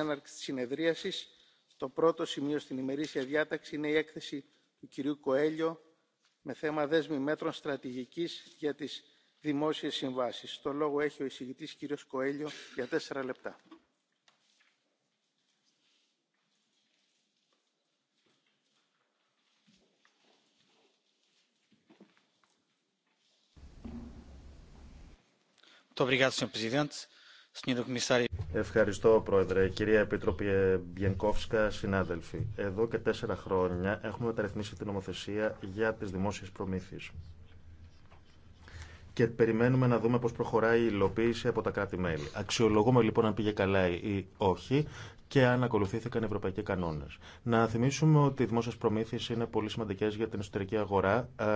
έναρξη της συνεδρίασης. Το πρώτο σημείο στην ημερήσια διάταξη είναι η έκθεση του κυρίου Κοέλιο με θέμα δέσμη μέτρων στρατηγικής για τις δημόσιες συμβάσεις. Το λόγο έχει ο εισηγητής κύριος Κοέλιο για τέσσερα λεπτά. Obrigado, Sr. Presidente. Ευχαριστώ, Πρόεδρε. Κυρία Επίτροπη Μπιενκόφσκα, συνάδελφοι. Εδώ και τέσσερα χρόνια έχουμε μεταρρυθμίσει την νομοθεσία για τις δημόσιες προμήθειε και περιμένουμε να δούμε πώς προχωράει η υλοποίηση από τα κράτη-μέλη. Αξιολογούμε λοιπόν αν πήγε καλά ή όχι και αν ακολουθήθηκαν οι ευρωπαϊκοί κανόνες. Να θυμίσουμε ότι οι δημόσιες προμήθειες είναι πολύ σημαντικές για την εσωτερική αγορά. Ε,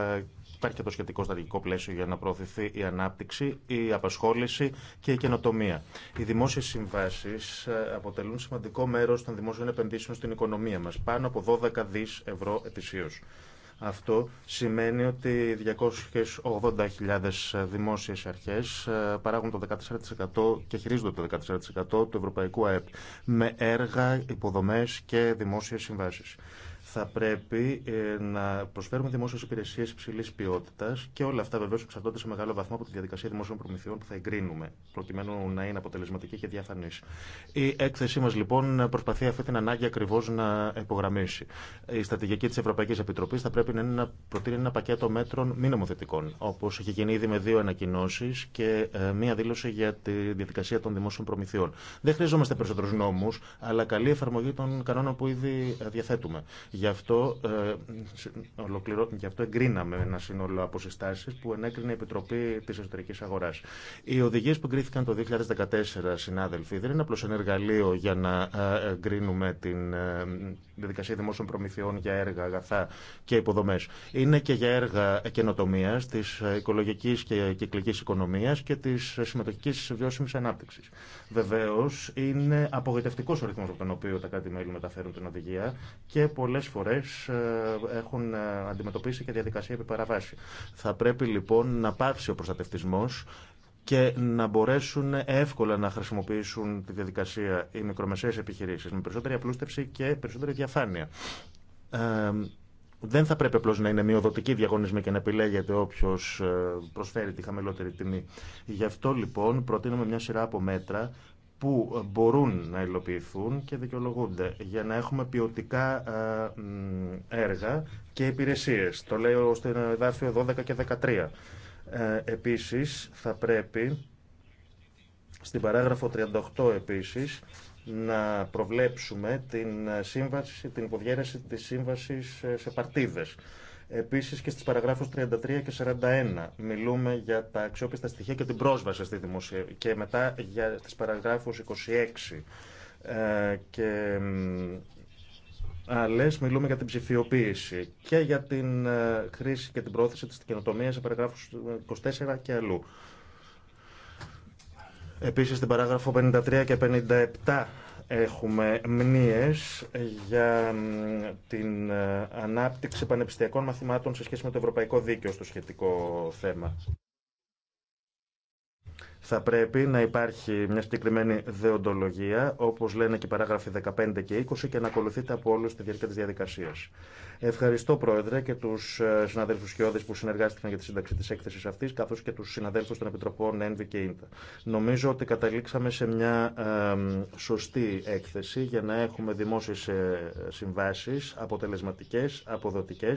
υπάρχει και το σχετικό στρατηγικό πλαίσιο για να προωθηθεί η ανάπτυξη, η απασχόληση και η καινοτομία. Οι δημόσιες συμβάσεις ε, αποτελούν σημαντικό μέρος των δημόσιων επενδύσεων στην οικονομία μας, πάνω από 12 δις ευρώ ετησίως. Αυτό σημαίνει ότι 280.000 δημόσιες αρχές ε, παράγουν το 14% και χειρίζονται το 14% του ευρωπαϊκού ΑΕΠ με έργα, υποδομές και δημόσιες συμβάσεις θα πρέπει ε, να προσφέρουμε δημόσιε υπηρεσίε υψηλή ποιότητα και όλα αυτά βεβαίω εξαρτώνται σε μεγάλο βαθμό από τη διαδικασία δημόσιων προμηθειών που θα εγκρίνουμε, προκειμένου να είναι αποτελεσματική και διαφανή. Η έκθεσή μα λοιπόν προσπαθεί αυτή την ανάγκη ακριβώ να υπογραμμίσει. Η στρατηγική τη Ευρωπαϊκή Επιτροπή θα πρέπει να, είναι να προτείνει ένα πακέτο μέτρων μη νομοθετικών, όπω έχει γίνει ήδη με δύο ανακοινώσει και ε, μία δήλωση για τη διαδικασία των δημόσιων προμηθειών. Δεν χρειαζόμαστε περισσότερου νόμου, αλλά καλή εφαρμογή των κανόνων που ήδη ε, διαθέτουμε Γι' αυτό, ε, ολοκληρώ, γι αυτό εγκρίναμε ένα σύνολο από που ενέκρινε η Επιτροπή τη Εσωτερική Αγορά. Οι οδηγίε που εγκρίθηκαν το 2014, συνάδελφοι, δεν είναι απλώ ένα εργαλείο για να ε, εγκρίνουμε την ε, διαδικασία δημόσιων προμηθειών για έργα, αγαθά και υποδομέ. Είναι και για έργα καινοτομία, τη ε, οικολογική και κυκλική οικονομία και τη συμμετοχική βιώσιμη ανάπτυξη. Βεβαίω, είναι απογοητευτικό ο ρυθμό από τον οποίο τα κράτη-μέλη μεταφέρουν την οδηγία και πολλέ φορές ε, έχουν ε, αντιμετωπίσει και διαδικασία επιπαραβάση. Θα πρέπει λοιπόν να πάψει ο προστατευτισμός και να μπορέσουν εύκολα να χρησιμοποιήσουν τη διαδικασία οι μικρομεσαίες επιχειρήσεις με περισσότερη απλούστευση και περισσότερη διαφάνεια. Ε, δεν θα πρέπει απλώ να είναι μειοδοτική διαγωνισμή και να επιλέγεται όποιο προσφέρει τη χαμηλότερη τιμή. Γι' αυτό λοιπόν προτείνουμε μια σειρά από μέτρα που μπορούν να υλοποιηθούν και δικαιολογούνται για να έχουμε ποιοτικά ε, έργα και υπηρεσίες. Το λέω στην εδάφιο 12 και 13. Ε, επίσης θα πρέπει στην παράγραφο 38 επίσης να προβλέψουμε την ε, σύμβαση, την υποδιέρεση της σύμβασης σε παρτίδες. Επίσης και στις παραγράφους 33 και 41 μιλούμε για τα αξιόπιστα στοιχεία και την πρόσβαση στη δημοσία και μετά για τις παραγράφους 26 ε, και άλλες μιλούμε για την ψηφιοποίηση και για την ε, χρήση και την πρόθεση της καινοτομίας σε παραγράφους 24 και αλλού. Επίσης στην παράγραφο 53 και 57 έχουμε μνήες για την ε, ανάπτυξη πανεπιστημιακών μαθημάτων σε σχέση με το ευρωπαϊκό δίκαιο στο σχετικό θέμα. Θα πρέπει να υπάρχει μια συγκεκριμένη δεοντολογία, όπως λένε και οι παράγραφοι 15 και 20, και να ακολουθείται από όλους στη διάρκεια της διαδικασίας. Ευχαριστώ, Πρόεδρε, και του ε, συναδέλφου Χιώδη που συνεργάστηκαν για τη σύνταξη τη έκθεση αυτή, καθώ και του συναδέλφου των Επιτροπών ΕΝΒΙ και ΙΝΤΑ. Νομίζω ότι καταλήξαμε σε μια σωστή έκθεση για να έχουμε δημόσιε συμβάσει αποτελεσματικέ, αποδοτικέ,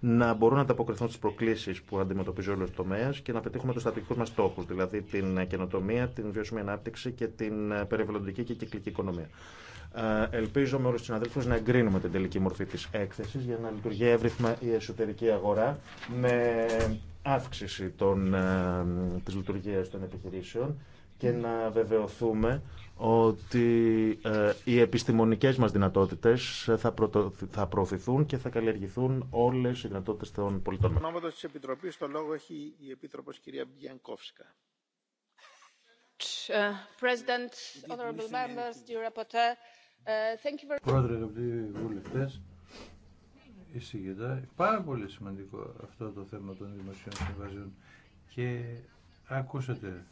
να μπορούν να ανταποκριθούν στι προκλήσει που αντιμετωπίζει όλο το τομέα και να πετύχουμε του στατικού μα στόχου, δηλαδή την καινοτομία, την βιώσιμη ανάπτυξη και την ε, περιβαλλοντική και κυκλική οικονομία. Ε, ελπίζω με όλου του συναδέλφου να εγκρίνουμε την τελική μορφή τη έκθεση για να λειτουργεί εύρυθμα η εσωτερική αγορά με αύξηση των, ε, της λειτουργίας των επιχειρήσεων και να βεβαιωθούμε ότι ε, οι επιστημονικές μας δυνατότητες θα, προωθηθούν και θα καλλιεργηθούν όλες οι δυνατότητες των πολιτών. Στον ονόματος της Επιτροπής το λόγο έχει η Επίτροπος κυρία Μπιανκόφσκα. Ε, Πρόεδρε, αγαπητοί βουλευτέ, εισηγητά, πάρα πολύ σημαντικό αυτό το θέμα των δημοσίων συμβάσεων και ακούσατε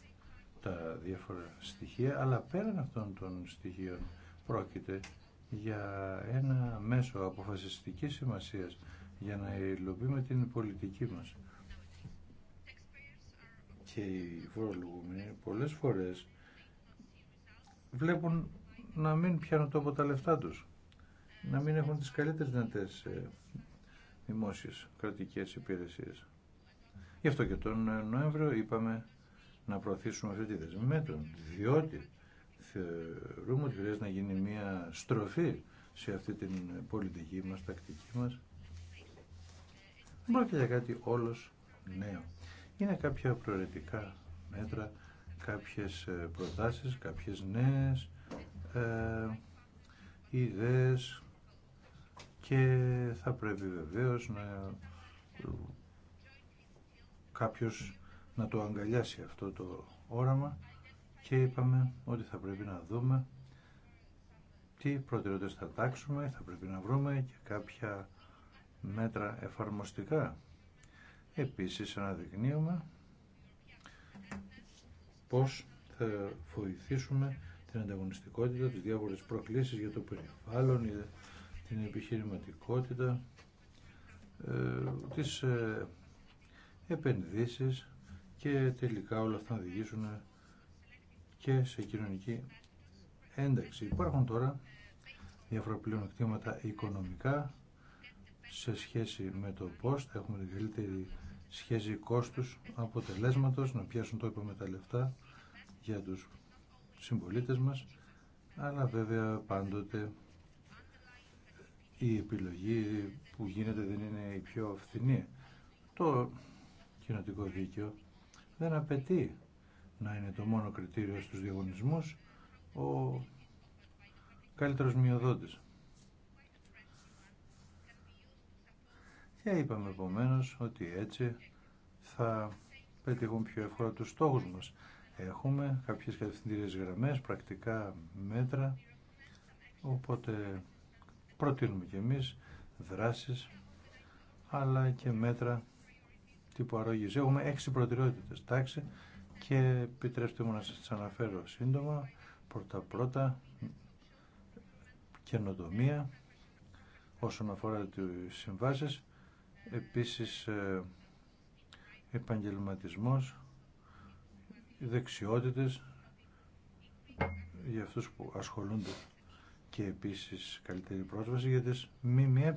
τα διάφορα στοιχεία, αλλά πέραν αυτών των στοιχείων πρόκειται για ένα μέσο αποφασιστικής σημασίας για να υλοποιούμε την πολιτική μας. Και οι φορολογούμενοι πολλές φορές βλέπουν να μην πιάνουν τόπο τα λεφτά τους, να μην έχουν τις καλύτερες δυνατές ε, δημόσιες κρατικές υπηρεσίες. Γι' αυτό και τον ε, Νοέμβριο είπαμε να προωθήσουμε αυτή τη δεσμή διότι θεωρούμε ότι χρειάζεται να γίνει μια στροφή σε αυτή την πολιτική μας, τακτική μας. Μπορεί και για κάτι όλος νέο. Είναι κάποια προαιρετικά μέτρα, κάποιες ε, προτάσεις, κάποιες νέες ε, ιδέες και θα πρέπει βεβαίως να κάποιος να το αγκαλιάσει αυτό το όραμα και είπαμε ότι θα πρέπει να δούμε τι προτεραιότητες θα τάξουμε, θα πρέπει να βρούμε και κάποια μέτρα εφαρμοστικά. Επίσης αναδεικνύουμε πώς θα βοηθήσουμε την ανταγωνιστικότητα, τις διάφορες προκλήσεις για το περιβάλλον, την επιχειρηματικότητα, ε, τις ε, επενδύσεις και τελικά όλα αυτά να οδηγήσουν και σε κοινωνική ένταξη. Υπάρχουν τώρα διάφορα πλεονεκτήματα οικονομικά σε σχέση με το πώς θα έχουμε την καλύτερη σχέση κόστους αποτελέσματος, να πιάσουν το είπαμε τα λεφτά για τους συμπολίτε μας, αλλά βέβαια πάντοτε η επιλογή που γίνεται δεν είναι η πιο φθηνή. Το κοινοτικό δίκαιο δεν απαιτεί να είναι το μόνο κριτήριο στους διαγωνισμούς ο καλύτερος μειοδότης. Και είπαμε επομένω ότι έτσι θα πετύχουν πιο εύκολα τους στόχους μας έχουμε κάποιες κατευθυντήριες γραμμές, πρακτικά μέτρα, οπότε προτείνουμε και εμείς δράσεις, αλλά και μέτρα τύπου αρρώγηση Έχουμε έξι προτεραιότητες, τάξη, και επιτρέψτε μου να σας τις αναφέρω σύντομα. Πρώτα-πρώτα, καινοτομία, όσον αφορά τις συμβάσεις, επίσης ε, επαγγελματισμός, δεξιότητες για αυτούς που ασχολούνται και επίσης καλύτερη πρόσβαση για τις ΜΜΕ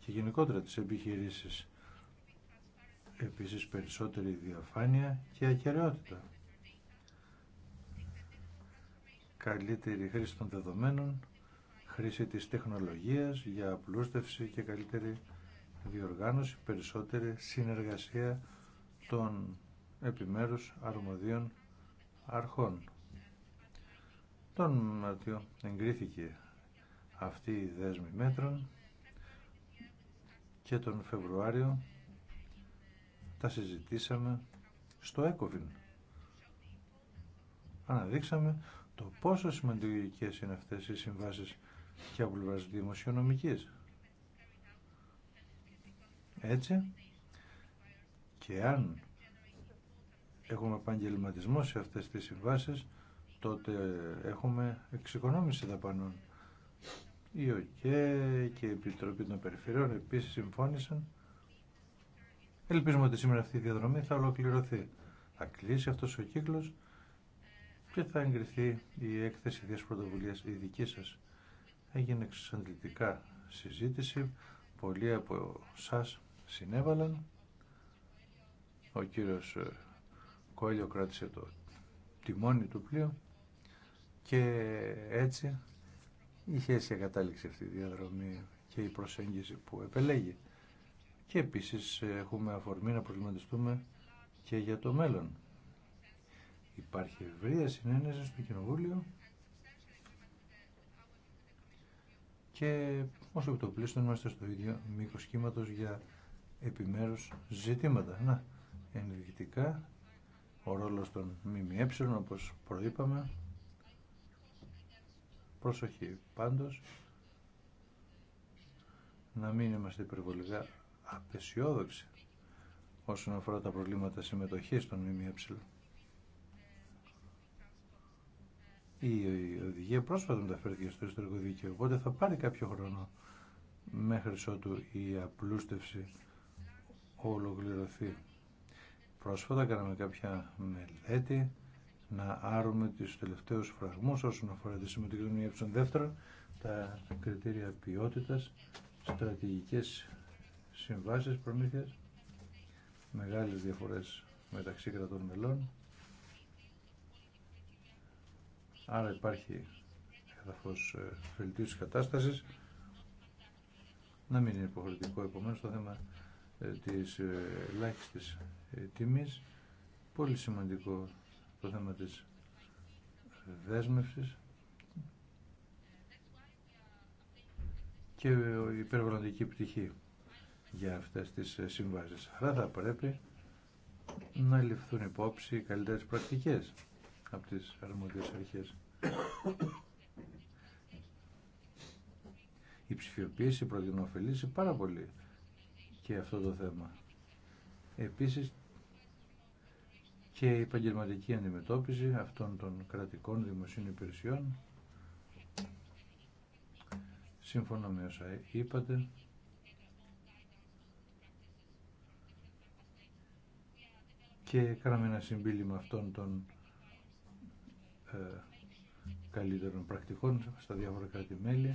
και γενικότερα τις επιχειρήσεις. Επίσης περισσότερη διαφάνεια και ακεραιότητα. Καλύτερη χρήση των δεδομένων, χρήση της τεχνολογίας για απλούστευση και καλύτερη διοργάνωση, περισσότερη συνεργασία των επιμέρους αρμοδίων αρχών. Τον Μαρτιό εγκρίθηκε αυτή η δέσμη μέτρων και τον Φεβρουάριο τα συζητήσαμε στο ΕΚΟΒΙΝ. Αναδείξαμε το πόσο σημαντικές είναι αυτές οι συμβάσεις και από πλευράς δημοσιονομικής. Έτσι και αν έχουμε επαγγελματισμό σε αυτές τις συμβάσεις, τότε έχουμε εξοικονόμηση δαπανών. Η ΟΚΕ και η Επιτροπή των Περιφερειών επίσης συμφώνησαν. Ελπίζουμε ότι σήμερα αυτή η διαδρομή θα ολοκληρωθεί. Θα κλείσει αυτός ο κύκλος και θα εγκριθεί η έκθεση της πρωτοβουλίας η δική σας. Έγινε εξαντλητικά συζήτηση, πολλοί από εσά συνέβαλαν. Ο κύριος ε, Κόλιο κράτησε το τιμόνι του πλοίου και έτσι είχε έτσι κατάληξη αυτή η διαδρομή και η προσέγγιση που επελέγει. Και επίσης έχουμε αφορμή να προβληματιστούμε και για το μέλλον. Υπάρχει ευρεία συνένεση στο Κοινοβούλιο και όσο το πλήστον είμαστε στο ίδιο μήκος κύματος για επιμέρους ζητήματα. Να, ενεργητικά ο ρόλος των ΜΜΕ, όπως προείπαμε. Προσοχή πάντως, να μην είμαστε υπερβολικά απεσιόδοξοι όσον αφορά τα προβλήματα συμμετοχής των ΜΜΕ. Η οδηγία πρόσφατα μεταφέρθηκε στο ιστορικό δίκαιο, οπότε θα πάρει κάποιο χρόνο μέχρι ότου η απλούστευση ολοκληρωθεί. Πρόσφατα κάναμε κάποια μελέτη να άρουμε τους τελευταίους φραγμούς όσον αφορά τη συμμετοχή των ε Δεύτερον, τα κριτήρια ποιότητας, στρατηγικές συμβάσεις προμήθειας, μεγάλες διαφορές μεταξύ κρατών μελών. Άρα υπάρχει έδαφος ε, βελτίωση κατάστασης. Να μην είναι υποχρεωτικό επομένως το θέμα ε, της ε, ελάχιστη ε, τιμής. Πολύ σημαντικό το θέμα της δέσμευσης και η υπερβολοντική πτυχή για αυτές τις συμβάσεις. Άρα θα πρέπει να ληφθούν υπόψη οι καλύτερες πρακτικές από τις αρμόδιες αρχές. Η ψηφιοποίηση προδεινοφελήσει πάρα πολύ και αυτό το θέμα. Επίσης και η επαγγελματική αντιμετώπιση αυτών των κρατικών δημοσίων υπηρεσιών σύμφωνα με όσα είπατε και κάναμε ένα συμπίλημα αυτών των ε, καλύτερων πρακτικών στα διάφορα κράτη-μέλη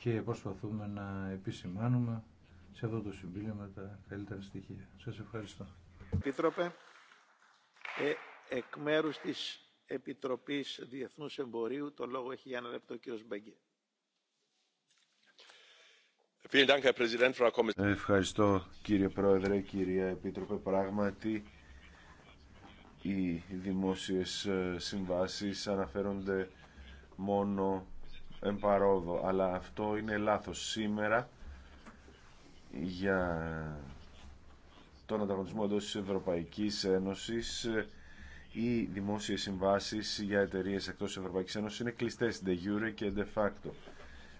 και προσπαθούμε να επισημάνουμε σε αυτό το με τα καλύτερα στοιχεία. Σας ευχαριστώ. Επίτροπε, ε, της Επιτροπής Διεθνούς Εμπορίου, το λόγο έχει για ένα λεπτό ο κύριος Ευχαριστώ κύριε Πρόεδρε, κυρία Επίτροπε. Πράγματι, οι δημόσιες ε, συμβάσεις αναφέρονται μόνο παρόδο αλλά αυτό είναι λάθος. Σήμερα για τον ανταγωνισμό εντός της Ευρωπαϊκής Ένωσης η δημόσιες συμβάσεις για εταιρείες εκτός της Ευρωπαϊκής Ένωσης είναι κλειστές de jure και de facto.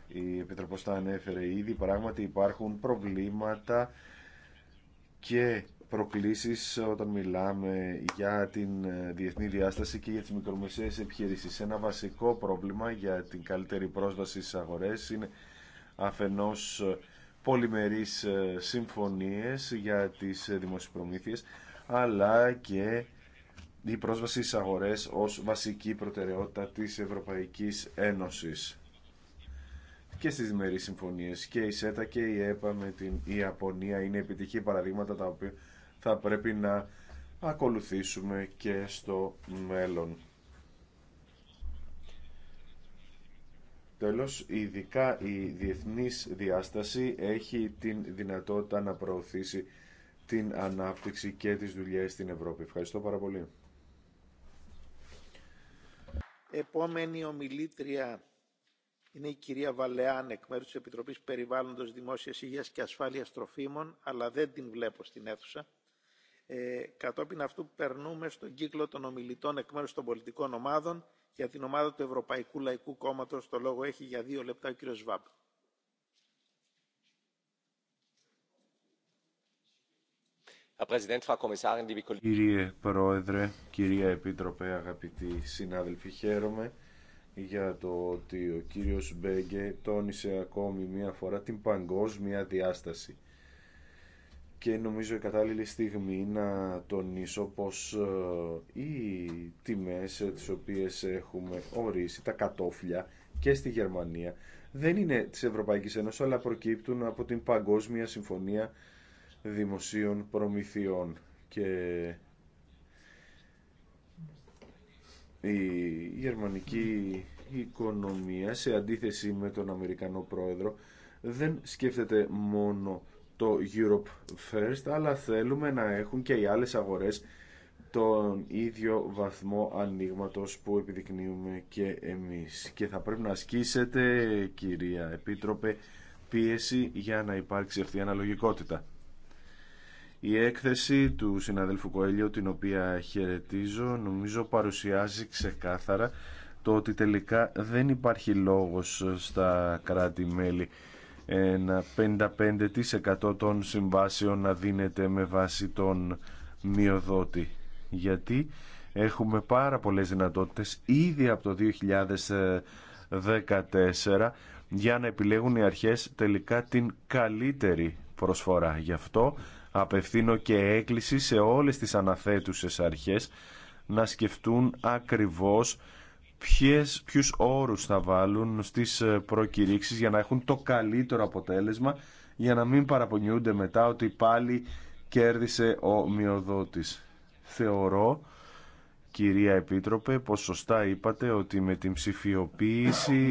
Η Επιτροπός τα ανέφερε ήδη, πράγματι υπάρχουν προβλήματα και προκλήσεις όταν μιλάμε για την ε, διεθνή διάσταση και για τις μικρομεσαίες επιχειρήσεις. Ένα βασικό πρόβλημα για την καλύτερη πρόσβαση στις αγορές είναι αφενός ε, πολυμερείς ε, συμφωνίες για τις δημόσιες προμήθειες, αλλά και η πρόσβαση στις αγορές ως βασική προτεραιότητα της Ευρωπαϊκής Ένωσης και στις διμερείς συμφωνίες και η ΣΕΤΑ και η ΕΠΑ με την Ιαπωνία είναι επιτυχή παραδείγματα τα οποία θα πρέπει να ακολουθήσουμε και στο μέλλον. Τέλος, ειδικά η διεθνής διάσταση έχει την δυνατότητα να προωθήσει την ανάπτυξη και τις δουλειές στην Ευρώπη. Ευχαριστώ πάρα πολύ. Επόμενη ομιλήτρια είναι η κυρία Βαλεάν εκ μέρους της Επιτροπής Περιβάλλοντος Δημόσιας Υγείας και Ασφάλειας Τροφίμων, αλλά δεν την βλέπω στην αίθουσα. Ε, κατόπιν αυτού περνούμε στον κύκλο των ομιλητών εκ μέρους των πολιτικών ομάδων. Για την ομάδα του Ευρωπαϊκού Λαϊκού Κόμματος το λόγο έχει για δύο λεπτά ο κύριος Βάμπ. Κύριε Πρόεδρε, κυρία Επίτροπε, αγαπητοί συνάδελφοι, χαίρομαι για το ότι ο κύριος Μπέγκε τόνισε ακόμη μία φορά την παγκόσμια διάσταση και νομίζω η κατάλληλη στιγμή να τονίσω πως ε, οι τιμές ε, τις οποίες έχουμε ορίσει, τα κατόφλια και στη Γερμανία δεν είναι της Ευρωπαϊκής Ένωσης αλλά προκύπτουν από την Παγκόσμια Συμφωνία Δημοσίων Προμηθειών και η γερμανική οικονομία σε αντίθεση με τον Αμερικανό Πρόεδρο δεν σκέφτεται μόνο το Europe First, αλλά θέλουμε να έχουν και οι άλλες αγορές τον ίδιο βαθμό ανοίγματο που επιδεικνύουμε και εμείς. Και θα πρέπει να ασκήσετε, κυρία Επίτροπε, πίεση για να υπάρξει αυτή η αναλογικότητα. Η έκθεση του συναδέλφου Κοέλιο, την οποία χαιρετίζω, νομίζω παρουσιάζει ξεκάθαρα το ότι τελικά δεν υπάρχει λόγος στα κράτη-μέλη ένα 55% των συμβάσεων να δίνεται με βάση τον μειοδότη. Γιατί έχουμε πάρα πολλές δυνατότητες ήδη από το 2014 για να επιλέγουν οι αρχές τελικά την καλύτερη προσφορά. Γι' αυτό απευθύνω και έκκληση σε όλες τις αναθέτουσες αρχές να σκεφτούν ακριβώς ποιες, ποιους όρους θα βάλουν στις ε, προκηρύξεις για να έχουν το καλύτερο αποτέλεσμα για να μην παραπονιούνται μετά ότι πάλι κέρδισε ο μειοδότης. Θεωρώ, κυρία Επίτροπε, πως σωστά είπατε ότι με την ψηφιοποίηση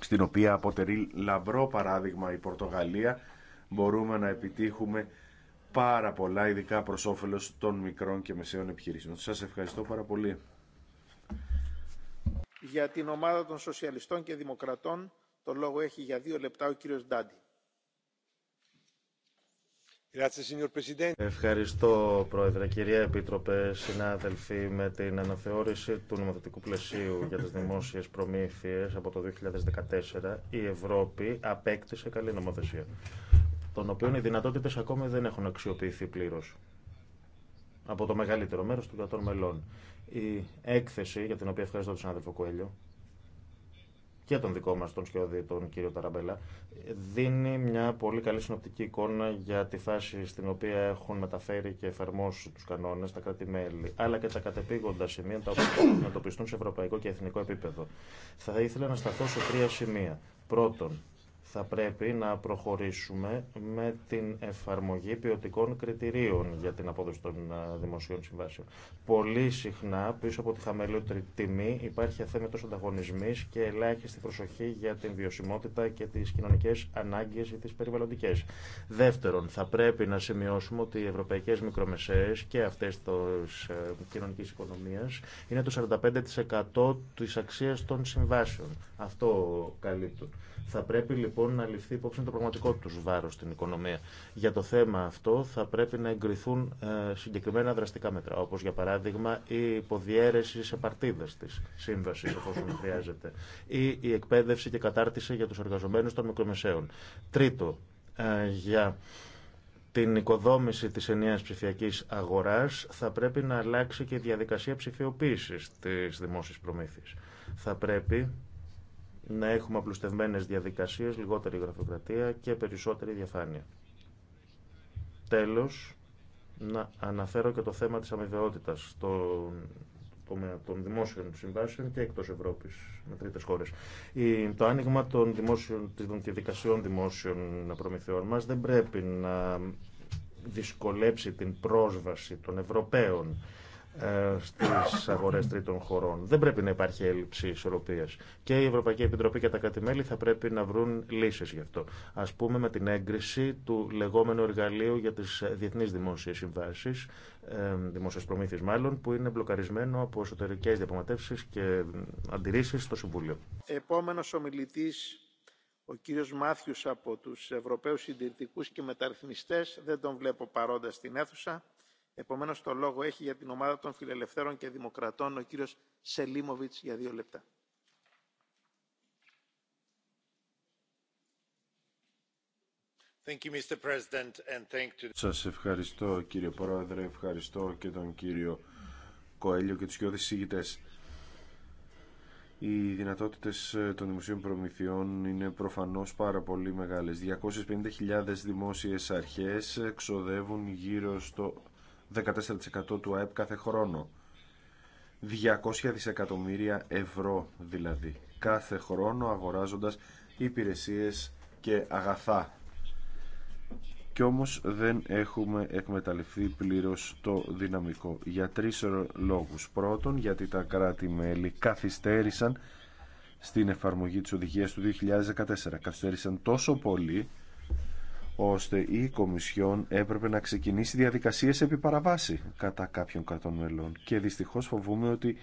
στην οποία αποτελεί λαμπρό παράδειγμα η Πορτογαλία μπορούμε να επιτύχουμε πάρα πολλά ειδικά προς όφελος των μικρών και μεσαίων επιχειρήσεων. Σας ευχαριστώ πάρα πολύ. Για την ομάδα των Σοσιαλιστών και Δημοκρατών το λόγο έχει για δύο λεπτά ο κύριος Ντάντι. Ευχαριστώ, Πρόεδρε. Κυρία Επίτροπε, συνάδελφοι, με την αναθεώρηση του νομοθετικού πλαισίου για τις δημόσιες προμήθειες από το 2014, η Ευρώπη απέκτησε καλή νομοθεσία, των οποίων οι δυνατότητες ακόμη δεν έχουν αξιοποιηθεί πλήρως από το μεγαλύτερο μέρος των κρατών μελών η έκθεση, για την οποία ευχαριστώ τον συνάδελφο Κουέλιο και τον δικό μας τον Σκιώδη, τον κύριο Ταραμπέλα, δίνει μια πολύ καλή συνοπτική εικόνα για τη φάση στην οποία έχουν μεταφέρει και εφαρμόσει τους κανόνες τα κράτη-μέλη, αλλά και τα κατεπήγοντα σημεία τα οποία θα αντιμετωπιστούν σε ευρωπαϊκό και εθνικό επίπεδο. Θα ήθελα να σταθώ σε τρία σημεία. Πρώτον, θα πρέπει να προχωρήσουμε με την εφαρμογή ποιοτικών κριτηρίων για την απόδοση των ε, δημοσίων συμβάσεων. Πολύ συχνά πίσω από τη χαμελότερη τιμή υπάρχει αθέμετο ανταγωνισμής και ελάχιστη προσοχή για την βιωσιμότητα και τι κοινωνικέ ανάγκε ή τι περιβαλλοντικέ. Δεύτερον, θα πρέπει να σημειώσουμε ότι οι ευρωπαϊκέ μικρομεσαίες και αυτέ τη ε, κοινωνική οικονομία είναι το 45% τη αξία των συμβάσεων. Αυτό καλύπτουν. Θα πρέπει λοιπόν να ληφθεί υπόψη το πραγματικό του βάρο στην οικονομία. Για το θέμα αυτό θα πρέπει να εγκριθούν ε, συγκεκριμένα δραστικά μέτρα, όπω για παράδειγμα η υποδιέρεση σε παρτίδε τη σύμβαση, εφόσον χρειάζεται, ή η εκπαίδευση και κατάρτιση για του εργαζομένου των μικρομεσαίων. Τρίτο, ε, για την οικοδόμηση της ενιαίας ψηφιακής αγοράς θα πρέπει να αλλάξει και η διαδικασία ψηφιοποίησης της δημόσιας προμήθειας. Θα πρέπει να έχουμε απλουστευμένες διαδικασίες, λιγότερη γραφειοκρατία και περισσότερη διαφάνεια. Τέλος, να αναφέρω και το θέμα της αμοιβαιότητας των, των δημόσιων συμβάσεων και εκτός Ευρώπης, με τρίτες χώρες. το άνοιγμα των, δημόσιων, των διαδικασιών δημόσιων προμηθειών μας δεν πρέπει να δυσκολέψει την πρόσβαση των Ευρωπαίων ε, στι αγορέ τρίτων χωρών. Δεν πρέπει να υπάρχει έλλειψη ισορροπία. Και η Ευρωπαϊκή Επιτροπή και τα κράτη-μέλη θα πρέπει να βρουν λύσει γι' αυτό. Α πούμε με την έγκριση του λεγόμενου εργαλείου για τι διεθνεί δημόσιε συμβάσει, ε, δημόσιε προμήθειε μάλλον, που είναι μπλοκαρισμένο από εσωτερικέ διαπραγματεύσει και αντιρρήσει στο Συμβούλιο. Επόμενο ομιλητή, ο κύριο Μάθιου από του Ευρωπαίου Συντηρητικού και Μεταρρυθμιστέ, δεν τον βλέπω παρόντα στην αίθουσα. Επομένως, το λόγο έχει για την ομάδα των Φιλελευθέρων και Δημοκρατών ο κύριος Σελίμοβιτς για δύο λεπτά. Σας ευχαριστώ κύριε Πρόεδρε, ευχαριστώ και τον κύριο Κοέλιο και τους κοιόδης συζήτητες. Οι δυνατότητες ε, των δημοσίων προμηθειών είναι προφανώς πάρα πολύ μεγάλες. 250.000 δημόσιες αρχές ξοδεύουν γύρω στο 14% του ΑΕΠ κάθε χρόνο. 200 δισεκατομμύρια ευρώ δηλαδή κάθε χρόνο αγοράζοντας υπηρεσίες και αγαθά. Κι όμως δεν έχουμε εκμεταλλευτεί πλήρως το δυναμικό για τρεις λόγους. Πρώτον γιατί τα κράτη-μέλη καθυστέρησαν στην εφαρμογή της οδηγίας του 2014. Καθυστέρησαν τόσο πολύ ώστε η Κομισιόν έπρεπε να ξεκινήσει διαδικασίες επί παραβάση κατά κάποιων κρατών μελών και δυστυχώς φοβούμε ότι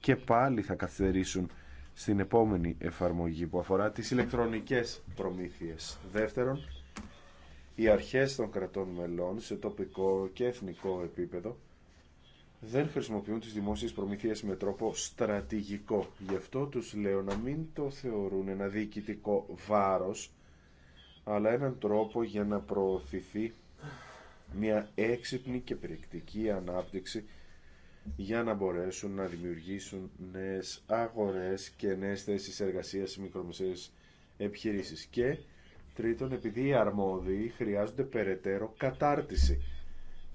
και πάλι θα καθυστερήσουν στην επόμενη εφαρμογή που αφορά τις ηλεκτρονικές προμήθειες. Δεύτερον, οι αρχές των κρατών μελών σε τοπικό και εθνικό επίπεδο δεν χρησιμοποιούν τις δημόσιες προμήθειες με τρόπο στρατηγικό. Γι' αυτό τους λέω να μην το θεωρούν ένα διοικητικό βάρος αλλά έναν τρόπο για να προωθηθεί μια έξυπνη και περιεκτική ανάπτυξη για να μπορέσουν να δημιουργήσουν νέες αγορές και νέες θέσεις εργασίας σε μικρομεσαίες επιχειρήσεις. Και τρίτον, επειδή οι αρμόδιοι χρειάζονται περαιτέρω κατάρτιση.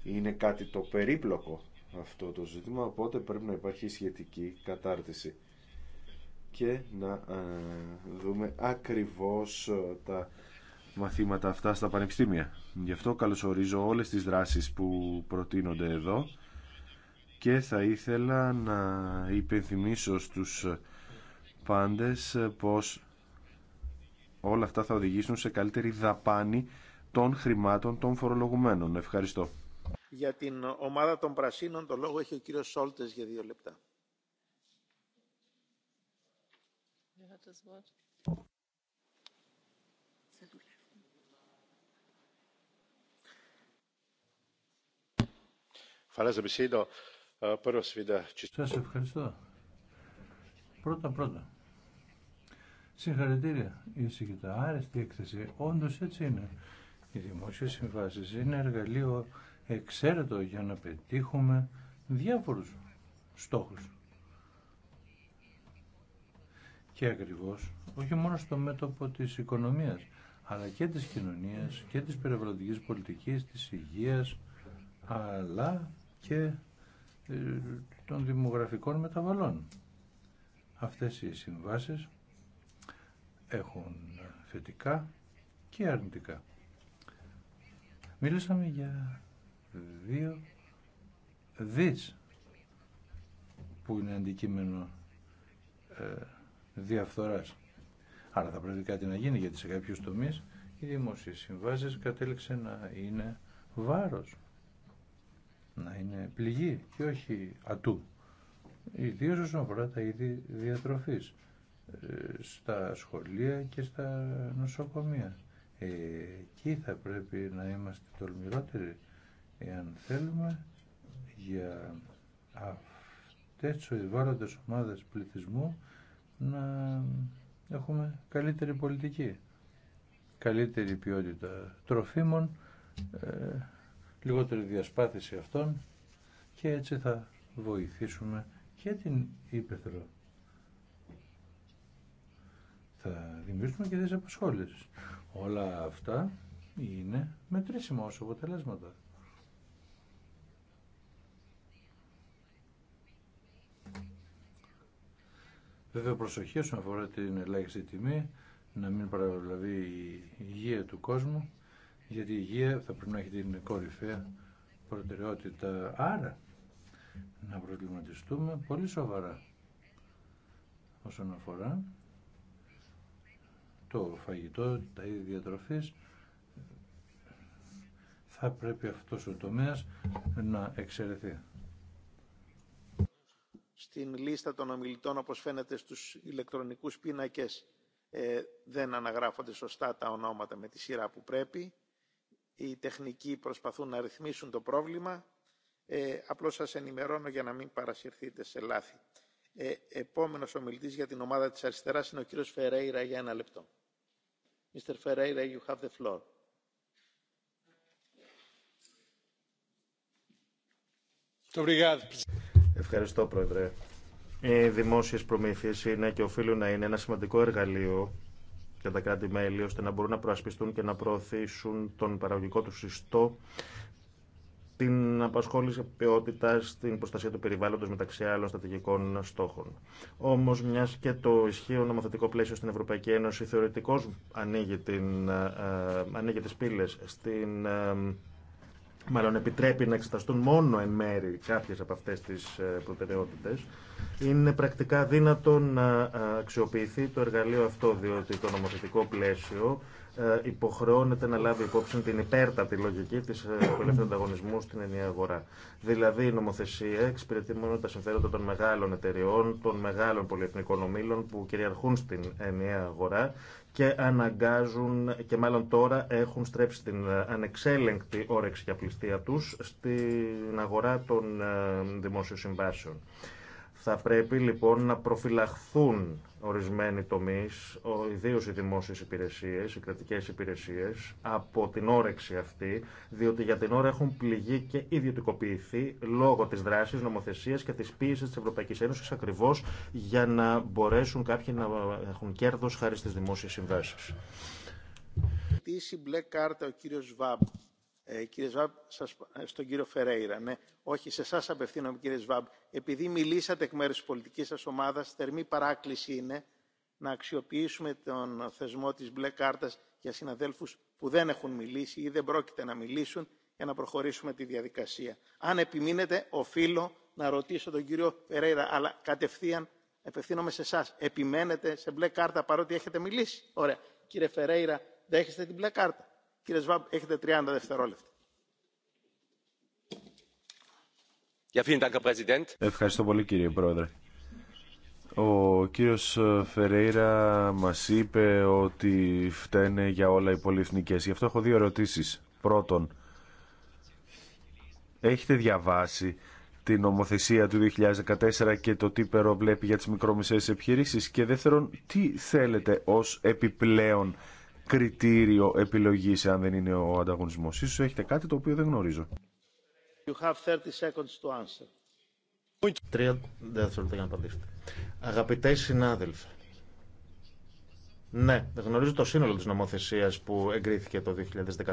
Είναι κάτι το περίπλοκο αυτό το ζήτημα, οπότε πρέπει να υπάρχει σχετική κατάρτιση και να ε, δούμε ακριβώς ε, τα μαθήματα αυτά στα πανεπιστήμια. Γι' αυτό καλωσορίζω όλες τις δράσεις που προτείνονται εδώ και θα ήθελα να υπενθυμίσω στους πάντες πως όλα αυτά θα οδηγήσουν σε καλύτερη δαπάνη των χρημάτων των φορολογουμένων. Ευχαριστώ. Για την ομάδα των Πρασίνων το λόγο έχει ο κύριος Σόλτες για δύο λεπτά. Σας ευχαριστώ. Πρώτα πρώτα. Συγχαρητήρια, το Άρεστη έκθεση. Όντω έτσι είναι. Οι δημόσιε συμβάσει είναι εργαλείο εξαίρετο για να πετύχουμε διάφορους στόχους. Και ακριβώς, όχι μόνο στο μέτωπο της οικονομίας, αλλά και της κοινωνίας και της περιβαλλοντικής πολιτικής, της υγείας, αλλά και ε, των δημογραφικών μεταβαλών. Αυτές οι συμβάσεις έχουν θετικά και αρνητικά. Μίλησαμε για δύο δις που είναι αντικείμενο ε, διαφθοράς. Άρα θα πρέπει κάτι να γίνει γιατί σε κάποιους τομείς οι δημόσιες συμβάσεις κατέληξε να είναι βάρος να είναι πληγή και όχι ατού. Ιδίως όσον αφορά τα είδη διατροφής ε, στα σχολεία και στα νοσοκομεία. Ε, εκεί θα πρέπει να είμαστε τολμηρότεροι εάν θέλουμε για αυτές τις ευάλωτες ομάδες πληθυσμού να έχουμε καλύτερη πολιτική, καλύτερη ποιότητα τροφίμων, ε, λιγότερη διασπάθηση αυτών και έτσι θα βοηθήσουμε και την ύπεθρο. Θα δημιουργήσουμε και τις απασχόλησεις. Όλα αυτά είναι μετρήσιμα ως αποτελέσματα. Βέβαια προσοχή όσον αφορά την ελάχιστη τιμή, να μην παραβλαβεί η υγεία του κόσμου γιατί η υγεία θα πρέπει να έχει την κορυφαία προτεραιότητα. Άρα, να προβληματιστούμε πολύ σοβαρά όσον αφορά το φαγητό, τα είδη διατροφής. Θα πρέπει αυτός ο τομέας να εξαιρεθεί. Στην λίστα των ομιλητών, όπως φαίνεται στους ηλεκτρονικούς πίνακες, ε, δεν αναγράφονται σωστά τα ονόματα με τη σειρά που πρέπει οι τεχνικοί προσπαθούν να ρυθμίσουν το πρόβλημα. Ε, απλώς σας ενημερώνω για να μην παρασυρθείτε σε λάθη. Ε, επόμενος ομιλητής για την ομάδα της αριστεράς είναι ο κύριος Φερέιρα για ένα λεπτό. Mr. Ferreira, you have the floor. Ευχαριστώ, Πρόεδρε. Οι δημόσιες προμήθειες είναι και οφείλουν να είναι ένα σημαντικό εργαλείο και τα κράτη-μέλη ώστε να μπορούν να προασπιστούν και να προωθήσουν τον παραγωγικό του συστό την απασχόληση ποιότητα, την προστασία του περιβάλλοντο μεταξύ άλλων στρατηγικών στόχων. Όμω, μια και το ισχύον νομοθετικό πλαίσιο στην Ευρωπαϊκή Ένωση θεωρητικώ ανοίγει, ε, ε, ανοίγει τι πύλε στην ε, μάλλον επιτρέπει να εξεταστούν μόνο εν μέρη κάποιες από αυτές τις ε, προτεραιότητες, είναι πρακτικά δύνατο να ε, αξιοποιηθεί το εργαλείο αυτό, διότι το νομοθετικό πλαίσιο ε, υποχρεώνεται να λάβει υπόψη την υπέρτατη λογική της, του ελεύθερου ανταγωνισμού στην ενιαία αγορά. Δηλαδή η νομοθεσία εξυπηρετεί μόνο τα συμφέροντα των μεγάλων εταιριών, των μεγάλων πολυεθνικών ομήλων που κυριαρχούν στην ενιαία αγορά και αναγκάζουν και μάλλον τώρα έχουν στρέψει την ε, ανεξέλεγκτη όρεξη και απληστία τους στην αγορά των ε, δημόσιων συμβάσεων. Θα πρέπει λοιπόν να προφυλαχθούν ορισμένοι τομείς, ιδίω οι δημόσιες υπηρεσίες, οι κρατικές υπηρεσίες, από την όρεξη αυτή, διότι για την ώρα έχουν πληγεί και ιδιωτικοποιηθεί λόγω της δράσης, νομοθεσίας και της πίεσης της Ευρωπαϊκής Ένωσης, ακριβώς για να μπορέσουν κάποιοι να έχουν κέρδος χάρη στις δημόσιες συμβάσεις. Μπλε κάρτα ο κύριος Βάμπ. Ε, κύριε Σβάμπ, ε, στον κύριο Φερέιρα, ναι. Όχι, σε εσά απευθύνομαι, κύριε Σβάμπ. Επειδή μιλήσατε εκ μέρου τη πολιτική σα ομάδα, θερμή παράκληση είναι να αξιοποιήσουμε τον θεσμό τη μπλε κάρτα για συναδέλφου που δεν έχουν μιλήσει ή δεν πρόκειται να μιλήσουν για να προχωρήσουμε τη διαδικασία. Αν επιμείνετε, οφείλω να ρωτήσω τον κύριο Φερέιρα, αλλά κατευθείαν απευθύνομαι σε εσά. Επιμένετε σε μπλε κάρτα παρότι έχετε μιλήσει. Ωραία. Κύριε Φερέιρα, δέχεστε την μπλε κάρτα. Κύριε Σβάμπ, έχετε 30 δευτερόλεπτα. Ευχαριστώ πολύ κύριε Πρόεδρε. Ο κύριος Φερέιρα μας είπε ότι φταίνε για όλα οι πολυεθνικές. Γι' αυτό έχω δύο ερωτήσεις. Πρώτον, έχετε διαβάσει την νομοθεσία του 2014 και το τι περοβλέπει για τις μικρομεσαίες επιχειρήσεις και δεύτερον, τι θέλετε ως επιπλέον κριτήριο επιλογής αν δεν είναι ο ανταγωνισμός. Ίσως έχετε κάτι το οποίο δεν γνωρίζω. You have 30 seconds to answer. 30 δευτερόλεπτα για να απαντήσετε. Αγαπητέ συνάδελφοι, ναι, γνωρίζω το σύνολο της νομοθεσίας που εγκρίθηκε το 2014.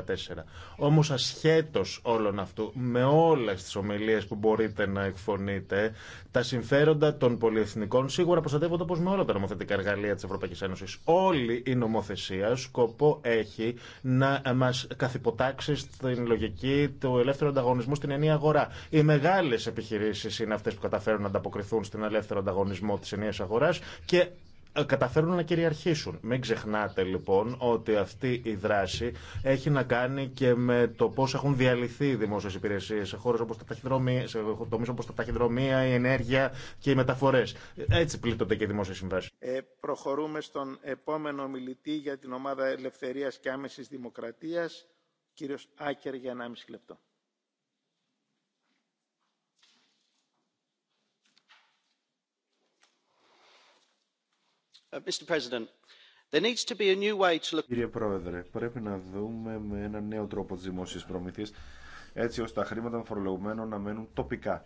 Όμως ασχέτως όλων αυτού, με όλες τις ομιλίες που μπορείτε να εκφωνείτε, τα συμφέροντα των πολυεθνικών σίγουρα προστατεύονται όπως με όλα τα νομοθετικά εργαλεία της Ευρωπαϊκής Ένωσης. Όλη η νομοθεσία σκοπό έχει να μας καθυποτάξει στην λογική του ελεύθερου ανταγωνισμού στην ενία αγορά. Οι μεγάλες επιχειρήσεις είναι αυτές που καταφέρουν να ανταποκριθούν στην ελεύθερο ανταγωνισμό της ενίας αγοράς και ε, καταφέρουν να κυριαρχήσουν. Μην ξεχνάτε λοιπόν ότι αυτή η δράση έχει να κάνει και με το πώ έχουν διαλυθεί οι δημόσιε υπηρεσίε σε χώρε όπω τα ταχυδρομεία, σε τομεί όπω τα ταχυδρομεία, η ενέργεια και οι μεταφορέ. Έτσι πλήττονται και οι δημόσιε συμβάσει. Ε, προχωρούμε στον επόμενο μιλητή για την ομάδα Ελευθερία και Άμεση Δημοκρατία, κύριο Άκερ, για 1,5 λεπτό. Κύριε Πρόεδρε, πρέπει να δούμε με έναν νέο τρόπο τις δημόσιες προμήθειες έτσι ώστε τα χρήματα των φορολογουμένων να μένουν τοπικά.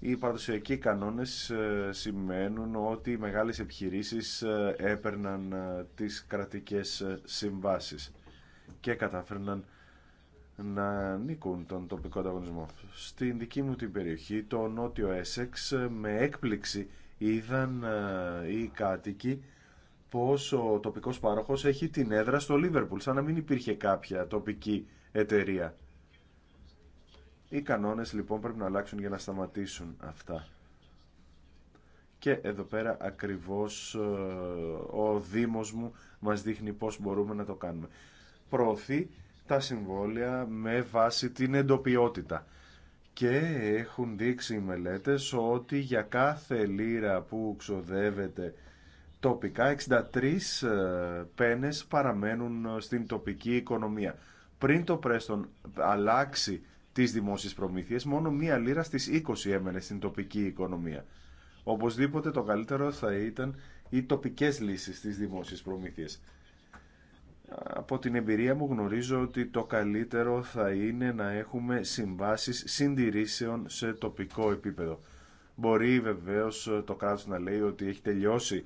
Οι παραδοσιακοί κανόνες ε, σημαίνουν ότι οι μεγάλες επιχειρήσεις ε, έπαιρναν ε, τις κρατικές συμβάσεις και κατάφερναν να νίκουν τον τοπικό ανταγωνισμό. Στην δική μου την περιοχή, το νότιο ΕΣΕΞ με έκπληξη είδαν ε, οι κάτοικοι πως ο τοπικός πάροχος έχει την έδρα στο Λίβερπουλ, σαν να μην υπήρχε κάποια τοπική εταιρεία. Οι κανόνες λοιπόν πρέπει να αλλάξουν για να σταματήσουν αυτά. Και εδώ πέρα ακριβώς ε, ο Δήμος μου μας δείχνει πώς μπορούμε να το κάνουμε. Προωθεί τα συμβόλαια με βάση την εντοπιότητα και έχουν δείξει οι μελέτες ότι για κάθε λίρα που ξοδεύεται τοπικά 63 ε, πένες παραμένουν στην τοπική οικονομία. Πριν το Πρέστον αλλάξει τις δημόσιες προμήθειες, μόνο μία λίρα στις 20 έμενε στην τοπική οικονομία. Οπωσδήποτε το καλύτερο θα ήταν οι τοπικές λύσεις στις δημόσιες προμήθειες από την εμπειρία μου γνωρίζω ότι το καλύτερο θα είναι να έχουμε συμβάσεις συντηρήσεων σε τοπικό επίπεδο. Μπορεί βεβαίως ε, το κράτος να λέει ότι έχει τελειώσει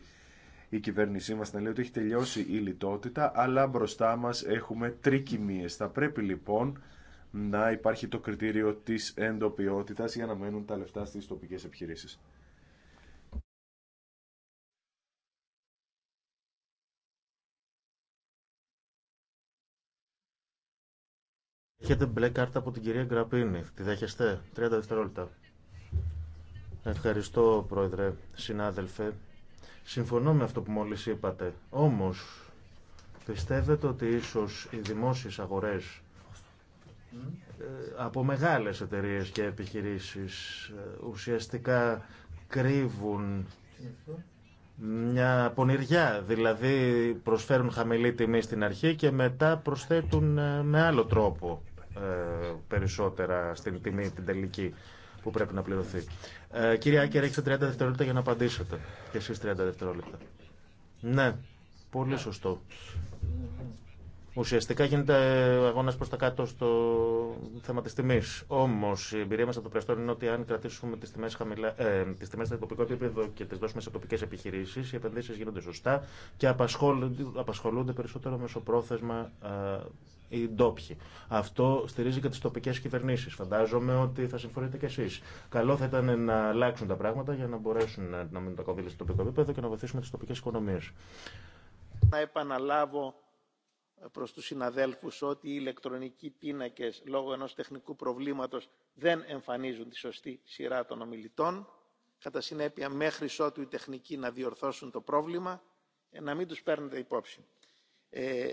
η κυβέρνησή μας να λέει ότι έχει τελειώσει η λιτότητα, αλλά μπροστά μας έχουμε τρικυμίες. Θα πρέπει λοιπόν να υπάρχει το κριτήριο της εντοπιότητας για να μένουν τα λεφτά στις τοπικές επιχειρήσεις. Έχετε μπλε κάρτα από την κυρία Γκραπίνη. Τη δέχεστε. 30 δευτερόλεπτα. Ευχαριστώ, Πρόεδρε, συνάδελφε. Συμφωνώ με αυτό που μόλις είπατε. Όμως, πιστεύετε ότι ίσως οι δημόσιες αγορές ε, από μεγάλες εταιρείες και επιχειρήσεις ε, ουσιαστικά κρύβουν μια πονηριά, δηλαδή προσφέρουν χαμηλή τιμή στην αρχή και μετά προσθέτουν ε, με άλλο τρόπο ε, περισσότερα στην τιμή, την τελική που πρέπει να πληρωθεί. Ε, κύριε Άκερ, έχετε 30 δευτερόλεπτα για να απαντήσετε. Και εσείς 30 δευτερόλεπτα. Ναι, πολύ σωστό. Ουσιαστικά γίνεται αγώνα προ τα κάτω στο θέμα τη τιμή. Όμω η εμπειρία μα από το Πρεστόν είναι ότι αν κρατήσουμε τι τιμέ ε, τις τιμές στο τοπικό επίπεδο και τι δώσουμε σε τοπικέ επιχειρήσει, οι επενδύσει γίνονται σωστά και απασχολούνται, απασχολούνται περισσότερο μεσοπρόθεσμα ε, οι ντόπιοι. Αυτό στηρίζει και τι τοπικέ κυβερνήσει. Φαντάζομαι ότι θα συμφωνείτε κι εσεί. Καλό θα ήταν να αλλάξουν τα πράγματα για να μπορέσουν να μείνουν τα κονδύλια στο τοπικό επίπεδο και να βοηθήσουμε τι τοπικέ οικονομίε. Να επαναλάβω προς τους συναδέλφους ότι οι ηλεκτρονικοί πίνακες λόγω ενός τεχνικού προβλήματος δεν εμφανίζουν τη σωστή σειρά των ομιλητών. Κατά συνέπεια, μέχρι ότου οι τεχνικοί να διορθώσουν το πρόβλημα, ε, να μην τους παίρνετε υπόψη. Ε,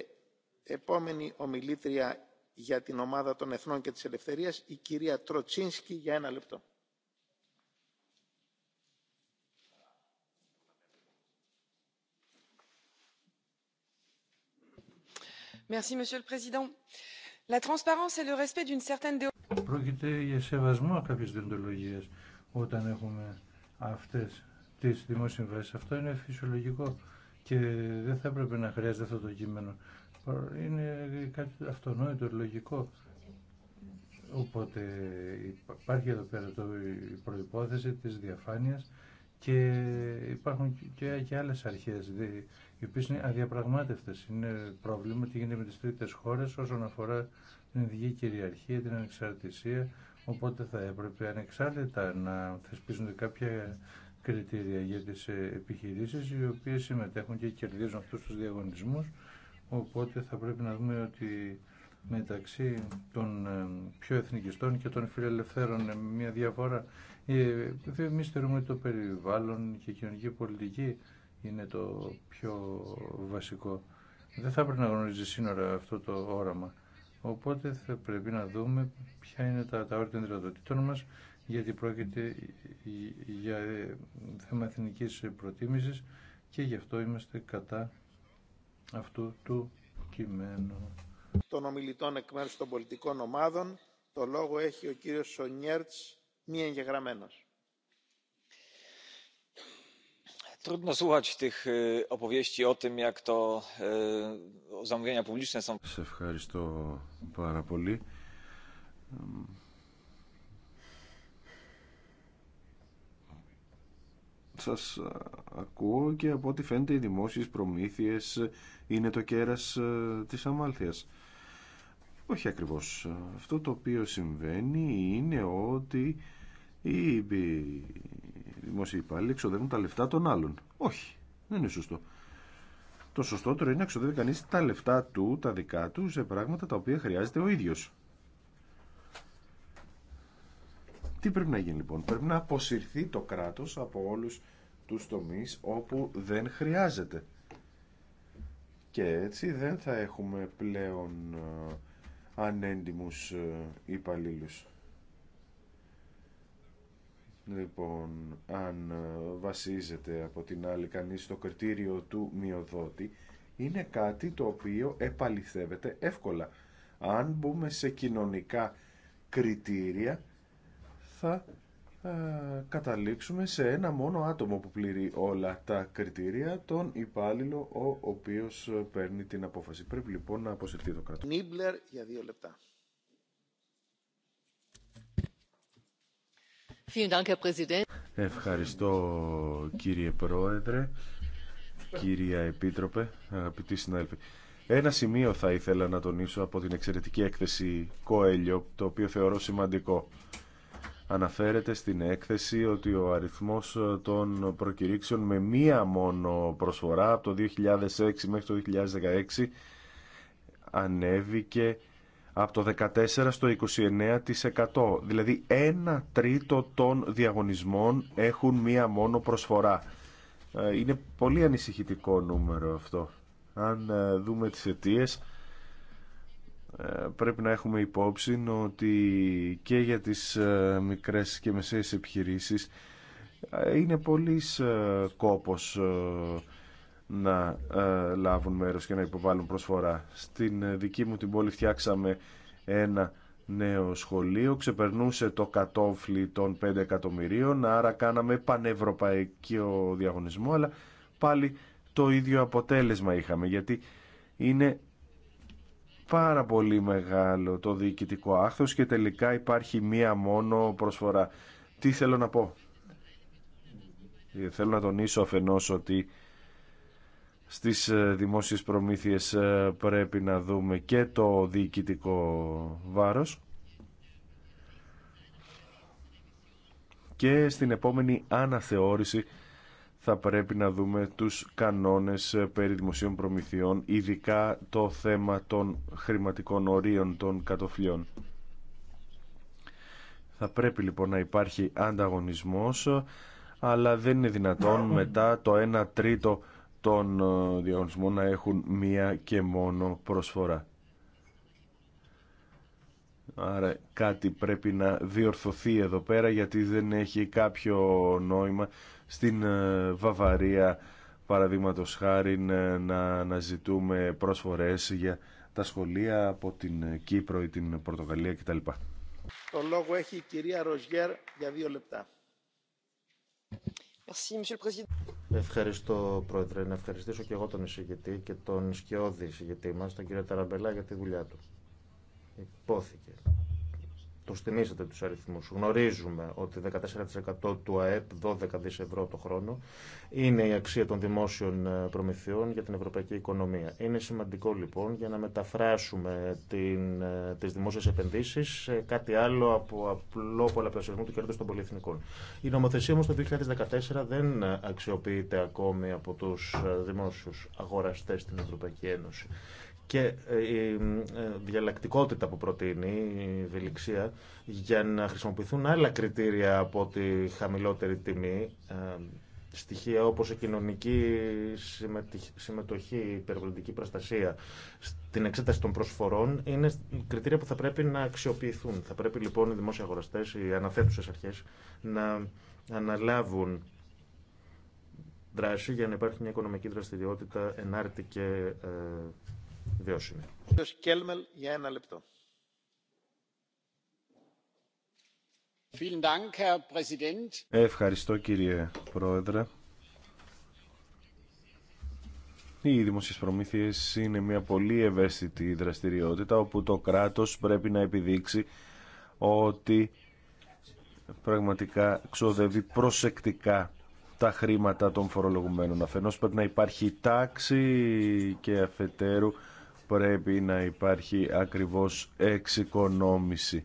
επόμενη ομιλήτρια για την ομάδα των Εθνών και της Ελευθερίας, η κυρία Τροτσίνσκι για ένα λεπτό. Πρόκειται για σεβασμό κάποιε διοντολογίε όταν έχουμε αυτέ τι δημόσιες Αυτό είναι φυσιολογικό και δεν θα έπρεπε να χρειάζεται αυτό το κείμενο. Είναι κάτι αυτονόητο, λογικό. Οπότε υπάρχει εδώ πέρα το, η προϋπόθεση της διαφάνειας και υπάρχουν και, και άλλες αρχές οι οποίε είναι αδιαπραγμάτευτε. Είναι πρόβλημα τι γίνεται με τι τρίτε χώρε όσον αφορά την ειδική κυριαρχία, την ανεξαρτησία. Οπότε θα έπρεπε ανεξάρτητα να θεσπίζονται κάποια κριτήρια για τι ε, επιχειρήσει, οι οποίε συμμετέχουν και κερδίζουν αυτού του διαγωνισμού, οπότε θα πρέπει να δούμε ότι μεταξύ των ε, πιο εθνικιστών και των φιλελευθέρων ε, μια διαφορά. Εμεί θεωρούμε το περιβάλλον και η κοινωνική πολιτική είναι το πιο βασικό. Δεν θα πρέπει να γνωρίζει σύνορα αυτό το όραμα. Οπότε θα πρέπει να δούμε ποια είναι τα, τα όρια των δυνατοτήτων μας, γιατί πρόκειται για ε, θέμα εθνική προτίμηση και γι' αυτό είμαστε κατά αυτού του κειμένου. Των ομιλητών εκ μέρους των πολιτικών ομάδων, το λόγο έχει ο κύριος Σονιέρτς, μη εγγεγραμμένος. Trudno słuchać tych e, opowieści o tym, jak to e, zamówienia publiczne są. ευχαριστώ πάρα πολύ. Σας ακούω και από ό,τι φαίνεται οι δημόσιε προμήθειε είναι το κέρας της αμάλθειας. Όχι ακριβώς. Αυτό το οποίο συμβαίνει είναι ότι οι δημόσιοι υπάλληλοι εξοδεύουν τα λεφτά των άλλων. Όχι, δεν είναι σωστό. Το σωστότερο είναι να εξοδεύει κανεί τα λεφτά του, τα δικά του, σε πράγματα τα οποία χρειάζεται ο ίδιο. Τι πρέπει να γίνει λοιπόν, πρέπει να αποσυρθεί το κράτος από όλους τους τομεί όπου δεν χρειάζεται. Και έτσι δεν θα έχουμε πλέον ε, ανέντιμους ε, υπαλλήλους. Λοιπόν, αν ε, βασίζεται από την άλλη κανείς στο κριτήριο του μειοδότη, είναι κάτι το οποίο επαληθεύεται εύκολα. Αν μπούμε σε κοινωνικά κριτήρια, θα ε, καταλήξουμε σε ένα μόνο άτομο που πληρεί όλα τα κριτήρια, τον υπάλληλο ο οποίος ε, παίρνει την απόφαση. Πρέπει λοιπόν να αποσυρθεί το κράτος. Νίμπλερ για δύο λεπτά. Ευχαριστώ κύριε Πρόεδρε, κυρία Επίτροπε, αγαπητοί συνάδελφοι. Ένα σημείο θα ήθελα να τονίσω από την εξαιρετική έκθεση Κοέλιο, το οποίο θεωρώ σημαντικό. Αναφέρεται στην έκθεση ότι ο αριθμός των προκηρύξεων με μία μόνο προσφορά από το 2006 μέχρι το 2016 ανέβηκε από το 14% στο 29%. Δηλαδή ένα τρίτο των διαγωνισμών έχουν μία μόνο προσφορά. Ε, είναι πολύ ανησυχητικό νούμερο αυτό. Αν ε, δούμε τις αιτίε, ε, πρέπει να έχουμε υπόψη ότι και για τις μικρές και μεσαίες επιχειρήσεις είναι πολύς κόπος να ε, λάβουν μέρος και να υποβάλουν προσφορά. Στην ε, δική μου την πόλη φτιάξαμε ένα νέο σχολείο, ξεπερνούσε το κατόφλι των 5 εκατομμυρίων, άρα κάναμε πανευρωπαϊκό διαγωνισμό, αλλά πάλι το ίδιο αποτέλεσμα είχαμε, γιατί είναι πάρα πολύ μεγάλο το διοικητικό άχθος και τελικά υπάρχει μία μόνο προσφορά. Τι θέλω να πω. Ε, θέλω να τονίσω αφενός ότι στις ε, δημόσιες προμήθειες ε, πρέπει να δούμε και το διοικητικό βάρος και στην επόμενη αναθεώρηση θα πρέπει να δούμε τους κανόνες ε, περί δημοσίων προμηθειών, ειδικά το θέμα των χρηματικών ορίων των κατοφλιών. Θα πρέπει λοιπόν να υπάρχει ανταγωνισμός, αλλά δεν είναι δυνατόν μετά το 1 τρίτο των ε, διαγωνισμών να έχουν μία και μόνο προσφορά. Άρα κάτι πρέπει να διορθωθεί εδώ πέρα γιατί δεν έχει κάποιο νόημα στην ε, Βαβαρία παραδείγματο χάρη ε, να ζητούμε πρόσφορες για τα σχολεία από την Κύπρο ή την Πορτογαλία κτλ. Το λόγο έχει η κυρία Ροζιέρ για δύο λεπτά. Ευχαριστώ, Πρόεδρε. Να ευχαριστήσω και εγώ τον εισηγητή και τον σκιώδη εισηγητή μας, τον κύριο Ταραμπελά, για τη δουλειά του. Υπόθηκε του θυμίσατε του αριθμού. Γνωρίζουμε ότι 14% του ΑΕΠ, 12 δις ευρώ το χρόνο, είναι η αξία των δημόσιων ε, προμηθειών για την ευρωπαϊκή οικονομία. Είναι σημαντικό λοιπόν για να μεταφράσουμε την, ε, τις δημόσιες επενδύσεις σε κάτι άλλο από απλό πολλαπλασιασμό του κέρδους των πολυεθνικών. Η νομοθεσία όμως το 2014 δεν αξιοποιείται ακόμη από τους ε, δημόσιους αγοραστές στην Ευρωπαϊκή Ένωση και ε, η ε, διαλλακτικότητα που προτείνει η δηληξία για να χρησιμοποιηθούν άλλα κριτήρια από τη χαμηλότερη τιμή ε, στοιχεία όπως η κοινωνική συμμετοχή, η περιβαλλοντική προστασία στην εξέταση των προσφορών είναι κριτήρια που θα πρέπει να αξιοποιηθούν. Θα πρέπει λοιπόν οι δημόσιοι αγοραστές, οι αναθέτουσες αρχές να αναλάβουν δράση για να υπάρχει μια οικονομική δραστηριότητα ενάρτη και Ευχαριστώ κύριε Πρόεδρε. Οι δημοσίες προμήθειε είναι μια πολύ ευαίσθητη δραστηριότητα όπου το κράτος πρέπει να επιδείξει ότι πραγματικά ξοδεύει προσεκτικά τα χρήματα των φορολογουμένων. Αφενός πρέπει να υπάρχει τάξη και αφετέρου πρέπει να υπάρχει ακριβώς εξοικονόμηση.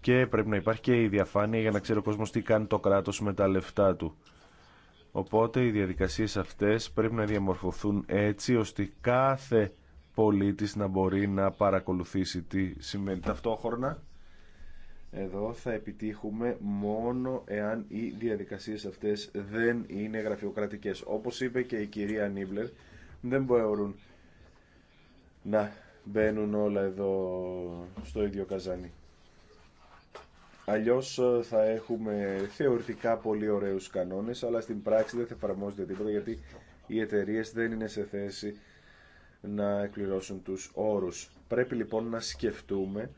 Και πρέπει να υπάρχει και η διαφάνεια για να ξέρει ο κόσμος τι κάνει το κράτος με τα λεφτά του. Οπότε οι διαδικασίες αυτές πρέπει να διαμορφωθούν έτσι ώστε κάθε πολίτης να μπορεί να παρακολουθήσει τι σημαίνει. Ταυτόχρονα εδώ θα επιτύχουμε μόνο εάν οι διαδικασίες αυτές δεν είναι γραφειοκρατικές. Όπως είπε και η κυρία Νίμπλερ, δεν μπορούν να μπαίνουν όλα εδώ στο ίδιο καζάνι. Αλλιώς ε, θα έχουμε θεωρητικά πολύ ωραίους κανόνες, αλλά στην πράξη δεν θα εφαρμόζεται τίποτα, γιατί οι εταιρείε δεν είναι σε θέση να εκπληρώσουν τους όρους. Πρέπει λοιπόν να σκεφτούμε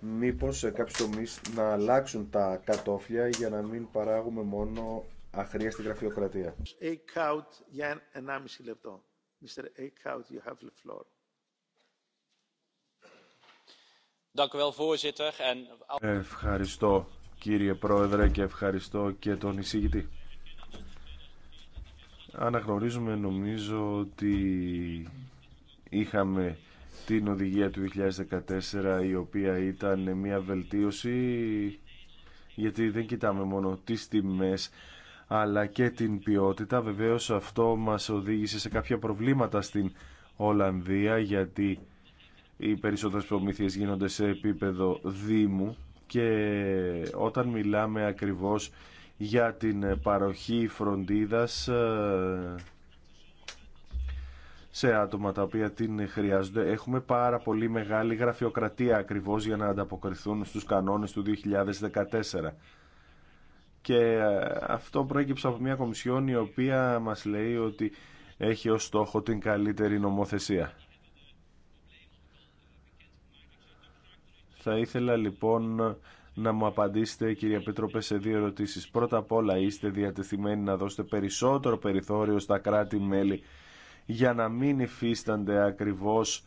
μήπως σε κάποιους τομείς να αλλάξουν τα κατόφλια για να μην παράγουμε μόνο αχρίαστη γραφειοκρατία. Mr. you have the floor. Ευχαριστώ κύριε Πρόεδρε και ευχαριστώ και τον εισηγητή. Αναγνωρίζουμε νομίζω ότι είχαμε την οδηγία του 2014 η οποία ήταν μια βελτίωση γιατί δεν κοιτάμε μόνο τις τιμές αλλά και την ποιότητα. Βεβαίως αυτό μας οδήγησε σε κάποια προβλήματα στην Ολλανδία γιατί οι περισσότερες προμήθειες γίνονται σε επίπεδο Δήμου και όταν μιλάμε ακριβώς για την παροχή φροντίδας ε, σε άτομα τα οποία την χρειάζονται. Έχουμε πάρα πολύ μεγάλη γραφειοκρατία ακριβώς για να ανταποκριθούν στους κανόνες του 2014 και ε, αυτό προέκυψε από μια κομισιόν η οποία μας λέει ότι έχει ως στόχο την καλύτερη νομοθεσία. Θα ήθελα λοιπόν να μου απαντήσετε κύριε Πίτροπε σε δύο ερωτήσεις. Πρώτα απ' όλα είστε διατεθειμένοι να δώσετε περισσότερο περιθώριο στα κράτη-μέλη για να μην υφίστανται ακριβώς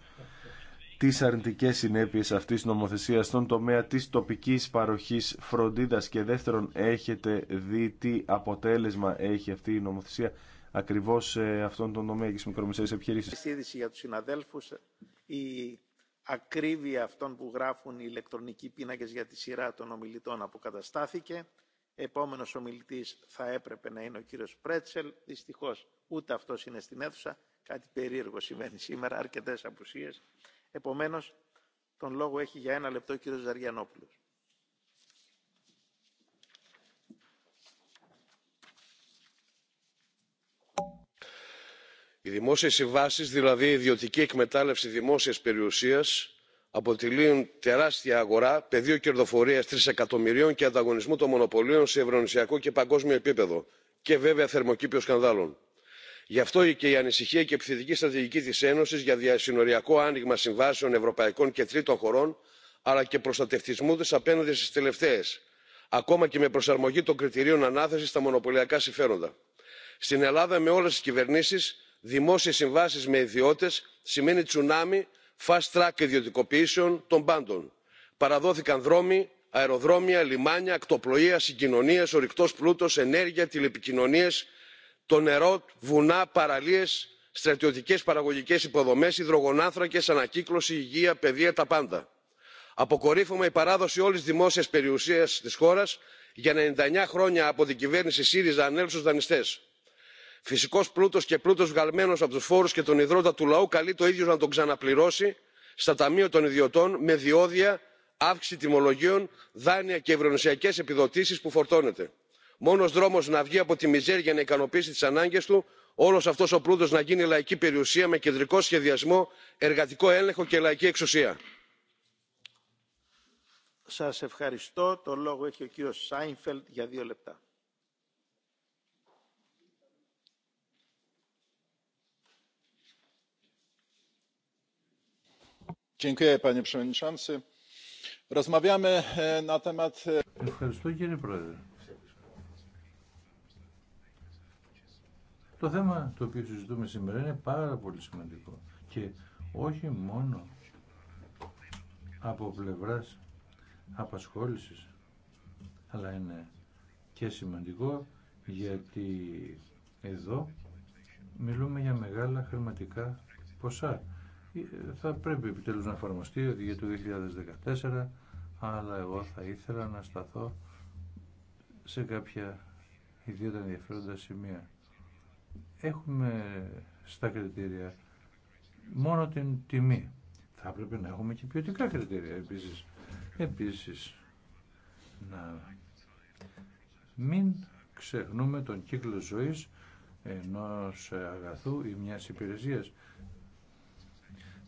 τις αρνητικέ συνέπειες αυτής τη νομοθεσίας στον τομέα τη τοπικής παροχής φροντίδας και δεύτερον έχετε δει τι αποτέλεσμα έχει αυτή η νομοθεσία ακριβώς σε αυτόν τον τομέα και στις μικρομεσαίες Η είδηση για τους συναδέλφους, η ακρίβεια αυτών που γράφουν οι ηλεκτρονικοί πίνακες για τη σειρά των ομιλητών αποκαταστάθηκε. Επόμενο ομιλητής θα έπρεπε να είναι ο κύριο Πρέτσελ. Δυστυχώ, ούτε αυτό είναι στην αίθουσα. Κάτι περίεργο συμβαίνει σήμερα, αρκετέ απουσίες. Επομένως, τον λόγο έχει για ένα λεπτό ο κύριος Ζαριανόπουλος. Οι δημόσιες συμβάσεις, δηλαδή η ιδιωτική εκμετάλλευση δημόσιας περιουσίας, αποτελούν τεράστια αγορά, πεδίο κερδοφορίας τρισεκατομμυρίων και ανταγωνισμού των μονοπωλίων σε ευρωνησιακό και παγκόσμιο επίπεδο και βέβαια θερμοκήπιο σκανδάλων γι' αυτό και η ανησυχία και η επιθετική στρατηγική της ένωσης για διασυνοριακό άνοιγμα συμβάσεων ευρωπαϊκών και τρίτων χωρών αλλά και προστατευτισμού της απέναντι στις τελευταίες ακόμα και με προσαρμογή των κριτηρίων ανάθεσης στα μονοπωλιακά συμφέροντα. στην ελλάδα με όλες τις κυβερνήσεις δημόσιες συμβάσεις με ιδιώτες σημαίνει τσουνάμι fast track ιδιωτικοποιήσεων των πάντων. παραδόθηκαν δρόμοι αεροδρόμια λιμάνια ακτοπλοεία συγκοινωνίε, ορυκτός πλούτος ενέργεια τηλεπικοινωνίες το νερό βουνά παραλίες στρατιωτικές παραγωγικές υποδομές υδρογονάνθρακες ανακύκλωση υγεία παιδεία τα πάντα. αποκορύφωμα η παράδοση όλης της δημόσιας περιουσίας της χώρας για 99 χρόνια από την κυβέρνηση σύριζα ανέλθους δανειστές. φυσικός πλούτος και πλούτος βγαλμένος από τους φόρους και τον ιδρώτα του λαού καλεί το ίδιο να τον ξαναπληρώσει στα ταμεία των ιδιωτών με διόδια αύξηση τιμολογίων δάνεια και ευρωνοσιακές επιδοτήσεις που φορτώνεται μόνος δρόμος να βγει από τη μιζέρια να ικανοποιήσει τις ανάγκες του όλος αυτός ο πλούτος να γίνει λαϊκή περιουσία με κεντρικό σχεδιασμό εργατικό έλεγχο και λαϊκή εξουσία. Σας ευχαριστώ. Το λόγο έχει ο κύριος Σάινφελτ για δύο λεπτά. E, e, ευχαριστώ κύριε Πρόεδρε. Το θέμα το οποίο συζητούμε σήμερα είναι πάρα πολύ σημαντικό και όχι μόνο από πλευράς απασχόλησης αλλά είναι και σημαντικό γιατί εδώ μιλούμε για μεγάλα χρηματικά ποσά. Ε, θα πρέπει επιτέλους να εφαρμοστεί ότι για το 2014 αλλά εγώ θα ήθελα να σταθώ σε κάποια ιδιαίτερα ενδιαφέροντα σημεία έχουμε στα κριτήρια μόνο την τιμή. Θα έπρεπε να έχουμε και ποιοτικά κριτήρια επίσης. Επίσης, να μην ξεχνούμε τον κύκλο ζωής ενός αγαθού ή μιας υπηρεσίας.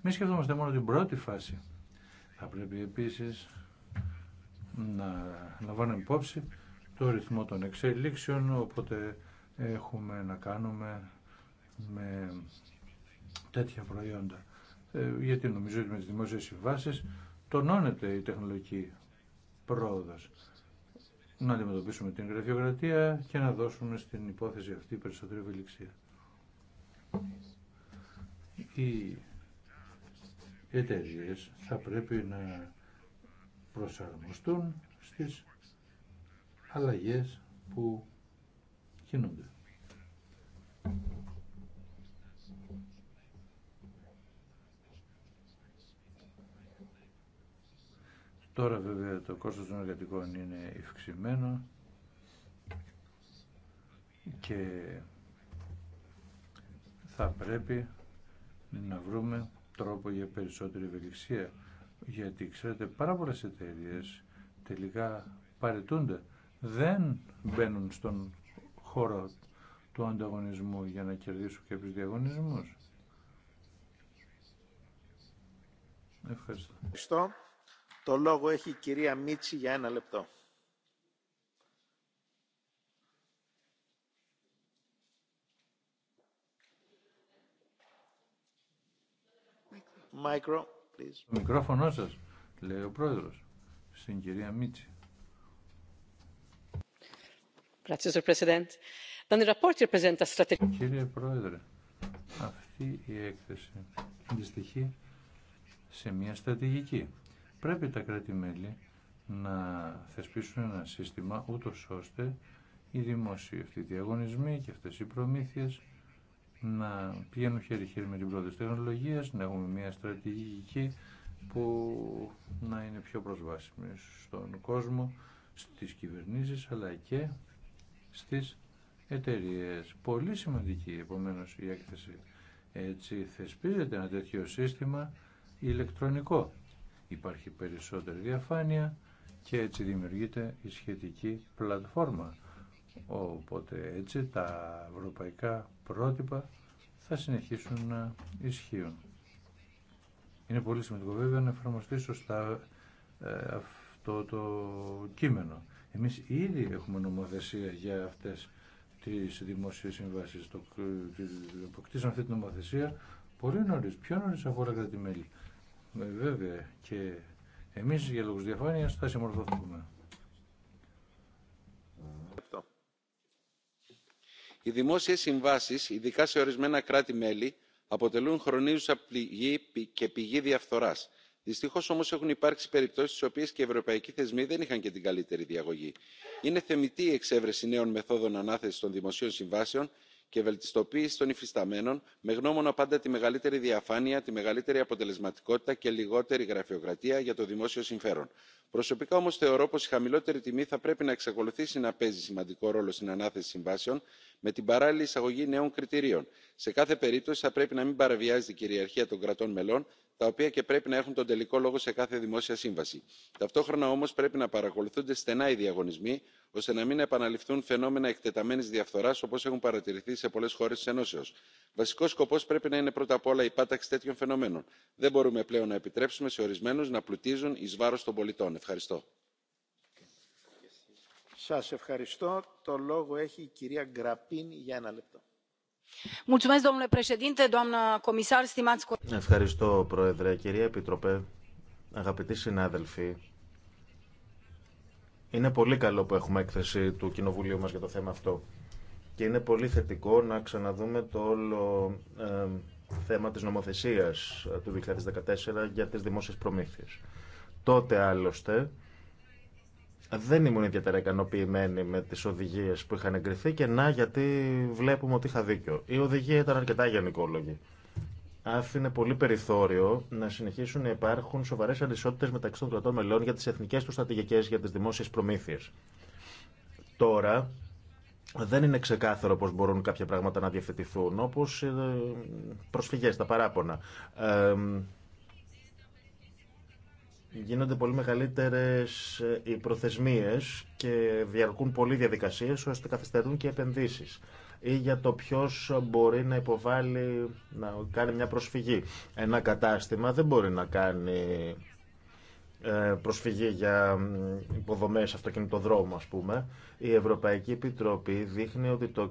Μην σκεφτόμαστε μόνο την πρώτη φάση. Θα πρέπει επίσης να λαμβάνουμε υπόψη το ρυθμό των εξελίξεων, οπότε έχουμε να κάνουμε με τέτοια προϊόντα. Ε, γιατί νομίζω ότι με τις δημόσιες συμβάσεις τονώνεται η τεχνολογική πρόοδος. Να αντιμετωπίσουμε την γραφειοκρατία και να δώσουμε στην υπόθεση αυτή περισσότερη ευελιξία. Οι εταιρείε θα πρέπει να προσαρμοστούν στις αλλαγές που Τώρα βέβαια το κόστος των εργατικών είναι ευξημένο και θα πρέπει να βρούμε τρόπο για περισσότερη ευελιξία γιατί ξέρετε πάρα πολλέ εταιρείε τελικά παρετούνται δεν μπαίνουν στον χώρο του ανταγωνισμού για να κερδίσω κάποιους διαγωνισμούς. Ευχαριστώ. Ευχαριστώ. Το λόγο έχει η κυρία Μίτση για ένα λεπτό. Μικρό, please. μικρόφωνο σας, λέει ο πρόεδρος, στην κυρία Μίτση. Κύριε Πρόεδρε, αυτή η έκθεση αντιστοιχεί σε μια στρατηγική. Πρέπει τα κράτη-μέλη να θεσπίσουν ένα σύστημα ούτω ώστε οι δημόσιοι αυτοί διαγωνισμοί και αυτές οι προμήθειες να πηγαίνουν χέρι-χέρι με την πρώτη τεχνολογία, να έχουμε μια στρατηγική που να είναι πιο προσβάσιμη στον κόσμο, στις κυβερνήσεις αλλά και στις εταιρείε. Πολύ σημαντική επομένως η έκθεση. Έτσι θεσπίζεται ένα τέτοιο σύστημα ηλεκτρονικό. Υπάρχει περισσότερη διαφάνεια και έτσι δημιουργείται η σχετική πλατφόρμα. Οπότε έτσι τα ευρωπαϊκά πρότυπα θα συνεχίσουν να ισχύουν. Είναι πολύ σημαντικό βέβαια να εφαρμοστεί σωστά ε, αυτό το κείμενο. Εμείς ήδη έχουμε νομοθεσία για αυτές τις δημόσιες συμβάσεις. Το, αποκτήσαμε αυτή την νομοθεσία πολύ νωρίς, πιο νωρίς από όλα τη μέλη. Ε, βέβαια και εμείς για λόγους διαφάνειας θα συμμορφωθούμε. Οι δημόσιες συμβάσεις, ειδικά σε ορισμένα κράτη-μέλη, αποτελούν χρονίουσα πληγή και πηγή διαφθοράς δυστυχώ όμω έχουν υπάρξει περιπτώσει στι οποίε και οι ευρωπαϊκοί θεσμοί δεν είχαν και την καλύτερη διαγωγή. είναι θεμητή η εξέβρεση νέων μεθόδων ανάθεση των δημοσίων συμβάσεων και βελτιστοποίηση των υφισταμένων με γνώμονα πάντα τη μεγαλύτερη διαφάνεια τη μεγαλύτερη αποτελεσματικότητα και λιγότερη γραφειοκρατία για το δημόσιο συμφέρον. προσωπικά όμω θεωρώ πω η χαμηλότερη τιμή θα πρέπει να εξακολουθήσει να παίζει σημαντικό ρόλο στην ανάθεση συμβάσεων με την παράλληλη εισαγωγή νέων κριτηρίων. σε κάθε περίπτωση θα πρέπει να μην παραβιάζει την κυριαρχία των κρατών μελών τα οποία και πρέπει να έχουν τον τελικό λόγο σε κάθε δημόσια σύμβαση. ταυτόχρονα όμω πρέπει να παρακολουθούνται στενά οι διαγωνισμοί ώστε να μην επαναληφθούν φαινόμενα εκτεταμένη διαφθορά όπω έχουν παρατηρηθεί σε πολλέ χώρε τη ενώσεω. βασικό σκοπό πρέπει να είναι πρώτα απ' όλα η πάταξη τέτοιων φαινομένων. δεν μπορούμε πλέον να επιτρέψουμε σε ορισμένου να πλουτίζουν ει βάρο των πολιτών. ευχαριστώ. Σας ευχαριστώ. Το λόγο έχει η κυρία Γκραπίν για ένα λεπτό. Domnule președinte, doamnă comisar, stimați colegi. Ευχαριστώ, Πρόεδρε. Κυρία Επιτροπέ, αγαπητοί συνάδελφοι, είναι πολύ καλό που έχουμε έκθεση του Κοινοβουλίου μας για το θέμα αυτό. Και είναι πολύ θετικό να ξαναδούμε το όλο ε, θέμα της νομοθεσίας του 2014 για τις δημόσιες προμήθειες. Τότε, άλλωστε, δεν ήμουν ιδιαίτερα ικανοποιημένη με τι οδηγίε που είχαν εγκριθεί και να γιατί βλέπουμε ότι είχα δίκιο. Η οδηγία ήταν αρκετά γενικόλογη. Άφηνε πολύ περιθώριο να συνεχίσουν να υπάρχουν σοβαρέ ανισότητε μεταξύ των κρατών μελών για τι εθνικέ του στρατηγικέ για τι δημόσιε προμήθειε. Τώρα δεν είναι ξεκάθαρο πώ μπορούν κάποια πράγματα να διευθετηθούν, όπω ε, προσφυγέ, τα παράπονα γίνονται πολύ μεγαλύτερες ε, οι προθεσμίες και διαρκούν πολύ διαδικασίες ώστε καθυστερούν και επενδύσεις ή για το ποιο μπορεί να υποβάλει, να κάνει μια προσφυγή. Ένα κατάστημα δεν μπορεί να κάνει ε, προσφυγή για υποδομές αυτοκινητοδρόμου ας πούμε, η Ευρωπαϊκή Επιτροπή δείχνει ότι το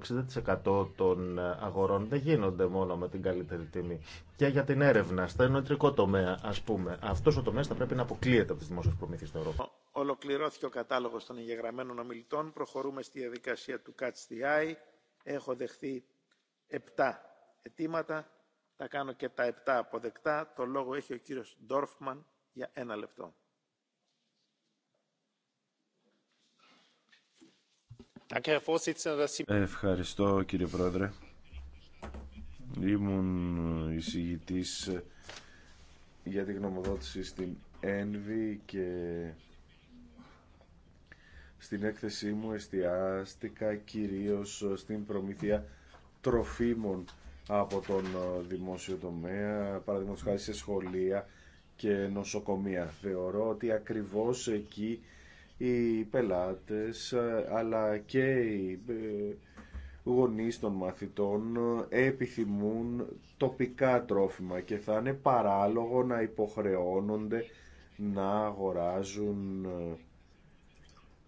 60% των αγορών δεν γίνονται μόνο με την καλύτερη τιμή. Και για την έρευνα, στο ενωτρικό τομέα ας πούμε, αυτός ο τομέας θα πρέπει να αποκλείεται από τις δημόσιες προμήθειες στην Ευρώπη. Ολοκληρώθηκε ο κατάλογος των εγγεγραμμένων ομιλητών. Προχωρούμε στη διαδικασία του Catch the Έχω δεχθεί 7 αιτήματα. Τα κάνω και τα 7 αποδεκτά. Το λόγο έχει ο κύριος Ντόρφμαν για ένα λεπτό. Ευχαριστώ κύριε Πρόεδρε. Ήμουν εισηγητής ε, για την γνωμοδότηση στην ΕΝΒΗ και στην έκθεσή μου εστιάστηκα κυρίως στην προμήθεια τροφίμων από τον ε, δημόσιο τομέα, παραδείγματος χάρη σε σχολεία, και νοσοκομεία. Θεωρώ ότι ακριβώς εκεί οι πελάτες αλλά και οι ε, γονείς των μαθητών επιθυμούν τοπικά τρόφιμα και θα είναι παράλογο να υποχρεώνονται να αγοράζουν ε,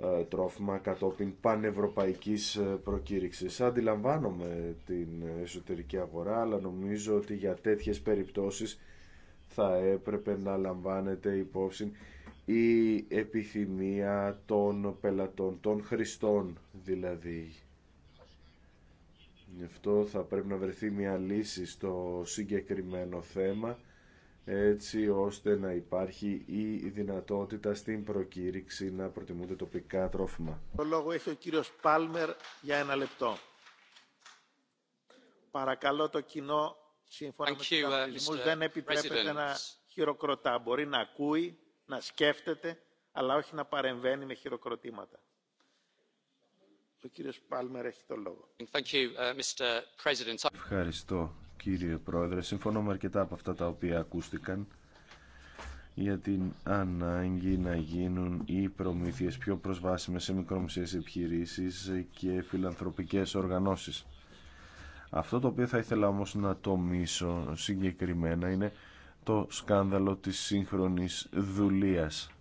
ε, τρόφιμα κατόπιν πανευρωπαϊκής προκήρυξης. Αντιλαμβάνομαι την εσωτερική αγορά, αλλά νομίζω ότι για τέτοιες περιπτώσεις θα έπρεπε να λαμβάνεται υπόψη η επιθυμία των πελατών, των χρηστών δηλαδή. Γι' αυτό θα πρέπει να βρεθεί μια λύση στο συγκεκριμένο θέμα έτσι ώστε να υπάρχει η δυνατότητα στην προκήρυξη να προτιμούνται τοπικά τρόφιμα. Το λόγο έχει ο κύριος Πάλμερ για ένα λεπτό. Παρακαλώ το κοινό σύμφωνα με τους uh, κανονισμούς δεν επιτρέπεται να χειροκροτά. Μπορεί να ακούει, να σκέφτεται, αλλά όχι να παρεμβαίνει με χειροκροτήματα. Ο κύριος Πάλμερ έχει το λόγο. Uh, Ευχαριστώ κύριε Πρόεδρε. Συμφωνώ με αρκετά από αυτά τα οποία ακούστηκαν για την ανάγκη να γίνουν οι προμήθειες πιο προσβάσιμες σε μικρομεσαίες επιχειρήσεις και φιλανθρωπικές οργανώσεις. Αυτό το οποίο θα ήθελα όμως να μίσω συγκεκριμένα είναι το σκάνδαλο της σύγχρονης δουλείας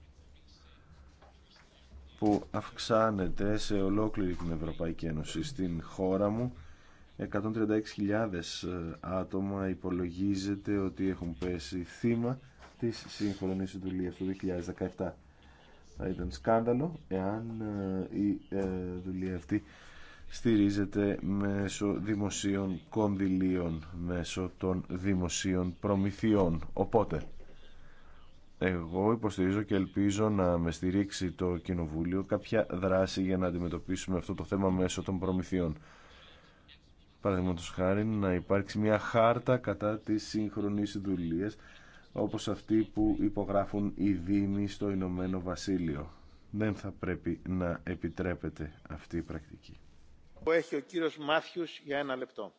που αυξάνεται σε ολόκληρη την Ευρωπαϊκή Ένωση. Στην χώρα μου 136.000 ε, άτομα υπολογίζεται ότι έχουν πέσει θύμα της σύγχρονης δουλείας του 2017. Θα ήταν σκάνδαλο εάν ε, η ε, δουλεία αυτή στηρίζεται μέσω δημοσίων κονδυλίων, μέσω των δημοσίων προμηθειών. Οπότε, εγώ υποστηρίζω και ελπίζω να με στηρίξει το Κοινοβούλιο κάποια δράση για να αντιμετωπίσουμε αυτό το θέμα μέσω των προμηθειών. Παραδείγματο χάρη να υπάρξει μια χάρτα κατά τη σύγχρονη δουλεία όπως αυτή που υπογράφουν οι Δήμοι στο Ηνωμένο Βασίλειο. Δεν θα πρέπει να επιτρέπεται αυτή η πρακτική έχει ο κύριος για ένα λεπτό.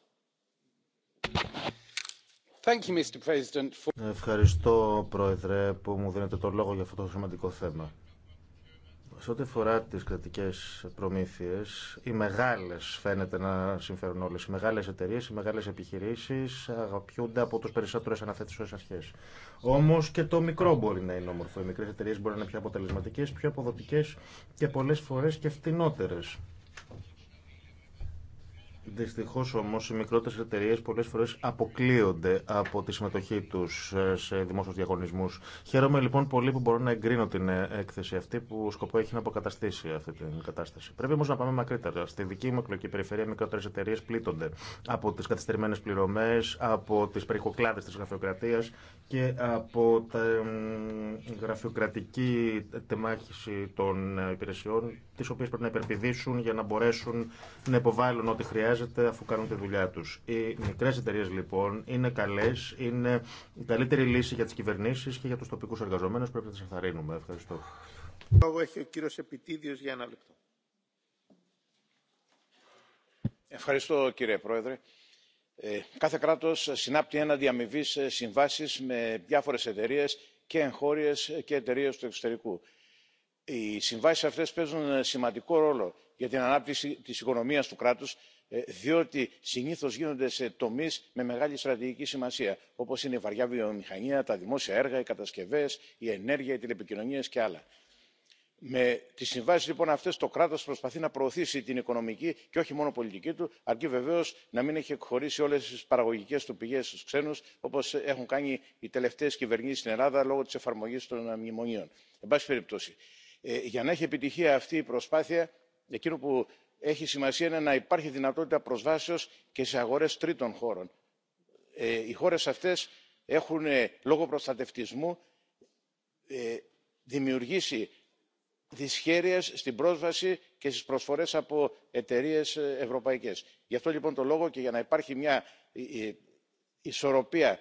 Ευχαριστώ, Πρόεδρε, που μου δίνετε το λόγο για αυτό το σημαντικό θέμα. Σε ό,τι αφορά τι κρατικέ προμήθειε, οι μεγάλε φαίνεται να συμφέρουν όλε. Οι μεγάλε εταιρείε, οι μεγάλε επιχειρήσει αγαπιούνται από του περισσότερε αναθέτησε αρχέ. Όμω και το μικρό μπορεί να είναι όμορφο. Οι μικρέ εταιρείε μπορεί να είναι πιο αποτελεσματικέ, πιο αποδοτικέ και πολλέ φορέ και φτηνότερε. Δυστυχώ όμω οι μικρότερε εταιρείε πολλέ φορέ αποκλείονται από τη συμμετοχή του σε δημόσιου διαγωνισμού. Χαίρομαι λοιπόν πολύ που μπορώ να εγκρίνω την ε, έκθεση αυτή που σκοπό έχει να αποκαταστήσει αυτή την κατάσταση. Πρέπει όμω να πάμε μακρύτερα. Στη δική μου εκλογική περιφέρεια, μικρότερε εταιρείε πλήττονται από τι καθυστερημένε πληρωμέ, από τι περιχοκλάδε τη γραφειοκρατία και από τη γραφειοκρατική τεμάχηση των ε, υπηρεσιών τι οποίε πρέπει να υπερπηδήσουν για να μπορέσουν να υποβάλουν ό,τι χρειάζεται αφού κάνουν τη δουλειά του. Οι μικρέ εταιρείε λοιπόν είναι καλέ, είναι η καλύτερη λύση για τι κυβερνήσει και για του τοπικού εργαζομένου. Πρέπει να τι ενθαρρύνουμε. Ευχαριστώ. Λόγο έχει ο για ένα λεπτό. Ευχαριστώ κύριε Πρόεδρε. Ε, κάθε κράτο συνάπτει ένα διαμοιβή συμβάσει με διάφορε εταιρείε και εγχώριε και εταιρείε του εξωτερικού οι συμβάσει αυτέ παίζουν ε, σημαντικό ρόλο για την ανάπτυξη τη οικονομία του κράτου ε, διότι συνήθω γίνονται σε τομεί με μεγάλη στρατηγική σημασία όπω είναι η βαριά βιομηχανία τα δημόσια έργα οι κατασκευέ η ενέργεια οι τηλεπικοινωνίε και άλλα. με τι συμβάσει λοιπόν αυτέ το κράτο προσπαθεί να προωθήσει την οικονομική και όχι μόνο πολιτική του αρκεί βεβαίω να μην έχει εκχωρήσει όλε τι παραγωγικέ του πηγέ στου ξένου όπω έχουν κάνει οι τελευταίε κυβερνήσει στην ελλάδα λόγω τη εφαρμογή των μνημονίων. εν πάση περιπτώσει ε, για να έχει επιτυχία αυτή η προσπάθεια εκείνο που έχει σημασία είναι να υπάρχει δυνατότητα προσβάσεως και σε αγορές τρίτων χωρών. Ε, οι χώρες αυτές έχουν ε, λόγω προστατευτισμού δημιουργήσει δυσχέρειες στην πρόσβαση και στις προσφορές από εταιρείες ευρωπαϊκές. γι' αυτό λοιπόν το λόγο και για να υπάρχει μια ισορροπία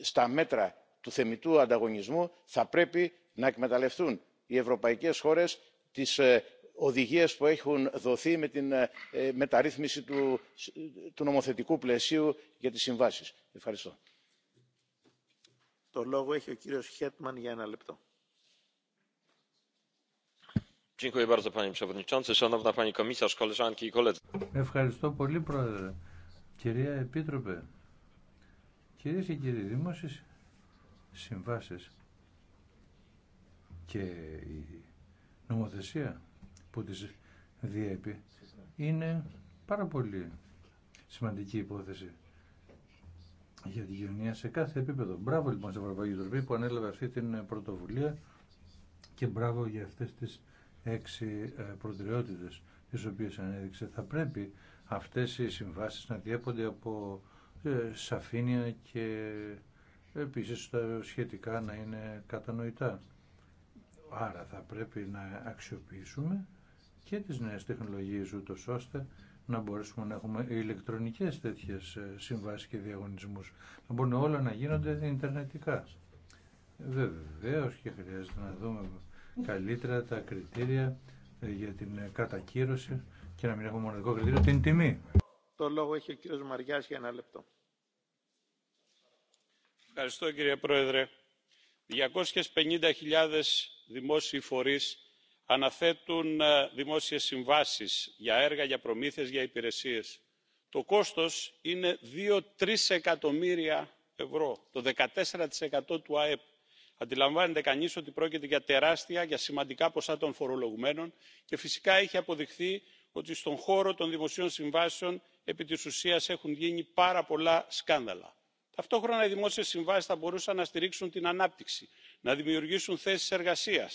στα μέτρα του θεμητού ανταγωνισμού θα πρέπει να εκμεταλλευτούν οι ευρωπαϊκές χώρες τις ε, οδηγίες που έχουν δοθεί με την ε, ε, μεταρρύθμιση του νομοθετικού πλαισίου για τις συμβάσεις. Ευχαριστώ. Το λόγο έχει ο κύριος Χέτμαν για ένα λεπτό. Ευχαριστώ πολύ, Πρόεδρε. Κυρία Επίτροπε, κυρίες και κύριοι, δημόσιες συμβάσεις και η νομοθεσία που τις διέπει είναι πάρα πολύ σημαντική υπόθεση για τη κοινωνία σε κάθε επίπεδο. Μπράβο λοιπόν στην Ευρωπαϊκή που ανέλαβε αυτή την πρωτοβουλία και μπράβο για αυτές τις έξι ε, προτεραιότητες τις οποίες ανέδειξε. Θα πρέπει αυτές οι συμβάσεις να διέπονται από ε, σαφήνεια και επίσης τα σχετικά να είναι κατανοητά. Άρα θα πρέπει να αξιοποιήσουμε και τις νέες τεχνολογίες ούτω ώστε να μπορέσουμε να έχουμε ηλεκτρονικές τέτοιες ε, συμβάσεις και διαγωνισμούς. Να μπορούν όλα να γίνονται ιντερνετικά. Βεβαίω και χρειάζεται να δούμε καλύτερα τα κριτήρια ε, για την ε, κατακύρωση και να μην έχουμε μοναδικό κριτήριο την τιμή. Το λόγο έχει ο κύριος Μαριάς για ένα λεπτό. Ευχαριστώ κύριε Πρόεδρε. 250.000 δημόσιοι φορείς αναθέτουν ε, δημόσιες συμβάσεις για έργα για προμήθειες για υπηρεσίες. το κόστος είναι δύο εκατομμύρια ευρώ το 14% του αεπ. αντιλαμβάνεται κανείς ότι πρόκειται για τεράστια για σημαντικά ποσά των φορολογουμένων και φυσικά έχει αποδειχθεί ότι στον χώρο των δημοσίων συμβάσεων επί της ουσίας έχουν γίνει πάρα πολλά σκάνδαλα ταυτόχρονα οι δημόσιε συμβάσει θα μπορούσαν να στηρίξουν την ανάπτυξη να δημιουργήσουν θέσεις εργασία,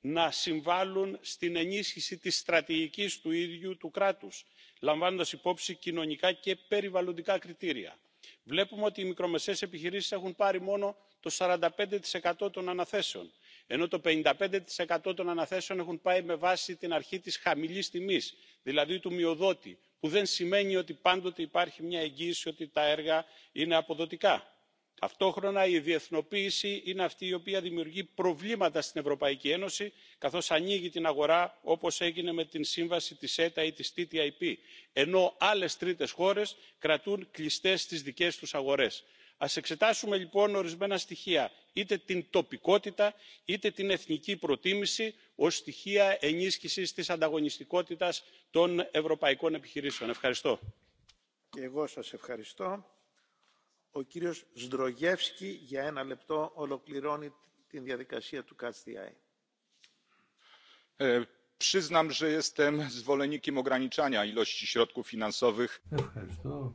να συμβάλλουν στην ενίσχυση τη στρατηγική του ίδιου του κράτου, λαμβάνοντα υπόψη κοινωνικά και περιβαλλοντικά κριτήρια. βλέπουμε ότι οι μικρομεσαίες επιχειρήσει έχουν πάρει μόνο το 45 των αναθέσεων ενώ το 55 των αναθέσεων έχουν πάει με βάση την αρχή τη χαμηλή τιμή, δηλαδή του μειοδότη που δεν σημαίνει ότι πάντοτε υπάρχει μια εγγύηση ότι τα έργα είναι αποδοτικά. ταυτόχρονα η διεθνοποίηση είναι αυτή η οποία δημιουργεί προβλήματα στην ευρωπαϊκή ένωση καθώς ανοίγει την αγορά όπως έγινε με την σύμβαση της ceta ή της ttip ενώ άλλες τρίτες χώρες κρατούν κλειστές τις δικές τους αγορές ας εξετάσουμε λοιπόν ορισμένα στοιχεία είτε την τοπικότητα είτε την εθνική προτίμηση ως στοιχεία ενίσχυσης της ανταγωνιστικότητας των ευρωπαϊκών επιχειρήσεων. ευχαριστώ. Και εγώ σας ευχαριστώ. Ο κύριος Σδρογεύσκη για ένα λεπτό ολοκληρώνει την διαδικασία του Catch ε, przyznam, że jestem zwolennikiem ograniczania ilości środków finansowych. Ευχαριστώ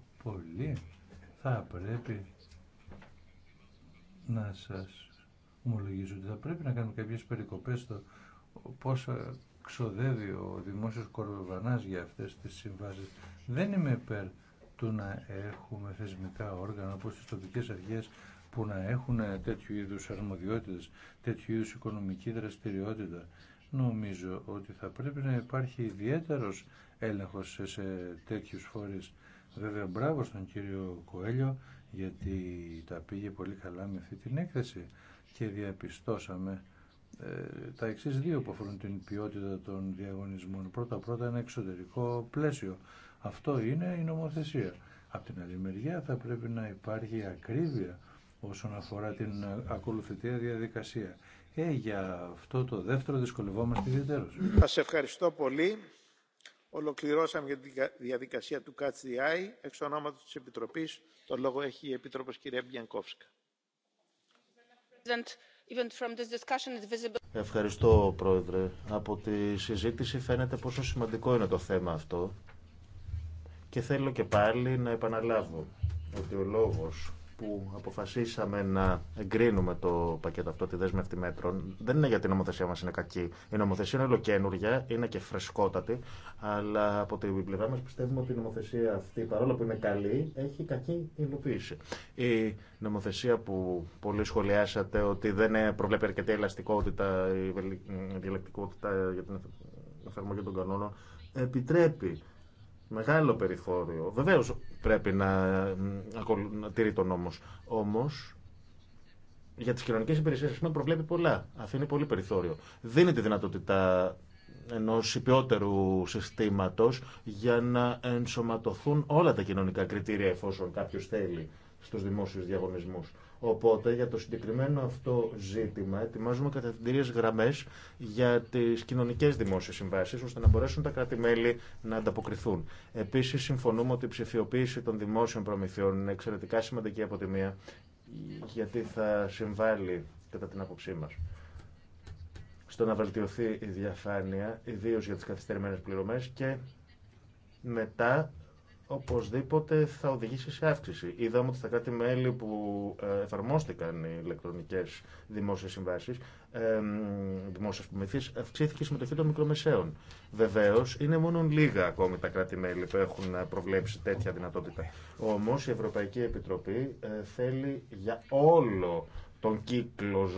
να σας ομολογήσω ότι θα πρέπει να κάνουμε κάποιες περικοπές στο πόσα ξοδεύει ο δημόσιος κορδοβανάς για αυτές τις συμβάσεις. Δεν είμαι υπέρ του να έχουμε θεσμικά όργανα όπως τις τοπικές αρχές που να έχουν τέτοιου είδους αρμοδιότητες, τέτοιου είδους οικονομική δραστηριότητα. Νομίζω ότι θα πρέπει να υπάρχει ιδιαίτερος έλεγχος σε τέτοιους φορείς. Βέβαια, μπράβο στον κύριο Κοέλιο γιατί τα πήγε πολύ καλά με αυτή την έκθεση και διαπιστώσαμε ε, τα εξή δύο που αφορούν την ποιότητα των διαγωνισμών. Πρώτα-πρώτα ένα εξωτερικό πλαίσιο. Αυτό είναι η νομοθεσία. Απ' την άλλη μεριά θα πρέπει να υπάρχει ακρίβεια όσον αφορά την ακολουθητή διαδικασία. Ε, για αυτό το δεύτερο δυσκολευόμαστε ιδιαίτερως. Σας ευχαριστώ πολύ. Ολοκληρώσαμε για τη διαδικασία του Catch the Εξ ονόματος της Επιτροπής, το λόγο έχει η Επίτροπος κυρία Μπιανκόφσκα. Ευχαριστώ, Πρόεδρε. Από τη συζήτηση φαίνεται πόσο σημαντικό είναι το θέμα αυτό. Και θέλω και πάλι να επαναλάβω ότι ο λόγος που αποφασίσαμε να εγκρίνουμε το πακέτο αυτό, τη δέσμευτη μέτρων, δεν είναι γιατί η νομοθεσία μα είναι κακή. Η νομοθεσία είναι ολοκένουργια, είναι και φρεσκότατη, αλλά από την πλευρά μα πιστεύουμε ότι η νομοθεσία αυτή, παρόλο που είναι καλή, έχει κακή υλοποίηση. Η νομοθεσία που πολλοί σχολιάσατε ότι δεν προβλέπει αρκετή ελαστικότητα, η διαλεκτικότητα για την εφαρμογή των κανόνων, επιτρέπει μεγάλο περιθώριο. Βεβαίως πρέπει να, να τηρεί τον νόμος. Όμως, για τις κοινωνικές υπηρεσίες πούμε, προβλέπει πολλά. Αφήνει πολύ περιθώριο. Δίνει τη δυνατότητα ενός υπιότερου συστήματος για να ενσωματωθούν όλα τα κοινωνικά κριτήρια εφόσον κάποιος θέλει στους δημόσιους διαγωνισμούς. Οπότε για το συγκεκριμένο αυτό ζήτημα ετοιμάζουμε κατευθυντήριες γραμμές για τις κοινωνικές δημόσιες συμβάσεις ώστε να μπορέσουν τα κράτη-μέλη να ανταποκριθούν. Επίσης συμφωνούμε ότι η ψηφιοποίηση των δημόσιων προμηθειών είναι εξαιρετικά σημαντική αποτιμία γιατί θα συμβάλλει κατά την άποψή μας στο να βελτιωθεί η διαφάνεια, ιδίω για τις καθυστερημένες πληρωμές και μετά οπωσδήποτε θα οδηγήσει σε αύξηση. Είδαμε ότι στα κράτη-μέλη που ε, εφαρμόστηκαν οι ηλεκτρονικέ δημόσιε συμβάσει, δημόσιε προμηθείε, αυξήθηκε η συμμετοχή των μικρομεσαίων. Βεβαίω, είναι μόνο λίγα ακόμη τα κράτη-μέλη που έχουν ε, προβλέψει τέτοια δυνατότητα. Όμω, η Ευρωπαϊκή Επιτροπή ε, θέλει για όλο τον κύκλο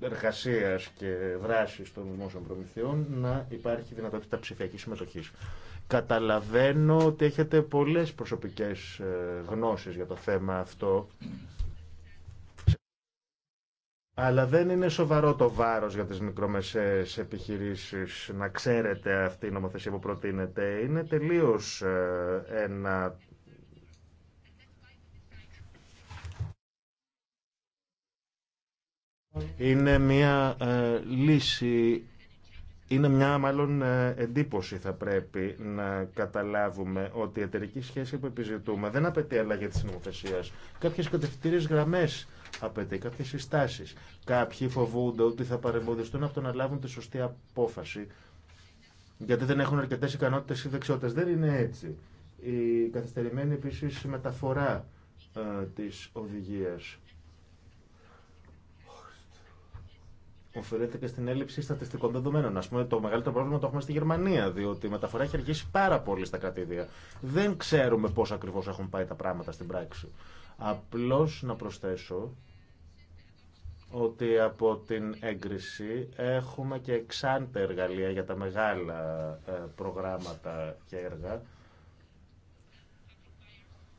εργασία και δράση των δημόσιων προμηθειών να υπάρχει δυνατότητα ψηφιακή συμμετοχή. Καταλαβαίνω ότι έχετε πολλές προσωπικές ε, γνώσεις για το θέμα αυτό. Αλλά δεν είναι σοβαρό το βάρος για τις μικρομεσαίες επιχειρήσεις να ξέρετε αυτή η νομοθεσία που προτείνεται. Είναι τελείως ε, ένα Είναι μια ε, λύση είναι μια μάλλον ε, εντύπωση θα πρέπει να καταλάβουμε ότι η εταιρική σχέση που επιζητούμε δεν απαιτεί αλλαγή της νομοθεσίας. Κάποιες κατευθυντήριες γραμμές απαιτεί, κάποιες συστάσεις. Κάποιοι φοβούνται ότι θα παρεμποδιστούν από το να λάβουν τη σωστή απόφαση γιατί δεν έχουν αρκετές ικανότητες ή δεξιότητες. Δεν είναι έτσι. Η καθυστερημένη επίσης μεταφορά ε, της οδηγίας οφείλεται και στην έλλειψη στατιστικών δεδομένων. Α πούμε, το μεγαλύτερο πρόβλημα το έχουμε στη Γερμανία, διότι η μεταφορά έχει αργήσει πάρα πολύ στα κρατήδια. Δεν ξέρουμε πώ ακριβώ έχουν πάει τα πράγματα στην πράξη. Απλώ να προσθέσω ότι από την έγκριση έχουμε και εξάντα εργαλεία για τα μεγάλα ε, προγράμματα και έργα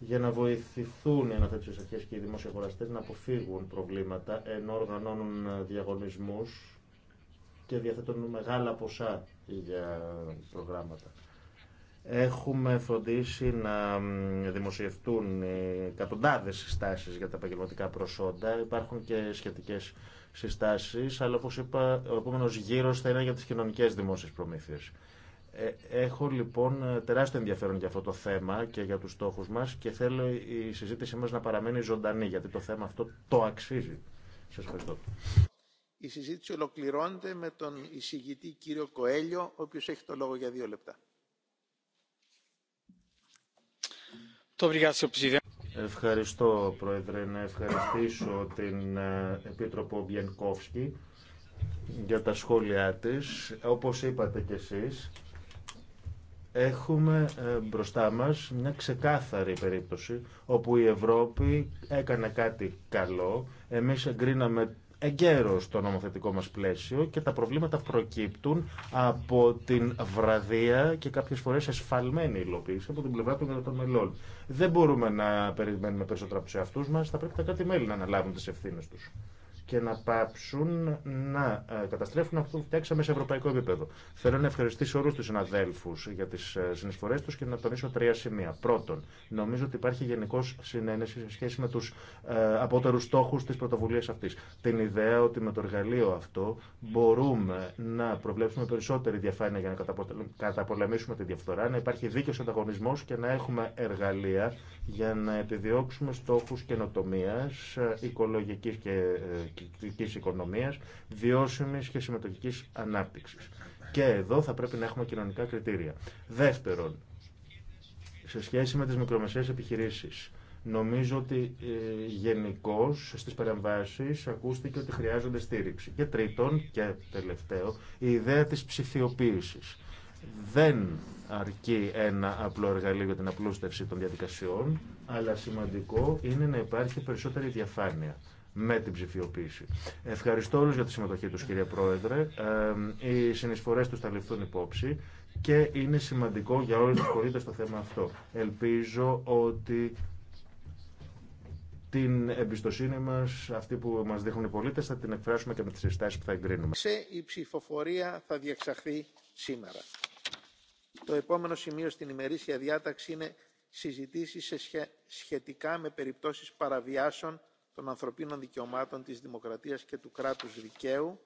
για να βοηθηθούν οι τέτοιο αρχές και οι αγοραστέ να αποφύγουν προβλήματα ενώ οργανώνουν διαγωνισμού και διαθέτουν μεγάλα ποσά για προγράμματα. Έχουμε φροντίσει να δημοσιευτούν εκατοντάδε συστάσει για τα επαγγελματικά προσόντα. Υπάρχουν και σχετικέ συστάσει, αλλά όπω είπα, ο επόμενο γύρο θα είναι για τι κοινωνικέ δημόσιε προμήθειε. Ε, έχω λοιπόν τεράστιο ενδιαφέρον για αυτό το θέμα και για τους στόχους μας και θέλω η συζήτησή μας να παραμένει ζωντανή γιατί το θέμα αυτό το αξίζει. Σας ευχαριστώ. Η συζήτηση ολοκληρώνεται με τον εισηγητή κύριο Κοέλιο, ο οποίος έχει το λόγο για δύο λεπτά. Ευχαριστώ, Πρόεδρε, να ευχαριστήσω την ε, Επίτροπο Μπιενκόφσκι για τα σχόλιά της. Όπως είπατε κι εσείς, Έχουμε ε, μπροστά μας μια ξεκάθαρη περίπτωση όπου η Ευρώπη έκανε κάτι καλό, εμείς εγκρίναμε εγκαίρως το νομοθετικό μας πλαίσιο και τα προβλήματα προκύπτουν από την βραδεία και κάποιες φορές εσφαλμένη υλοποίηση από την πλευρά των κρατών μελών. Δεν μπορούμε να περιμένουμε περισσότερα από τους εαυτούς μας, θα πρέπει τα κάτι μέλη να αναλάβουν τις ευθύνες τους και να πάψουν να ε, καταστρέφουν αυτό που φτιάξαμε σε ευρωπαϊκό επίπεδο. Θέλω να ευχαριστήσω όλου του συναδέλφου για τι ε, συνεισφορέ του και να τονίσω τρία σημεία. Πρώτον, νομίζω ότι υπάρχει γενικώ συνένεση σε σχέση με του ε, απότερου στόχου τη πρωτοβουλία αυτή. Την ιδέα ότι με το εργαλείο αυτό μπορούμε να προβλέψουμε περισσότερη διαφάνεια για να καταπολεμήσουμε τη διαφθορά, να υπάρχει δίκαιο ανταγωνισμό και να έχουμε εργαλεία για να επιδιώξουμε στόχους καινοτομίας, οικολογικής και κοινωνικής ε, οικονομίας, βιώσιμης και συμμετοχικής ανάπτυξης. Και εδώ θα πρέπει να έχουμε κοινωνικά κριτήρια. Δεύτερον, σε σχέση με τις μικρομεσαίες επιχειρήσεις, Νομίζω ότι ε, γενικώ στι παρεμβάσει ακούστηκε ότι χρειάζονται στήριξη. Και τρίτον και τελευταίο, η ιδέα της ψηφιοποίησης. Δεν αρκεί ένα απλό εργαλείο για την απλούστευση των διαδικασιών, αλλά σημαντικό είναι να υπάρχει περισσότερη διαφάνεια με την ψηφιοποίηση. Ευχαριστώ όλους για τη συμμετοχή τους, κύριε Πρόεδρε. οι συνεισφορές τους θα ληφθούν υπόψη και είναι σημαντικό για όλους τους πολίτες το θέμα αυτό. Ελπίζω ότι την εμπιστοσύνη μας, αυτή που μας δείχνουν οι πολίτες, θα την εκφράσουμε και με τις συστάσεις που θα εγκρίνουμε. Η ψηφοφορία θα διεξαχθεί σήμερα. Το επόμενο σημείο στην ημερήσια διάταξη είναι συζητήσεις σχετικά με περιπτώσεις παραβιάσεων των ανθρωπίνων δικαιωμάτων της δημοκρατίας και του κράτους δικαίου.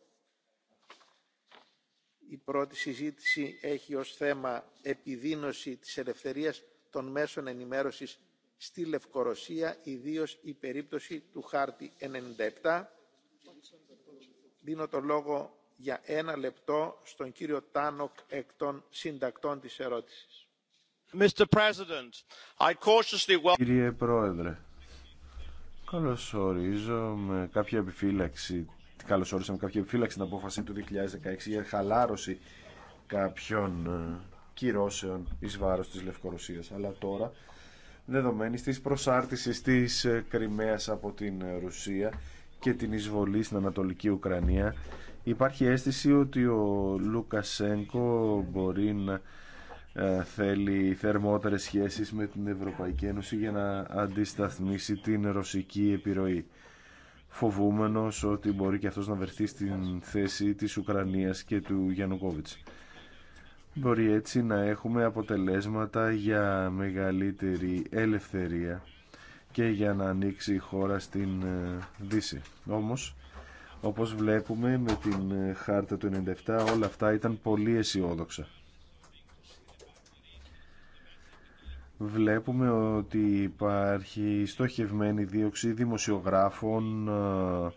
Η πρώτη συζήτηση έχει ως θέμα επιδείνωση της ελευθερίας των μέσων ενημέρωσης στη Λευκορωσία, ιδίως η περίπτωση του χάρτη 97. Δίνω το λόγο για ένα λεπτό στον κύριο Τάνοκ εκ των συντακτών της ερώτησης. Κύριε Πρόεδρε, καλωσορίζω με κάποια επιφύλαξη με κάποια επιφύλαξη την απόφαση του 2016 για χαλάρωση κάποιων ε, κυρώσεων εις βάρος της Λευκορωσίας. Αλλά τώρα, δεδομένης της προσάρτησης της ε, Κρυμαίας από την ε, Ρουσία, και την εισβολή στην Ανατολική Ουκρανία υπάρχει αίσθηση ότι ο Λουκασένκο μπορεί να ε, θέλει θερμότερες σχέσεις με την Ευρωπαϊκή Ένωση για να αντισταθμίσει την ρωσική επιρροή φοβούμενος ότι μπορεί και αυτός να βρεθεί στην θέση της Ουκρανίας και του Γιανουκόβιτς Μπορεί έτσι να έχουμε αποτελέσματα για μεγαλύτερη ελευθερία και για να ανοίξει η χώρα στην ε, Δύση. Όμως, όπως βλέπουμε με την ε, χάρτα του 97 όλα αυτά ήταν πολύ αισιόδοξα. Βλέπουμε ότι υπάρχει στοχευμένη δίωξη δημοσιογράφων, ε,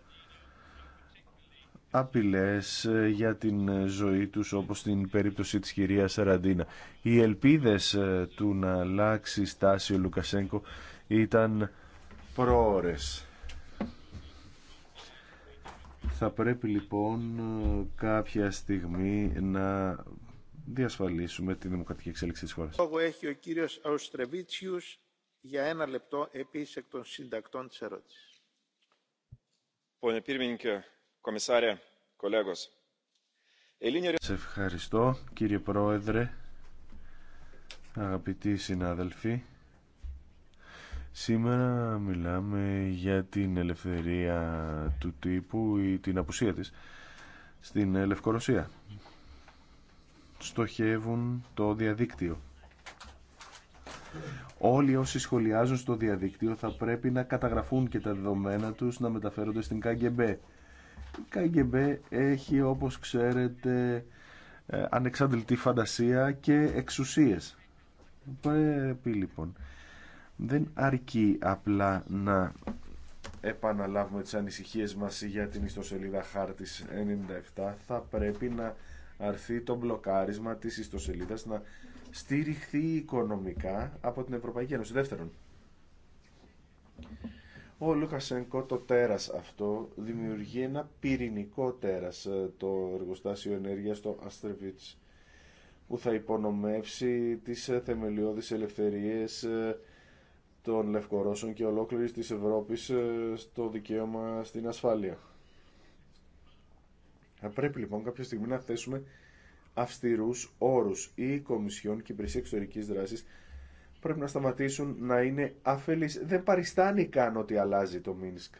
απειλές για την ζωή τους όπως στην περίπτωση της κυρίας Σαραντίνα. Οι ελπίδες του να αλλάξει στάση ο Λουκασέγκο ήταν προώρες. Θα πρέπει λοιπόν ε, κάποια στιγμή να διασφαλίσουμε τη δημοκρατική εξέλιξη της χώρας. Λόγο έχει ο κύριος Αουστρεβίτσιους για ένα λεπτό επίσης εκ των συντακτών της ερώτησης. Σε ευχαριστώ κύριε Πρόεδρε, αγαπητοί συνάδελφοι. Σήμερα μιλάμε για την ελευθερία του τύπου ή την απουσία της στην Λευκορωσία. Στοχεύουν το διαδίκτυο. Όλοι όσοι σχολιάζουν στο διαδίκτυο θα πρέπει να καταγραφούν και τα δεδομένα τους να μεταφέρονται στην KGB. Η ΚΑΓΚΕΜΠΕ έχει όπως ξέρετε ε, ανεξάντλητη φαντασία και εξουσίες. Πρέπει λοιπόν δεν αρκεί απλά να επαναλάβουμε τις ανησυχίες μας για την ιστοσελίδα χάρτης 97 θα πρέπει να αρθεί το μπλοκάρισμα της ιστοσελίδας να στηριχθεί οικονομικά από την Ευρωπαϊκή Ένωση. Δεύτερον, ο Λουκασένκο το τέρας αυτό δημιουργεί ένα πυρηνικό τέρας ε, το εργοστάσιο ενέργειας στο Αστρεβίτς που θα υπονομεύσει τις ε, θεμελιώδεις ελευθερίες ε, των Λευκορώσων και ολόκληρη της Ευρώπης ε, στο δικαίωμα στην ασφάλεια. Θα πρέπει λοιπόν κάποια στιγμή να θέσουμε αυστηρούς όρους. Η Κομισιόν και η Υπηρεσία Εξωτερικής πρέπει να σταματήσουν να είναι αφελείς. Δεν παριστάνει καν ότι αλλάζει το Μίνσκ.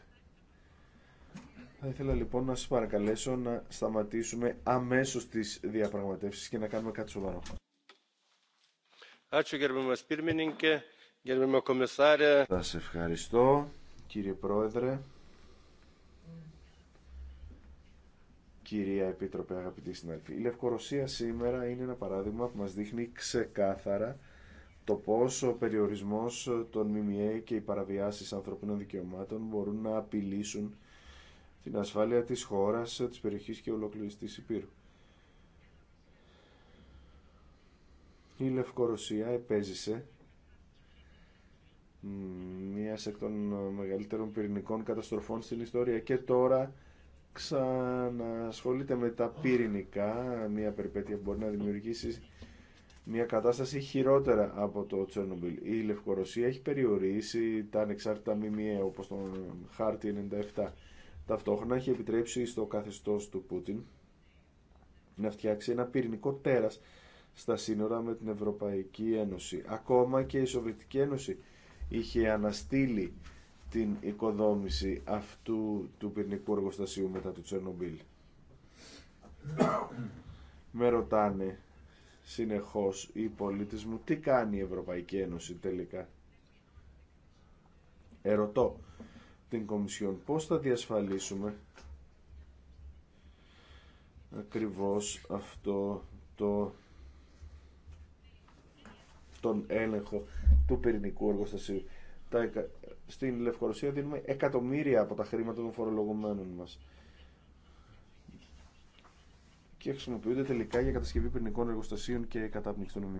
Θα ήθελα λοιπόν να σας παρακαλέσω να σταματήσουμε αμέσως τις διαπραγματεύσεις και να κάνουμε κάτι σοβαρό. Θα ευχαριστώ, κύριε Πρόεδρε. Κυρία Επίτροπε, αγαπητή συνάδελφοι, η Λευκορωσία σήμερα είναι ένα παράδειγμα που μας δείχνει ξεκάθαρα το πόσο ο περιορισμός των ΜΜΕ και οι παραβιάσεις ανθρωπίνων δικαιωμάτων μπορούν να απειλήσουν την ασφάλεια της χώρας, της περιοχής και ολόκληρης της Η Λευκορωσία επέζησε μία εκ των μεγαλύτερων πυρηνικών καταστροφών στην ιστορία και τώρα ξανασχολείται με τα πυρηνικά, μια περιπέτεια που μπορεί να δημιουργήσει μια κατάσταση χειρότερα από το Τσέρνομπιλ. Η Λευκορωσία έχει περιορίσει τα ανεξάρτητα ΜΜΕ όπως τον χάρτη 97. Ταυτόχρονα έχει επιτρέψει στο καθεστώς του Πούτιν να φτιάξει ένα πυρηνικό τέρας στα σύνορα με την Ευρωπαϊκή Ένωση. Ακόμα και η Σοβιετική Ένωση είχε αναστείλει την οικοδόμηση αυτού του πυρηνικού εργοστασίου μετά του Τσερνομπίλ. Με ρωτάνε συνεχώς οι πολίτες μου τι κάνει η Ευρωπαϊκή Ένωση τελικά. Ερωτώ την Κομισιόν πώς θα διασφαλίσουμε ακριβώς αυτό το τον έλεγχο του πυρηνικού εργοστασίου. στην Λευκορωσία δίνουμε εκατομμύρια από τα χρήματα των φορολογουμένων μας και χρησιμοποιούνται τελικά για κατασκευή πυρηνικών εργοστασίων και κατάπνιξη των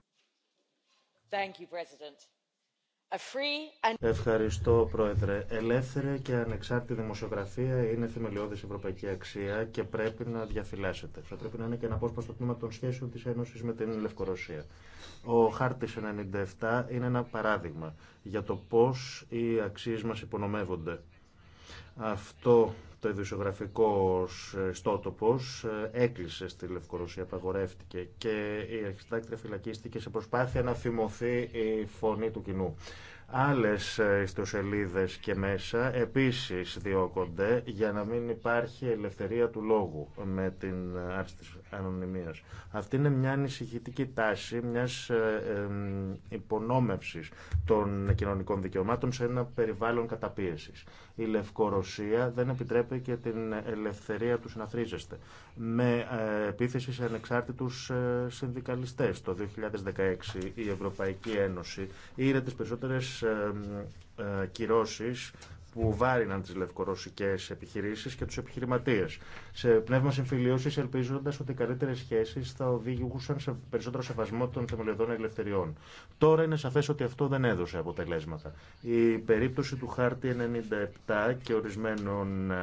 Ευχαριστώ, Πρόεδρε. Ελεύθερη και ανεξάρτητη δημοσιογραφία είναι θεμελιώδης ευρωπαϊκή αξία και πρέπει να διαφυλάσσεται. Θα πρέπει να είναι και ένα απόσπαστο τμήμα των σχέσεων της Ένωση με την Λευκορωσία. Ο χάρτη 97 είναι ένα παράδειγμα για το πώς οι αξίες μας υπονομεύονται. Αυτό το ειδησιογραφικό ε, στότοπο ε, έκλεισε στη Λευκορωσία, απαγορεύτηκε και η αρχιστάκτρια φυλακίστηκε σε προσπάθεια να θυμωθεί η φωνή του κοινού. Άλλε ιστοσελίδε και μέσα επίση διώκονται για να μην υπάρχει ελευθερία του λόγου με την ε, ανωνυμίας. Αυτή είναι μια ανησυχητική τάση μιας ε, υπονόμευσης των κοινωνικών δικαιωμάτων σε ένα περιβάλλον καταπίεσης. Η Λευκορωσία δεν επιτρέπει και την ελευθερία του να θρίζεστε. Με ε, επίθεση σε ανεξάρτητους ε, συνδικαλιστές. Το 2016 η Ευρωπαϊκή Ένωση ήρε τις περισσότερες κυρώσεις που βάριναν τι λευκορωσικέ επιχειρήσει και του επιχειρηματίε. Σε πνεύμα συμφιλίωση, ελπίζοντα ότι οι καλύτερε σχέσει θα οδηγούσαν σε περισσότερο σεβασμό των θεμελιωδών ελευθεριών. Τώρα είναι σαφέ ότι αυτό δεν έδωσε αποτελέσματα. Η περίπτωση του Χάρτη 97 και ορισμένων ε,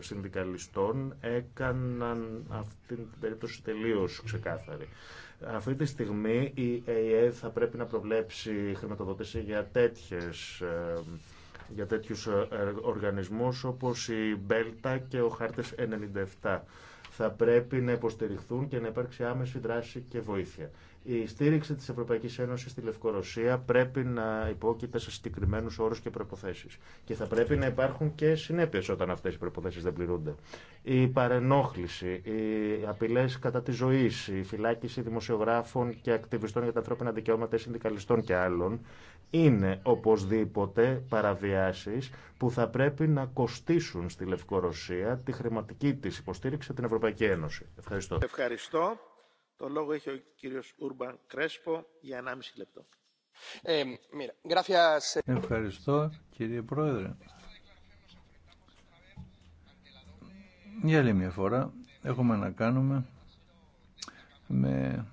συνδικαλιστών έκαναν αυτή την περίπτωση τελείω ξεκάθαρη. Αυτή τη στιγμή η ΕΕ θα πρέπει να προβλέψει χρηματοδότηση για τέτοιες ε, για τέτοιους ε, ε, οργανισμούς όπως η Μπέλτα και ο Χάρτες 97. Θα πρέπει να υποστηριχθούν και να υπάρξει άμεση δράση και βοήθεια. Η στήριξη τη Ευρωπαϊκή Ένωση στη Λευκορωσία πρέπει να υπόκειται σε συγκεκριμένου όρου και προποθέσει. Και θα πρέπει να υπάρχουν και συνέπειε όταν αυτέ οι προποθέσει δεν πληρούνται. Η παρενόχληση, οι απειλέ κατά τη ζωή, η φυλάκιση δημοσιογράφων και ακτιβιστών για τα ανθρώπινα δικαιώματα, συνδικαλιστών και άλλων είναι οπωσδήποτε παραβιάσει που θα πρέπει να κοστίσουν στη Λευκορωσία τη χρηματική τη υποστήριξη την Ευρωπαϊκή Ένωση. Ευχαριστώ. Ευχαριστώ. Το λόγο έχει ο κύριος Ούρμπαν Κρέσπο για 1,5 λεπτό. Ε, ε, Ευχαριστώ κύριε Πρόεδρε. Για άλλη μια φορά έχουμε να κάνουμε με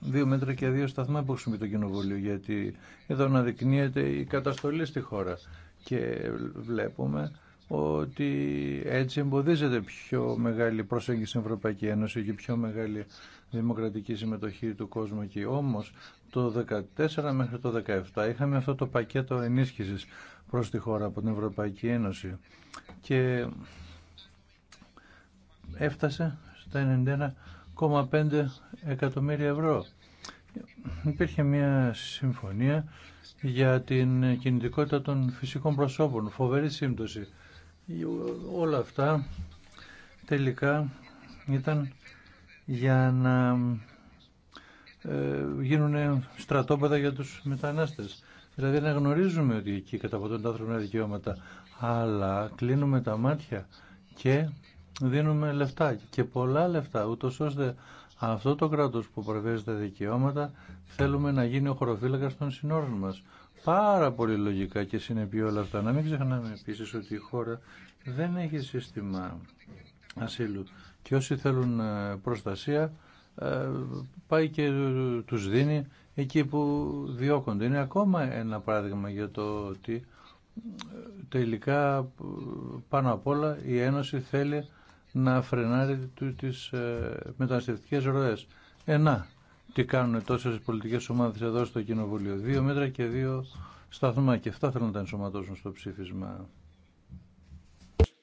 δύο μέτρα και δύο σταθμά που έχουμε το Κοινοβούλιο γιατί εδώ αναδεικνύεται η καταστολή στη χώρα και βλέπουμε ότι έτσι εμποδίζεται πιο μεγάλη προσέγγιση στην Ευρωπαϊκή Ένωση και πιο μεγάλη δημοκρατική συμμετοχή του κόσμου εκεί. Όμως το 2014 μέχρι το 2017 είχαμε αυτό το πακέτο ενίσχυσης προς τη χώρα από την Ευρωπαϊκή Ένωση και έφτασε στα 91,5 εκατομμύρια ευρώ. Υπήρχε μια συμφωνία για την κινητικότητα των φυσικών προσώπων, φοβερή σύμπτωση. Όλα αυτά τελικά ήταν για να ε, γίνουν στρατόπεδα για τους μετανάστες. Δηλαδή να γνωρίζουμε ότι εκεί καταποτούν τα άνθρωπινα δικαιώματα, αλλά κλείνουμε τα μάτια και δίνουμε λεφτά και πολλά λεφτά, ούτω ώστε αυτό το κράτος που προβέζει τα δικαιώματα θέλουμε να γίνει ο χωροφύλακας των συνόρων μας. Πάρα πολύ λογικά και συνεπεί όλα αυτά. Να μην ξεχνάμε επίσης ότι η χώρα δεν έχει σύστημα ασύλου και όσοι θέλουν ε, προστασία ε, πάει και τους δίνει εκεί που διώκονται. Είναι ακόμα ένα παράδειγμα για το ότι ε, τελικά πάνω απ' όλα η Ένωση θέλει να φρενάρει τις μεταναστευτικές ροές. Ενά, τι κάνουν τόσες πολιτικές ομάδες εδώ στο Κοινοβούλιο. Δύο μέτρα και δύο σταθμά και αυτά θέλουν να τα ενσωματώσουν στο ψήφισμα.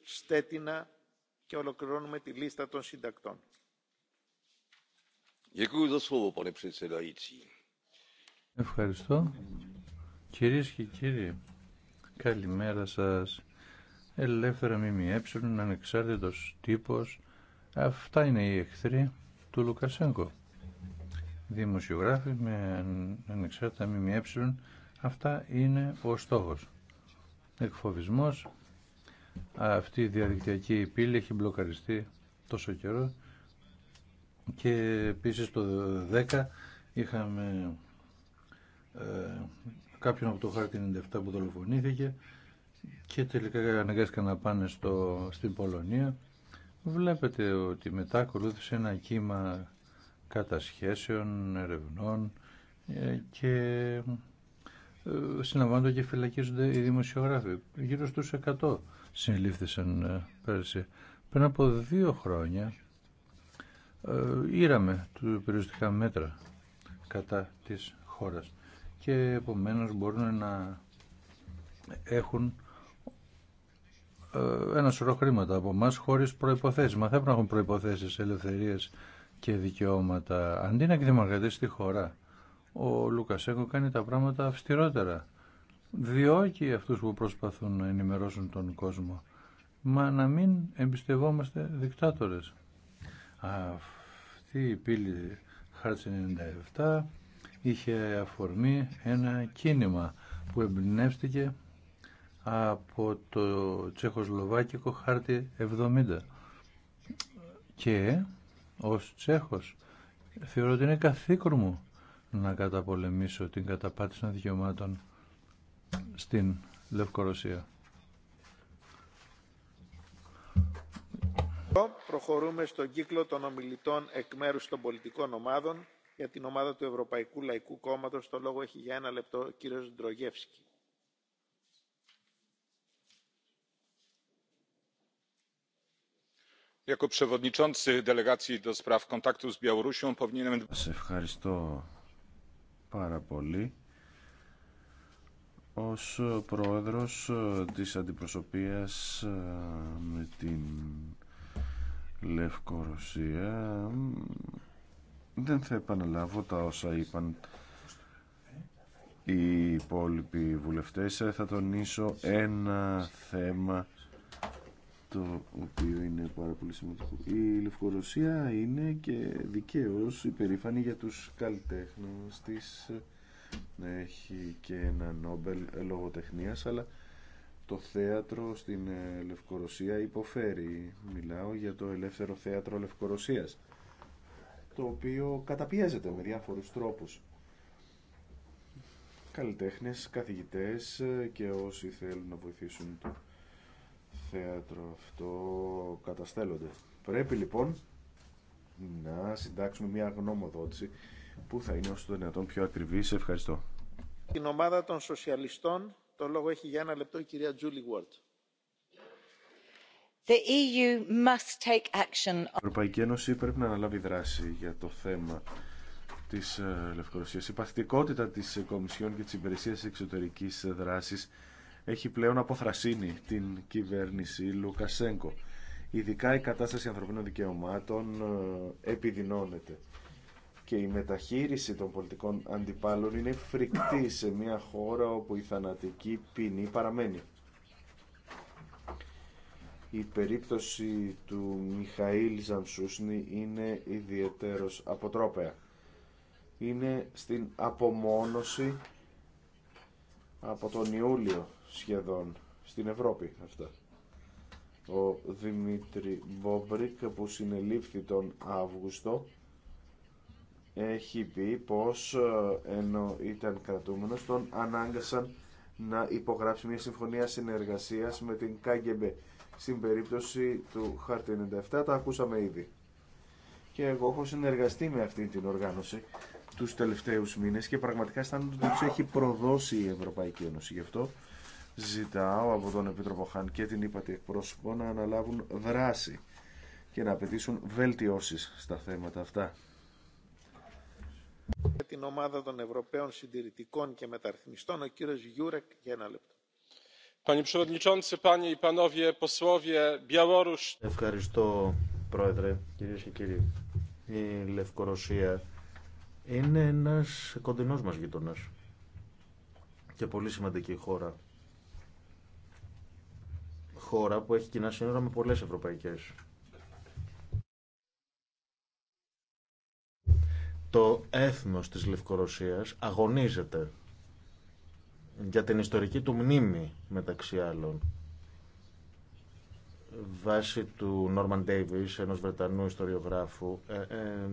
Στέτινα και ολοκληρώνουμε τη λίστα των συντακτών. Ευχαριστώ. Κυρίες και κύριοι, καλημέρα σας. Ελεύθερα ΜΜΕ, ανεξάρτητος τύπος. Αυτά είναι οι εχθροί του Λουκασέγκο. Δημοσιογράφοι με ανεξάρτητα ΜΜΕ, αυτά είναι ο στόχος. Εκφοβισμός, αυτή η διαδικτυακή πύλη έχει μπλοκαριστεί τόσο καιρό και επίσης το 10 είχαμε ε, κάποιον από το χάρτη 97 που δολοφονήθηκε και τελικά αναγκάστηκαν να πάνε στο, στην Πολωνία. Βλέπετε ότι μετά ακολούθησε ένα κύμα κατασχέσεων, ερευνών ε, και ε, συναμβάνονται και φυλακίζονται οι δημοσιογράφοι, γύρω στους 100 συνελήφθησαν ε, πέρσι. Πριν από δύο χρόνια ε, ήραμε του περιοριστικά μέτρα κατά της χώρας και επομένως μπορούν να έχουν ε, ένα σωρό χρήματα από εμά χωρίς προϋποθέσεις. Μα θα έπρεπε να έχουν προϋποθέσεις ελευθερίες και δικαιώματα. Αντί να εκδημοκρατήσει τη χώρα, ο Λουκασέκο κάνει τα πράγματα αυστηρότερα διώκει αυτούς που προσπαθούν να ενημερώσουν τον κόσμο. Μα να μην εμπιστευόμαστε δικτάτορες. Αυτή η πύλη χάρτη 97 είχε αφορμή ένα κίνημα που εμπνεύστηκε από το τσεχοσλοβάκικο χάρτη 70 και ως τσέχος θεωρώ ότι είναι καθήκον μου να καταπολεμήσω την καταπάτηση των δικαιωμάτων στην Λευκορωσία. Προχωρούμε στον κύκλο των ομιλητών εκ μέρους των πολιτικών ομάδων. Για την ομάδα του Ευρωπαϊκού Λαϊκού Κόμματος το λόγο έχει για ένα λεπτό ο κύριος Ντρογεύσκη. Jako przewodniczący delegacji do spraw kontaktów z Białorusią powinienem... ευχαριστώ πάρα πολύ ως ε, πρόεδρος ε, της αντιπροσωπείας ε, με την Λευκορωσία δεν θα επαναλάβω τα όσα είπαν οι υπόλοιποι βουλευτές θα τονίσω ένα θέμα το οποίο είναι πάρα πολύ σημαντικό. Η Λευκορωσία είναι και δικαίως υπερήφανη για τους καλλιτέχνες της να έχει και ένα Νόμπελ ε, λογοτεχνίας αλλά το θέατρο στην ε, Λευκορωσία υποφέρει μιλάω για το ελεύθερο θέατρο Λευκορωσίας το οποίο καταπιέζεται με διάφορους τρόπους καλλιτέχνες, καθηγητές ε, και όσοι θέλουν να βοηθήσουν το θέατρο αυτό καταστέλλονται πρέπει λοιπόν να συντάξουμε μια γνωμοδότηση που θα είναι όσο το δυνατόν πιο ακριβής. Ευχαριστώ. Την ομάδα των σοσιαλιστών το λόγο έχει για ένα λεπτό η κυρία Τζούλι e action. Η Ευρωπαϊκή Ένωση πρέπει να αναλάβει δράση για το θέμα της ε, Λευκορωσίας. Η παθητικότητα της ε, Κομισιόν και της Υπηρεσίας Εξωτερικής Δράσης έχει πλέον αποθρασύνει την κυβέρνηση Λουκασέγκο. Ειδικά η κατάσταση ανθρωπίνων δικαιωμάτων ε, επιδεινώνεται και η μεταχείριση των πολιτικών αντιπάλων είναι φρικτή σε μια χώρα όπου η θανατική ποινή παραμένει. Η περίπτωση του Μιχαήλ Ζανσούσνη είναι ιδιαίτερος αποτρόπαια. Είναι στην απομόνωση από τον Ιούλιο σχεδόν στην Ευρώπη αυτά. Ο Δημήτρη Μπόμπρικ που συνελήφθη τον Αύγουστο έχει πει πως ε, ενώ ήταν κρατούμενος τον ανάγκασαν να υπογράψει μια συμφωνία συνεργασίας με την ΚΑΓΕΜΠΕ στην περίπτωση του Χάρτη 97, τα ακούσαμε ήδη. Και εγώ έχω συνεργαστεί με αυτή την οργάνωση τους τελευταίους μήνες και πραγματικά αισθάνομαι ότι τους έχει προδώσει η Ευρωπαϊκή Ένωση. Γι' αυτό ζητάω από τον Επίτροπο Χάν και την ύπατη εκπρόσωπο να αναλάβουν δράση και να απαιτήσουν βελτιώσεις στα θέματα αυτά την ομάδα των Ευρωπαίων Συντηρητικών και Μεταρρυθμιστών, ο κύριος Γιούρεκ για ένα λεπτό. Ευχαριστώ, Πρόεδρε, κυρίε και κύριοι. Η Λευκορωσία είναι ένας κοντινό μας γείτονα και πολύ σημαντική χώρα. Χώρα που έχει κοινά σύνορα με πολλές Ευρωπαϊκέ. Το έθνος της Λευκορωσίας αγωνίζεται για την ιστορική του μνήμη μεταξύ άλλων βάσει του Norman Davis, ενός Βρετανού ιστοριογράφου,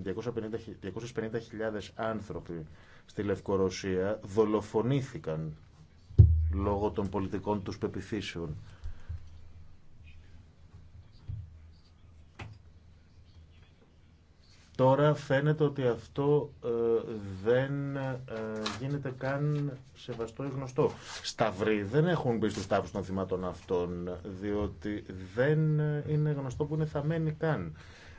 250.000 ε, ε, άνθρωποι στη Λευκορωσία δολοφονήθηκαν λόγω των πολιτικών τους πεπιθήσεων. Τώρα φαίνεται ότι αυτό ε, δεν ε, γίνεται καν σεβαστό ή γνωστό. Σταυροί δεν έχουν μπει στους τάφους των θυμάτων αυτών, διότι δεν ε, είναι γνωστό που είναι θαμένοι καν.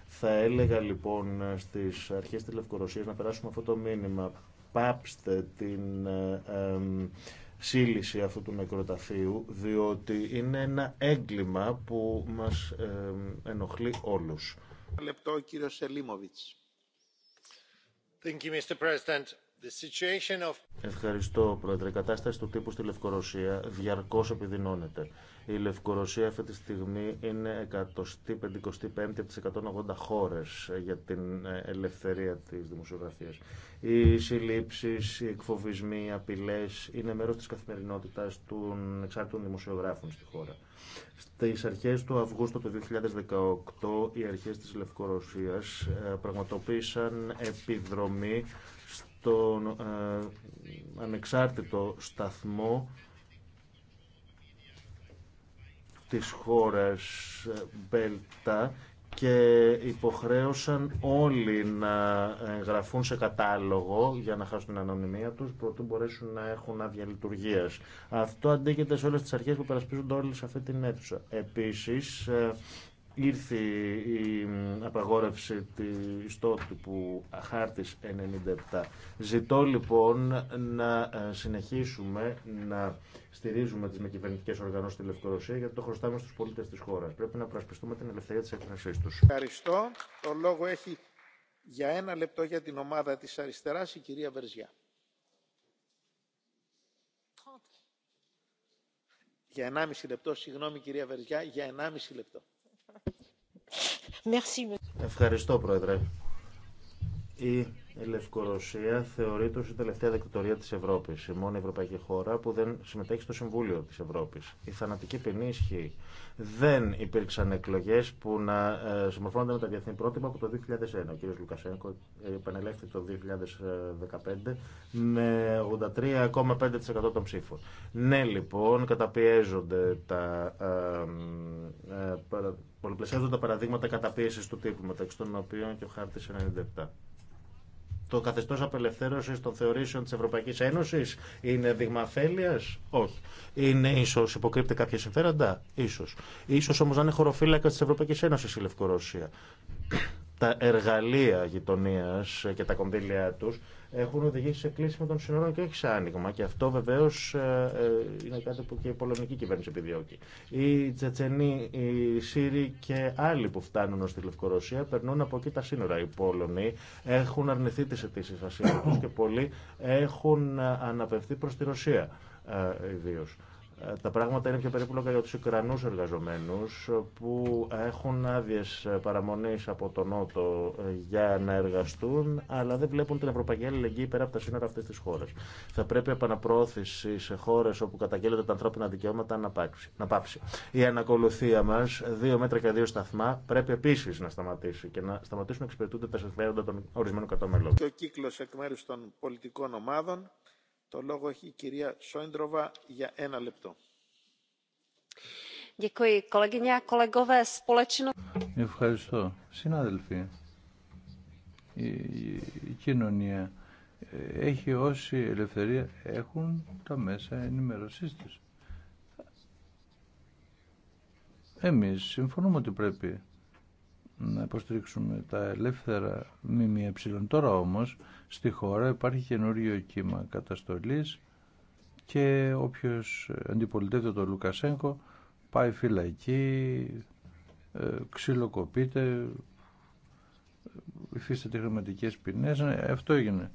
Θα έλεγα λοιπόν στις αρχές της Λευκορωσίας να περάσουμε αυτό το μήνυμα. Πάψτε την σύλληση αυτού του νεκροταφείου, διότι είναι ένα έγκλημα που μας ενοχλεί όλους. Ευχαριστώ, Πρόεδρε. Η κατάσταση του τύπου στη Λευκορωσία διαρκώς επιδεινώνεται. Η Λευκορωσία αυτή τη στιγμή είναι 155η από τις 180 χώρες ε, για την ε, ελευθερία της δημοσιογραφίας. Οι συλλήψεις, οι εκφοβισμοί, οι απειλές είναι μέρος της καθημερινότητας των εξάρτητων δημοσιογράφων στη χώρα. Στις αρχές του Αυγούστου του 2018 οι αρχές της Λευκορωσίας ε, πραγματοποίησαν επιδρομή στον ανεξάρτητο σταθμό τις χώρες Μπέλτα ε, και υποχρέωσαν όλοι να ε, γραφούν σε κατάλογο για να χάσουν την ανωνυμία τους προτού μπορέσουν να έχουν άδεια λειτουργία. Αυτό αντίκειται σε όλες τις αρχές που περασπίζονται όλοι σε αυτή την αίθουσα. Επίσης, ε, ήρθε η απαγόρευση της που χάρτης 97. Ζητώ λοιπόν να ε, συνεχίσουμε να στηρίζουμε τις με οργανώσεις στη Λευκορωσία γιατί το χρωστάμε στους πολίτες της χώρας. Πρέπει να προασπιστούμε την ελευθερία της έκφρασής τους. Ευχαριστώ. Το λόγο έχει για ένα λεπτό για την ομάδα της αριστεράς η κυρία Βερζιά. Για 1,5 λεπτό, συγγνώμη κυρία Βερζιά, για 1,5 λεπτό. Ευχαριστώ, Πρόεδρε. Η η Λευκορωσία θεωρείται ως η τελευταία δικτατορία της Ευρώπης, η μόνη ευρωπαϊκή χώρα που δεν συμμετέχει στο Συμβούλιο της Ευρώπης. Η θανατική ποινή ισχύει. Δεν υπήρξαν εκλογές που να ε, συμμορφώνονται με τα διεθνή πρότυπα από το 2001. Ο κ. Λουκασένκο επανελέχθη το 2015 με 83,5% των ψήφων. Ναι, λοιπόν, καταπιέζονται τα... Ε, τα παραδείγματα καταπίεσης του τύπου, μεταξύ των οποίων και ο χάρτης 97. Το καθεστώ απελευθέρωση των θεωρήσεων τη Ευρωπαϊκή Ένωση είναι δείγμα αφέλεια. Όχι. Είναι ίσω υποκρύπτει κάποια συμφέροντα. σω. σω όμω να είναι χωροφύλακα τη Ευρωπαϊκή Ένωση η Λευκορώσια. Τα εργαλεία γειτονία και τα κονδύλια του έχουν οδηγήσει σε κλείσιμο των σύνορων και όχι σε άνοιγμα. Και αυτό βεβαίω ε, ε, είναι κάτι που και η πολωνική κυβέρνηση επιδιώκει. Οι Τσετσενοί, οι Σύριοι και άλλοι που φτάνουν στη Λευκορωσία περνούν από εκεί τα σύνορα. Οι Πόλωνοι έχουν αρνηθεί τι αιτήσει ασύλου και πολλοί έχουν ε, αναπευθεί προ τη Ρωσία ιδίω. Ε, τα πράγματα είναι πιο περίπλοκα για τους Ουκρανούς εργαζομένους που έχουν άδειε ε, παραμονής από τον Νότο ε, για να εργαστούν αλλά δεν βλέπουν την Ευρωπαϊκή Αλληλεγγύη πέρα από τα σύνορα αυτής της χώρας. Θα πρέπει επαναπρόθεση σε χώρες όπου καταγγέλλονται τα ανθρώπινα δικαιώματα να πάψει. Να πάψει. Η ανακολουθία μας, δύο μέτρα και δύο σταθμά, πρέπει επίσης να σταματήσει και να σταματήσουν να εξυπηρετούνται τα συμφέροντα των ορισμένων κατώμελων. Και ο κύκλος εκ μέρους των πολιτικών ομάδων το λόγο έχει η κυρία Σόιντροβα για ένα λεπτό. Ευχαριστώ. Συνάδελφοι, η κοινωνία ε, έχει όση ελευθερία έχουν τα μέσα ενημέρωσής της. Εμείς συμφωνούμε ότι πρέπει να υποστηρίξουμε τα ελεύθερα ΜΜΕ. Τώρα όμως στη χώρα υπάρχει καινούριο κύμα καταστολής και όποιος αντιπολιτεύεται τον Λουκασέγκο πάει φυλακή, ε, ξυλοκοπείται, υφίσταται χρηματικές ποινές. Ναι, αυτό έγινε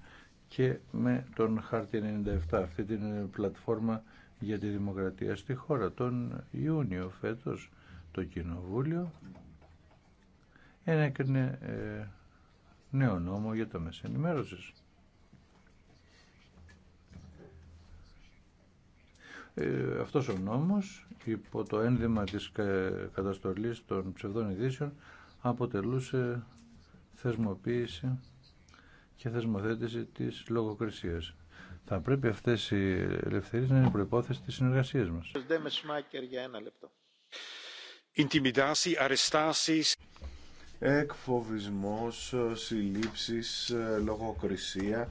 και με τον Χάρτη 97, αυτή την πλατφόρμα για τη δημοκρατία στη χώρα. Τον Ιούνιο φέτος το Κοινοβούλιο ενέκρινε ε, νέο νόμο για τα μέσα ενημέρωση. Ε, αυτός ο νόμος υπό το ένδυμα της καταστολής των ψευδών ειδήσεων αποτελούσε θεσμοποίηση και θεσμοθέτηση της λογοκρισίας. Θα πρέπει αυτές οι ελευθερίες να είναι προϋπόθεση της συνεργασίας μας. Intimidatie, arrestaties εκφοβισμός, ε, συλλήψεις, ε, λογοκρισία.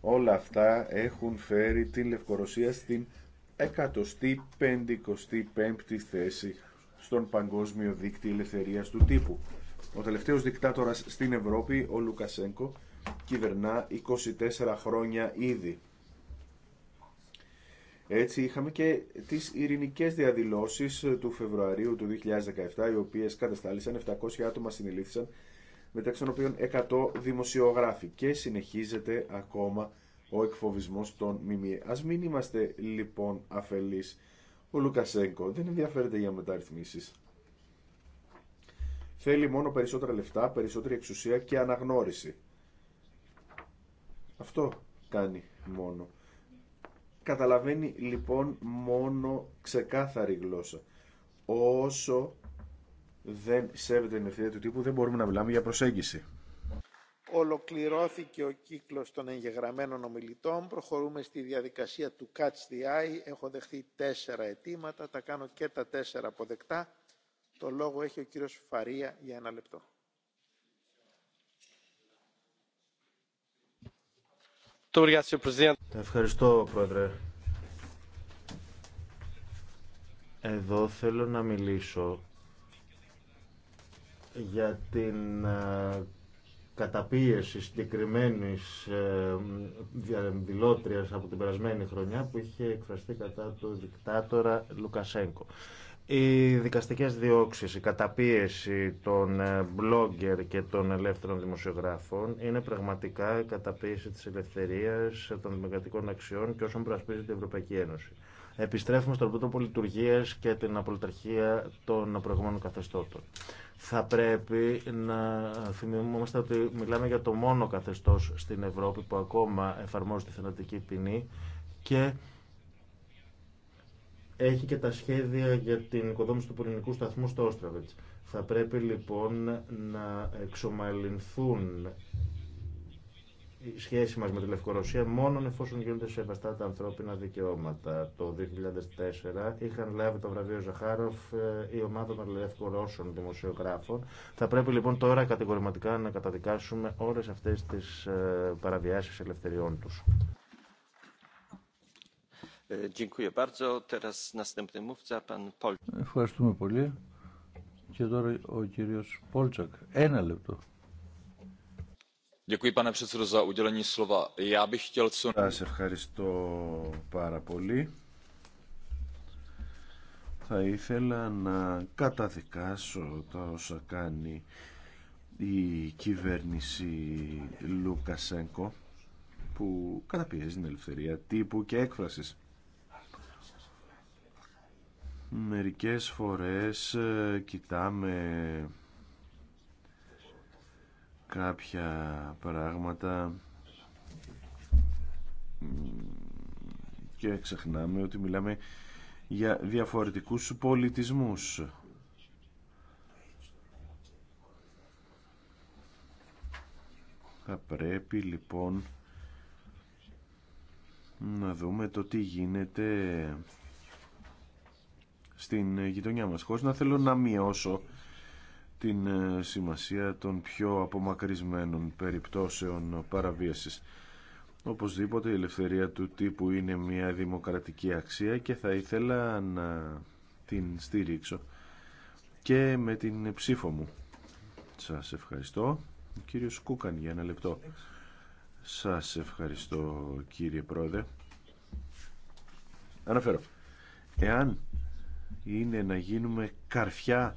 Όλα αυτά έχουν φέρει την Λευκορωσία στην 155η θέση στον παγκόσμιο δίκτυο ελευθερίας του τύπου. Ο τελευταίος δικτάτορας στην Ευρώπη, ο Λουκασένκο, κυβερνά 24 χρόνια ήδη. Έτσι είχαμε και τις ειρηνικές διαδηλώσεις ε, του Φεβρουαρίου του 2017, οι οποίες καταστάλησαν 700 άτομα συνελήφθησαν, μεταξύ των οποίων 100 δημοσιογράφοι. Και συνεχίζεται ακόμα ο εκφοβισμός των ΜΜΕ. Ας μην είμαστε λοιπόν αφελείς. Ο Λουκασέγκο δεν ενδιαφέρεται για μεταρρυθμίσεις. Θέλει μόνο περισσότερα λεφτά, περισσότερη εξουσία και αναγνώριση. Αυτό κάνει μόνο καταλαβαίνει λοιπόν μόνο ξεκάθαρη γλώσσα. Όσο δεν σέβεται την ευθεία του τύπου δεν μπορούμε να μιλάμε για προσέγγιση. Ολοκληρώθηκε ο κύκλος των εγγεγραμμένων ομιλητών. Προχωρούμε στη διαδικασία του Catch the Eye. Έχω δεχθεί τέσσερα αιτήματα. Τα κάνω και τα τέσσερα αποδεκτά. Το λόγο έχει ο κύριος Φαρία για ένα λεπτό. Ευχαριστώ, Πρόεδρε. Εδώ θέλω να μιλήσω για την ε, καταπίεση συγκεκριμένη ε, δηλώτριας από την περασμένη χρονιά που είχε εκφραστεί κατά του δικτάτορα Λουκασένκο. Οι δικαστικές διώξεις, η καταπίεση των ε, blogger και των ελεύθερων δημοσιογράφων είναι πραγματικά η καταπίεση της ελευθερίας, ε, των δημοκρατικών αξιών και όσων προασπίζεται η Ευρωπαϊκή Ένωση. Επιστρέφουμε στον τρόπο λειτουργία και την απολυταρχία των προηγούμενων καθεστώτων. Θα πρέπει να θυμόμαστε ότι μιλάμε για το μόνο καθεστώς στην Ευρώπη που ακόμα εφαρμόζει τη θενατική ποινή και έχει και τα σχέδια για την οικοδόμηση του πολιτικού σταθμού στο Όστραβετς. Θα πρέπει λοιπόν να εξομαλυνθούν οι σχέσεις μας με τη Λευκορωσία μόνον εφόσον γίνονται σεβαστά τα ανθρώπινα δικαιώματα. Το 2004 είχαν λάβει το βραβείο Ζαχάροφ ε, η ομάδα των Λευκορώσων δημοσιογράφων. Θα πρέπει λοιπόν τώρα κατηγορηματικά να καταδικάσουμε όλες αυτές τις ε, παραβιάσεις ελευθεριών τους. Ε, Ευχαριστούμε πολύ. Και τώρα ο κύριος Πόλτσακ. Ένα λεπτό. Σα ευχαριστώ πάρα πολύ. Θα ήθελα να καταδικάσω τα όσα κάνει η κυβέρνηση Λουκασέγκο που καταπιέζει την ελευθερία τύπου και έκφρασης Μερικές φορές ε, κοιτάμε κάποια πράγματα και ξεχνάμε ότι μιλάμε για διαφορετικούς πολιτισμούς. Θα πρέπει λοιπόν να δούμε το τι γίνεται στην ε, γειτονιά μας χωρίς να θέλω να μειώσω την ε, σημασία των πιο απομακρυσμένων περιπτώσεων παραβίασης. Οπωσδήποτε η ελευθερία του τύπου είναι μια δημοκρατική αξία και θα ήθελα να την στήριξω και με την ψήφο μου. Σας ευχαριστώ. Ο κύριος Κούκαν για ένα λεπτό. Σας ευχαριστώ κύριε Πρόεδρε. Αναφέρω. Εάν είναι να γίνουμε καρφιά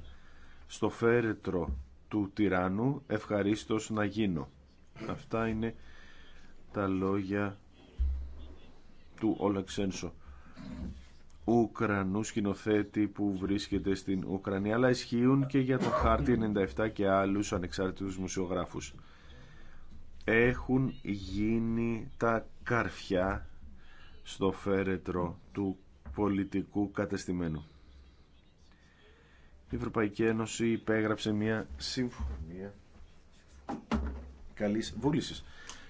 στο φέρετρο του τυράννου ευχαρίστως να γίνω. Αυτά είναι τα λόγια του Όλαξένσο Ουκρανού σκηνοθέτη που βρίσκεται στην Ουκρανία αλλά ισχύουν και για το χάρτη 97 και άλλους ανεξάρτητους μουσιογράφους έχουν γίνει τα καρφιά στο φέρετρο του πολιτικού κατεστημένου η Ευρωπαϊκή Ένωση υπέγραψε μια συμφωνία καλής βούλησης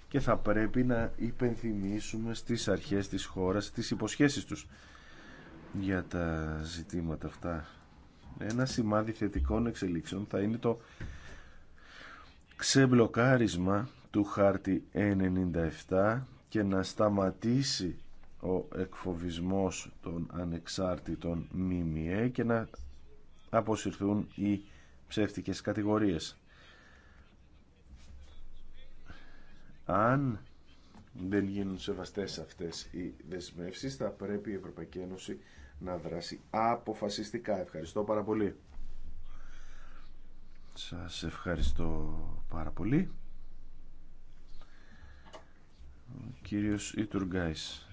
και θα πρέπει να υπενθυμίσουμε στις αρχές της χώρας τις υποσχέσεις τους για τα ζητήματα αυτά. Ένα σημάδι θετικών εξελίξεων θα είναι το ξεμπλοκάρισμα του χάρτη 97 και να σταματήσει ο εκφοβισμός των ανεξάρτητων ΜΜΕ και να αποσυρθούν οι ψεύτικες κατηγορίες. Αν δεν γίνουν σεβαστές αυτές οι δεσμεύσεις, θα πρέπει η Ευρωπαϊκή Ένωση να δράσει αποφασιστικά. Ευχαριστώ πάρα πολύ. Σας ευχαριστώ πάρα πολύ. κύριος Ιτουργκάης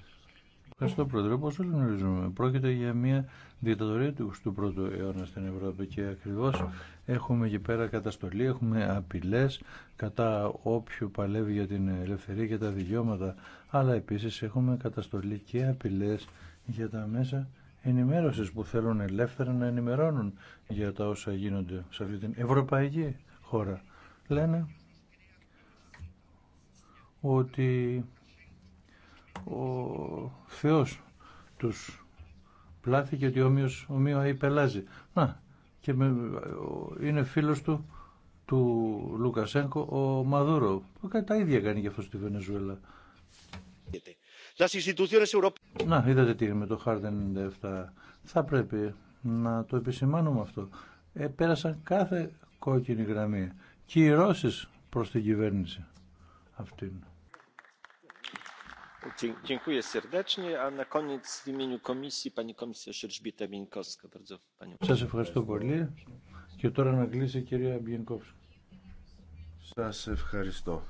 Ευχαριστώ Πρόεδρε. Όπως όλοι γνωρίζουμε, πρόκειται για μια δικτατορία του 21ου αιώνα στην Ευρώπη και ακριβώς έχουμε εκεί πέρα καταστολή, έχουμε απειλές κατά όποιου παλεύει για την ελευθερία και τα δικαιώματα, αλλά επίσης έχουμε καταστολή και απειλές για τα μέσα ενημέρωσης που θέλουν ελεύθερα να ενημερώνουν για τα όσα γίνονται σε αυτή την ευρωπαϊκή χώρα. Λένε ότι ο Θεός τους πλάθηκε ότι ομοίως Αϊ πελάζει. Να, και με, είναι φίλος του του Λουκασέγκο ο Μαδούρο. Που τα ίδια κάνει και αυτό στη Βενεζουέλα. Να, είδατε τι είναι με το Χάρτεν 97. Θα πρέπει να το επισημάνουμε αυτό. Ε, πέρασαν κάθε κόκκινη γραμμή. Και οι προς την κυβέρνηση αυτήν. Σας ευχαριστώ πολύ και τώρα να κλείσει η κυρία Μπιενκόφσκα. Σας ευχαριστώ.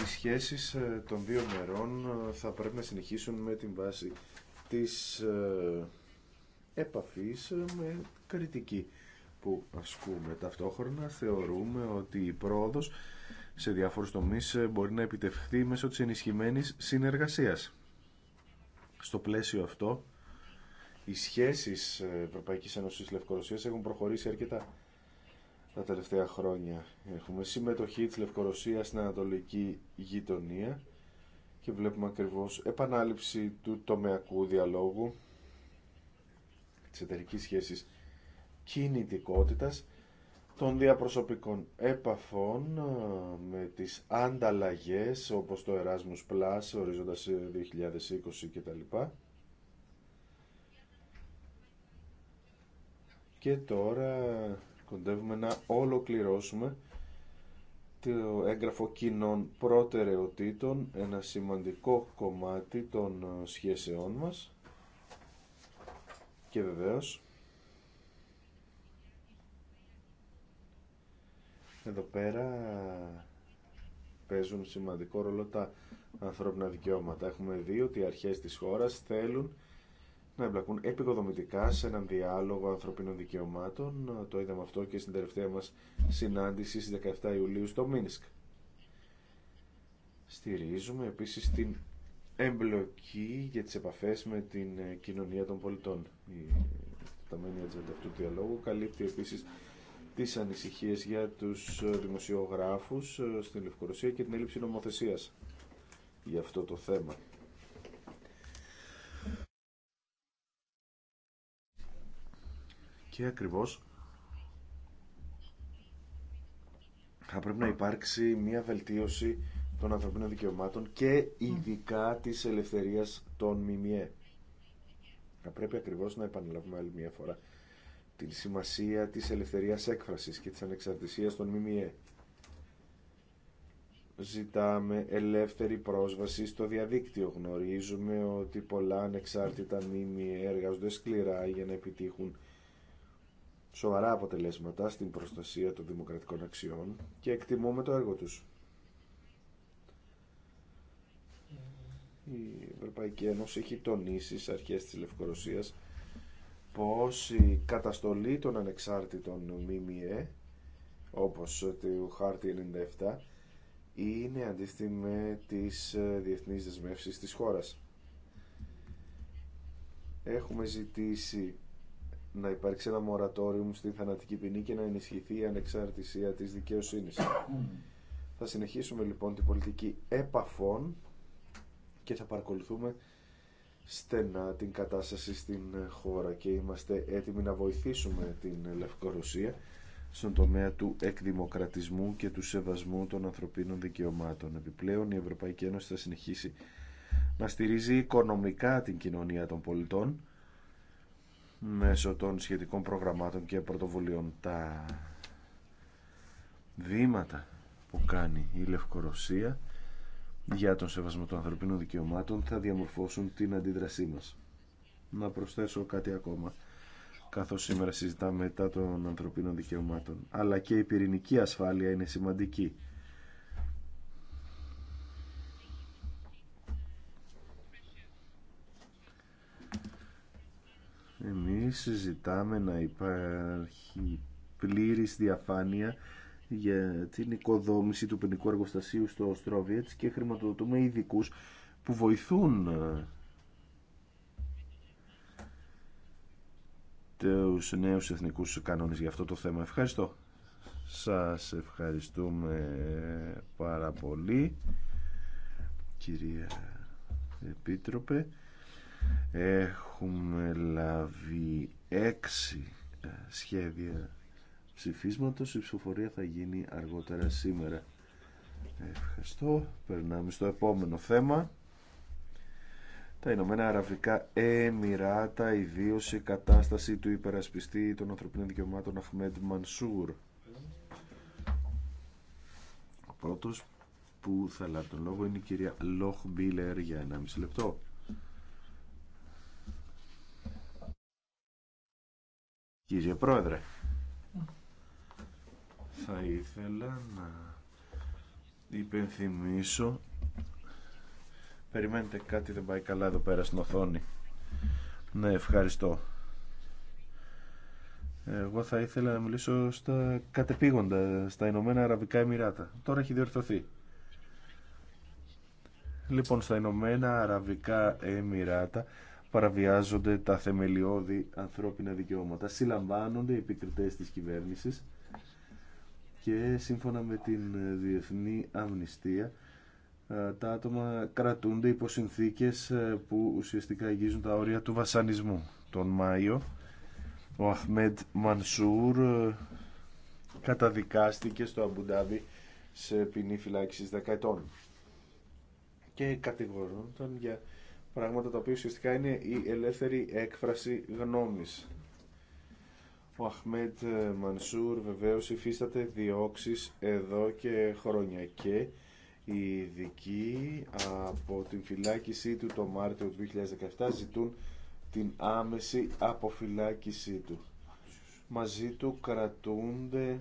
Οι σχέσεις ε, των δύο μερών ε, θα πρέπει να συνεχίσουν με την βάση της ε, επαφής με κριτική που ασκούμε. Ταυτόχρονα θεωρούμε ότι η πρόοδος σε διάφορους τομεί ε, μπορεί να επιτευχθεί μέσω της ενισχυμένης συνεργασίας. Στο πλαίσιο αυτό, οι σχέσεις ε, Ευρωπαϊκή Ένωση Λευκορωσίας έχουν προχωρήσει αρκετά τα τελευταία χρόνια. Έχουμε συμμετοχή τη Λευκορωσίας στην Ανατολική Γειτονία και βλέπουμε ακριβώ επανάληψη του τομεακού διαλόγου τη εταιρική σχέση κινητικότητας των διαπροσωπικών επαφών ε, με τις ανταλλαγές όπως το Erasmus Plus, ορίζοντας 2020 ε, κτλ. Και τώρα κοντεύουμε να ολοκληρώσουμε το έγγραφο κοινών προτεραιοτήτων, ένα σημαντικό κομμάτι των ε, σχέσεών μας και βεβαίως εδώ πέρα παίζουν σημαντικό ρόλο τα ανθρώπινα δικαιώματα. Έχουμε δει ότι οι αρχές της χώρας θέλουν να εμπλακούν επικοδομητικά σε έναν διάλογο ανθρωπίνων δικαιωμάτων. Το είδαμε αυτό και στην τελευταία μας συνάντηση στις 17 Ιουλίου στο Μίνσκ. Στηρίζουμε επίσης την εμπλοκή για τις επαφές με την κοινωνία των πολιτών. Η ταμενία της αυτού του διαλόγου καλύπτει επίσης τις ανησυχίες για τους ε, δημοσιογράφους ε, στην Λευκορωσία και την έλλειψη νομοθεσίας για αυτό το θέμα. Και ακριβώς θα πρέπει να υπάρξει μια βελτίωση των ανθρωπίνων δικαιωμάτων και ειδικά της ελευθερίας των ΜΜΕ. Θα πρέπει ακριβώς να επαναλάβουμε άλλη μια φορά τη σημασία της ελευθερίας έκφρασης και της ανεξαρτησίας των ΜΜΕ. Ζητάμε ελεύθερη πρόσβαση στο διαδίκτυο. Γνωρίζουμε ότι πολλά ανεξάρτητα ΜΜΕ εργάζονται σκληρά για να επιτύχουν σοβαρά αποτελέσματα στην προστασία των δημοκρατικών αξιών και εκτιμούμε το έργο τους. Η Ευρωπαϊκή Ένωση έχει τονίσει στις αρχές της Λευκορωσίας πως η καταστολή των ανεξάρτητων ΜΜΕ όπως του χάρτη 97 είναι αντίθετη με τις ε, διεθνείς δεσμεύσεις της χώρας. Έχουμε ζητήσει να υπάρξει ένα μορατόριο στην θανατική ποινή και να ενισχυθεί η ανεξαρτησία της δικαιοσύνης. θα συνεχίσουμε λοιπόν την πολιτική επαφών και θα παρακολουθούμε στενά την κατάσταση στην χώρα και είμαστε έτοιμοι να βοηθήσουμε την Λευκορωσία στον τομέα του εκδημοκρατισμού και του σεβασμού των ανθρωπίνων δικαιωμάτων. Επιπλέον, η Ευρωπαϊκή Ένωση θα συνεχίσει να στηρίζει οικονομικά την κοινωνία των πολιτών μέσω των σχετικών προγραμμάτων και πρωτοβουλίων. Τα βήματα που κάνει η Λευκορωσία για τον σεβασμό των ανθρωπίνων δικαιωμάτων θα διαμορφώσουν την αντίδρασή μας. Να προσθέσω κάτι ακόμα, καθώς σήμερα συζητάμε μετά των ανθρωπίνων δικαιωμάτων, αλλά και η πυρηνική ασφάλεια είναι σημαντική. Εμείς συζητάμε να υπάρχει πλήρης διαφάνεια για την οικοδόμηση του ποινικού εργοστασίου στο Στρόβιετ και χρηματοδοτούμε ειδικού που βοηθούν ε, τους νέους εθνικούς κανόνες για αυτό το θέμα. Ευχαριστώ. Σας ευχαριστούμε πάρα πολύ κυρία Επίτροπε. Έχουμε λάβει έξι ε, σχέδια ψηφίσματος. Η ψηφοφορία θα γίνει αργότερα σήμερα. Ευχαριστώ. Περνάμε στο επόμενο θέμα. Τα Ηνωμένα Αραβικά Εμμυράτα, ιδίω η κατάσταση του υπερασπιστή των ανθρωπίνων δικαιωμάτων Αχμέντ Μανσούρ. Ο πρώτος που θα λάβει τον λόγο είναι η κυρία Λόχ Μπίλερ για 1,5 λεπτό. Κύριε Πρόεδρε, θα ήθελα να υπενθυμίσω περιμένετε κάτι δεν πάει καλά εδώ πέρα στην οθόνη ναι ευχαριστώ εγώ θα ήθελα να μιλήσω στα κατεπήγοντα στα Ηνωμένα Αραβικά Εμμυράτα τώρα έχει διορθωθεί λοιπόν στα Ηνωμένα Αραβικά Εμμυράτα παραβιάζονται τα θεμελιώδη ανθρώπινα δικαιώματα συλλαμβάνονται οι επικριτές της κυβέρνησης και σύμφωνα με την ε, Διεθνή Αμνηστία ε, τα άτομα κρατούνται υπό συνθήκες ε, που ουσιαστικά αγγίζουν τα όρια του βασανισμού. Τον Μάιο ο Αχμέντ Μανσούρ καταδικάστηκε στο Αμπουντάβι σε ποινή φυλάξης δεκαετών και κατηγορούνταν για πράγματα τα οποία ουσιαστικά είναι η ελεύθερη έκφραση γνώμης ο Αχμέτ ε, Μανσούρ βεβαίως υφίσταται διώξεις εδώ και χρόνια και οι ειδικοί από την φυλάκισή του το Μάρτιο του 2017 ζητούν την άμεση αποφυλάκισή του. Μαζί του κρατούνται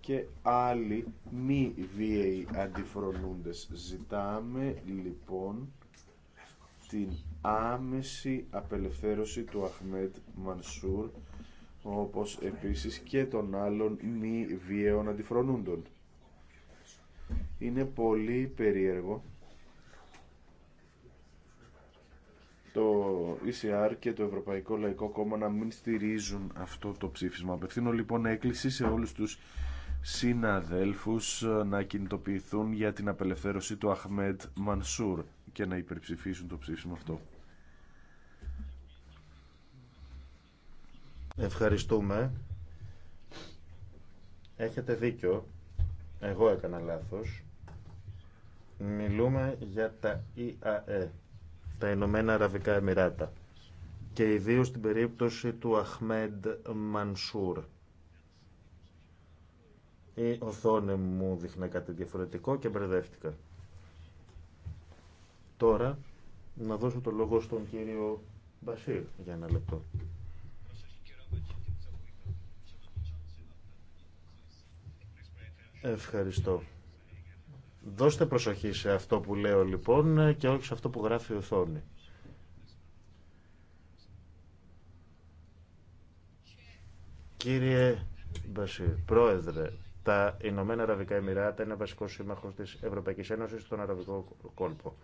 και άλλοι μη βίαιοι αντιφρονούντες. Ζητάμε λοιπόν την άμεση απελευθέρωση του Αχμέτ Μανσούρ όπως επίσης και των άλλων μη βίαιων αντιφρονούντων. Είναι πολύ περίεργο το ECR και το Ευρωπαϊκό Λαϊκό Κόμμα να μην στηρίζουν αυτό το ψήφισμα. Απευθύνω λοιπόν έκκληση σε όλους τους συναδέλφους να κινητοποιηθούν για την απελευθέρωση του Αχμέντ Μανσούρ και να υπερψηφίσουν το ψήφισμα αυτό. Ευχαριστούμε. Έχετε δίκιο. Εγώ έκανα λάθος. Μιλούμε για τα ΙΑΕ, τα Ηνωμένα Αραβικά Εμμυράτα και ιδίως στην περίπτωση του Αχμέντ Μανσούρ. Η οθόνη μου δείχνει κάτι διαφορετικό και μπερδεύτηκα. Τώρα να δώσω το λόγο στον κύριο Μπασίρ για ένα λεπτό. Ευχαριστώ. Δώστε προσοχή σε αυτό που λέω λοιπόν και όχι σε αυτό που γράφει η οθόνη. Κύριε Μπασι, Πρόεδρε, τα Ηνωμένα Αραβικά Εμμυράτα είναι βασικό σύμμαχο τη Ευρωπαϊκή Ένωση στον Αραβικό κόλπο.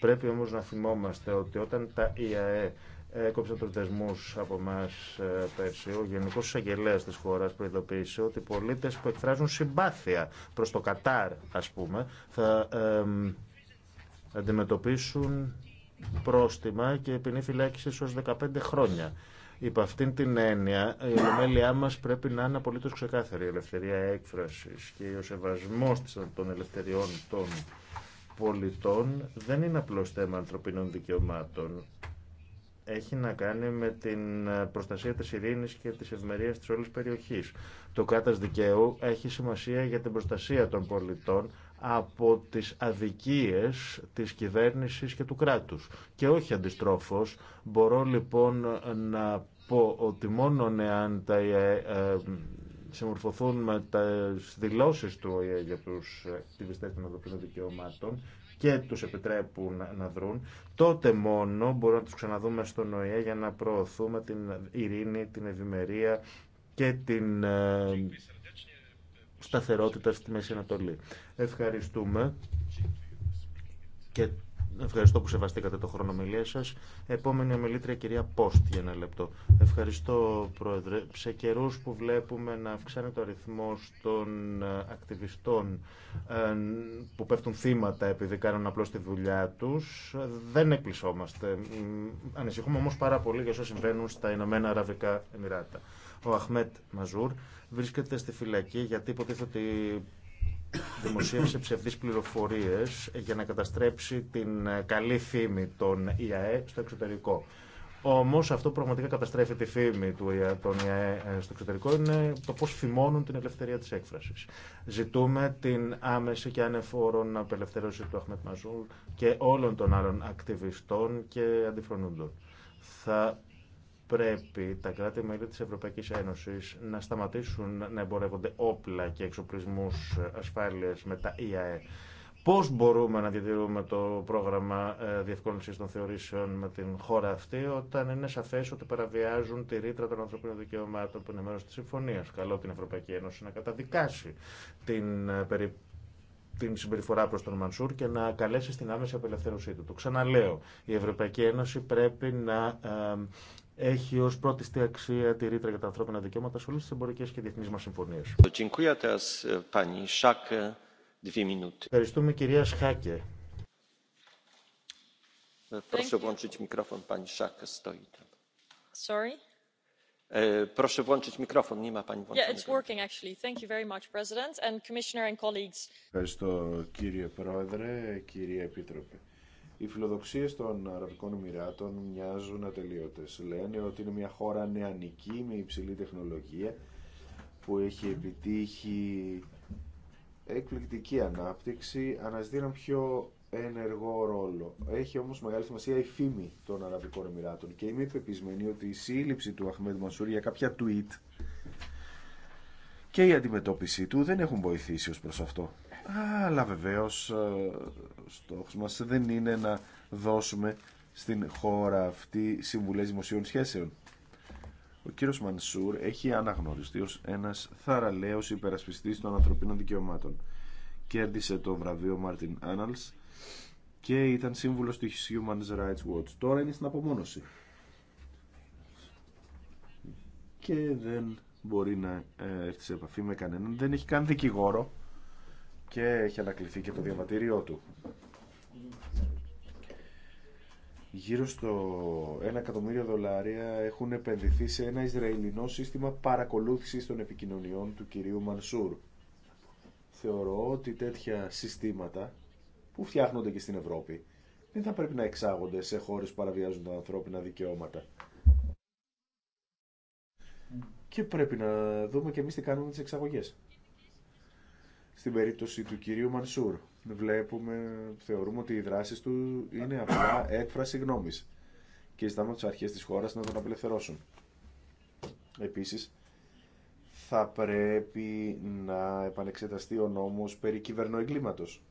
Πρέπει όμω να θυμόμαστε ότι όταν τα ΙΑΕ έκοψε του δεσμού από εμά ε, πέρσι. Ο Γενικό Εισαγγελέα τη χώρα προειδοποίησε ότι οι πολίτε που εκφράζουν συμπάθεια προ το Κατάρ, α πούμε, θα ε, αντιμετωπίσουν πρόστιμα και ποινή φυλάκιση ω 15 χρόνια. Υπ' αυτήν την έννοια, η ολομέλειά μα πρέπει να είναι απολύτω ξεκάθαρη. Η ελευθερία έκφραση και ο σεβασμό των ελευθεριών των πολιτών δεν είναι απλώ θέμα ανθρωπίνων δικαιωμάτων έχει να κάνει με την ε, προστασία της ειρήνης και της ευμερίας της όλης περιοχής. Το κάτας δικαίου έχει σημασία για την προστασία των πολιτών από τις αδικίες της κυβέρνησης και του κράτους. Και όχι αντιστρόφως, μπορώ λοιπόν να πω ότι μόνο εάν τα ε, ε, συμμορφωθούν με τις δηλώσεις του ΟΗΕ για τους ακτιβιστές των ανθρωπίνων δικαιωμάτων και τους επιτρέπουν να δρουν, τότε μόνο μπορούμε να τους ξαναδούμε στο ΝΟΙΑ για να προωθούμε την ειρήνη, την ευημερία και την ε, σταθερότητα στη Μέση Ανατολή. Ευχαριστούμε και Ευχαριστώ που σεβαστήκατε το χρόνο ομιλία σα. Επόμενη ομιλήτρια, κυρία Πόστ, για ένα λεπτό. Ευχαριστώ, Πρόεδρε. Σε καιρού που βλέπουμε να αυξάνεται ο αριθμό των ε, ακτιβιστών ε, που πέφτουν θύματα επειδή κάνουν απλώ τη δουλειά του, δεν εκπλησόμαστε. Ανησυχούμε όμω πάρα πολύ για όσα συμβαίνουν στα Ηνωμένα Αραβικά Εμμυράτα. Ο Αχμέτ Μαζούρ βρίσκεται στη φυλακή γιατί υποτίθεται ότι δημοσίευσε ψευδείς πληροφορίες για να καταστρέψει την ε, καλή φήμη των ΙΑΕ στο εξωτερικό. Όμω αυτό που πραγματικά καταστρέφει τη φήμη του των ΙΑΕ ε, στο εξωτερικό είναι το πώ φημώνουν την ελευθερία τη έκφραση. Ζητούμε την άμεση και ανεφόρον απελευθέρωση του Αχμετ Μαζούλ και όλων των άλλων ακτιβιστών και αντιφρονούντων. Θα πρέπει τα κράτη-μέλη της Ευρωπαϊκής Ένωσης να σταματήσουν να εμπορεύονται όπλα και εξοπλισμούς ασφάλειας με τα ΙΑΕ. Πώς μπορούμε να διατηρούμε το πρόγραμμα ε, διευκόλυνσης των θεωρήσεων με την χώρα αυτή όταν είναι σαφές ότι παραβιάζουν τη ρήτρα των ανθρωπίνων δικαιωμάτων που είναι μέρος της συμφωνίας. Καλό την Ευρωπαϊκή Ένωση να καταδικάσει την ε, την συμπεριφορά προς τον Μανσούρ και να καλέσει στην άμεση απελευθέρωσή του. Το ξαναλέω, η Ευρωπαϊκή Ένωση πρέπει να ε, έχει ως πρώτη στη αξία τη ρήτρα για τα ανθρώπινα δικαιώματα σε όλες τις εμπορικές και διεθνείς μας συμφωνίες. Ε, Ευχαριστούμε κυρία Σχάκε. E, Ευχαριστώ κύριε Πρόεδρε, κύριε Επίτροπε. Οι φιλοδοξίες των Αραβικών Εμμυράτων μοιάζουν ατελείωτες. Λένε ότι είναι μια χώρα νεανική με υψηλή τεχνολογία που έχει επιτύχει εκπληκτική ανάπτυξη, αναζητεί πιο ενεργό ρόλο. Έχει όμως μεγάλη σημασία η φήμη των Αραβικών Εμμυράτων και είμαι πεπισμένη ότι η σύλληψη του Αχμέντ Μασούρ για κάποια tweet και η αντιμετώπιση του δεν έχουν βοηθήσει ως προς αυτό. Αλλά βεβαίως ε, στόχο μας δεν είναι να δώσουμε στην χώρα αυτή συμβουλέ δημοσίων σχέσεων. Ο κύριο Μανσούρ έχει αναγνωριστεί ως ένας θαραλέο υπερασπιστής των ανθρωπίνων δικαιωμάτων. Κέρδισε το βραβείο Μάρτιν Άναλ και ήταν σύμβουλο του Human Rights Watch. Τώρα είναι στην απομόνωση. Και δεν μπορεί να ε, έρθει σε επαφή με κανέναν. Δεν έχει καν δικηγόρο και έχει ανακληθεί και το διαβατήριό του. Γύρω στο 1 εκατομμύριο δολάρια έχουν επενδυθεί σε ένα Ισραηλινό σύστημα παρακολούθησης των επικοινωνιών του κυρίου Μανσούρ. Θεωρώ ότι τέτοια συστήματα που φτιάχνονται και στην Ευρώπη δεν θα πρέπει να εξάγονται σε χώρες που παραβιάζουν τα ανθρώπινα δικαιώματα. Και πρέπει να δούμε και εμείς τι κάνουμε με τις εξαγωγές στην περίπτωση του κυρίου Μανσούρ. Βλέπουμε, θεωρούμε ότι οι δράσεις του είναι απλά έκφραση γνώμης και ζητάμε από τις αρχές της χώρας να τον απελευθερώσουν. Επίσης, θα πρέπει να επανεξεταστεί ο νόμος περί κυβερνοεγκλήματος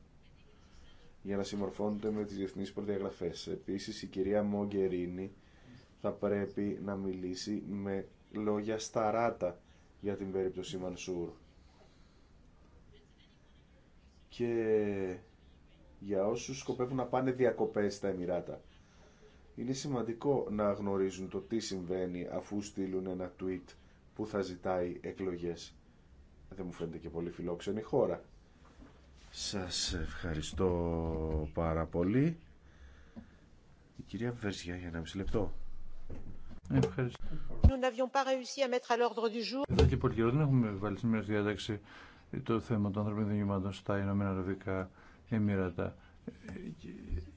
για να συμμορφώνεται με τις διεθνείς προδιαγραφές. Επίσης, η κυρία Μογκερίνη θα πρέπει να μιλήσει με λόγια σταράτα για την περίπτωση Μανσούρ και για όσους σκοπεύουν να πάνε διακοπές στα Εμμυράτα. Είναι σημαντικό να γνωρίζουν το τι συμβαίνει αφού στείλουν ένα tweet που θα ζητάει εκλογές. Δεν μου φαίνεται και πολύ φιλόξενη χώρα. Σας ευχαριστώ πάρα πολύ. Η κυρία Βερζιά για ένα μισή λεπτό. Ευχαριστώ. Εδώ και πολύ καιρό δεν έχουμε βάλει σημείο στη διάταξη το θέμα των ανθρωπίνων δικαιωμάτων στα Ηνωμένα Αραβικά Εμμύρατα.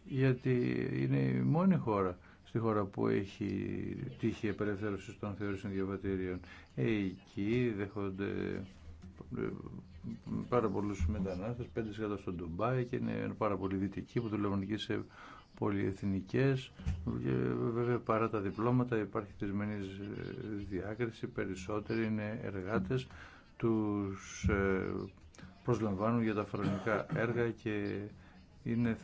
Γιατί είναι η μόνη χώρα στη χώρα που έχει τύχη απελευθέρωση των θεωρήσεων διαβατήριων. Ε, εκεί δέχονται ε, πάρα πολλού μετανάστε, 5% στο Ντουμπάι και είναι πάρα πολλοί δυτικοί που δουλεύουν εκεί σε πολυεθνικέ. Βέβαια παρά τα διπλώματα υπάρχει θεσμένη ε, διάκριση, περισσότεροι είναι εργάτε τους ε, προσλαμβάνουν για τα φρονικά έργα και είναι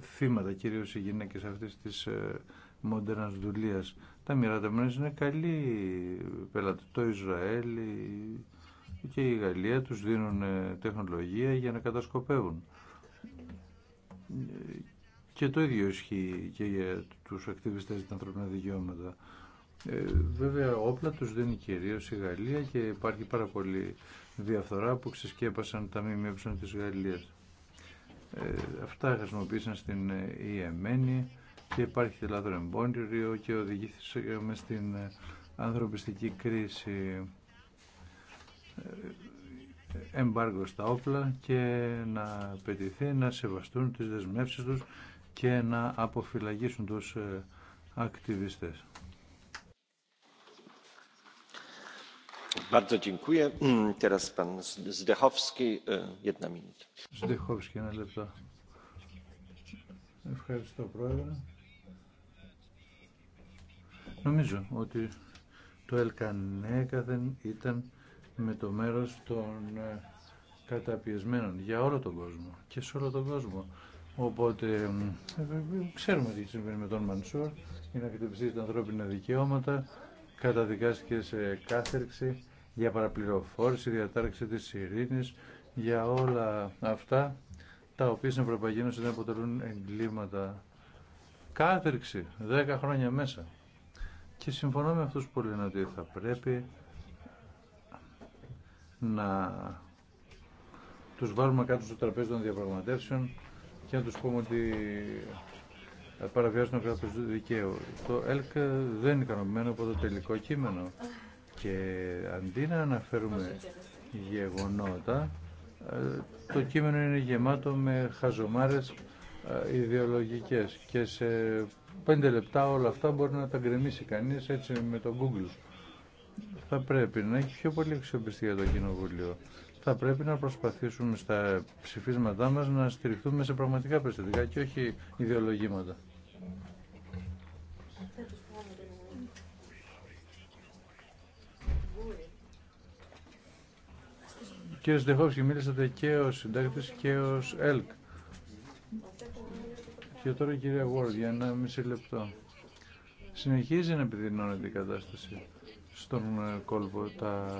θύματα κυρίως οι γυναίκες αυτής της ε, μοντέρνας δουλείας. Τα Μοιράτα είναι καλοί πελάτες Το Ισραήλ και η Γαλλία τους δίνουν ε, τεχνολογία για να κατασκοπεύουν. Και το ίδιο ισχύει και για τους ακτιβιστές των ανθρώπινα δικαιώματα. Ε, βέβαια όπλα τους δίνει κυρίως η Γαλλία και υπάρχει πάρα πολύ διαφθορά που ξεσκέπασαν τα ΜΜΕ της Γαλλίας. Ε, αυτά χρησιμοποίησαν στην Ιεμένη ε, και υπάρχει λάθρο εμπόνιριο και μες στην ανθρωπιστική κρίση εμπάργο στα όπλα και να πετηθεί να σεβαστούν τις δεσμεύσεις τους και να αποφυλαγήσουν τους ακτιβιστές. ένα λεπτό. Ευχαριστώ, Πρόεδρε. Νομίζω ότι το ΕΛΚΑΝΕΚΑΔΕΝ ήταν με το μέρος των καταπιεσμένων για όλο τον κόσμο και σε όλο τον κόσμο. Οπότε ξέρουμε τι συμβαίνει με τον Μανσούρ, είναι να τα ανθρώπινα δικαιώματα, καταδικάστηκε σε κάθερξη για παραπληροφόρηση, διατάρξη της ειρήνης, για όλα αυτά τα οποία στην Ευρωπαϊκή Ένωση δεν αποτελούν εγκλήματα. Κάθερξη, 10 χρόνια μέσα. Και συμφωνώ με αυτούς που λένε ότι θα πρέπει να τους βάλουμε κάτω στο τραπέζι των διαπραγματεύσεων και να τους πούμε ότι παραβιάζουν το κράτος δικαίου. Το ΕΛΚ δεν είναι ικανοποιημένο από το τελικό κείμενο. Και αντί να αναφέρουμε γεγονότα, ε, το κείμενο είναι γεμάτο με χαζομάρες ε, ιδεολογικές και σε πέντε λεπτά όλα αυτά μπορεί να τα γκρεμίσει κανείς έτσι με το Google. Θα πρέπει να έχει πιο πολύ αξιοπιστία το Κοινοβούλιο. Θα πρέπει να προσπαθήσουμε στα ψηφίσματά μας να στηριχθούμε σε πραγματικά περιστατικά και όχι ιδεολογήματα. Κύριε Στεχόφσκι, μίλησατε και ω Συντάκτη και ω ΕΛΚ. Και τώρα η κυρία Γουόρντ για ένα μισή λεπτό. Συνεχίζει να επιδεινώνεται η κατάσταση στον ε, κόλπο. Τα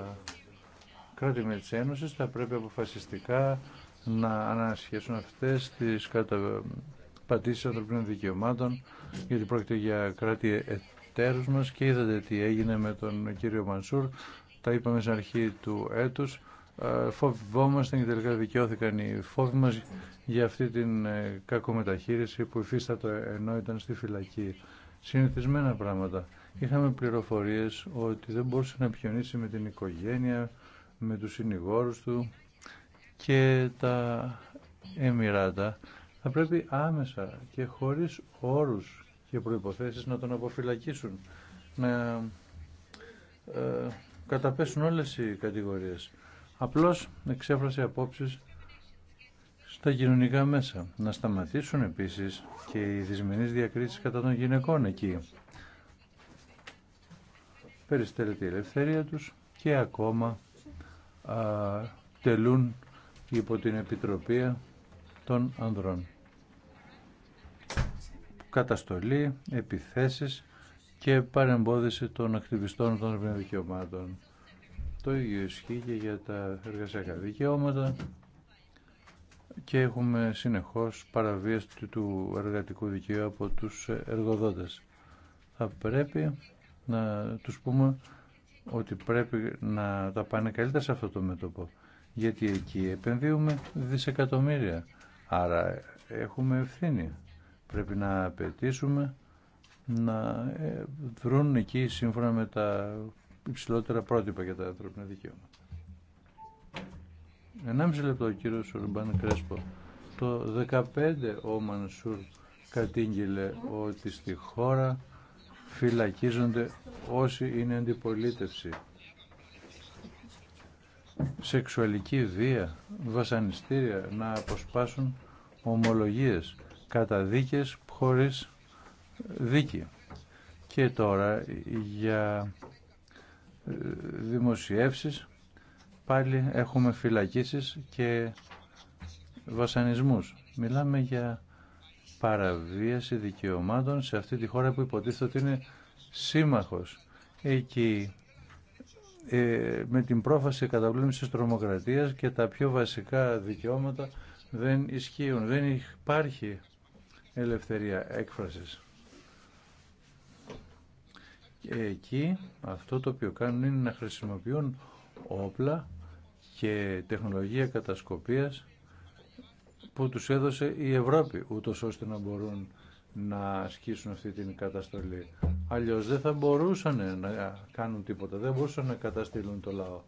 κράτη με τα θα πρέπει αποφασιστικά να ανασχέσουν αυτές τις κατα των ανθρωπίνων δικαιωμάτων, γιατί πρόκειται για κράτη εταίρους μας και είδατε τι έγινε με τον κύριο Μανσούρ, τα είπαμε στην αρχή του έτους, ε, Φοβόμαστε και τελικά δικαιώθηκαν οι φόβοι μα για αυτή την ε, κακομεταχείριση που υφίστατο ενώ ήταν στη φυλακή. Συνηθισμένα πράγματα. Είχαμε πληροφορίες ότι δεν μπορούσε να επικοινωνήσει με την οικογένεια, με του συνηγόρου του και τα Εμμυράτα θα πρέπει άμεσα και χωρίς όρους και προϋποθέσεις να τον αποφυλακίσουν, να ε, καταπέσουν όλες οι κατηγορίες. Απλώς εξέφρασε απόψεις στα κοινωνικά μέσα. Να σταματήσουν επίσης και οι δυσμενείς διακρίσεις κατά των γυναικών εκεί. Περιστέλλεται η ελευθερία τους και ακόμα α, τελούν υπό την επιτροπή των ανδρών καταστολή, επιθέσεις και παρεμπόδιση των ακτιβιστών των δικαιωμάτων. Το ίδιο ισχύει και για τα εργασιακά δικαιώματα και έχουμε συνεχώς παραβίαση του εργατικού δικαίου από τους εργοδότες. Θα πρέπει να τους πούμε ότι πρέπει να τα πάνε καλύτερα σε αυτό το μέτωπο γιατί εκεί επενδύουμε δισεκατομμύρια άρα έχουμε ευθύνη Πρέπει να απαιτήσουμε να βρουν ε, εκεί σύμφωνα με τα υψηλότερα πρότυπα για τα ανθρώπινα δικαιώματα. Ενάμιση λεπτό ο Σουρμπάν Κρέσπο. Το 15 ο Μανσούρ κατήγγειλε ότι στη χώρα φυλακίζονται όσοι είναι αντιπολίτευση. Σεξουαλική βία, βασανιστήρια, να αποσπάσουν ομολογίες καταδίκες χωρίς δίκη. Και τώρα για ε, δημοσιεύσεις πάλι έχουμε φυλακίσεις και βασανισμούς. Μιλάμε για παραβίαση δικαιωμάτων σε αυτή τη χώρα που υποτίθεται ότι είναι σύμμαχος. Εκεί ε, με την πρόφαση καταβλήμησης τρομοκρατίας και τα πιο βασικά δικαιώματα δεν ισχύουν. Δεν υπάρχει ελευθερία έκφρασης. Και εκεί αυτό το οποίο κάνουν είναι να χρησιμοποιούν όπλα και τεχνολογία κατασκοπίας που τους έδωσε η Ευρώπη, ούτω ώστε να μπορούν να ασκήσουν αυτή την καταστολή. Αλλιώς δεν θα μπορούσαν να κάνουν τίποτα, δεν μπορούσαν να καταστήλουν το λαό.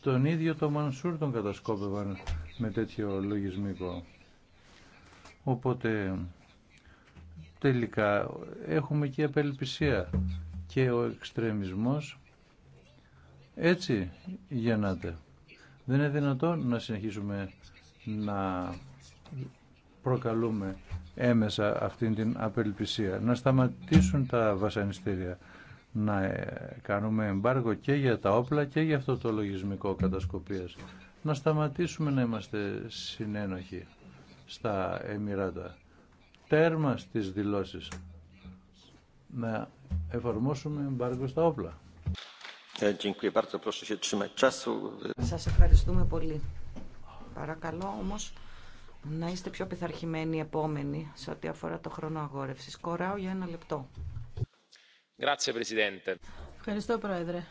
Τον ίδιο το Μανσούρ τον κατασκόπευαν με τέτοιο λογισμικό. Οπότε τελικά έχουμε και απελπισία και ο εξτρεμισμός έτσι γεννάται. Δεν είναι δυνατόν να συνεχίσουμε να προκαλούμε έμεσα αυτήν την απελπισία. Να σταματήσουν τα βασανιστήρια. Να κάνουμε εμπάργο και για τα όπλα και για αυτό το λογισμικό κατασκοπίας. Να σταματήσουμε να είμαστε συνένοχοι στα Εμμυράτα τέρμα στις δηλώσεις. Να εφαρμόσουμε εμπάργκο στα όπλα. Ε, Σας ευχαριστούμε πολύ. Παρακαλώ όμως να είστε πιο πειθαρχημένοι επόμενοι σε ό,τι αφορά το χρόνο αγόρευσης. Κοράω για ένα λεπτό. Ευχαριστώ, Πρόεδρε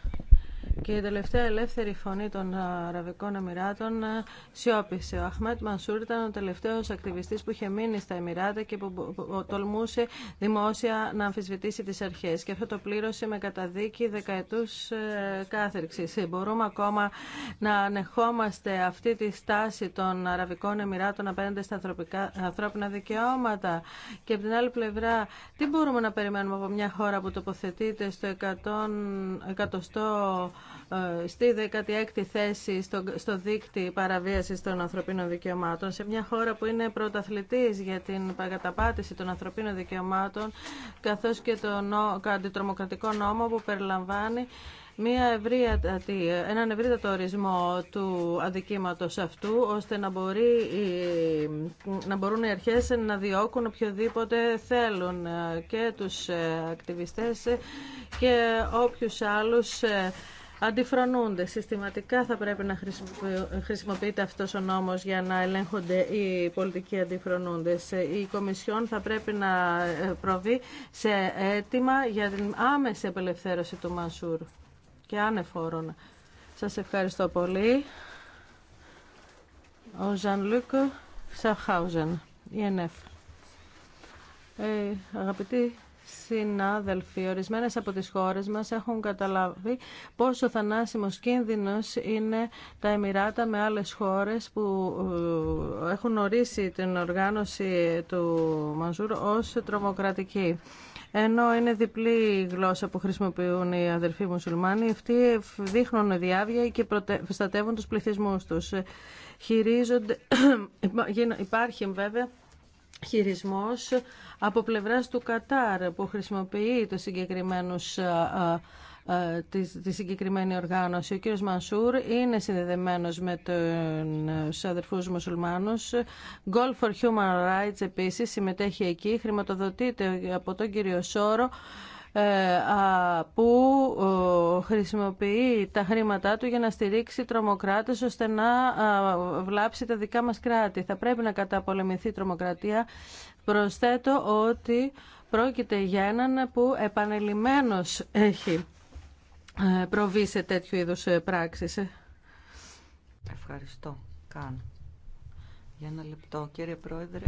και η τελευταία ελεύθερη φωνή των Αραβικών Εμμυράτων ε, σιώπησε. Ο Αχμέτ Μανσούρ ήταν ο τελευταίο ακτιβιστή που είχε μείνει στα Εμμυράτα και που τολμούσε δημόσια να αμφισβητήσει τι αρχέ. Και αυτό το πλήρωσε με καταδίκη δεκαετού ε, κάθερξη. Μπορούμε ακόμα να ανεχόμαστε αυτή τη στάση των Αραβικών Εμμυράτων απέναντι στα ανθρώπινα δικαιώματα. Και από την άλλη πλευρά, τι μπορούμε να περιμένουμε από μια χώρα που τοποθετείται στο 100, 100 ε, στη 16η θέση στο, στο δίκτυ παραβίασης των ανθρωπίνων δικαιωμάτων σε μια χώρα που είναι πρωταθλητής για την παγκαταπάτηση των ανθρωπίνων δικαιωμάτων καθώς και τον αντιτρομοκρατικό νόμο που περιλαμβάνει μια έναν ευρύτατο ορισμό του αδικήματος αυτού, ώστε να, μπορεί, να μπορούν οι αρχές να διώκουν οποιοδήποτε θέλουν ε, και τους ε, ακτιβιστές και όποιους άλλους αντιφρονούνται. Συστηματικά θα πρέπει να χρησιμοποιείται αυτό ο νόμος για να ελέγχονται οι πολιτικοί αντιφρονούντες. Η Κομισιόν θα πρέπει να ε, προβεί σε αίτημα για την άμεση απελευθέρωση του Μανσούρ και άνεφόρων. Σας ευχαριστώ πολύ. Ο Ζαν Λουκ Σαφχάουζεν, ε, αγαπητοί συνάδελφοι, ορισμένε από τι χώρε μα έχουν καταλάβει πόσο θανάσιμος κίνδυνο είναι τα Εμμυράτα με άλλες χώρες που ε, έχουν ορίσει την οργάνωση του Μανζούρ ω τρομοκρατική. Ενώ είναι διπλή η γλώσσα που χρησιμοποιούν οι αδελφοί μουσουλμάνοι, αυτοί δείχνουν διάβια και προστατεύουν τους πληθυσμούς τους. Χειρίζονται... Υπάρχει βέβαια χειρισμός από πλευράς του Κατάρ που χρησιμοποιεί το συγκεκριμένους ε, ε, ε, τη συγκεκριμένη οργάνωση. Ο κύριος Μανσούρ είναι συνδεδεμένος με τους αδερφούς μουσουλμάνους. Goal for Human Rights επίσης συμμετέχει εκεί, χρηματοδοτείται από τον κύριο Σόρο ε, που χρησιμοποιεί τα χρήματά του για να στηρίξει τρομοκράτες ώστε να βλάψει τα δικά μας κράτη. Θα πρέπει να καταπολεμηθεί η τρομοκρατία. Προσθέτω ότι πρόκειται για έναν που επανελειμμένος έχει ε, προβεί σε τέτοιου είδους ε, πράξεις. Ευχαριστώ. Καν. Για ένα λεπτό, κύριε Πρόεδρε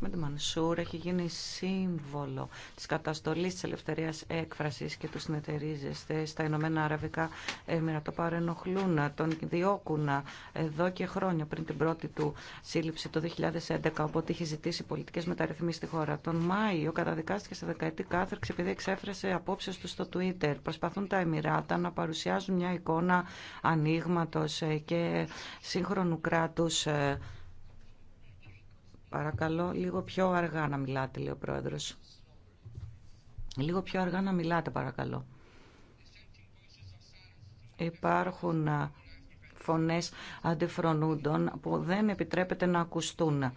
με Μανσούρ έχει γίνει σύμβολο της καταστολής της ελευθερίας έκφρασης και του συνεταιρίζεστε στα Ηνωμένα Αραβικά Έμυρα. Το παρενοχλούν, τον διώκουν εδώ και χρόνια πριν την πρώτη του σύλληψη το 2011, οπότε είχε ζητήσει πολιτικές μεταρρυθμίσεις στη χώρα. Τον Μάιο καταδικάστηκε σε δεκαετή κάθερξη επειδή εξέφρασε απόψεις του στο Twitter. Προσπαθούν τα Εμμυράτα να παρουσιάζουν μια εικόνα ανοίγματο και σύγχρονου κράτου. Ε, Παρακαλώ λίγο πιο αργά να μιλάτε, λέει ο Πρόεδρος. Λίγο πιο αργά να μιλάτε, παρακαλώ. Υπάρχουν φωνές αντιφρονούντων που δεν επιτρέπεται να ακουστούν ε,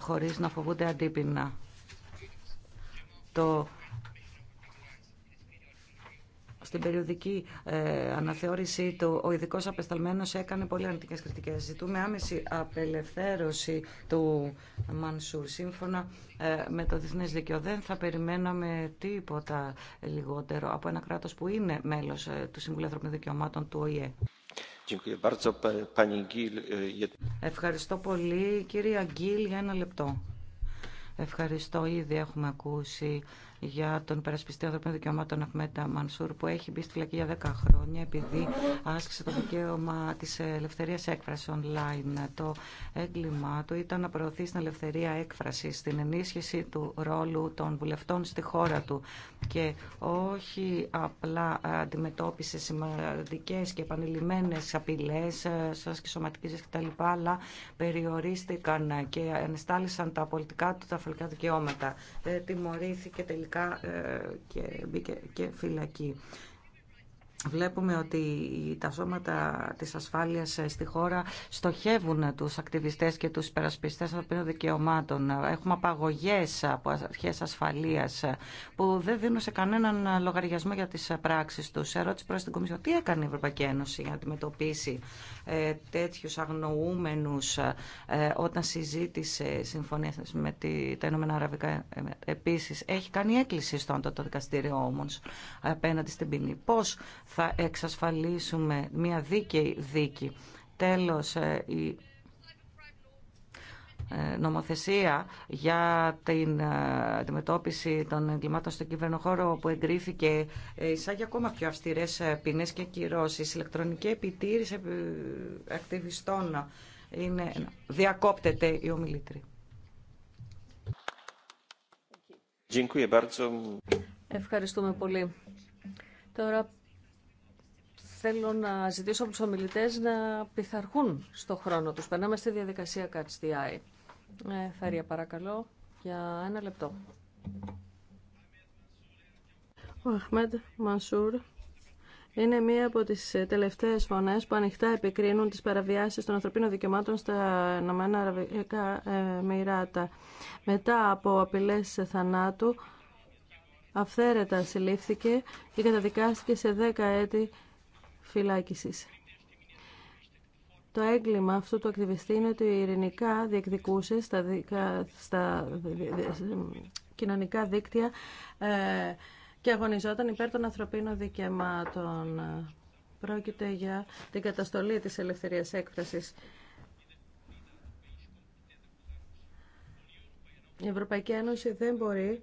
χωρίς να φοβούνται αντίπεινα. Το στην περιοδική ε, αναθεώρησή του, ο ειδικό απεσταλμένος έκανε πολύ αρνητικές κριτικές. Ζητούμε άμεση απελευθέρωση του Μανσούρ. Σύμφωνα ε, με το Διεθνές Δίκαιο δεν θα περιμέναμε τίποτα λιγότερο από ένα κράτος που είναι μέλος ε, του Συμβουλίου Ανθρωπίνων Δικαιωμάτων του ΟΗΕ. Ευχαριστώ πολύ. Κυρία Αγγίλ, για ένα λεπτό. Ευχαριστώ. Ήδη έχουμε ακούσει για τον υπερασπιστή ανθρωπίνων δικαιωμάτων Αχμέτα Μανσούρ που έχει μπει στη φυλακή για 10 χρόνια επειδή άσκησε το δικαίωμα τη ελευθερία έκφραση online. Το έγκλημά του ήταν να προωθεί στην ελευθερία έκφραση, στην ενίσχυση του ρόλου των βουλευτών στη χώρα του και όχι απλά αντιμετώπισε σημαντικέ και επανειλημμένε απειλές σα και τα κτλ. αλλά περιορίστηκαν και ανεστάλησαν τα πολιτικά του τα αφρικά δικαιώματα. Ε, τιμωρήθηκε τελικά ε, και μπήκε και φυλακή. Βλέπουμε ότι τα σώματα της ασφάλειας ε, στη χώρα στοχεύουν τους ακτιβιστές και τους περασπιστές ανθρωπίνων δικαιωμάτων. Έχουμε απαγωγές από αρχές ασφαλείας ε, που δεν δίνουν σε κανέναν λογαριασμό για τις πράξεις τους. Ερώτηση προς την Κομισιόν, τι έκανε η Ευρωπαϊκή Ένωση για να αντιμετωπίσει ε, τέτοιους αγνοούμενους ε, όταν συζήτησε συμφωνία με τα Ηνωμένα Αραβικά επίσης. Έχει κάνει έκκληση στον το δικαστήριο όμως απέναντι στην ποινή. Πώς θα εξασφαλίσουμε μια δίκαιη δίκη. Τέλος, ε, η ε, νομοθεσία για την ε, αντιμετώπιση των εγκλημάτων στον κυβερνοχώρο που εγκρίθηκε ε, εισάγει ακόμα πιο αυστηρές ποινές και κυρώσεις. Ηλεκτρονική επιτήρηση ακτιβιστών είναι... διακόπτεται η ομιλήτρη. Ευχαριστούμε πολύ. Τώρα θέλω να ζητήσω από τους ομιλητές να πειθαρχούν στο χρόνο τους. Περνάμε στη διαδικασία Catch ε, παρακαλώ, για ένα λεπτό. Ο Αχμέντ Μανσούρ είναι μία από τις τελευταίες φωνές που ανοιχτά επικρίνουν τις παραβιάσεις των ανθρωπίνων δικαιωμάτων στα Ηνωμένα Αραβικά Εμμυράτα. Μετά από απειλές θανάτου, αυθαίρετα συλλήφθηκε και καταδικάστηκε σε 10 έτη φυλάκισης. Το έγκλημα αυτού του ακτιβιστή είναι ότι ειρηνικά διεκδικούσε στα, στα κοινωνικά δίκτυα ε, και αγωνιζόταν υπέρ των ανθρωπίνων δικαιωμάτων. Πρόκειται για την καταστολή της ελευθερίας έκφρασης. Η Ευρωπαϊκή Ένωση δεν μπορεί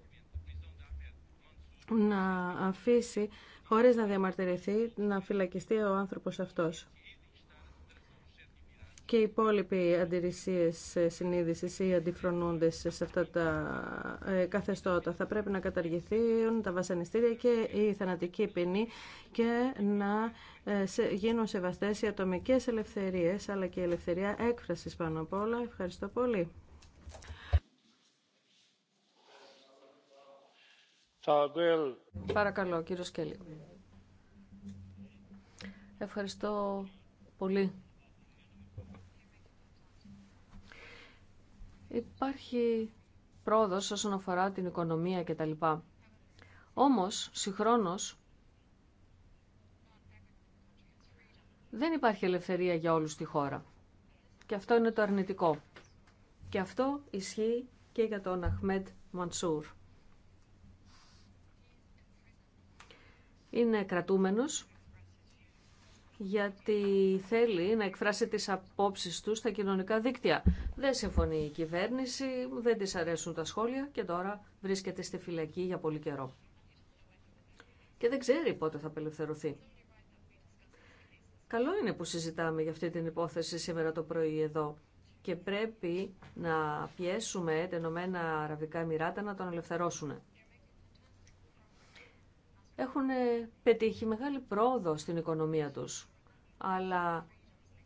να αφήσει, χωρίς να διαμαρτυρηθεί, να φυλακιστεί ο άνθρωπος αυτός και οι υπόλοιποι αντιρρησίες συνείδησης ή αντιφρονούντες σε αυτά τα ε, καθεστώτα. Θα πρέπει να καταργηθούν τα βασανιστήρια και η θανατική ποινή και να ε, γίνουν σεβαστές οι ατομικές ελευθερίες αλλά και η ελευθερία έκφρασης πάνω απ' όλα. Ευχαριστώ πολύ. Παρακαλώ, κύριο Ευχαριστώ πολύ Υπάρχει πρόοδος όσον αφορά την οικονομία κτλ. Όμως, συγχρόνως, δεν υπάρχει ελευθερία για όλους στη χώρα. Και αυτό είναι το αρνητικό. Και αυτό ισχύει και για τον Αχμέτ Μανσούρ. Είναι κρατούμενος γιατί θέλει να εκφράσει τις απόψεις του στα κοινωνικά δίκτυα. Δεν συμφωνεί η κυβέρνηση, δεν της αρέσουν τα σχόλια και τώρα βρίσκεται στη φυλακή για πολύ καιρό. Και δεν ξέρει πότε θα απελευθερωθεί. Καλό είναι που συζητάμε για αυτή την υπόθεση σήμερα το πρωί εδώ και πρέπει να πιέσουμε τα Ηνωμένα Αραβικά Εμμυράτα να τον ελευθερώσουν. Έχουν πετύχει μεγάλη πρόοδο στην οικονομία τους αλλά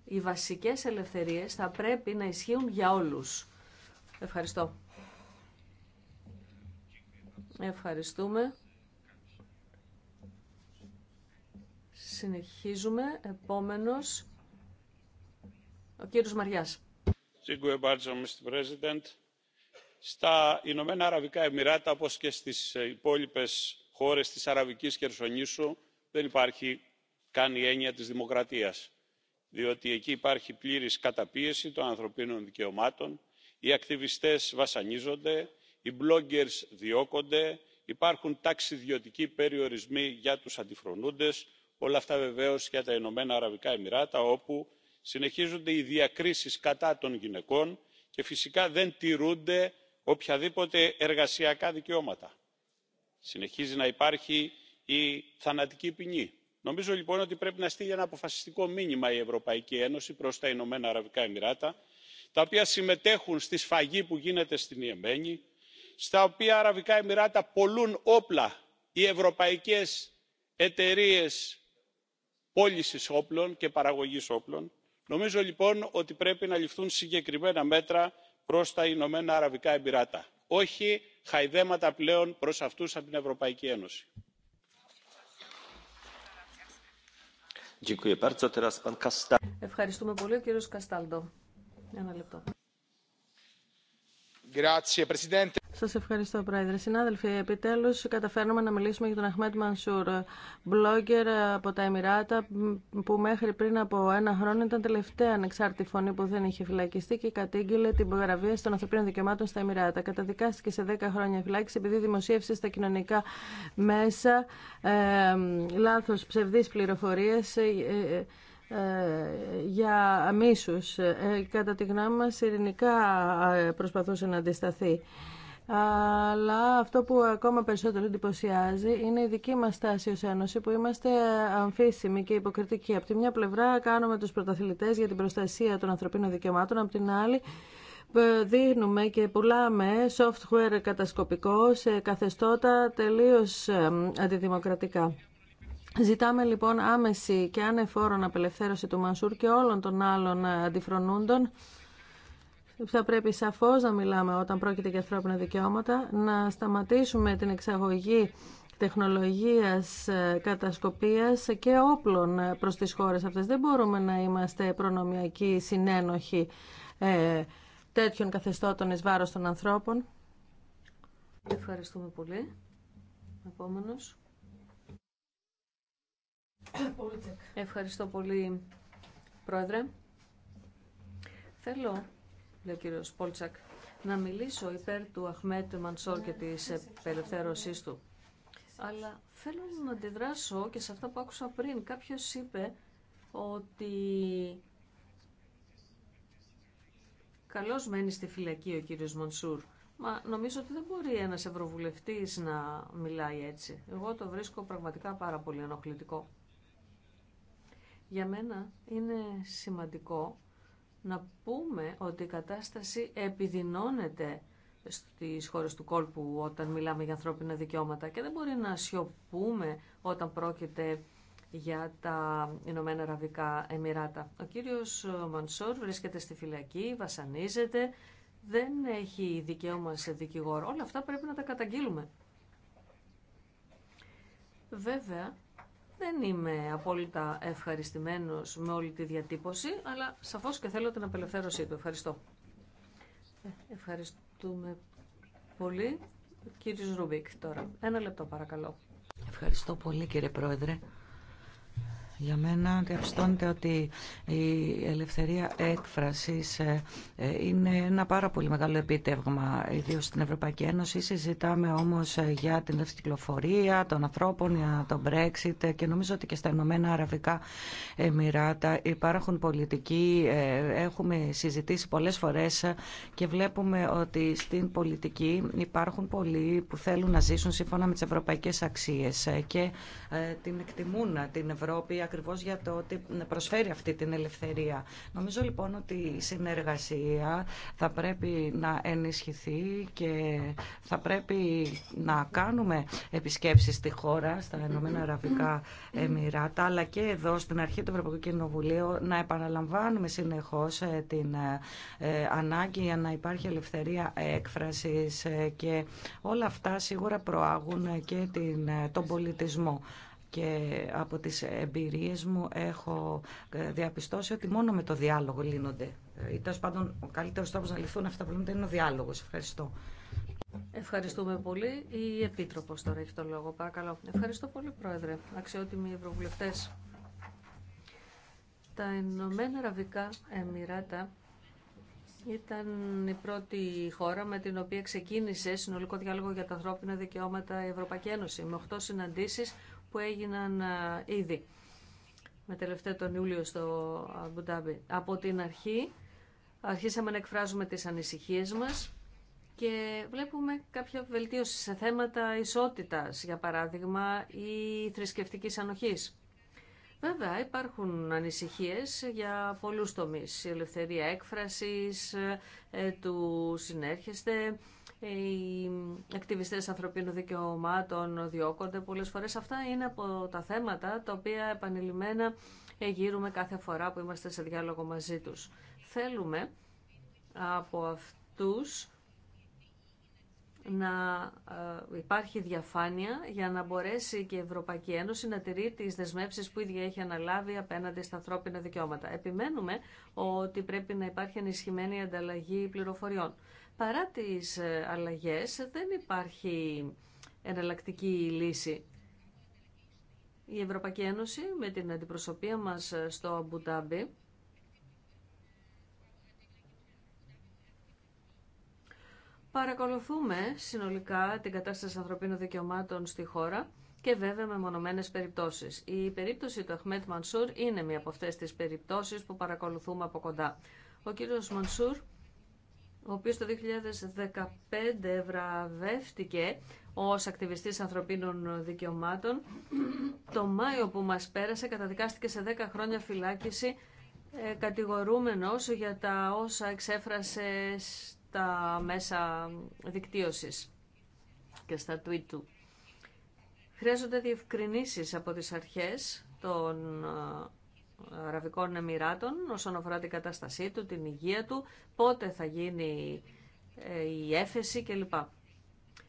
οι βασικές ελευθερίες θα πρέπει να ισχύουν για όλους. Ευχαριστώ. Ευχαριστούμε. Συνεχίζουμε. Επόμενος, ο κύριος Μαριάς. Στα Ηνωμένα Αραβικά Εμμυράτα, όπως και στις υπόλοιπες χώρες της Αραβικής Κερσονήσου, δεν υπάρχει κάνει έννοια της δημοκρατίας διότι εκεί υπάρχει πλήρης καταπίεση των ανθρωπίνων δικαιωμάτων οι ακτιβιστές βασανίζονται οι bloggers διώκονται υπάρχουν ταξιδιωτικοί περιορισμοί για τους αντιφρονούντες όλα αυτά βεβαίως για τα ηνωμένα αραβικά εμιράτα όπου συνεχίζονται οι διακρίσεις κατά των γυναικών και φυσικά δεν τηρούνται οποιαδήποτε εργασιακά δικαιώματα. συνεχίζει να υπάρχει η θανατική ποινή νομίζω λοιπόν ότι πρέπει να στείλει ένα αποφασιστικό μήνυμα η ευρωπαϊκή ένωση προς τα ηνωμένα αραβικά εμιράτα τα οποία συμμετέχουν στη σφαγή που γίνεται στην ιεμένη στα οποία αραβικά εμιράτα πωλούν όπλα οι ευρωπαϊκές εταιρείε πώλησης όπλων και παραγωγής όπλων. νομίζω λοιπόν ότι πρέπει να ληφθούν συγκεκριμένα μέτρα προ τα ηνωμένα αραβικά εμιράτα όχι χαϊδέματα πλέον προ αυτού από την ευρωπαϊκή ένωση. Ευχαριστούμε πολύ, κύριος Καστάλντο. Ένα λεπτό. Σας ευχαριστώ, Πρόεδρε. Συνάδελφοι, επιτέλους καταφέρνουμε να μιλήσουμε για τον Αχμέτ Μανσούρ, blogger από τα Εμμυράτα, που μέχρι πριν από ένα χρόνο ήταν τελευταία ανεξάρτητη φωνή που δεν είχε φυλακιστεί και κατήγγειλε την παραβίαση των ανθρωπίνων δικαιωμάτων στα Εμμυράτα. Καταδικάστηκε σε 10 χρόνια φυλάκιση επειδή δημοσίευσε στα κοινωνικά μέσα ε, λάθος ψευδείς πληροφορίες ε, ε, ε για μίσους. Ε, κατά τη γνώμη μας ειρηνικά προσπαθούσε να αντισταθεί. Αλλά αυτό που ακόμα περισσότερο εντυπωσιάζει είναι η δική μα στάση ω Ένωση που είμαστε αμφίσιμοι και υποκριτικοί. Από τη μια πλευρά κάνουμε του πρωταθλητέ για την προστασία των ανθρωπίνων δικαιωμάτων, από την άλλη ε, δίνουμε και πουλάμε software κατασκοπικό σε καθεστώτα τελείως ε, αντιδημοκρατικά. Ζητάμε λοιπόν άμεση και ανεφόρον απελευθέρωση του Μανσούρ και όλων των άλλων ε, αντιφρονούντων θα πρέπει σαφώς να μιλάμε όταν πρόκειται για ανθρώπινα δικαιώματα, να σταματήσουμε την εξαγωγή τεχνολογίας, ε, κατασκοπίας και όπλων ε, προς τις χώρες αυτές. Δεν μπορούμε να είμαστε προνομιακοί συνένοχοι ε, τέτοιων καθεστώτων εις βάρος των ανθρώπων. Ευχαριστούμε πολύ. Επόμενος. Ευχαριστώ πολύ, Πρόεδρε. Θέλω λέει ο κύριο Πόλτσακ, να μιλήσω υπέρ του Αχμέτ Μανσόρ και τη απελευθέρωσή του. Αλλά θέλω να αντιδράσω και σε αυτά που άκουσα πριν. κάποιο είπε ότι καλώ μένει στη φυλακή ο κύριο Μανσούρ. Μα νομίζω ότι δεν μπορεί ένας ευρωβουλευτής να μιλάει έτσι. Εγώ το βρίσκω πραγματικά πάρα πολύ ενοχλητικό. Για μένα είναι σημαντικό να πούμε ότι η κατάσταση επιδεινώνεται στις χώρες του κόλπου όταν μιλάμε για ανθρώπινα δικαιώματα και δεν μπορεί να σιωπούμε όταν πρόκειται για τα Ηνωμένα Αραβικά Εμμυράτα. Ο κύριος Μανσόρ βρίσκεται στη φυλακή, βασανίζεται, δεν έχει δικαίωμα σε δικηγόρο. Όλα αυτά πρέπει να τα καταγγείλουμε. Βέβαια, δεν είμαι απόλυτα ευχαριστημένος με όλη τη διατύπωση, αλλά σαφώς και θέλω την απελευθέρωσή του. Ευχαριστώ. Ε, ευχαριστούμε πολύ. Κύριε Ρούμπικ τώρα. Ένα λεπτό παρακαλώ. Ευχαριστώ πολύ κύριε Πρόεδρε. Για μένα διαπιστώνεται ότι η ελευθερία έκφρασης ε, ε, είναι ένα πάρα πολύ μεγάλο επίτευγμα, ιδίως στην Ευρωπαϊκή Ένωση. Συζητάμε όμως ε, για την ευστηκλοφορία των ανθρώπων, για τον Brexit και νομίζω ότι και στα Ηνωμένα Αραβικά Εμμυράτα υπάρχουν πολιτικοί, έχουμε συζητήσει πολλές φορές και βλέπουμε ότι στην πολιτική υπάρχουν πολλοί που θέλουν να ζήσουν σύμφωνα με τις ευρωπαϊκές αξίες και την εκτιμούν την Ευρώπη ακριβώς για το ότι προσφέρει αυτή την ελευθερία. Νομίζω λοιπόν ότι η συνεργασία θα πρέπει να ενισχυθεί και θα πρέπει να κάνουμε επισκέψεις στη χώρα, στα Ηνωμένα Αραβικά Εμμυράτα, αλλά και εδώ στην αρχή του Ευρωπαϊκού Κοινοβουλίου να επαναλαμβάνουμε συνεχώς ε, την ε, ανάγκη για να υπάρχει ελευθερία έκφραση ε, και όλα αυτά σίγουρα προάγουν και την, τον πολιτισμό και από τις εμπειρίες μου έχω ε, διαπιστώσει ότι μόνο με το διάλογο λύνονται. Ε, ή τέλο πάντων ο καλύτερος τρόπος να λυθούν αυτά τα προβλήματα είναι ο διάλογος. Ευχαριστώ. Ευχαριστούμε πολύ. Η Επίτροπος τώρα έχει το λόγο. Παρακαλώ. Ευχαριστώ πολύ Πρόεδρε. Αξιότιμοι Ευρωβουλευτές. Τα Ηνωμένα Αραβικά Εμμυράτα ήταν η πρώτη χώρα με την οποία ξεκίνησε συνολικό διάλογο για τα ανθρώπινα δικαιώματα η Ευρωπαϊκή Ένωση με 8 συναντήσεις που έγιναν ε, ήδη με τελευταίο τον Ιούλιο στο Αμπουντάμπι. Από την αρχή αρχίσαμε να εκφράζουμε τις ανησυχίες μας και βλέπουμε κάποια βελτίωση σε θέματα ισότητας, για παράδειγμα, ή θρησκευτικής ανοχής. Βέβαια, υπάρχουν ανησυχίες για πολλούς τομείς. Η θρησκευτική ανοχης βεβαια υπαρχουν ανησυχιες για έκφρασης, ε, του συνέρχεστε, οι ακτιβιστές ανθρωπίνων δικαιωμάτων διώκονται πολλές φορές. Αυτά είναι από τα θέματα τα οποία επανειλημμένα γύρουμε κάθε φορά που είμαστε σε διάλογο μαζί τους. Θέλουμε από αυτούς να ε, υπάρχει διαφάνεια για να μπορέσει και η Ευρωπαϊκή Ένωση να τηρεί τις δεσμεύσεις που ίδια έχει αναλάβει απέναντι στα ανθρώπινα δικαιώματα. Επιμένουμε ότι πρέπει να υπάρχει ενισχυμένη ανταλλαγή πληροφοριών. Παρά τις ε, αλλαγές δεν υπάρχει εναλλακτική λύση. Η Ευρωπαϊκή Ένωση με την αντιπροσωπεία μας ε, στο Αμπουτάμπι Παρακολουθούμε συνολικά την κατάσταση ανθρωπίνων δικαιωμάτων στη χώρα και βέβαια με μονομένες περιπτώσεις. Η περίπτωση του Αχμέτ Μανσούρ είναι μία από αυτές τις περιπτώσεις που παρακολουθούμε από κοντά. Ο κύριος Μανσούρ ο οποίος το 2015 βραβεύτηκε ως ακτιβιστής ανθρωπίνων δικαιωμάτων. Το Μάιο που μας πέρασε καταδικάστηκε σε 10 χρόνια φυλάκιση ε, κατηγορούμενος για τα όσα εξέφρασε στα μέσα δικτύωσης και στα tweet του. Χρειάζονται διευκρινήσεις από τις αρχές των ε, Αραβικών Εμμυράτων όσον αφορά την κατάστασή του, την υγεία του, πότε θα γίνει ε, η έφεση κλπ.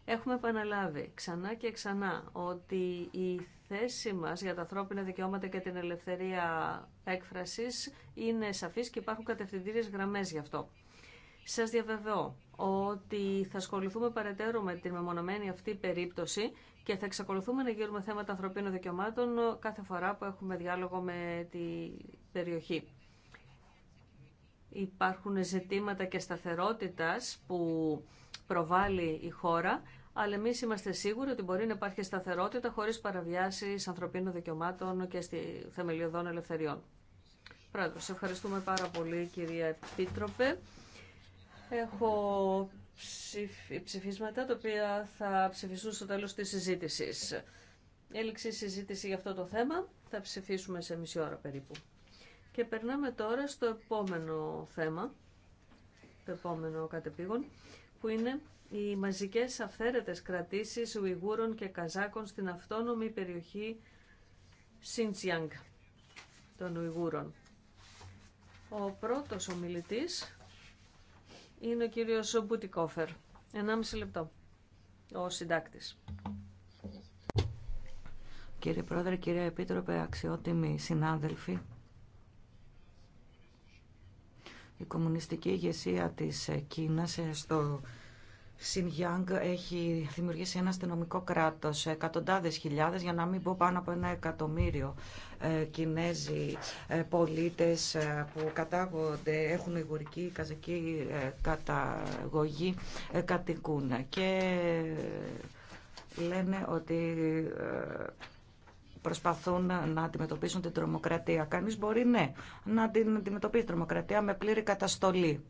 Έχουμε επαναλάβει ξανά και ξανά ότι η θέση μας για τα ανθρώπινα δικαιώματα και την ελευθερία έκφρασης είναι σαφής και υπάρχουν κατευθυντήριες γραμμές γι' αυτό. Σας διαβεβαιώ ότι θα ασχοληθούμε παρατέρω με την μεμονωμένη αυτή περίπτωση και θα εξακολουθούμε να γύρουμε θέματα ανθρωπίνων δικαιωμάτων κάθε φορά που έχουμε διάλογο με την περιοχή. Υπάρχουν ζητήματα και σταθερότητας που προβάλλει η χώρα, αλλά εμεί είμαστε σίγουροι ότι μπορεί να υπάρχει σταθερότητα χωρί παραβιάσει ανθρωπίνων δικαιωμάτων και στη θεμελιωδών ελευθεριών. Πρόεδρο, σε ευχαριστούμε πάρα πολύ, κυρία Επίτροπε. Έχω ψηφίσματα τα οποία θα ψηφιστούν στο τέλος της συζήτησης. Έληξε συζήτηση για αυτό το θέμα. Θα ψηφίσουμε σε μισή ώρα περίπου. Και περνάμε τώρα στο επόμενο θέμα, το επόμενο κατεπήγον, που είναι οι μαζικές αυθαίρετες κρατήσεις Ουιγούρων και Καζάκων στην αυτόνομη περιοχή Σιντσιάνγκ των Ουιγούρων. Ο πρώτος ομιλητής είναι ο κύριος Μπουτικόφερ. 1,5 λεπτό. Ο συντάκτης. Κύριε Πρόεδρε, κύριε Επίτροπε, αξιότιμοι συνάδελφοι, η κομμουνιστική ηγεσία της Κίνας στο Γιάνγκ έχει δημιουργήσει ένα αστυνομικό κράτος, ε, εκατοντάδες χιλιάδες, για να μην πω πάνω από ένα εκατομμύριο ε, Κινέζοι ε, πολίτες που κατάγονται, έχουν η καζική καταγωγή, κατοικούν. Και λένε ότι προσπαθούν να αντιμετωπίσουν την τρομοκρατία. Κανείς μπορεί, ναι, να την αντιμετωπίσει τρομοκρατία με πλήρη καταστολή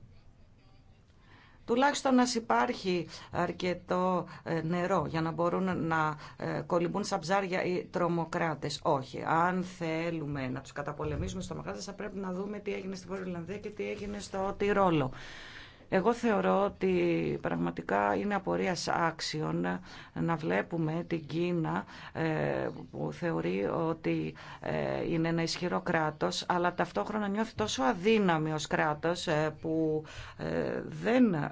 τουλάχιστον να υπάρχει αρκετό ε, νερό για να μπορούν να ε, κολυμπούν σαν ψάρια οι τρομοκράτες. Όχι. Αν θέλουμε να τους καταπολεμήσουμε στους τρομοκράτες θα πρέπει να δούμε τι έγινε στη Βόρεια Ιρλανδία και τι έγινε στο Τυρόλο. Εγώ θεωρώ ότι πραγματικά είναι απορίας άξιων να βλέπουμε την Κίνα ε, που θεωρεί ότι ε, είναι ένα ισχυρό κράτος αλλά ταυτόχρονα νιώθει τόσο αδύναμη ως κράτος ε, που δεν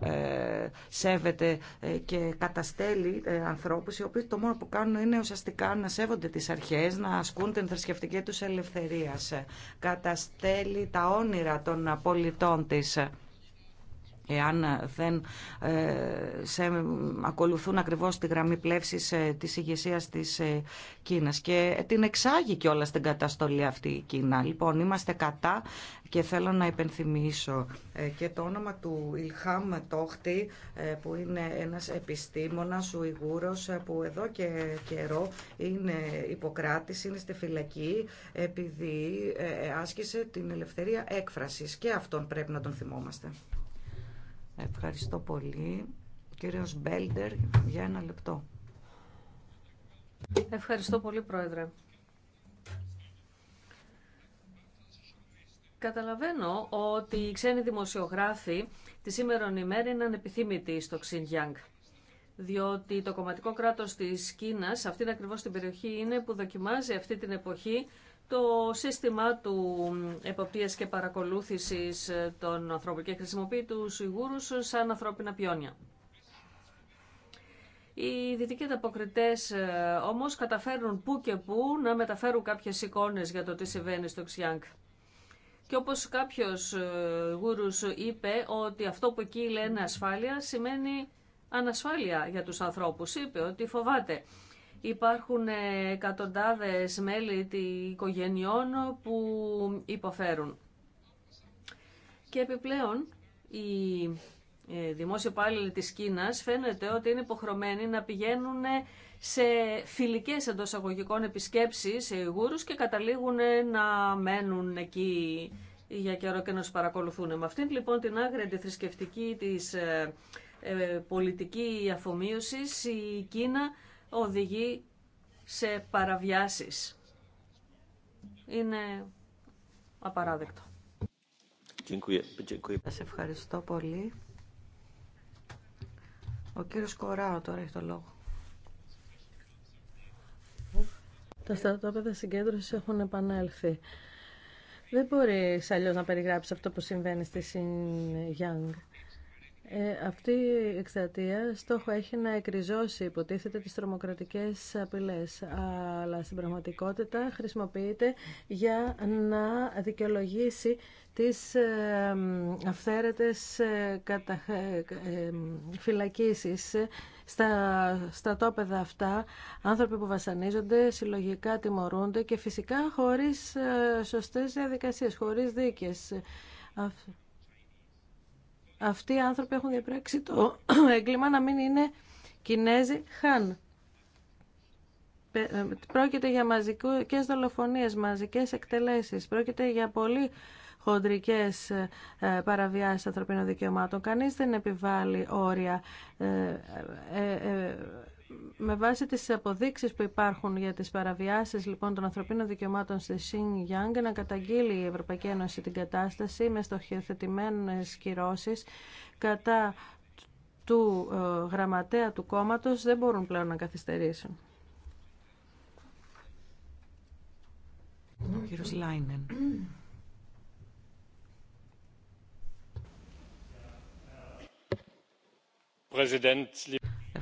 σέβεται και καταστέλει ανθρώπους οι οποίοι το μόνο που κάνουν είναι ουσιαστικά να σέβονται τις αρχές, να ασκούν την θρησκευτική τους ελευθερία. Καταστέλει τα όνειρα των πολιτών της εάν ε, δεν ε, σε, ακολουθούν ακριβώς τη γραμμή πλεύσης ε, της ηγεσία της Κίνας και την εξάγει και όλα στην καταστολή αυτή η Κίνα. Λοιπόν, είμαστε κατά και θέλω να υπενθυμίσω και το όνομα του Ιλχάμ Τόχτη που είναι ένας επιστήμονας Ουιγούρος που εδώ και καιρό είναι υποκράτης, είναι στη φυλακή επειδή άσκησε την ελευθερία έκφρασης και αυτόν πρέπει να τον θυμόμαστε. Ευχαριστώ πολύ. Κύριος Μπέλντερ, για ένα λεπτό. Ευχαριστώ πολύ, Πρόεδρε. Καταλαβαίνω ότι οι ξένοι δημοσιογράφοι τη σήμερα ημέρα είναι ανεπιθύμητοι στο Ξινγκιάνγκ, Διότι το κομματικό κράτος της Κίνας, αυτήν ακριβώς την περιοχή είναι που δοκιμάζει αυτή την εποχή το σύστημα του εποπτείας και παρακολούθησης των ανθρώπων και χρησιμοποιεί τους Ιγούρους σαν ανθρώπινα πιόνια. Οι δυτικοί ανταποκριτέ ε, όμως καταφέρνουν που και που να μεταφέρουν κάποιες εικόνες για το τι συμβαίνει στο Ξιάνκ. Και όπως κάποιος ε, γούρους είπε ότι αυτό που εκεί λένε ασφάλεια σημαίνει ανασφάλεια για του ανθρώπου, Είπε ότι φοβάται Υπάρχουν ε, εκατοντάδες μέλη οικογενειών που υποφέρουν. Και επιπλέον, οι ε, δημόσιοι υπάλληλοι της Κίνας φαίνεται ότι είναι υποχρεωμένοι να πηγαίνουν ε, σε φιλικές εντό αγωγικών επισκέψεις σε Ιγούρους και καταλήγουν να μένουν εκεί για καιρό και να τους παρακολουθούν. Με αυτήν λοιπόν την άγρια τη θρησκευτική της πολιτική αφομοίωσης η Κίνα οδηγεί σε παραβιάσεις. Είναι απαράδεκτο. Σα ευχαριστώ πολύ. Ο κύριος Κοράο τώρα έχει το λόγο. Τα στρατόπεδα συγκέντρωσης έχουν επανέλθει. Δεν μπορεί αλλιώ να περιγράψει αυτό που συμβαίνει στη Σιν Γιάνγκ. Ε, αυτή η εκστρατεία στόχο έχει να εκριζώσει υποτίθεται τις τρομοκρατικές απειλές αλλά στην πραγματικότητα χρησιμοποιείται για να δικαιολογήσει τις αυθαίρετες ε, κατα... Ε, φυλακίσεις στα στρατόπεδα αυτά άνθρωποι που βασανίζονται, συλλογικά τιμωρούνται και φυσικά χωρίς σωστές διαδικασίες, χωρίς δίκες αυτοί οι άνθρωποι έχουν διαπράξει το έγκλημα να μην είναι Κινέζοι χαν. Ε, πρόκειται για μαζικές δολοφονίες, μαζικές εκτελέσεις, πρόκειται για πολύ χοντρικές ε, ε, παραβιάσεις ανθρωπίνων δικαιωμάτων. Κανείς δεν επιβάλλει όρια με βάση τις αποδείξεις που υπάρχουν για τις παραβιάσεις λοιπόν των ανθρωπίνων δικαιωμάτων στη Σιν Γιάνγκ να καταγγείλει η Ευρωπαϊκή Ένωση την κατάσταση με στοχοθετημένες κυρώσεις κατά του ε, γραμματέα του κόμματος δεν μπορούν πλέον να καθυστερήσουν. κύριος Λάινεν.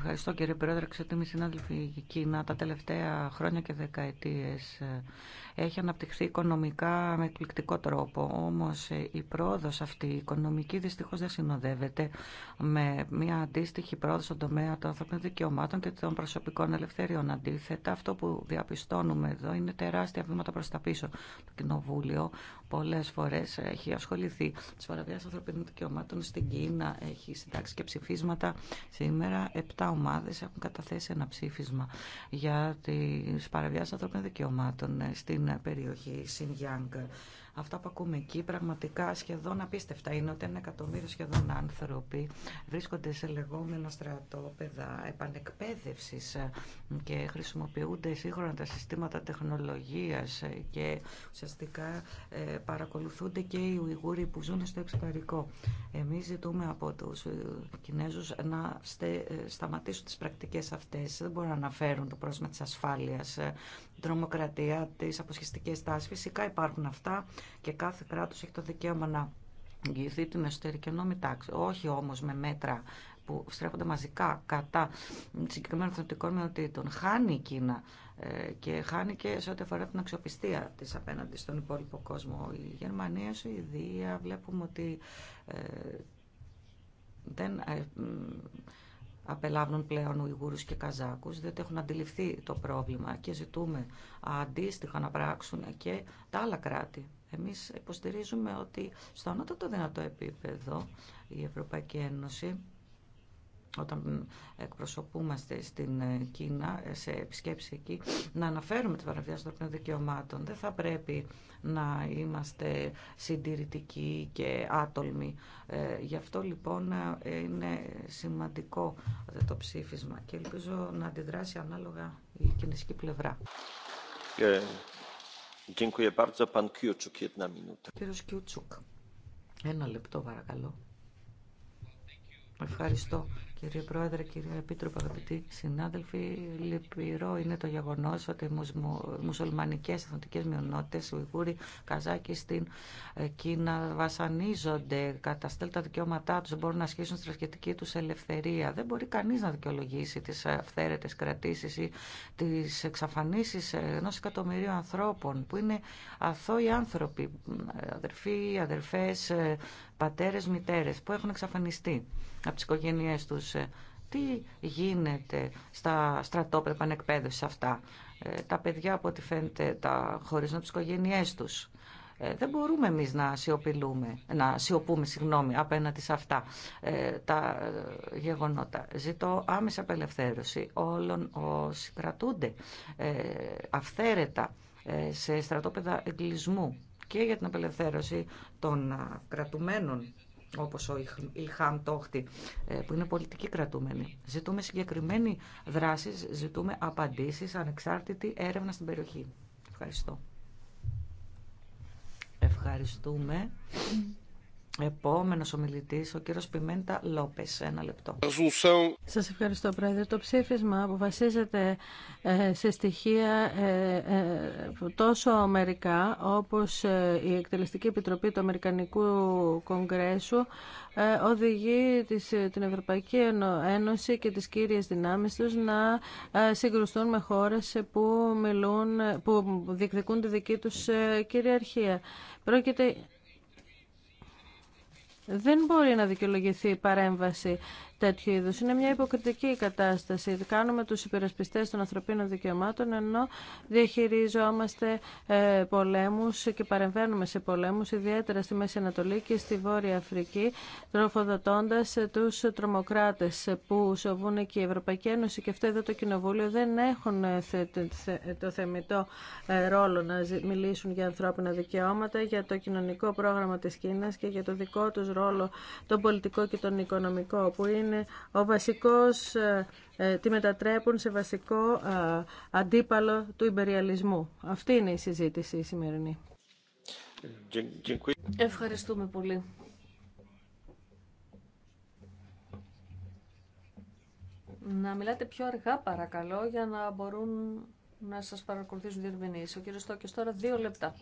Ευχαριστώ κύριε Πρόεδρε, εξωτήμοι συνάδελφοι. κοινά Κίνα τα τελευταία χρόνια και δεκαετίες ε, έχει αναπτυχθεί οικονομικά με εκπληκτικό τρόπο. Όμως η πρόοδος αυτή η οικονομική δυστυχώς δεν συνοδεύεται με μια αντίστοιχη πρόοδο στον τομέα των ανθρωπίνων δικαιωμάτων και των προσωπικών ελευθεριών. Αντίθετα, αυτό που διαπιστώνουμε εδώ είναι τεράστια βήματα προς τα πίσω. Το Κοινοβούλιο πολλές φορές έχει ασχοληθεί τις παραβιάσεις ανθρωπίνων δικαιωμάτων στην Κίνα, έχει συντάξει και ψηφίσματα. Σήμερα, επτά ομάδες έχουν καταθέσει ένα ψήφισμα για τις παραβιάσεις ανθρωπίνων δικαιωμάτων στην περιοχή Σινγιάνγκ. Αυτά που ακούμε εκεί πραγματικά σχεδόν απίστευτα είναι ότι ένα εκατομμύριο σχεδόν άνθρωποι βρίσκονται σε λεγόμενα στρατόπεδα επανεκπαίδευση ε, και χρησιμοποιούνται σύγχρονα τα συστήματα τεχνολογία ε, και ουσιαστικά ε, παρακολουθούνται και οι Ουιγούροι που ζουν στο εξωτερικό. Εμεί ζητούμε από του Κινέζου να σταματήσουν τι πρακτικέ αυτέ. Δεν μπορούν να αναφέρουν το πρόσμα τη ασφάλεια, τρομοκρατία, τι αποσχιστικέ τάσει. Φυσικά υπάρχουν αυτά και κάθε κράτος έχει το δικαίωμα να εγγυηθεί την εσωτερική νόμη τάξη. Όχι όμως με μέτρα που στρέφονται μαζικά κατά συγκεκριμένων θεωρητικών μειονοτήτων. Χάνει η Κίνα ε, και χάνει και σε ό,τι αφορά την αξιοπιστία της απέναντι στον υπόλοιπο κόσμο. Η Γερμανία, η βλέπουμε ότι ε, δεν ε, απελάβουν πλέον Ουγγούρου και καζάκου, διότι έχουν αντιληφθεί το πρόβλημα και ζητούμε αντίστοιχα να πράξουν και τα άλλα κράτη. Εμείς υποστηρίζουμε ότι στο ανώτατο δυνατό επίπεδο η Ευρωπαϊκή Ένωση όταν εκπροσωπούμαστε στην Κίνα σε επισκέψη εκεί να αναφέρουμε τη παραβιάση των δικαιωμάτων. Δεν θα πρέπει να είμαστε συντηρητικοί και άτολμοι. Ε, γι' αυτό λοιπόν είναι σημαντικό το ψήφισμα και ελπίζω να αντιδράσει ανάλογα η κινησική πλευρά. Κύριε Κιούτσουκ, ένα λεπτό παρακαλώ. Ευχαριστώ. Κύριε Πρόεδρε, κύριε Επίτροπο, αγαπητοί συνάδελφοι, λυπηρό είναι το γεγονό ότι οι μουσουλμανικέ εθνικέ μειονότητε, οι Ουγγούροι, Καζάκοι στην ε, Κίνα βασανίζονται, καταστέλνουν τα δικαιώματά του, μπορούν να ασχίσουν στη του ελευθερία. Δεν μπορεί κανεί να δικαιολογήσει τι αυθαίρετε κρατήσει ή τι εξαφανίσει ενό εκατομμυρίου ανθρώπων που είναι αθώοι άνθρωποι, αδερφοί, αδερφέ, ε, πατέρες, μητέρες που έχουν εξαφανιστεί από τις οικογένειές τους. Ε, τι γίνεται στα στρατόπεδα πανεκπαίδευση αυτά. Ε, τα παιδιά από ό,τι φαίνεται τα χωρίζουν από τις οικογένειές τους. Ε, δεν μπορούμε εμείς να, σιωπηλούμε, να σιωπούμε συγγνώμη, απέναντι σε αυτά τα γεγονότα. Ζητώ άμεση απελευθέρωση όλων όσοι κρατούνται ε, αυθαίρετα σε στρατόπεδα εγκλισμού και για την απελευθέρωση των κρατουμένων όπως ο Ιλχάμ Τόχτη, ε, που είναι πολιτικοί κρατούμενη. Ζητούμε συγκεκριμένη δράση, ζητούμε απαντήσεις, ανεξάρτητη έρευνα στην περιοχή. Ευχαριστώ. Ευχαριστούμε. Επόμενος ομιλητής, ο κύριος Πιμέντα Λόπες. Ένα λεπτό. Σας ευχαριστώ, Πρόεδρε. Το ψήφισμα που βασίζεται ε, σε στοιχεία ε, ε, τόσο αμερικά, όπως η Εκτελεστική Επιτροπή του Αμερικανικού Κογκρέσου, οδηγεί την Ευρωπαϊκή Ένωση και τις κύριες δυνάμεις τους να συγκρουστούν με χώρες που, που διεκδικούν τη δική τους κυριαρχία. Πρόκειται δεν μπορεί να δικαιολογηθεί η παρέμβαση τέτοιου είδους. Είναι μια υποκριτική κατάσταση. Κάνουμε τους υπερασπιστές των ανθρωπίνων δικαιωμάτων ενώ διαχειριζόμαστε ε, πολέμους και παρεμβαίνουμε σε πολέμους, ιδιαίτερα στη Μέση Ανατολή και στη Βόρεια Αφρική, τροφοδοτώντας τους τρομοκράτες που σοβούν εκεί. Η Ευρωπαϊκή Ένωση και αυτό εδώ το Κοινοβούλιο δεν έχουν ε, το θεμητό ε, ρόλο να μιλήσουν για ανθρώπινα δικαιώματα, για το κοινωνικό πρόγραμμα της Κίνας και για το δικό τους ρόλο, τον πολιτικό και τον οικονομικό, που είναι ο βασικός, ε, ε, τη μετατρέπουν σε βασικό ε, αντίπαλο του υπεριαλισμού. Αυτή είναι η συζήτηση η σημερινή. Ευχαριστούμε πολύ. Να μιλάτε πιο αργά παρακαλώ για να μπορούν να σας παρακολουθήσουν διερμηνείς. Ο κύριος Στόκης τώρα δύο λεπτά.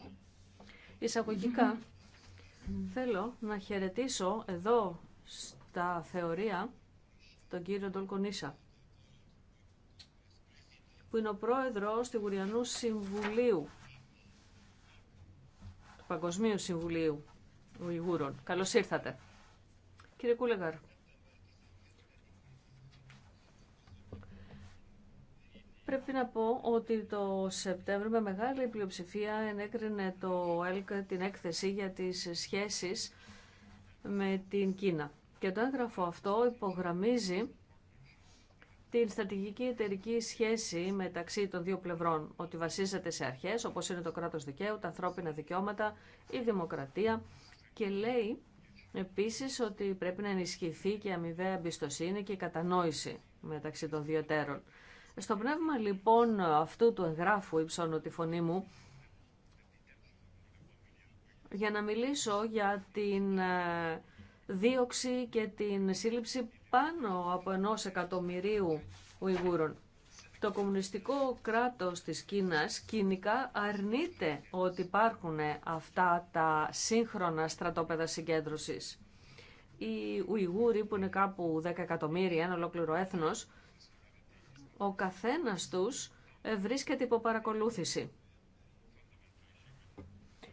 Εισαγωγικά θέλω να χαιρετήσω εδώ τα θεωρία τον κύριο Ντολκονίσα που είναι ο πρόεδρος του Γουριανού Συμβουλίου του Παγκοσμίου Συμβουλίου Ουιγούρων. Καλώς ήρθατε. Κύριε Κούλεγαρ. Πρέπει να πω ότι το Σεπτέμβριο με μεγάλη πλειοψηφία ενέκρινε το ΕΛΚ την έκθεση για τις σχέσεις με την Κίνα. Και το έγγραφο αυτό υπογραμμίζει την στρατηγική εταιρική σχέση μεταξύ των δύο πλευρών, ότι βασίζεται σε αρχές όπως είναι το κράτος δικαίου, τα ανθρώπινα δικαιώματα, η δημοκρατία και λέει επίσης ότι πρέπει να ενισχυθεί και η αμοιβαία εμπιστοσύνη και η κατανόηση μεταξύ των δύο τέρων. Στο πνεύμα λοιπόν αυτού του εγγράφου υψώνω τη φωνή μου για να μιλήσω για την ε, δίωξη και την σύλληψη πάνω από ενό εκατομμυρίου Ουιγούρων. Το κομμουνιστικό κράτος της Κίνας κοινικά αρνείται ότι υπάρχουν αυτά τα σύγχρονα στρατόπεδα συγκέντρωσης. Οι Ουιγούροι που είναι κάπου 10 εκατομμύρια, ένα ολόκληρο έθνος, ο καθένας τους βρίσκεται υπό παρακολούθηση.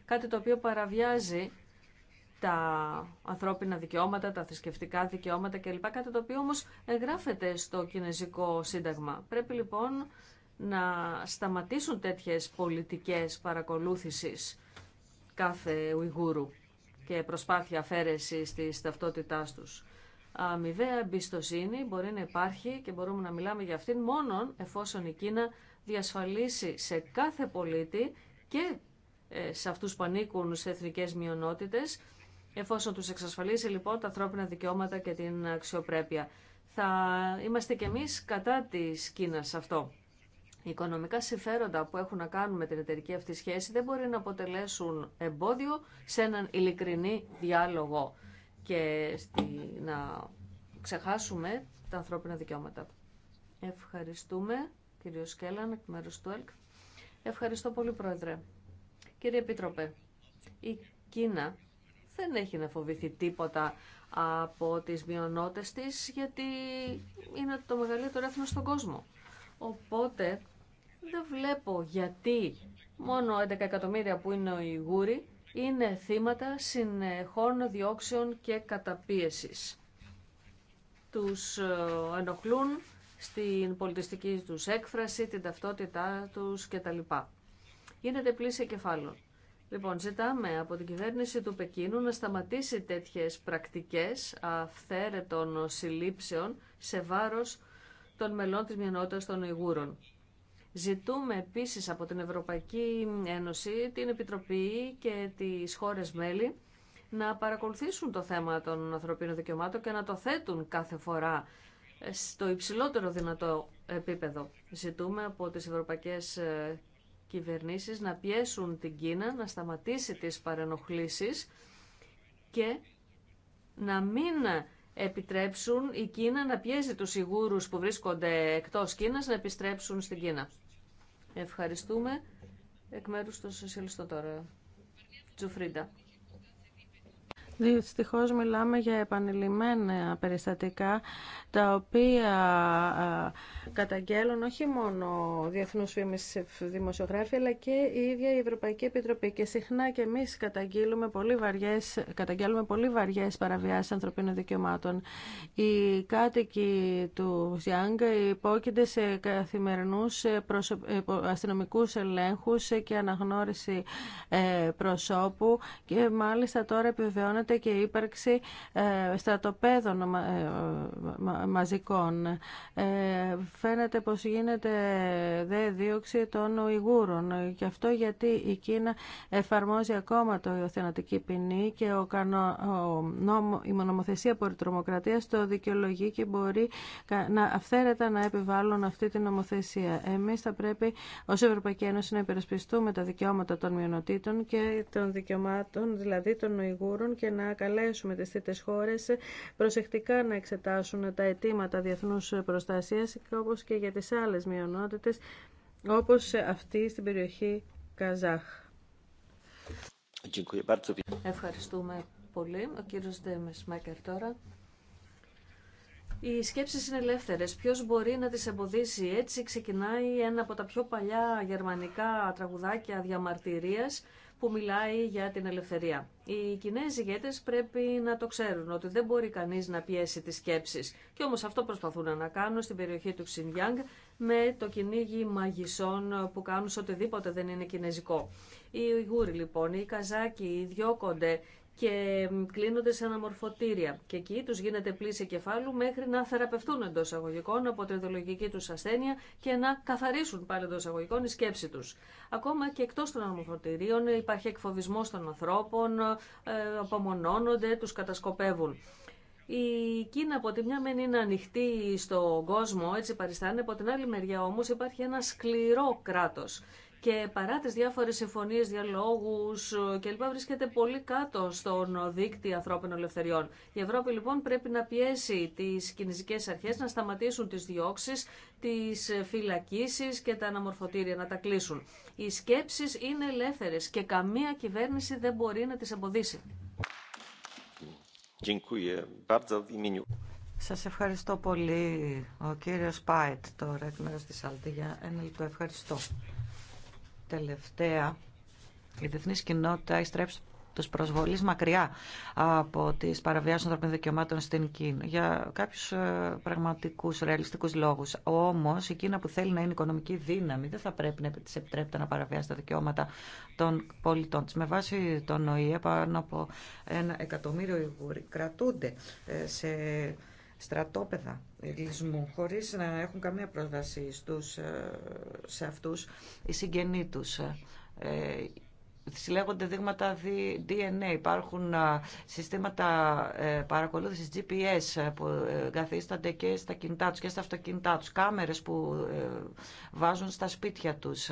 Κάτι το οποίο παραβιάζει τα ανθρώπινα δικαιώματα, τα θρησκευτικά δικαιώματα κλπ. Κάτι το οποίο όμως εγγράφεται στο Κινέζικο Σύνταγμα. Πρέπει λοιπόν να σταματήσουν τέτοιες πολιτικές παρακολούθησης κάθε Ουιγούρου και προσπάθεια αφαίρεσης της ταυτότητάς τους. Αμοιβαία εμπιστοσύνη μπορεί να υπάρχει και μπορούμε να μιλάμε για αυτήν μόνον εφόσον η Κίνα διασφαλίσει σε κάθε πολίτη και ε, σε αυτούς που ανήκουν σε εθνικές μειονότητες εφόσον τους εξασφαλίσει λοιπόν τα ανθρώπινα δικαιώματα και την αξιοπρέπεια. Θα είμαστε κι εμείς κατά της Κίνας αυτό. Οι οικονομικά συμφέροντα που έχουν να κάνουν με την εταιρική αυτή σχέση δεν μπορεί να αποτελέσουν εμπόδιο σε έναν ειλικρινή διάλογο και στη... να ξεχάσουμε τα ανθρώπινα δικαιώματα. Ευχαριστούμε, κύριο Σκέλαν, εκ μέρου του ΕΛΚ. Ευχαριστώ πολύ, Πρόεδρε. Κύριε Επίτροπε, η Κίνα δεν έχει να φοβηθεί τίποτα από τις μειονότητες της γιατί είναι το μεγαλύτερο έθνο στον κόσμο. Οπότε δεν βλέπω γιατί μόνο 11 εκατομμύρια που είναι οι Γούροι είναι θύματα συνεχών διώξεων και καταπίεσης. Τους ε, ενοχλούν στην πολιτιστική τους έκφραση, την ταυτότητά τους κτλ. Γίνεται πλήση κεφάλων. Λοιπόν, ζητάμε από την κυβέρνηση του Πεκίνου να σταματήσει τέτοιες πρακτικές αυθαίρετων συλλήψεων σε βάρος των μελών της μειονότητας των Ιγούρων. Ζητούμε επίσης από την Ευρωπαϊκή Ένωση, την Επιτροπή και τις χώρες μέλη να παρακολουθήσουν το θέμα των ανθρωπίνων δικαιωμάτων και να το θέτουν κάθε φορά στο υψηλότερο δυνατό επίπεδο. Ζητούμε από τις ευρωπαϊκές κυβερνήσεις να πιέσουν την Κίνα να σταματήσει τις παρενοχλήσεις και να μην επιτρέψουν η Κίνα να πιέζει τους Ιγούρους που βρίσκονται εκτός Κίνας να επιστρέψουν στην Κίνα. Ευχαριστούμε εκ μέρους των σοσιαλιστών τώρα. Τζουφρίντα. Δυστυχώς μιλάμε για επανειλημμένα περιστατικά τα οποία καταγγέλουν όχι μόνο διεθνούς φήμε δημοσιογράφοι αλλά και η ίδια η Ευρωπαϊκή Επιτροπή και συχνά και εμείς καταγγέλουμε πολύ βαριές, καταγγέλουμε πολύ βαριές παραβιάσεις ανθρωπίνων δικαιωμάτων. Οι κάτοικοι του Ζιάνγκ υπόκεινται σε καθημερινούς αστυνομικού ε, ε, αστυνομικούς ελέγχους και αναγνώριση ε, προσώπου και μάλιστα τώρα επιβεβαιώνεται και η ύπαρξη ε, στρατοπέδων ε, ε, μαζικών. Φαίνεται πως γίνεται δε δίωξη των Ουιγούρων και αυτό γιατί η Κίνα εφαρμόζει ακόμα το θενατική ποινή και ο κανο... η μονομοθεσία πολυτρομοκρατίας το δικαιολογεί και μπορεί να αυθαίρετα να επιβάλλουν αυτή την νομοθεσία. Εμείς θα πρέπει ως Ευρωπαϊκή Ένωση να υπερασπιστούμε τα δικαιώματα των μειονοτήτων και των δικαιωμάτων, δηλαδή των Ουιγούρων και να καλέσουμε τις τρίτες χώρες προσεκτικά να εξετάσουν τα αιτήματα διεθνούς προστασίας όπως και για τις άλλες μειονότητες όπως αυτή στην περιοχή Καζάχ. Ευχαριστούμε πολύ. Ο κύριος Ντέμες Μάκερ τώρα. Οι σκέψεις είναι ελεύθερες. Ποιος μπορεί να τις εμποδίσει. Έτσι ξεκινάει ένα από τα πιο παλιά γερμανικά τραγουδάκια διαμαρτυρίας που μιλάει για την ελευθερία. Οι Κινέζοι ηγέτε πρέπει να το ξέρουν ότι δεν μπορεί κανείς να πιέσει τι σκέψει. Και όμως αυτό προσπαθούν να κάνουν στην περιοχή του Ξινγιάνγκ με το κυνήγι μαγισσών που κάνουν σε οτιδήποτε δεν είναι κινέζικο. Οι Ιγούροι λοιπόν, οι Καζάκοι διώκονται και κλείνονται σε αναμορφωτήρια. Και εκεί τους γίνεται πλήση κεφάλου μέχρι να θεραπευτούν εντό αγωγικών από την ιδεολογική τους ασθένεια και να καθαρίσουν πάλι εντό αγωγικών η σκέψη του. Ακόμα και εκτός των αναμορφωτηρίων υπάρχει εκφοβισμός των ανθρώπων, ε, απομονώνονται, τους κατασκοπεύουν. Η Κίνα από τη μια μεν είναι ανοιχτή στον κόσμο, έτσι παριστάνει, από την άλλη μεριά όμως υπάρχει ένα σκληρό κράτος και παρά τις διάφορες συμφωνίες, διαλόγους κλπ. βρίσκεται πολύ κάτω στον δίκτυο ανθρώπινων ελευθεριών. Η Ευρώπη λοιπόν πρέπει να πιέσει τις κινησικές αρχές να σταματήσουν τις διώξεις, τις φυλακίσεις και τα αναμορφωτήρια να τα κλείσουν. Οι σκέψεις είναι ελεύθερες και καμία κυβέρνηση δεν μπορεί να τις εμποδίσει. Σας ευχαριστώ πολύ ο κύριος Πάιτ τώρα εκ μέρους της Αλτή για ένα λεπτό ευχαριστώ. Τελευταία, η διεθνή κοινότητα έχει στρέψει του προσβολή μακριά από τι παραβιάσει των ανθρωπίνων δικαιωμάτων στην Κίνα για κάποιου ε, πραγματικού, ρεαλιστικού λόγου. Όμω, η Κίνα που θέλει να είναι οικονομική δύναμη δεν θα πρέπει να τη επιτρέπεται να παραβιάσει τα δικαιώματα των πολιτών τη. Με βάση τον ΟΗΕ, πάνω από ένα εκατομμύριο Ιγούροι κρατούνται ε, σε στρατόπεδα εγκλισμού, χωρίς να έχουν καμία πρόσβαση στους, ε, σε αυτούς οι συγγενείς τους. Ε, ε συλλέγονται δείγματα DNA, υπάρχουν ε, συστήματα παρακολούθησης GPS που καθίστανται και στα κινητά τους και στα αυτοκίνητά τους, κάμερες που βάζουν στα σπίτια τους.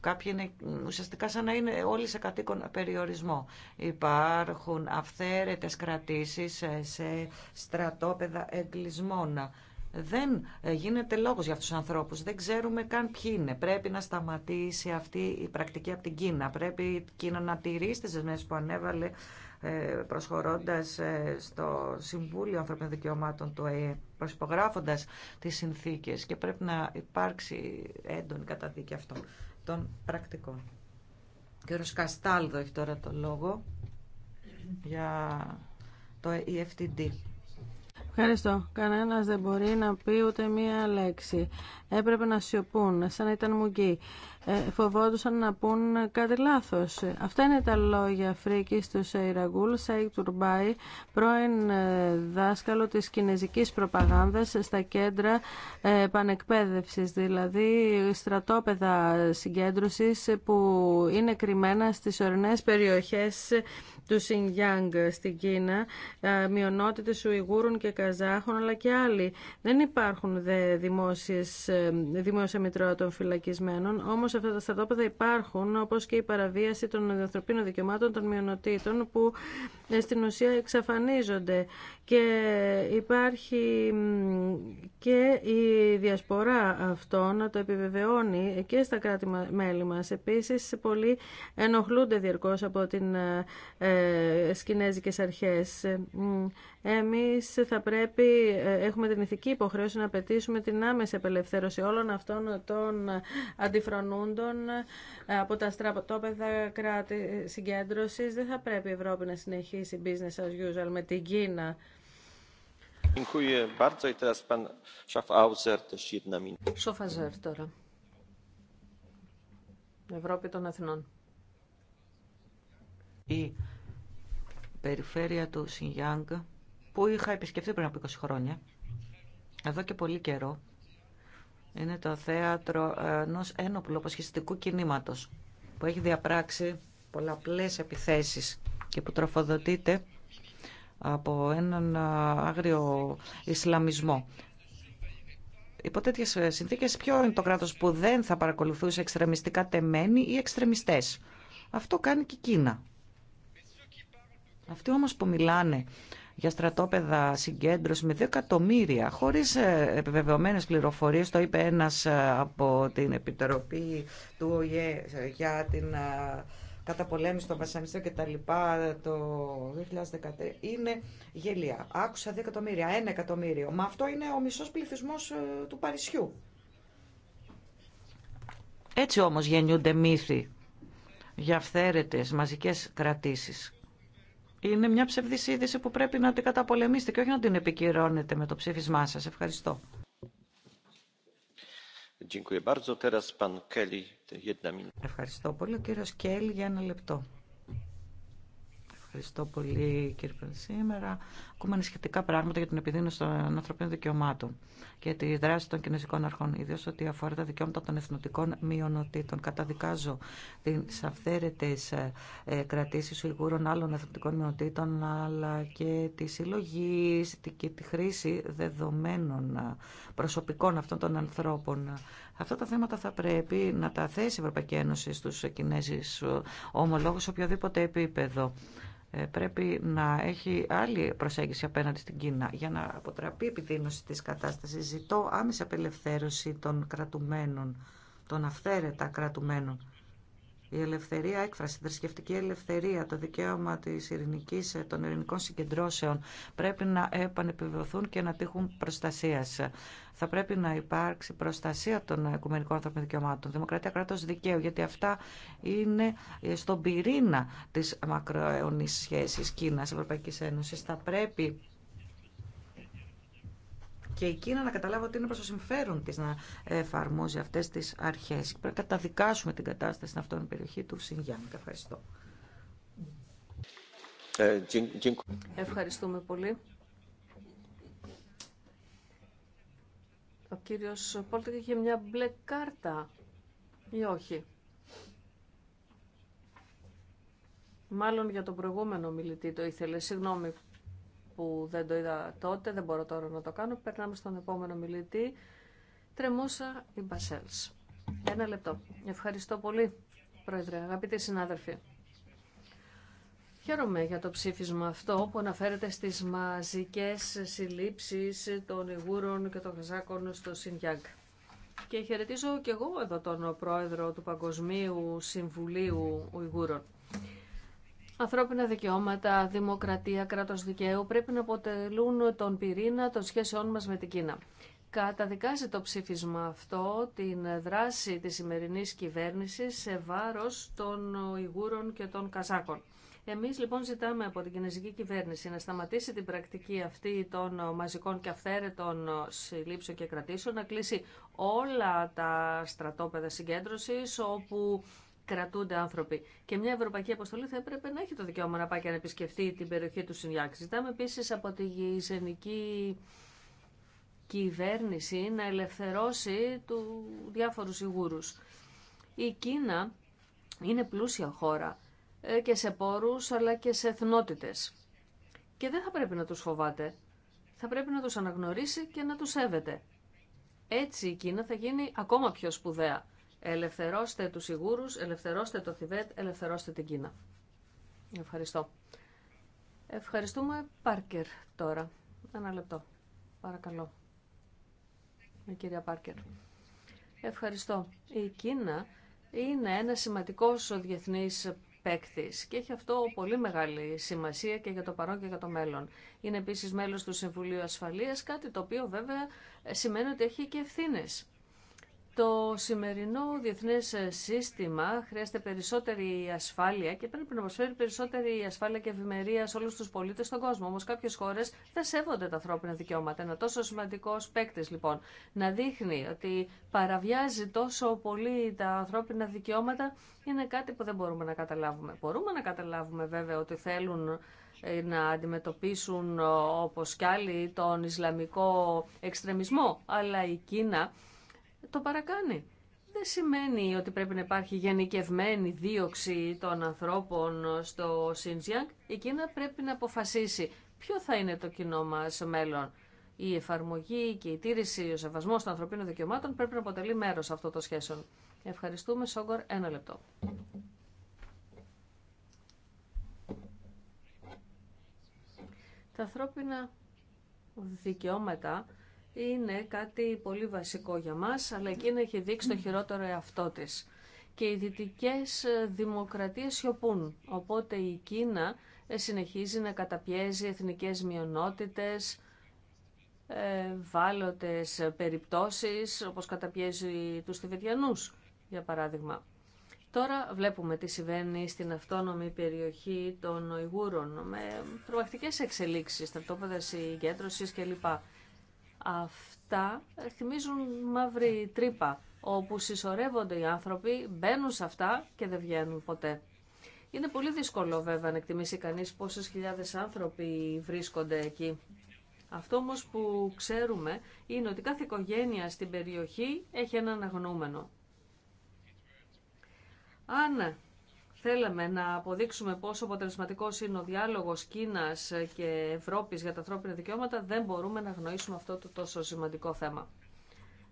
Κάποιοι είναι ουσιαστικά σαν να είναι όλοι σε κατοίκον περιορισμό. Υπάρχουν αυθαίρετες κρατήσεις σε στρατόπεδα εγκλισμών. Δεν ε, γίνεται λόγος για αυτούς τους ανθρώπους. Δεν ξέρουμε καν ποιοι είναι. Πρέπει να σταματήσει αυτή η πρακτική από την Κίνα. Πρέπει η Κίνα να τηρήσει τις δεσμεύσεις που ανέβαλε ε, προσχωρώντας ε, στο Συμβούλιο Ανθρωπίνων Δικαιωμάτων του ΑΕΕ, προσυπογράφοντας τις συνθήκες και πρέπει να υπάρξει έντονη καταδίκη αυτό των πρακτικών. Κύριο Καστάλδο έχει τώρα το λόγο για το EFTD. Ευχαριστώ. Κανένα δεν μπορεί να πει ούτε μία λέξη. Έπρεπε να σιωπούν, σαν να ήταν μουγκοί. Ε, φοβόντουσαν να πούν κάτι λάθος. Ε, αυτά είναι τα λόγια φρίκη του Σεϊραγκούλ Σαϊκ Τουρμπάι, πρώην ε, δάσκαλο της κινέζικης προπαγάνδας στα κέντρα πανεκπαίδευσης, δηλαδή στρατόπεδα συγκέντρωσης που είναι κρυμμένα στις ορεινές περιοχές του Σινγκιάνγκ στην Κίνα, μειονότητε Ουιγούρων και Καζάχων, αλλά και άλλοι. Δεν υπάρχουν δε δημόσιες, ε, δημόσια μητρώα των φυλακισμένων, όμως αυτά τα στρατόπεδα υπάρχουν, όπως και η παραβίαση των ανθρωπίνων δικαιωμάτων των μειονοτήτων, που ε, στην ουσία εξαφανίζονται. Και υπάρχει και η διασπορά αυτών, να το επιβεβαιώνει και στα κράτη-μέλη μας. Επίσης, πολλοί ενοχλούνται διαρκώς από την ε, ε, κινέζικες αρχές. Ε, εμείς θα πρέπει, ε, έχουμε την ηθική υποχρέωση να πετήσουμε την άμεση απελευθέρωση όλων αυτών των αντιφρονούντων από τα στρατόπεδα κράτη συγκέντρωσης. Δεν θα πρέπει η Ευρώπη να συνεχίσει business as usual με την Κίνα. Σοφαζέρ τώρα. Ευρώπη των Αθηνών περιφέρεια του Σινγιάνγκ που είχα επισκεφτεί πριν από 20 χρόνια εδώ και πολύ καιρό είναι το θέατρο ενό ένοπλου αποσχεστικού κινήματος που έχει διαπράξει πολλαπλές επιθέσεις και που τροφοδοτείται από έναν άγριο Ισλαμισμό. Υπό τέτοιε συνθήκε, ποιο είναι το κράτο που δεν θα παρακολουθούσε εξτρεμιστικά τεμένοι ή εξτρεμιστέ. Αυτό κάνει και η Κίνα. Αυτοί όμως που μιλάνε για στρατόπεδα συγκέντρωση με 2 εκατομμύρια, χωρίς ε, επιβεβαιωμένες πληροφορίες, το είπε ένας ε, από την Επιτροπή του ΟΙΕ ε, για την καταπολέμηση των βασανιστών και τα λοιπά το 2013 είναι γελία. Άκουσα 2 εκατομμύρια, 1 εκατομμύριο. Μα αυτό είναι ο μισός πληθυσμός του Παρισιού. Έτσι όμως γεννιούνται μύθοι για αυθαίρετες μαζικές κρατήσεις είναι μια ψευδής είδηση που πρέπει να την καταπολεμήσετε και όχι να την επικυρώνετε με το ψήφισμά σας. Ευχαριστώ. Ευχαριστώ πολύ. Ο κύριος Κέλλη για ένα λεπτό. Ευχαριστώ πολύ κύριε Πρωθυπουργέ. σήμερα. Ακούμε ανησυχητικά πράγματα για την επιδείνωση των ανθρωπίνων δικαιωμάτων και τη δράση των κινέζικων αρχών, ιδίω ό,τι αφορά τα δικαιώματα των εθνοτικών μειονοτήτων. Καταδικάζω τι αυθαίρετε ε, ε, κρατήσει Ουιγούρων άλλων εθνοτικών μειονοτήτων, αλλά και τη συλλογή και τη χρήση δεδομένων ε, προσωπικών αυτών των ανθρώπων. Αυτά τα θέματα θα πρέπει να τα θέσει η Ευρωπαϊκή Ένωση στου Κινέζους ομολόγου σε οποιοδήποτε επίπεδο. Ε, πρέπει να έχει άλλη προσέγγιση απέναντι στην Κίνα για να αποτραπεί η επιδείνωση της κατάστασης. Ζητώ άμεση απελευθέρωση των κρατουμένων, των αυθαίρετα κρατουμένων η ελευθερία έκφραση, η θρησκευτική ελευθερία, το δικαίωμα της ειρηνικής, των ειρηνικών συγκεντρώσεων πρέπει να επανεπιβεβαιωθούν και να τύχουν προστασία. Θα πρέπει να υπάρξει προστασία των οικουμενικών ανθρωπίνων δικαιωμάτων, δημοκρατία, κράτος δικαίου, γιατί αυτά είναι στον πυρήνα της μακροαιωνής σχέσης Ευρωπαϊκή Ένωση. Θα πρέπει και η Κίνα να καταλάβει ότι είναι προ το συμφέρον τη να εφαρμόζει αυτέ τι αρχέ. Πρέπει να καταδικάσουμε την κατάσταση στην την περιοχή του Σινγκιάνγκ. Ευχαριστώ. Ε, Ευχαριστούμε πολύ. Ο κύριος Πόλτεκ είχε μια μπλε κάρτα ή όχι. Μάλλον για τον προηγούμενο μιλητή το ήθελε. Συγγνώμη που δεν το είδα τότε, δεν μπορώ τώρα να το κάνω. Περνάμε στον επόμενο μιλητή. Τρεμούσα η Μπασέλς. Ένα λεπτό. Ευχαριστώ πολύ, Πρόεδρε, αγαπητοί συνάδελφοι. Χαίρομαι για το ψήφισμα αυτό που αναφέρεται στις μαζικές συλλήψεις των Ιγούρων και των Χαζάκων στο Σινγιάγκ. Και χαιρετίζω και εγώ εδώ τον πρόεδρο του Παγκοσμίου Συμβουλίου Ιγούρων. Ανθρώπινα δικαιώματα, δημοκρατία, κράτος δικαίου πρέπει να αποτελούν τον πυρήνα των σχέσεών μα με την Κίνα. Καταδικάζει το ψήφισμα αυτό την δράση της σημερινής κυβέρνησης σε βάρος των Ιγούρων και των Καζάκων. Εμείς λοιπόν ζητάμε από την κινέζικη κυβέρνηση να σταματήσει την πρακτική αυτή των μαζικών και αυθαίρετων συλλήψεων και κρατήσεων, να κλείσει όλα τα στρατόπεδα συγκέντρωσης όπου κρατούνται άνθρωποι. Και μια ευρωπαϊκή αποστολή θα έπρεπε να έχει το δικαίωμα να πάει και να επισκεφτεί την περιοχή του Σινιάκ. Ζητάμε επίση από τη γηγενική κυβέρνηση να ελευθερώσει του διάφορους σιγούρους. Η Κίνα είναι πλούσια χώρα ε, και σε πόρους αλλά και σε εθνότητες. Και δεν θα πρέπει να τους φοβάται. Θα πρέπει να τους αναγνωρίσει και να τους σέβεται. Έτσι η Κίνα θα γίνει ακόμα πιο σπουδαία. Ελευθερώστε τους Ιγούρους, ελευθερώστε το Θιβέτ, ελευθερώστε την Κίνα. Ευχαριστώ. Ευχαριστούμε Πάρκερ τώρα. Ένα λεπτό. Παρακαλώ. Η κυρία Πάρκερ. Ευχαριστώ. Η Κίνα είναι ένα σημαντικό διεθνής παίκτης και έχει αυτό πολύ μεγάλη σημασία και για το παρόν και για το μέλλον. Είναι επίσης μέλος του Συμβουλίου Ασφαλείας, κάτι το οποίο βέβαια σημαίνει ότι έχει και ευθύνες. Το σημερινό διεθνές σύστημα χρειάζεται περισσότερη ασφάλεια και πρέπει να προσφέρει περισσότερη ασφάλεια και ευημερία σε όλους τους πολίτες στον κόσμο. Όμως κάποιες χώρες δεν σέβονται τα ανθρώπινα δικαιώματα. Ένα τόσο σημαντικό παίκτη λοιπόν να δείχνει ότι παραβιάζει τόσο πολύ τα ανθρώπινα δικαιώματα είναι κάτι που δεν μπορούμε να καταλάβουμε. Μπορούμε να καταλάβουμε βέβαια ότι θέλουν ε, να αντιμετωπίσουν ε, όπως κι άλλοι τον Ισλαμικό εξτρεμισμό, αλλά η Κίνα το παρακάνει. Δεν σημαίνει ότι πρέπει να υπάρχει γενικευμένη δίωξη των ανθρώπων στο Σιντζιάνγκ. Η Κίνα πρέπει να αποφασίσει ποιο θα είναι το κοινό μας μέλλον. Η εφαρμογή και η τήρηση, ο σεβασμό των ανθρωπίνων δικαιωμάτων πρέπει να αποτελεί μέρο αυτών των σχέσεων. Ευχαριστούμε, Σόγκορ. Ένα λεπτό. Τα ανθρώπινα δικαιώματα είναι κάτι πολύ βασικό για μας, αλλά εκείνη έχει δείξει το χειρότερο εαυτό της. Και οι δυτικέ ε, δημοκρατίες σιωπούν, οπότε η Κίνα ε, συνεχίζει να καταπιέζει εθνικές μειονότητες, ε, βάλωτες περιπτώσεις, όπως καταπιέζει τους Τιβετιανούς, για παράδειγμα. Τώρα βλέπουμε τι συμβαίνει στην αυτόνομη περιοχή των Οιγούρων με προβακτικές εξελίξεις, στρατόπεδα συγκέντρωσης κλπ. Αυτά θυμίζουν μαύρη τρύπα, όπου συσσωρεύονται οι άνθρωποι, μπαίνουν σε αυτά και δεν βγαίνουν ποτέ. Είναι πολύ δύσκολο βέβαια να εκτιμήσει κανείς πόσες χιλιάδες άνθρωποι βρίσκονται εκεί. Αυτό όμω που ξέρουμε είναι ότι κάθε οικογένεια στην περιοχή έχει έναν αγνούμενο. Άνα. Θέλαμε να αποδείξουμε πόσο αποτελεσματικό είναι ο διάλογο Κίνα και Ευρώπη για τα ανθρώπινα δικαιώματα. Δεν μπορούμε να γνωρίσουμε αυτό το τόσο σημαντικό θέμα.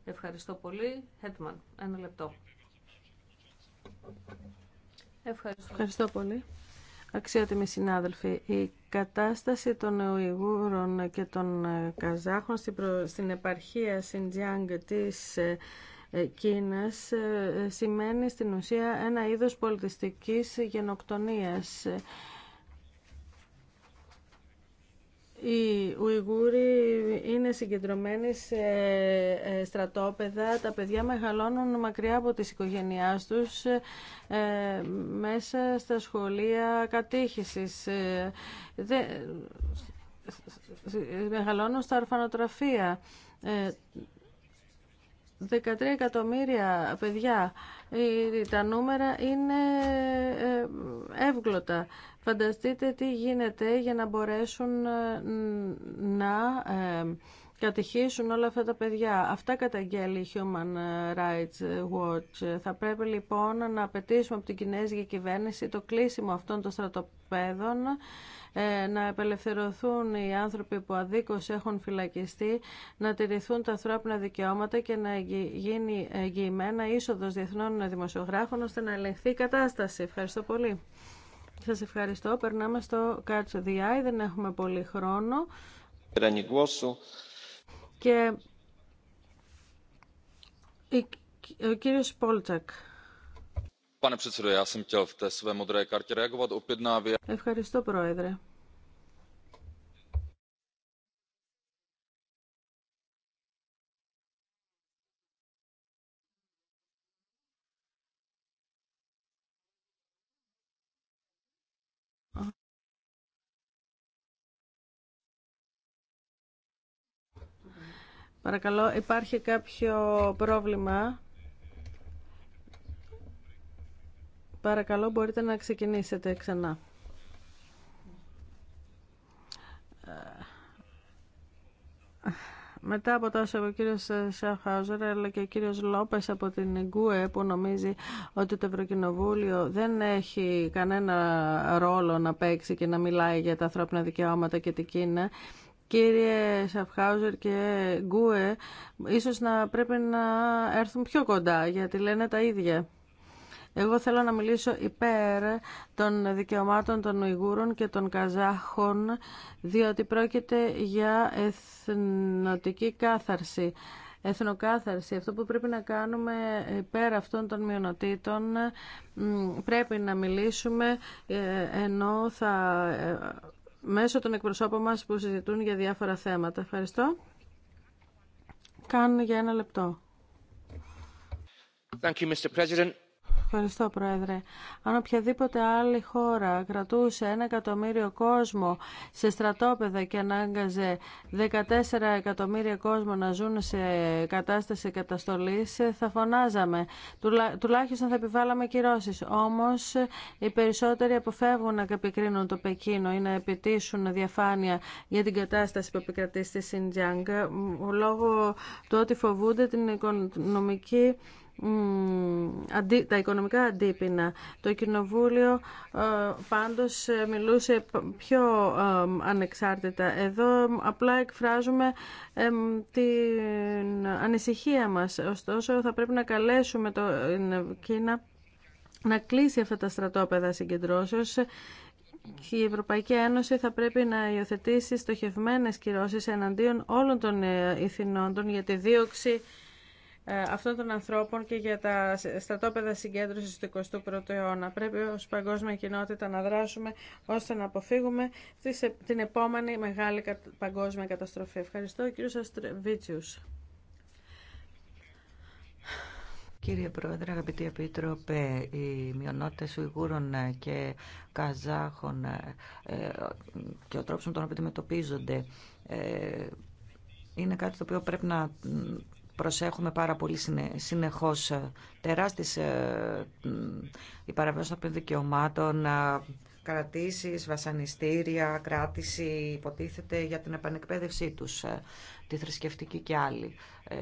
Ευχαριστώ πολύ. Χέτμαν, ένα λεπτό. Ευχαριστώ. Ευχαριστώ πολύ. Αξιότιμοι συνάδελφοι, η κατάσταση των Ουιγούρων και των Καζάχων στην επαρχία Σιντζιάνγκ της ε, ε, Κίνας ε, σημαίνει στην ουσία ένα είδος πολιτιστικής γενοκτονίας. Οι Ουιγούροι είναι συγκεντρωμένοι σε ε, στρατόπεδα. Τα παιδιά μεγαλώνουν μακριά από τις οικογένειάς τους μέσα στα σχολεία κατήχησης. Μεγαλώνουν στα ορφανοτραφεία. 13 εκατομμύρια παιδιά. Τα νούμερα είναι ε, εύγλωτα. Φανταστείτε τι γίνεται για να μπορέσουν ε, να ε, κατηχήσουν όλα αυτά τα παιδιά. Αυτά καταγγέλει η Human Rights Watch. Θα πρέπει λοιπόν να απαιτήσουμε από την Κινέζικη κυβέρνηση το κλείσιμο αυτών των στρατοπέδων ε, να απελευθερωθούν οι άνθρωποι που αδίκως έχουν φυλακιστεί, να τηρηθούν τα ανθρώπινα δικαιώματα και να γίνει εγγυημένα είσοδος διεθνών δημοσιογράφων ώστε να ελεγχθεί η κατάσταση. Ευχαριστώ πολύ. Σας ευχαριστώ. Περνάμε στο Catch the Δεν έχουμε πολύ χρόνο. Και ο κύριος Πόλτσακ. Ευχαριστώ, Πρόεδρε. Παρακαλώ, υπάρχει κάποιο πρόβλημα Παρακαλώ μπορείτε να ξεκινήσετε ξανά. Ε, μετά από τόσο ο κύριο Σαφχάουζερ αλλά και ο κύριο Λόπε από την Γκουε που νομίζει ότι το Ευρωκοινοβούλιο δεν έχει κανένα ρόλο να παίξει και να μιλάει για τα ανθρώπινα δικαιώματα και την Κίνα. Κύριε Σαφχάουζερ και Γκούε, ίσως να πρέπει να έρθουν πιο κοντά γιατί λένε τα ίδια. Εγώ θέλω να μιλήσω υπέρ των δικαιωμάτων των Ουιγούρων και των Καζάχων, διότι πρόκειται για εθνοτική κάθαρση εθνοκάθαρση. Αυτό που πρέπει να κάνουμε υπέρ αυτών των μειονοτήτων πρέπει να μιλήσουμε ε, ενώ θα ε, μέσω των εκπροσώπων μας που συζητούν για διάφορα θέματα. Ευχαριστώ. Κάνω για ένα λεπτό. Thank you, Mr. Ευχαριστώ, Πρόεδρε. Αν οποιαδήποτε άλλη χώρα κρατούσε ένα εκατομμύριο κόσμο σε στρατόπεδα και ανάγκαζε 14 εκατομμύρια κόσμο να ζουν σε κατάσταση καταστολής, θα φωνάζαμε. τουλάχιστον θα επιβάλαμε κυρώσει. Όμως, οι περισσότεροι αποφεύγουν να επικρίνουν το Πεκίνο ή να επιτύσσουν διαφάνεια για την κατάσταση που επικρατεί στη Σιντζιάνγκ, λόγω του ότι φοβούνται την οικονομική τα οικονομικά αντίπεινα. Το Κοινοβούλιο ε, πάντως ε, μιλούσε πιο ε, ανεξάρτητα. Εδώ απλά εκφράζουμε την ανησυχία μας. Ωστόσο θα πρέπει να καλέσουμε το Κίνα να κλείσει αυτά τα στρατόπεδα συγκεντρώσεως η Ευρωπαϊκή Ένωση θα πρέπει να υιοθετήσει στοχευμένες κυρώσεις εναντίον όλων των ηθινών για τη δίωξη ε, αυτών των ανθρώπων και για τα στρατόπεδα συγκέντρωσης του 21ου αιώνα. Πρέπει ως παγκόσμια κοινότητα να δράσουμε ώστε να αποφύγουμε την επόμενη μεγάλη παγκόσμια καταστροφή. Ευχαριστώ κύριος Αστρεβίτσιους. Κύριε Πρόεδρε, αγαπητοί επίτροπε, οι μειονότητε Ουιγούρων και Καζάχων ε, και ο τρόπο με τον οποίο αντιμετωπίζονται ε, είναι κάτι το οποίο πρέπει να προσέχουμε πάρα πολύ συνεχώς. Ε, τεράστιες ε, οι παραβιώσεις των δικαιωμάτων, κρατήσεις, βασανιστήρια, κράτηση υποτίθεται για την επανεκπαίδευσή τους, ε, τη θρησκευτική και άλλη. Ε,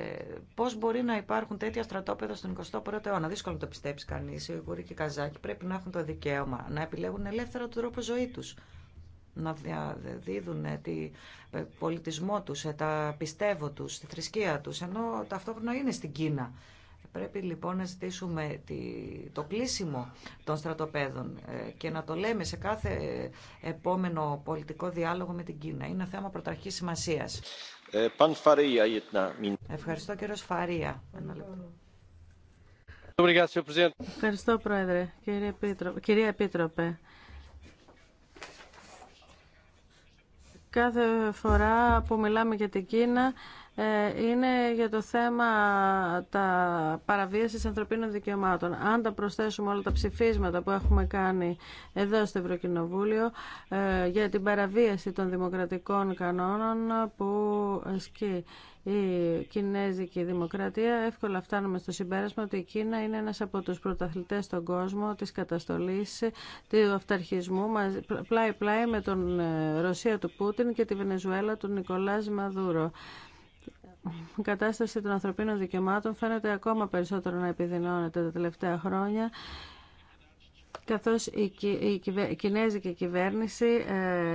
πώς μπορεί να υπάρχουν τέτοια στρατόπεδα στον 21ο αιώνα. Δύσκολο να το πιστέψει κανείς. Οι Ιγουροί και οι Καζάκοι πρέπει να έχουν το δικαίωμα να επιλέγουν ελεύθερα τον τρόπο ζωή τους να διαδίδουν ε, τη ε, πολιτισμό τους, ε, τα πιστεύω τους, τη θρησκεία τους, ενώ ταυτόχρονα είναι στην Κίνα. Πρέπει λοιπόν να ζητήσουμε το κλείσιμο των στρατοπέδων και να το λέμε σε κάθε επόμενο πολιτικό διάλογο με την Κίνα. Είναι θέμα πρωταρχής σημασίας. Ευχαριστώ κύριο Φαρία. Ευχαριστώ Πρόεδρε, Κυρία Επίτροπε. κάθε φορά που μιλάμε για την Κίνα ε, είναι για το θέμα τα παραβίασης ανθρωπίνων δικαιωμάτων. Αν τα προσθέσουμε όλα τα ψηφίσματα που έχουμε κάνει εδώ στο Ευρωκοινοβούλιο ε, για την παραβίαση των δημοκρατικών κανόνων που ασκεί η Κινέζικη Δημοκρατία, εύκολα φτάνουμε στο συμπέρασμα ότι η Κίνα είναι ένας από τους πρωταθλητές στον κόσμο της καταστολής, του αυταρχισμού, πλάι-πλάι με τον ε, Ρωσία του Πούτιν και τη Βενεζουέλα του Νικολάς Μαδούρο. Η κατάσταση των ανθρωπίνων δικαιωμάτων φαίνεται ακόμα περισσότερο να επιδεινώνεται τα τελευταία χρόνια καθώς η, η, κινέζικη κυβέρνηση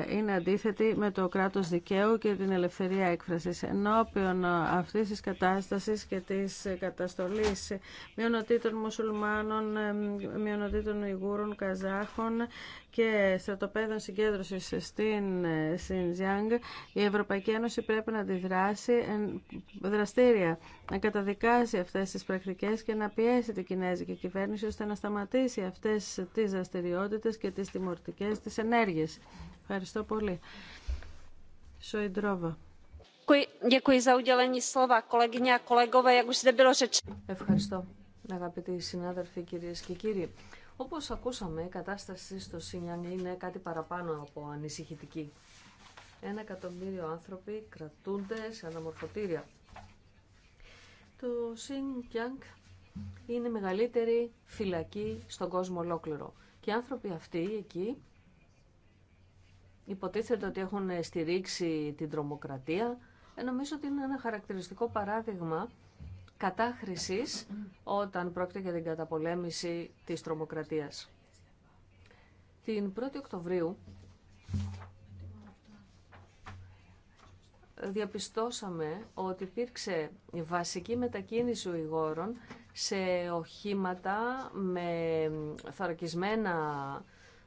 ε, είναι αντίθετη με το κράτος δικαίου και την ελευθερία έκφρασης. Ενώπιον ε, αυτής της κατάστασης και της καταστολής μειονοτήτων μουσουλμάνων, ε, μειονοτήτων Ιγούρων, Καζάχων και στρατοπέδων συγκέντρωση στην ε, Σιντζιάνγκ, η Ευρωπαϊκή Ένωση πρέπει να αντιδράσει ε, δραστήρια, να καταδικάσει αυτές τις πρακτικές και να πιέσει την Κινέζικη κυβέρνηση ώστε να σταματήσει αυτές τις δραστηριότητες και τις τιμωρητικές τις ενέργειες. Ευχαριστώ πολύ. Σοϊντρόβα. Ευχαριστώ, αγαπητοί συνάδελφοι, κυρίες και κύριοι. Όπως ακούσαμε, η κατάσταση στο Σινιάνγκ είναι κάτι παραπάνω από ανησυχητική. Ένα εκατομμύριο άνθρωποι κρατούνται σε αναμορφωτήρια. Το Σινιάνγκ είναι η μεγαλύτερη φυλακή στον κόσμο ολόκληρο. Και οι άνθρωποι αυτοί εκεί υποτίθεται ότι έχουν στηρίξει την τρομοκρατία. Ε, νομίζω ότι είναι ένα χαρακτηριστικό παράδειγμα κατάχρησης όταν πρόκειται για την καταπολέμηση της τρομοκρατίας. Την 1η Οκτωβρίου διαπιστώσαμε ότι υπήρξε βασική μετακίνηση οιγόρων σε οχήματα με θωρακισμένα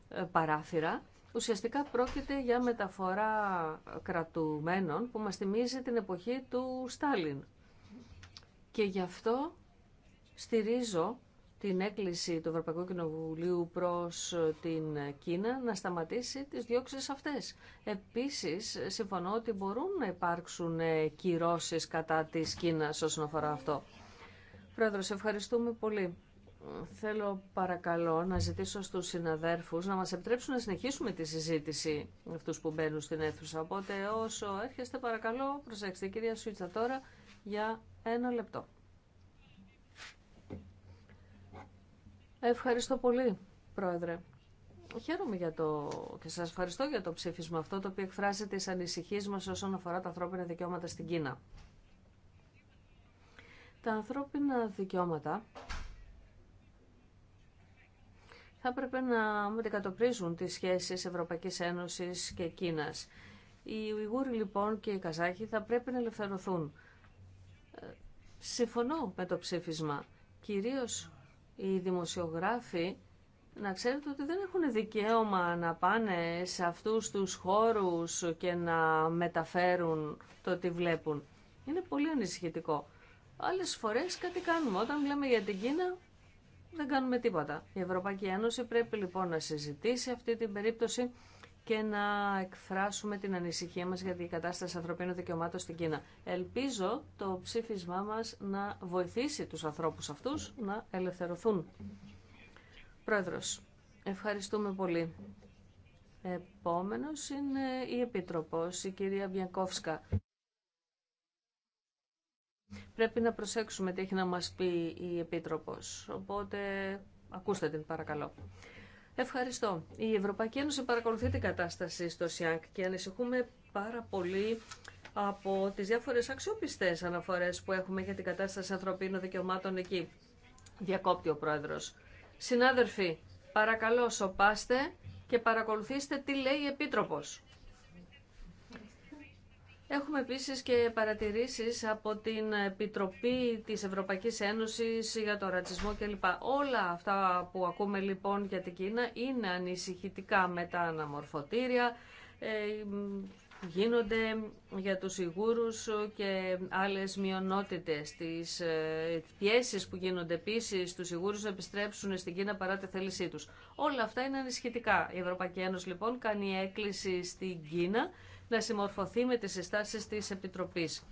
ε, παράθυρα. Ουσιαστικά πρόκειται για μεταφορά κρατουμένων που μας θυμίζει την εποχή του Στάλιν. Και γι' αυτό στηρίζω την έκκληση του Ευρωπαϊκού Κοινοβουλίου προς ε, την ε, Κίνα να σταματήσει τις διώξεις αυτές. Επίσης, συμφωνώ ότι μπορούν να υπάρξουν ε, κυρώσεις κατά της Κίνας όσον αφορά αυτό. Πρόεδρος, ευχαριστούμε πολύ. Θέλω παρακαλώ να ζητήσω στους συναδέρφους να μας επιτρέψουν να συνεχίσουμε τη συζήτηση αυτούς που μπαίνουν στην αίθουσα. Οπότε όσο έρχεστε παρακαλώ προσέξτε κυρία Σουίτσα τώρα για ένα λεπτό. Ευχαριστώ πολύ, Πρόεδρε. Χαίρομαι για το... και σας ευχαριστώ για το ψήφισμα αυτό, το οποίο εκφράζει τις ανησυχίες μας όσον αφορά τα ανθρώπινα δικαιώματα στην Κίνα. Τα ανθρώπινα δικαιώματα θα έπρεπε να αντικατοπρίζουν τις σχέσεις Ευρωπαϊκής Ένωσης και Κίνας. Οι Ουιγούροι λοιπόν και οι Καζάχοι θα πρέπει να ελευθερωθούν. Συμφωνώ με το ψήφισμα. Κυρίως οι δημοσιογράφοι να ξέρετε ότι δεν έχουν δικαίωμα να πάνε σε αυτούς τους χώρους και να μεταφέρουν το τι βλέπουν. Είναι πολύ ανησυχητικό. Άλλες φορές κάτι κάνουμε. Όταν λέμε για την Κίνα δεν κάνουμε τίποτα. Η Ευρωπαϊκή Ένωση πρέπει λοιπόν να συζητήσει αυτή την περίπτωση και να εκφράσουμε την ανησυχία μας για την κατάσταση ανθρωπίνων δικαιωμάτων στην Κίνα. Ελπίζω το ψήφισμά μας να βοηθήσει τους ανθρώπους αυτούς να ελευθερωθούν. Πρόεδρος, ευχαριστούμε πολύ. Επόμενος είναι η Επίτροπος, η κυρία Μπιακόφσκα. Πρέπει να προσέξουμε τι έχει να μας πει η Επίτροπος, οπότε ακούστε την παρακαλώ. Ευχαριστώ. Η Ευρωπαϊκή Ένωση παρακολουθεί την κατάσταση στο ΣΙΑΚ και ανησυχούμε πάρα πολύ από τις διάφορες αξιόπιστες αναφορές που έχουμε για την κατάσταση ανθρωπίνων δικαιωμάτων εκεί. Διακόπτει ο Πρόεδρος. Συνάδελφοι, παρακαλώ σοπάστε και παρακολουθήστε τι λέει η Επίτροπος. Έχουμε επίσης και παρατηρήσεις από την Επιτροπή της Ευρωπαϊκής Ένωσης για το ρατσισμό κλπ. Όλα αυτά που ακούμε λοιπόν για την Κίνα είναι ανησυχητικά με τα αναμορφωτήρια, ε, γίνονται για τους Ιγούρους και άλλες μειονότητες. Τις ε, πιέσεις που γίνονται επίση στους Ιγούρους να επιστρέψουν στην Κίνα παρά τη θέλησή τους. Όλα αυτά είναι ανησυχητικά. Η Ευρωπαϊκή Ένωση λοιπόν κάνει έκκληση στην Κίνα να συμμορφωθεί με τις συστάσεις της Επιτροπής.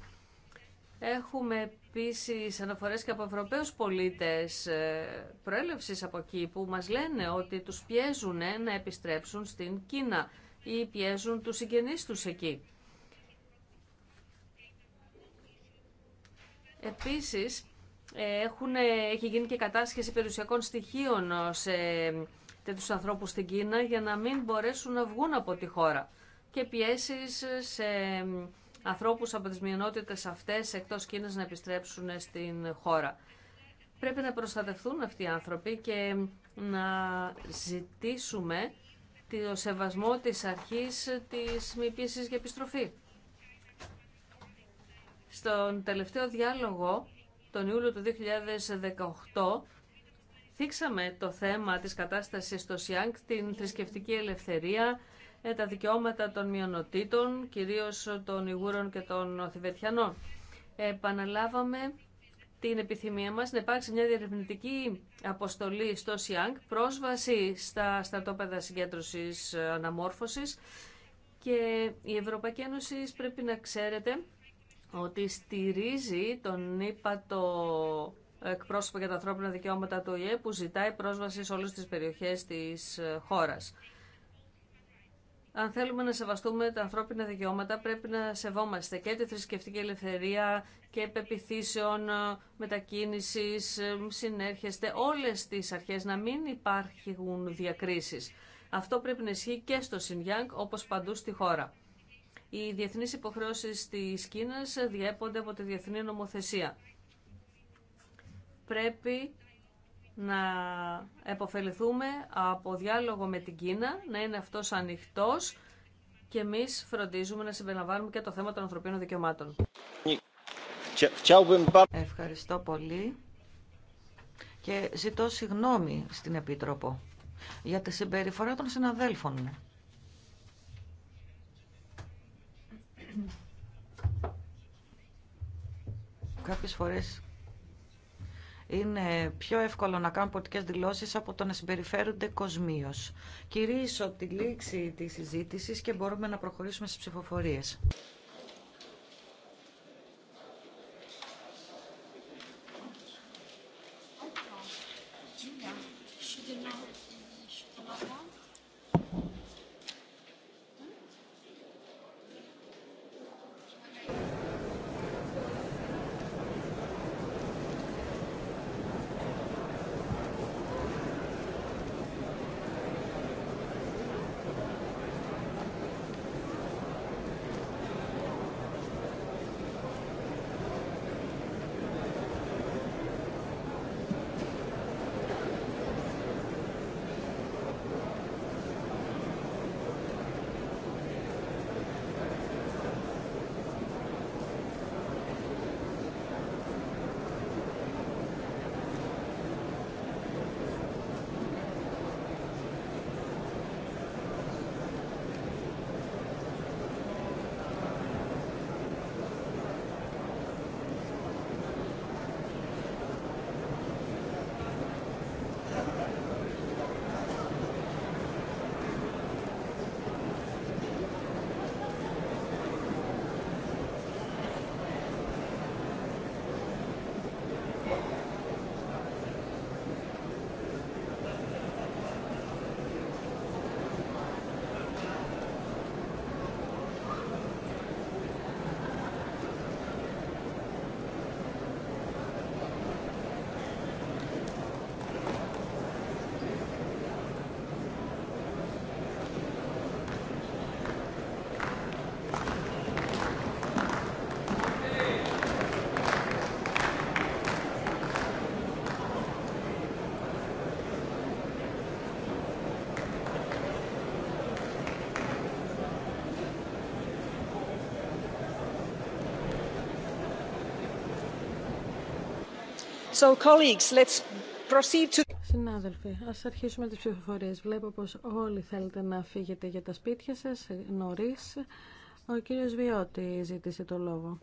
Έχουμε επίσης αναφορές και από Ευρωπαίους πολίτες ε, προέλευσης από εκεί που μας λένε ότι τους πιέζουν να επιστρέψουν στην Κίνα ή πιέζουν τους συγγενείς τους εκεί. Επίσης, ε, έχουν, ε, έχει γίνει και κατάσχεση περιουσιακών στοιχείων σε τέτοιους ανθρώπους στην Κίνα για να μην μπορέσουν να βγουν από τη χώρα και πιέσεις σε ανθρώπους από τις μειονότητες αυτές εκτός Κίνας να επιστρέψουν στην χώρα. Πρέπει να προστατευτούν αυτοί οι άνθρωποι και να ζητήσουμε το σεβασμό της αρχής της μη πίεσης για επιστροφή. Στον τελευταίο διάλογο, τον Ιούλιο του 2018, θίξαμε το θέμα της κατάστασης στο ΣΙΑΝΚ, την θρησκευτική ελευθερία, ε, τα δικαιώματα των μειονοτήτων, κυρίως των Ιγούρων και των Θηβετιανών. Επαναλάβαμε την επιθυμία μας να υπάρξει μια διερευνητική αποστολή στο ΣΙΑΝΚ, πρόσβαση στα στρατόπεδα συγκέντρωσης ε, αναμόρφωσης και η Ευρωπαϊκή Ένωση πρέπει να ξέρετε ότι στηρίζει τον ύπατο εκπρόσωπο για τα ανθρώπινα δικαιώματα του ΟΗΕ που ζητάει πρόσβαση σε όλες τις περιοχές της ε, χώρας αν θέλουμε να σεβαστούμε τα ανθρώπινα δικαιώματα, πρέπει να σεβόμαστε και τη θρησκευτική ελευθερία και επεπιθύσεων ε, μετακίνησης, ε, συνέρχεστε, όλες τις αρχές να μην υπάρχουν διακρίσεις. Αυτό πρέπει να ισχύει και στο Σινγιάνγκ, όπως παντού στη χώρα. Οι διεθνείς υποχρεώσεις της Κίνας διέπονται από τη διεθνή νομοθεσία. Πρέπει να επωφεληθούμε από διάλογο με την Κίνα, να είναι αυτός ανοιχτός και εμείς φροντίζουμε να συμπεριλαμβάνουμε και το θέμα των ανθρωπίνων δικαιωμάτων. Ευχαριστώ πολύ και ζητώ συγγνώμη στην Επίτροπο για τη συμπεριφορά των συναδέλφων μου. Κάποιες φορές είναι πιο εύκολο να κάνουν πολιτικέ δηλώσεις από το να συμπεριφέρονται κοσμίω. Κυρίσω τη λήξη τη συζήτηση και μπορούμε να προχωρήσουμε στι ψηφοφορίες. Συνάδελφοι, ας αρχίσουμε τις ψηφοφορίες. Βλέπω πως όλοι θέλετε να φύγετε για τα σπίτια σας νωρίς. Ο κύριος Βιώτη ζήτησε το λόγο.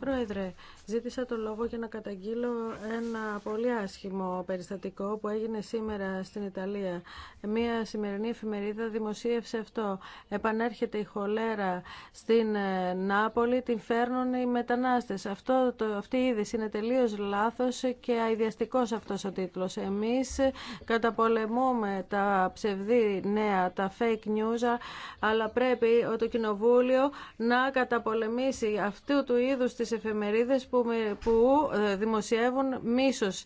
Πρόεδρε, Ζήτησα το λόγο για να καταγγείλω ένα πολύ άσχημο περιστατικό που έγινε σήμερα στην Ιταλία. Μία σημερινή εφημερίδα δημοσίευσε αυτό. Επανέρχεται η χολέρα στην ε, Νάπολη, την φέρνουν οι μετανάστες. Αυτό, το, αυτή η είδηση είναι τελείως λάθος και αειδιαστικός αυτός ο τίτλος. Εμείς καταπολεμούμε τα ψευδή νέα, τα fake news, αλλά πρέπει το Κοινοβούλιο να καταπολεμήσει αυτού του είδους τις εφημερίδες που, που ε, δημοσιεύουν μίσος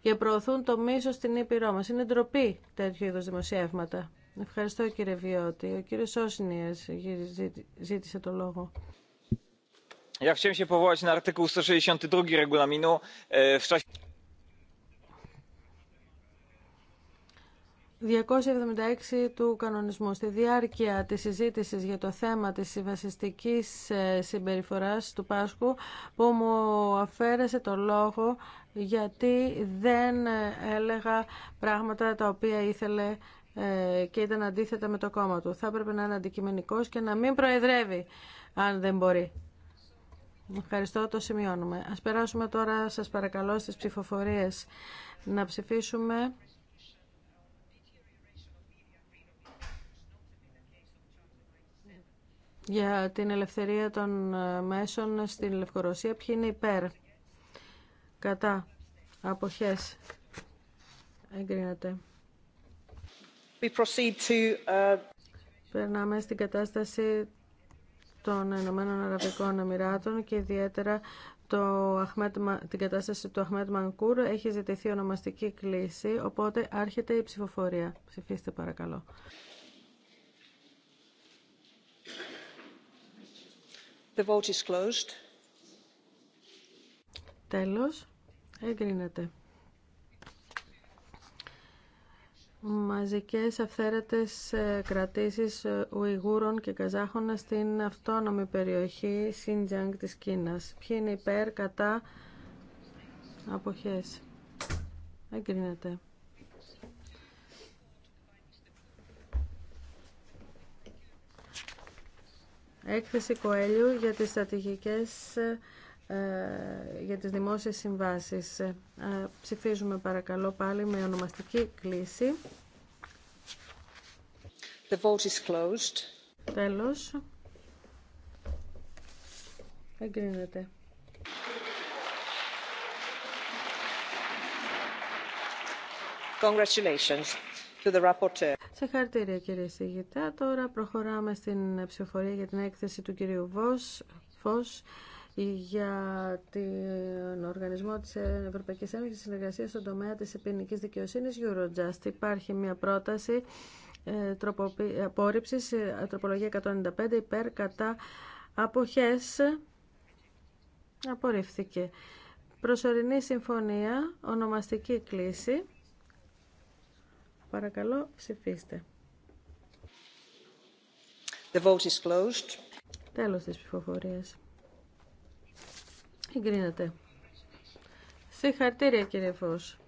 και προωθούν το μίσος στην Ήπειρό μας. Είναι ντροπή τέτοιου είδους δημοσιεύματα. Ευχαριστώ κύριε Βιώτη. Ο κύριος Σόσνιας ζήτησε το λόγο. Ja chciałem się powołać na artykuł 162 regulaminu e, w czasie... 276 του κανονισμού. Στη διάρκεια της συζήτησης για το θέμα της βασιστικής ε, συμπεριφοράς του Πάσχου που μου αφαίρεσε το λόγο γιατί δεν ε, έλεγα πράγματα τα οποία ήθελε ε, και ήταν αντίθετα με το κόμμα του. Θα έπρεπε να είναι αντικειμενικός και να μην προεδρεύει αν δεν μπορεί. Ευχαριστώ, το σημειώνουμε. Ας περάσουμε τώρα, σας παρακαλώ, στις ψηφοφορίες να ψηφίσουμε για την ελευθερία των ε, μέσων στην Λευκορωσία. Ποιοι είναι υπέρ, κατά, αποχές. Εγκρίνεται. We proceed to, uh... Περνάμε στην κατάσταση των Ηνωμένων Αραβικών Εμμυράτων και ιδιαίτερα το Αχμέτ, την κατάσταση του Αχμέτ Μανκούρ έχει ζητηθεί ονομαστική κλίση, οπότε άρχεται η ψηφοφορία. Ψηφίστε παρακαλώ. The Τέλος. Εγκρίνεται. Μαζικές αυθαίρετες ε, κρατήσεις ε, Ουιγούρων και Καζάχων στην αυτόνομη περιοχή Σιντζάνγκ της Κίνας. Ποιοι είναι υπέρ, κατά, αποχές. Εγκρίνεται. Έκθεση Κοέλιου για τις στρατηγικές ε, για τις δημόσιες συμβάσεις. Ε, ψηφίζουμε παρακαλώ πάλι με ονομαστική κλίση. The vote is closed. Τέλος. Εγκρίνεται. Congratulations. Σε χαρακτήρια κύριε Σιγητά. Τώρα προχωράμε στην ψηφοφορία για την έκθεση του κυρίου Βος, για τον Οργανισμό της Ευρωπαϊκής Ένωσης Συνεργασίας στον τομέα της ποινικής δικαιοσύνης Eurojust. Υπάρχει μια πρόταση ε, απόρριψη, ε, τροπολογία 195 υπέρ κατά αποχές. Απορρίφθηκε. Προσωρινή συμφωνία, ονομαστική κλίση. Παρακαλώ, ψηφίστε. The vote is closed. Τέλος της ψηφοφορίας. Εγκρίνεται. Συγχαρητήρια κύριε Φως.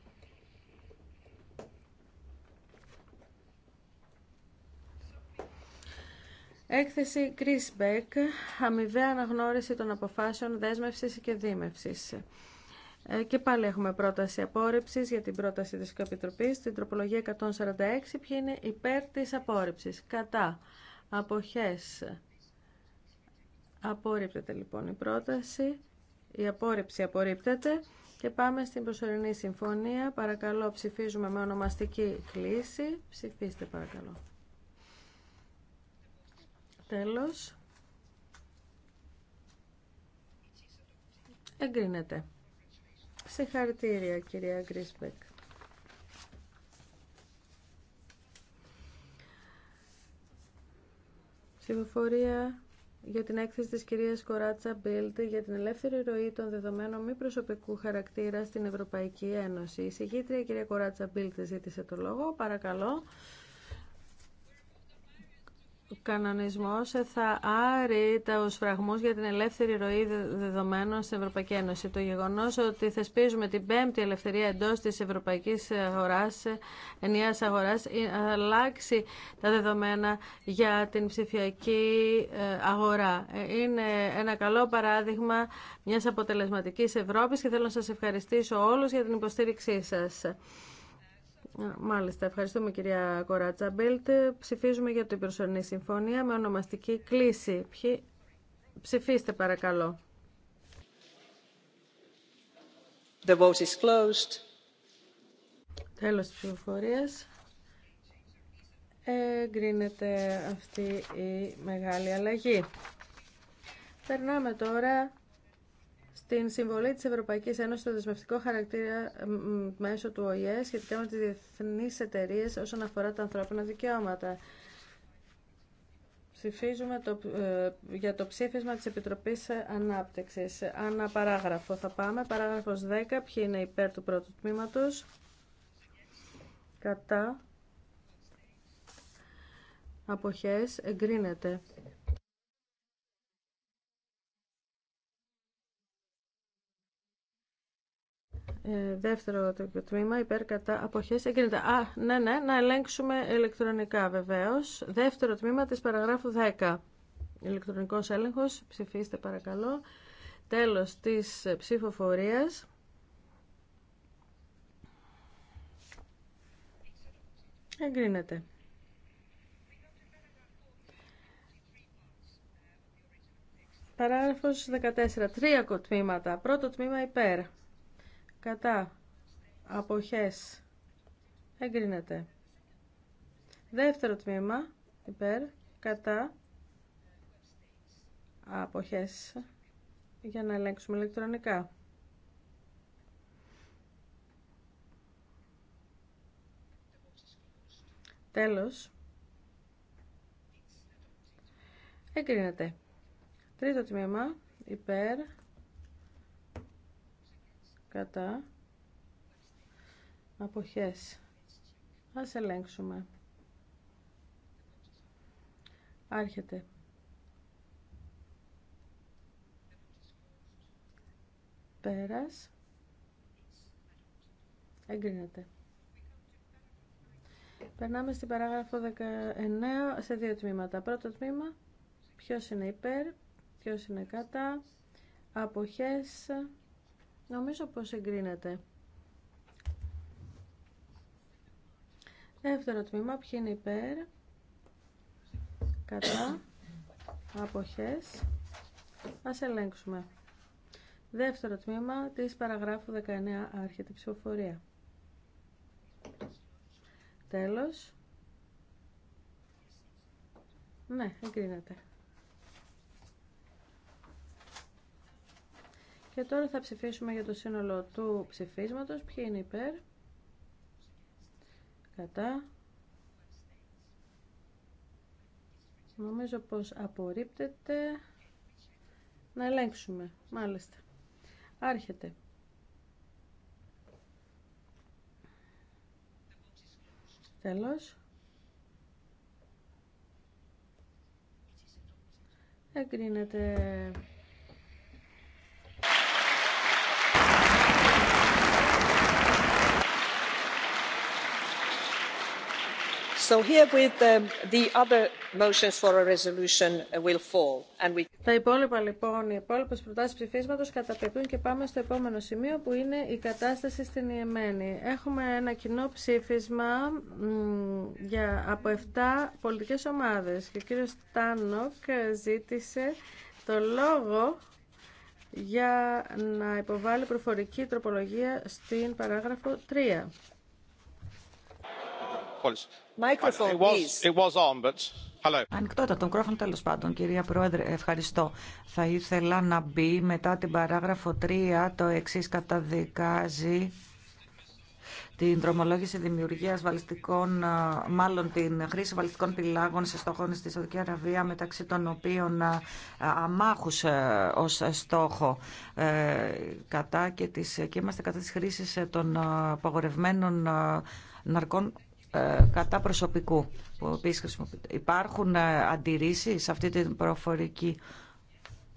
Έκθεση Κρίσμπεκ, αμοιβαία αναγνώριση των αποφάσεων δέσμευσης και δίμευσης. Ε, και πάλι έχουμε πρόταση απόρριψης για την πρόταση της Επιτροπής. Την τροπολογία 146 Ποιοι είναι υπέρ της απόρριψης. Κατά. Αποχές. Απορρίπτεται λοιπόν η πρόταση. Η απόρριψη απορρίπτεται. Και πάμε στην προσωρινή συμφωνία. Παρακαλώ ψηφίζουμε με ονομαστική κλίση. Ψηφίστε παρακαλώ. Τέλος. Εγκρίνεται. Συγχαρητήρια κυρία Γκρίσπεκ. Ψηφοφορία για την έκθεση της κυρίας Κοράτσα Μπίλτ για την ελεύθερη ροή των δεδομένων μη προσωπικού χαρακτήρα στην Ευρωπαϊκή Ένωση. Η κυρία Κοράτσα Μπίλτ ζήτησε το λόγο. Παρακαλώ κανονισμό θα άρει τα σφραγμού για την ελεύθερη ροή δεδομένων στην Ευρωπαϊκή Ένωση. Το γεγονός ότι θεσπίζουμε την πέμπτη ελευθερία εντός της ευρωπαϊκής αγοράς, αγορά αγοράς, ε, αλλάξει τα δεδομένα για την ψηφιακή ε, αγορά. Ε, είναι ένα καλό παράδειγμα μιας αποτελεσματικής Ευρώπης και θέλω να σα ευχαριστήσω όλου για την υποστήριξή σα. Μάλιστα, ευχαριστούμε κυρία Κοράτσα Μπέλτ. Ψηφίζουμε για την προσωρινή συμφωνία με ονομαστική κλίση. Ποιοι... Ψηφίστε παρακαλώ. The vote is closed. Τέλος της ψηφοφορίας. Εγκρίνεται αυτή η μεγάλη αλλαγή. Περνάμε τώρα την συμβολή της Ευρωπαϊκής Ένωσης στο δεσμευτικό χαρακτήρα μέσω του ΟΗΕ σχετικά με τις διεθνείς εταιρείε όσον αφορά τα ανθρώπινα δικαιώματα. Ψηφίζουμε ε, για το ψήφισμα της Επιτροπής Ανάπτυξης. Ανά παράγραφο θα πάμε. Παράγραφος 10. Ποιοι είναι υπέρ του πρώτου τμήματος. Κατά. Αποχές. Εγκρίνεται. Ε, δεύτερο τμήμα, υπέρ κατά αποχές εγκρίνεται. Α, ναι, ναι, να ελέγξουμε ηλεκτρονικά βεβαίως. Δεύτερο τμήμα της παραγράφου 10. Ηλεκτρονικός έλεγχος, ψηφίστε παρακαλώ. Τέλος της ψηφοφορίας. Εγκρίνεται. Παράγραφος 14. Τρία κοτμήματα. Πρώτο τμήμα υπέρ κατά αποχές εγκρίνεται. Δεύτερο τμήμα υπέρ κατά αποχές για να ελέγξουμε ηλεκτρονικά. Τέλος. Εγκρίνεται. Τρίτο τμήμα υπέρ κατά αποχές. Ας ελέγξουμε. Άρχεται. Πέρας. Εγκρίνεται. Περνάμε στην παράγραφο 19 σε δύο τμήματα. Πρώτο τμήμα, ποιος είναι υπέρ, ποιος είναι κατά, αποχές, Νομίζω πως εγκρίνεται. Δεύτερο τμήμα, ποιοι είναι υπέρ, κατά, αποχές. Ας ελέγξουμε. Δεύτερο τμήμα της παραγράφου 19, άρχεται ψηφοφορία. Τέλος. Ναι, εγκρίνεται. Και τώρα θα ψηφίσουμε για το σύνολο του ψηφίσματος. Ποιοι είναι υπέρ. Κατά. Νομίζω πως απορρίπτεται. Να ελέγξουμε. Μάλιστα. Άρχεται. Τέλος. Εγκρίνεται Τα υπόλοιπα λοιπόν, οι υπόλοιπε προτάσει ψηφίσματο καταπαιτούν και πάμε στο επόμενο σημείο που είναι η κατάσταση στην Ιεμένη. Έχουμε ένα κοινό ψήφισμα για, από 7 πολιτικέ ομάδε και ο κύριο Τάνοκ ζήτησε το λόγο για να υποβάλει προφορική τροπολογία στην παράγραφο 3. Αν τον το μικρόφωνο τέλο πάντων, κυρία Πρόεδρε. Ευχαριστώ. Θα ήθελα να μπει μετά την παράγραφο 3 το εξή καταδικάζει την τρομολόγηση δημιουργία βαλιστικών, μάλλον την χρήση βαλιστικών πυλάγων σε στόχων στη Σαουδική Αραβία, μεταξύ των οποίων αμάχου ω στόχο ε, κατά και, τις, και είμαστε κατά τη χρήση ε, των απαγορευμένων ναρκών ε, κατά προσωπικού που Υπάρχουν ε, αντιρρήσεις σε αυτή την προφορική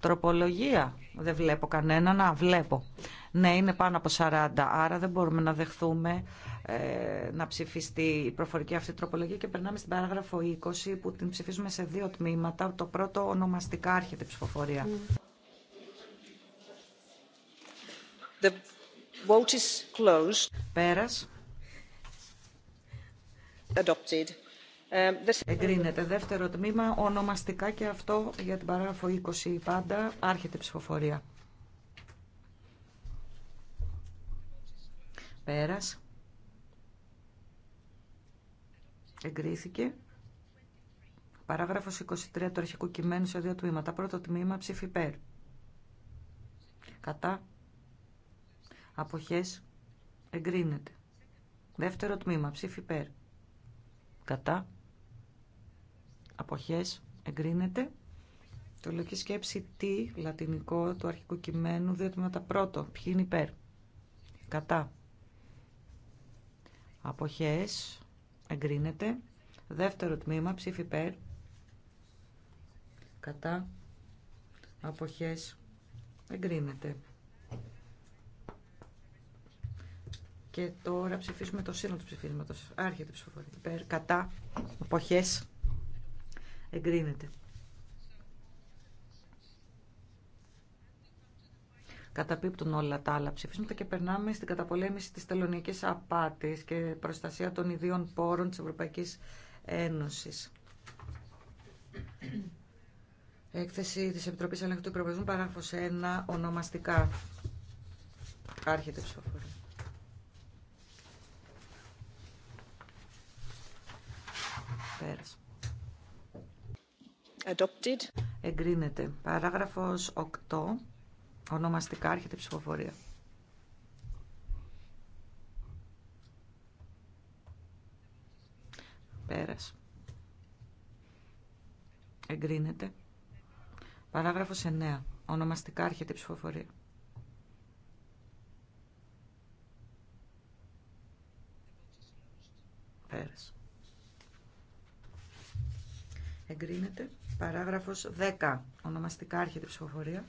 τροπολογία. Δεν βλέπω κανένα να βλέπω. Ναι, είναι πάνω από 40, άρα δεν μπορούμε να δεχθούμε ε, να ψηφιστεί η προφορική αυτή τροπολογία και περνάμε στην παράγραφο 20 που την ψηφίζουμε σε δύο τμήματα. Το πρώτο ονομαστικά έρχεται η ψηφοφορία. Mm. The vote is closed. Πέρας. Adopted. Um, Εγκρίνεται. Δεύτερο τμήμα, ονομαστικά και αυτό για την παράγραφο 20 πάντα, άρχεται ψηφοφορία. Πέρας. Εγκρίθηκε. Παράγραφος 23 του αρχικού κειμένου σε δύο τμήματα. Πρώτο τμήμα, ψήφι ΠΕΡ. Κατά. Αποχές. Εγκρίνεται. Δεύτερο τμήμα, ψήφι ΠΕΡ κατά αποχές εγκρίνεται το λογική σκέψη τι λατινικό του αρχικού κειμένου δύο τα πρώτο ποιοι είναι υπέρ κατά αποχές εγκρίνεται δεύτερο τμήμα ψήφι υπέρ κατά αποχές εγκρίνεται Και τώρα ψηφίσουμε το σύνολο του ψηφίσματος. Άρχεται η ψηφοφορία. κατά, εποχές. Εγκρίνεται. Καταπίπτουν όλα τα άλλα ψηφίσματα και περνάμε στην καταπολέμηση της τελωνιακής απάτης και προστασία των ιδίων πόρων της Ευρωπαϊκής Ένωσης. Έκθεση της Επιτροπής Ελέγχου του Υπηρεσμού, παράγραφος 1, ονομαστικά. Άρχεται η ψηφοφορία. Adopted. Εγκρίνεται. Παράγραφος 8. Ονομαστικά άρχεται ψηφοφορία. Πέρας. Εγκρίνεται. Παράγραφος 9. Ονομαστικά άρχεται ψηφοφορία. Πέρας. Εγκρίνεται. Παράγραφος 10. Ονομαστικά άρχεται ψηφοφορία.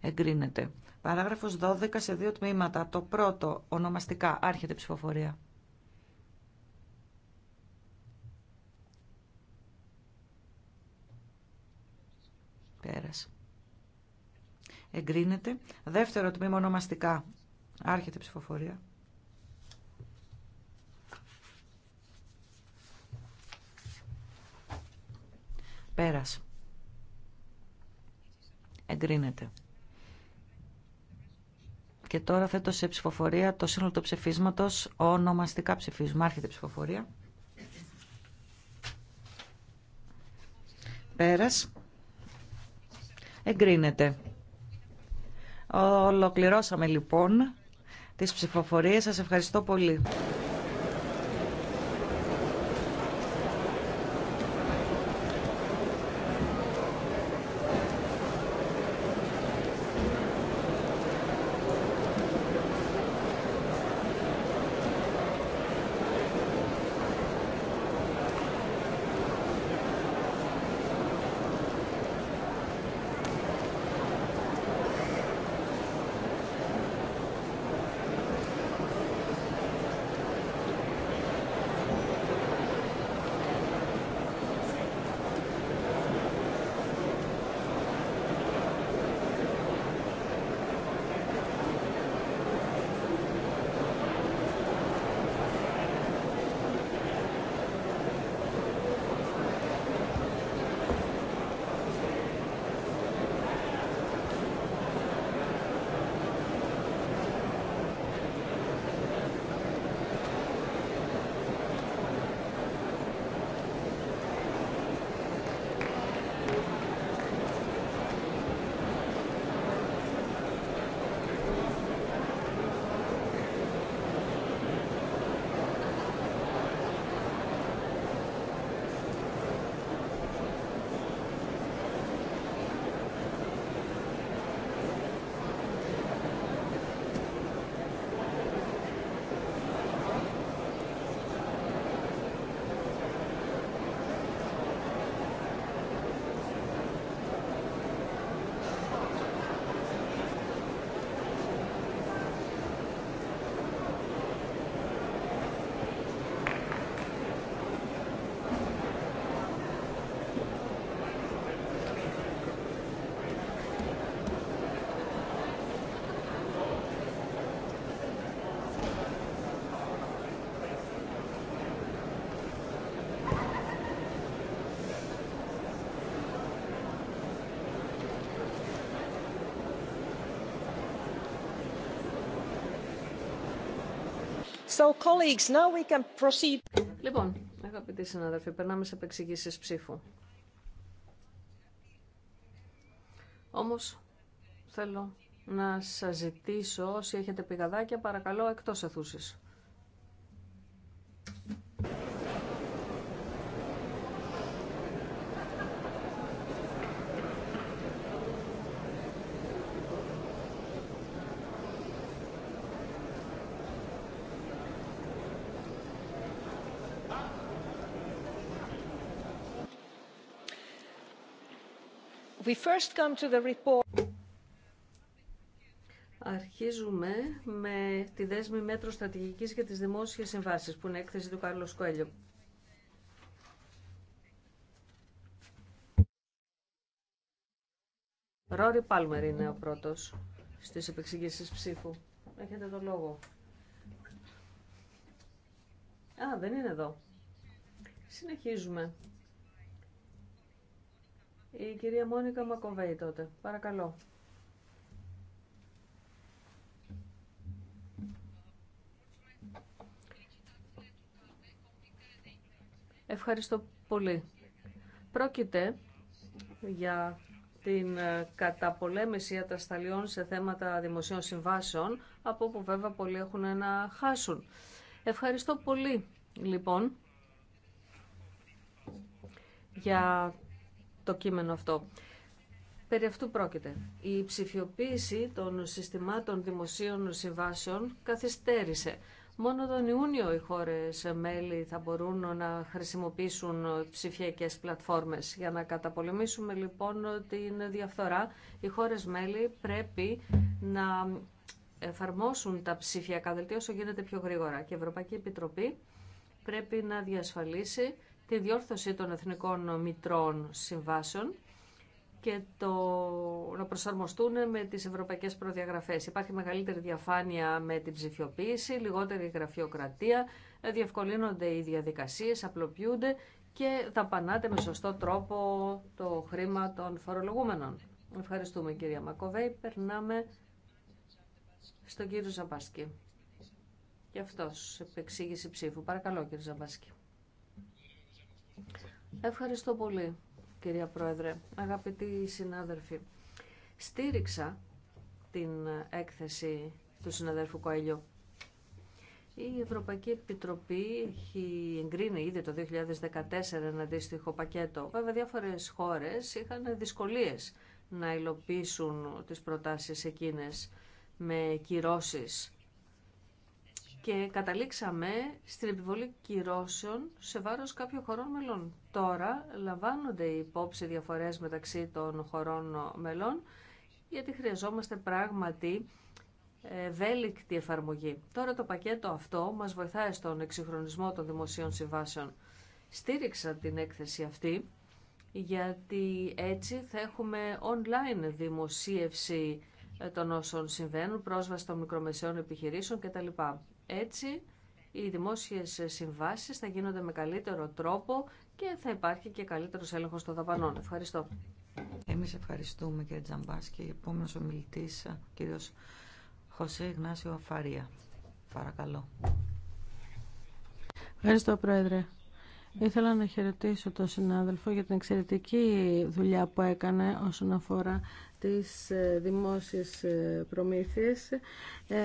Εγκρίνεται. Παράγραφος 12 σε δύο τμήματα. Το πρώτο ονομαστικά άρχεται ψηφοφορία. εγκρίνεται. Δεύτερο τμήμα ονομαστικά. Άρχεται ψηφοφορία. Πέρας. Εγκρίνεται. Και τώρα θέτω σε ψηφοφορία το σύνολο του ψηφίσματος, ονομαστικά ψηφίσμα. Άρχεται ψηφοφορία. Πέρας. Εγκρίνεται. Ολοκληρώσαμε λοιπόν τις ψηφοφορίες. Σας ευχαριστώ πολύ. So, colleagues, now we can proceed. Λοιπόν, αγαπητοί συνάδελφοι, περνάμε σε επεξηγήσεις ψήφου. Όμως, θέλω να σας ζητήσω, όσοι έχετε πηγαδάκια, παρακαλώ εκτός αιθούση. Αρχίζουμε με τη δέσμη μέτρων στρατηγικής για τις δημόσιες συμβάσεις, που είναι έκθεση του Κάρλος Κοέλιο. Ρόρι Πάλμερ είναι ο πρώτος στις επεξηγήσεις ψήφου. Έχετε το λόγο. Α, δεν είναι εδώ. Συνεχίζουμε. Η κυρία Μόνικα Μακοβέη τότε. Παρακαλώ. Ευχαριστώ πολύ. Πρόκειται για την ε, καταπολέμηση ατασταλιών σε θέματα δημοσίων συμβάσεων, από όπου βέβαια πολλοί έχουν να χάσουν. Ευχαριστώ πολύ, λοιπόν, για το κείμενο αυτό. Περί αυτού πρόκειται. Η ψηφιοποίηση των συστημάτων δημοσίων συμβάσεων καθυστέρησε. Μόνο τον Ιούνιο οι χώρες μέλη θα μπορούν να χρησιμοποιήσουν ψηφιακές πλατφόρμες. Για να καταπολεμήσουμε λοιπόν την διαφθορά, οι χώρες μέλη πρέπει να εφαρμόσουν τα ψηφιακά δελτία όσο γίνεται πιο γρήγορα. Και η Ευρωπαϊκή Επιτροπή πρέπει να διασφαλίσει τη διόρθωση των εθνικών μητρών συμβάσεων και το να προσαρμοστούν με τις ευρωπαϊκές προδιαγραφές. Υπάρχει μεγαλύτερη διαφάνεια με την ψηφιοποίηση, λιγότερη γραφειοκρατία, διευκολύνονται οι διαδικασίες, απλοποιούνται και δαπανάται με σωστό τρόπο το χρήμα των φορολογούμενων. Ευχαριστούμε κυρία Μακοβέη. Περνάμε στον κύριο Ζαμπάσκη. Και αυτός επεξήγηση ψήφου. Παρακαλώ κύριε Ζαμπάσκη. Ευχαριστώ πολύ, κυρία Πρόεδρε. Αγαπητοί συνάδελφοι, στήριξα την έκθεση του συναδέλφου Κοέλιο. Η Ευρωπαϊκή Επιτροπή έχει εγκρίνει ήδη το 2014 ένα αντίστοιχο πακέτο. Βέβαια, διάφορες χώρες είχαν δυσκολίες να υλοποιήσουν τις προτάσεις εκείνες με κυρώσεις και καταλήξαμε στην επιβολή κυρώσεων σε βάρος κάποιων χωρών μελών. Τώρα λαμβάνονται υπόψη διαφορές μεταξύ των χωρών μελών γιατί χρειαζόμαστε πράγματι ευέλικτη εφαρμογή. Τώρα το πακέτο αυτό μας βοηθάει στον εξυγχρονισμό των δημοσίων συμβάσεων. Στήριξα την έκθεση αυτή γιατί έτσι θα έχουμε online δημοσίευση ε, των όσων συμβαίνουν, πρόσβαση των μικρομεσαίων επιχειρήσεων κτλ. Έτσι, οι δημόσιες συμβάσεις θα γίνονται με καλύτερο τρόπο και θα υπάρχει και καλύτερος έλεγχος των δαπανών. Ευχαριστώ. Εμείς ευχαριστούμε κύριε Τζαμπάσκη. Επόμενος ομιλητής, κύριος Χωσέ Γνάσιο Αφαρία. Παρακαλώ. Ευχαριστώ, Πρόεδρε. Ήθελα να χαιρετήσω τον συνάδελφο για την εξαιρετική δουλειά που έκανε όσον αφορά τις ε, δημόσιες ε, προμήθειες ε,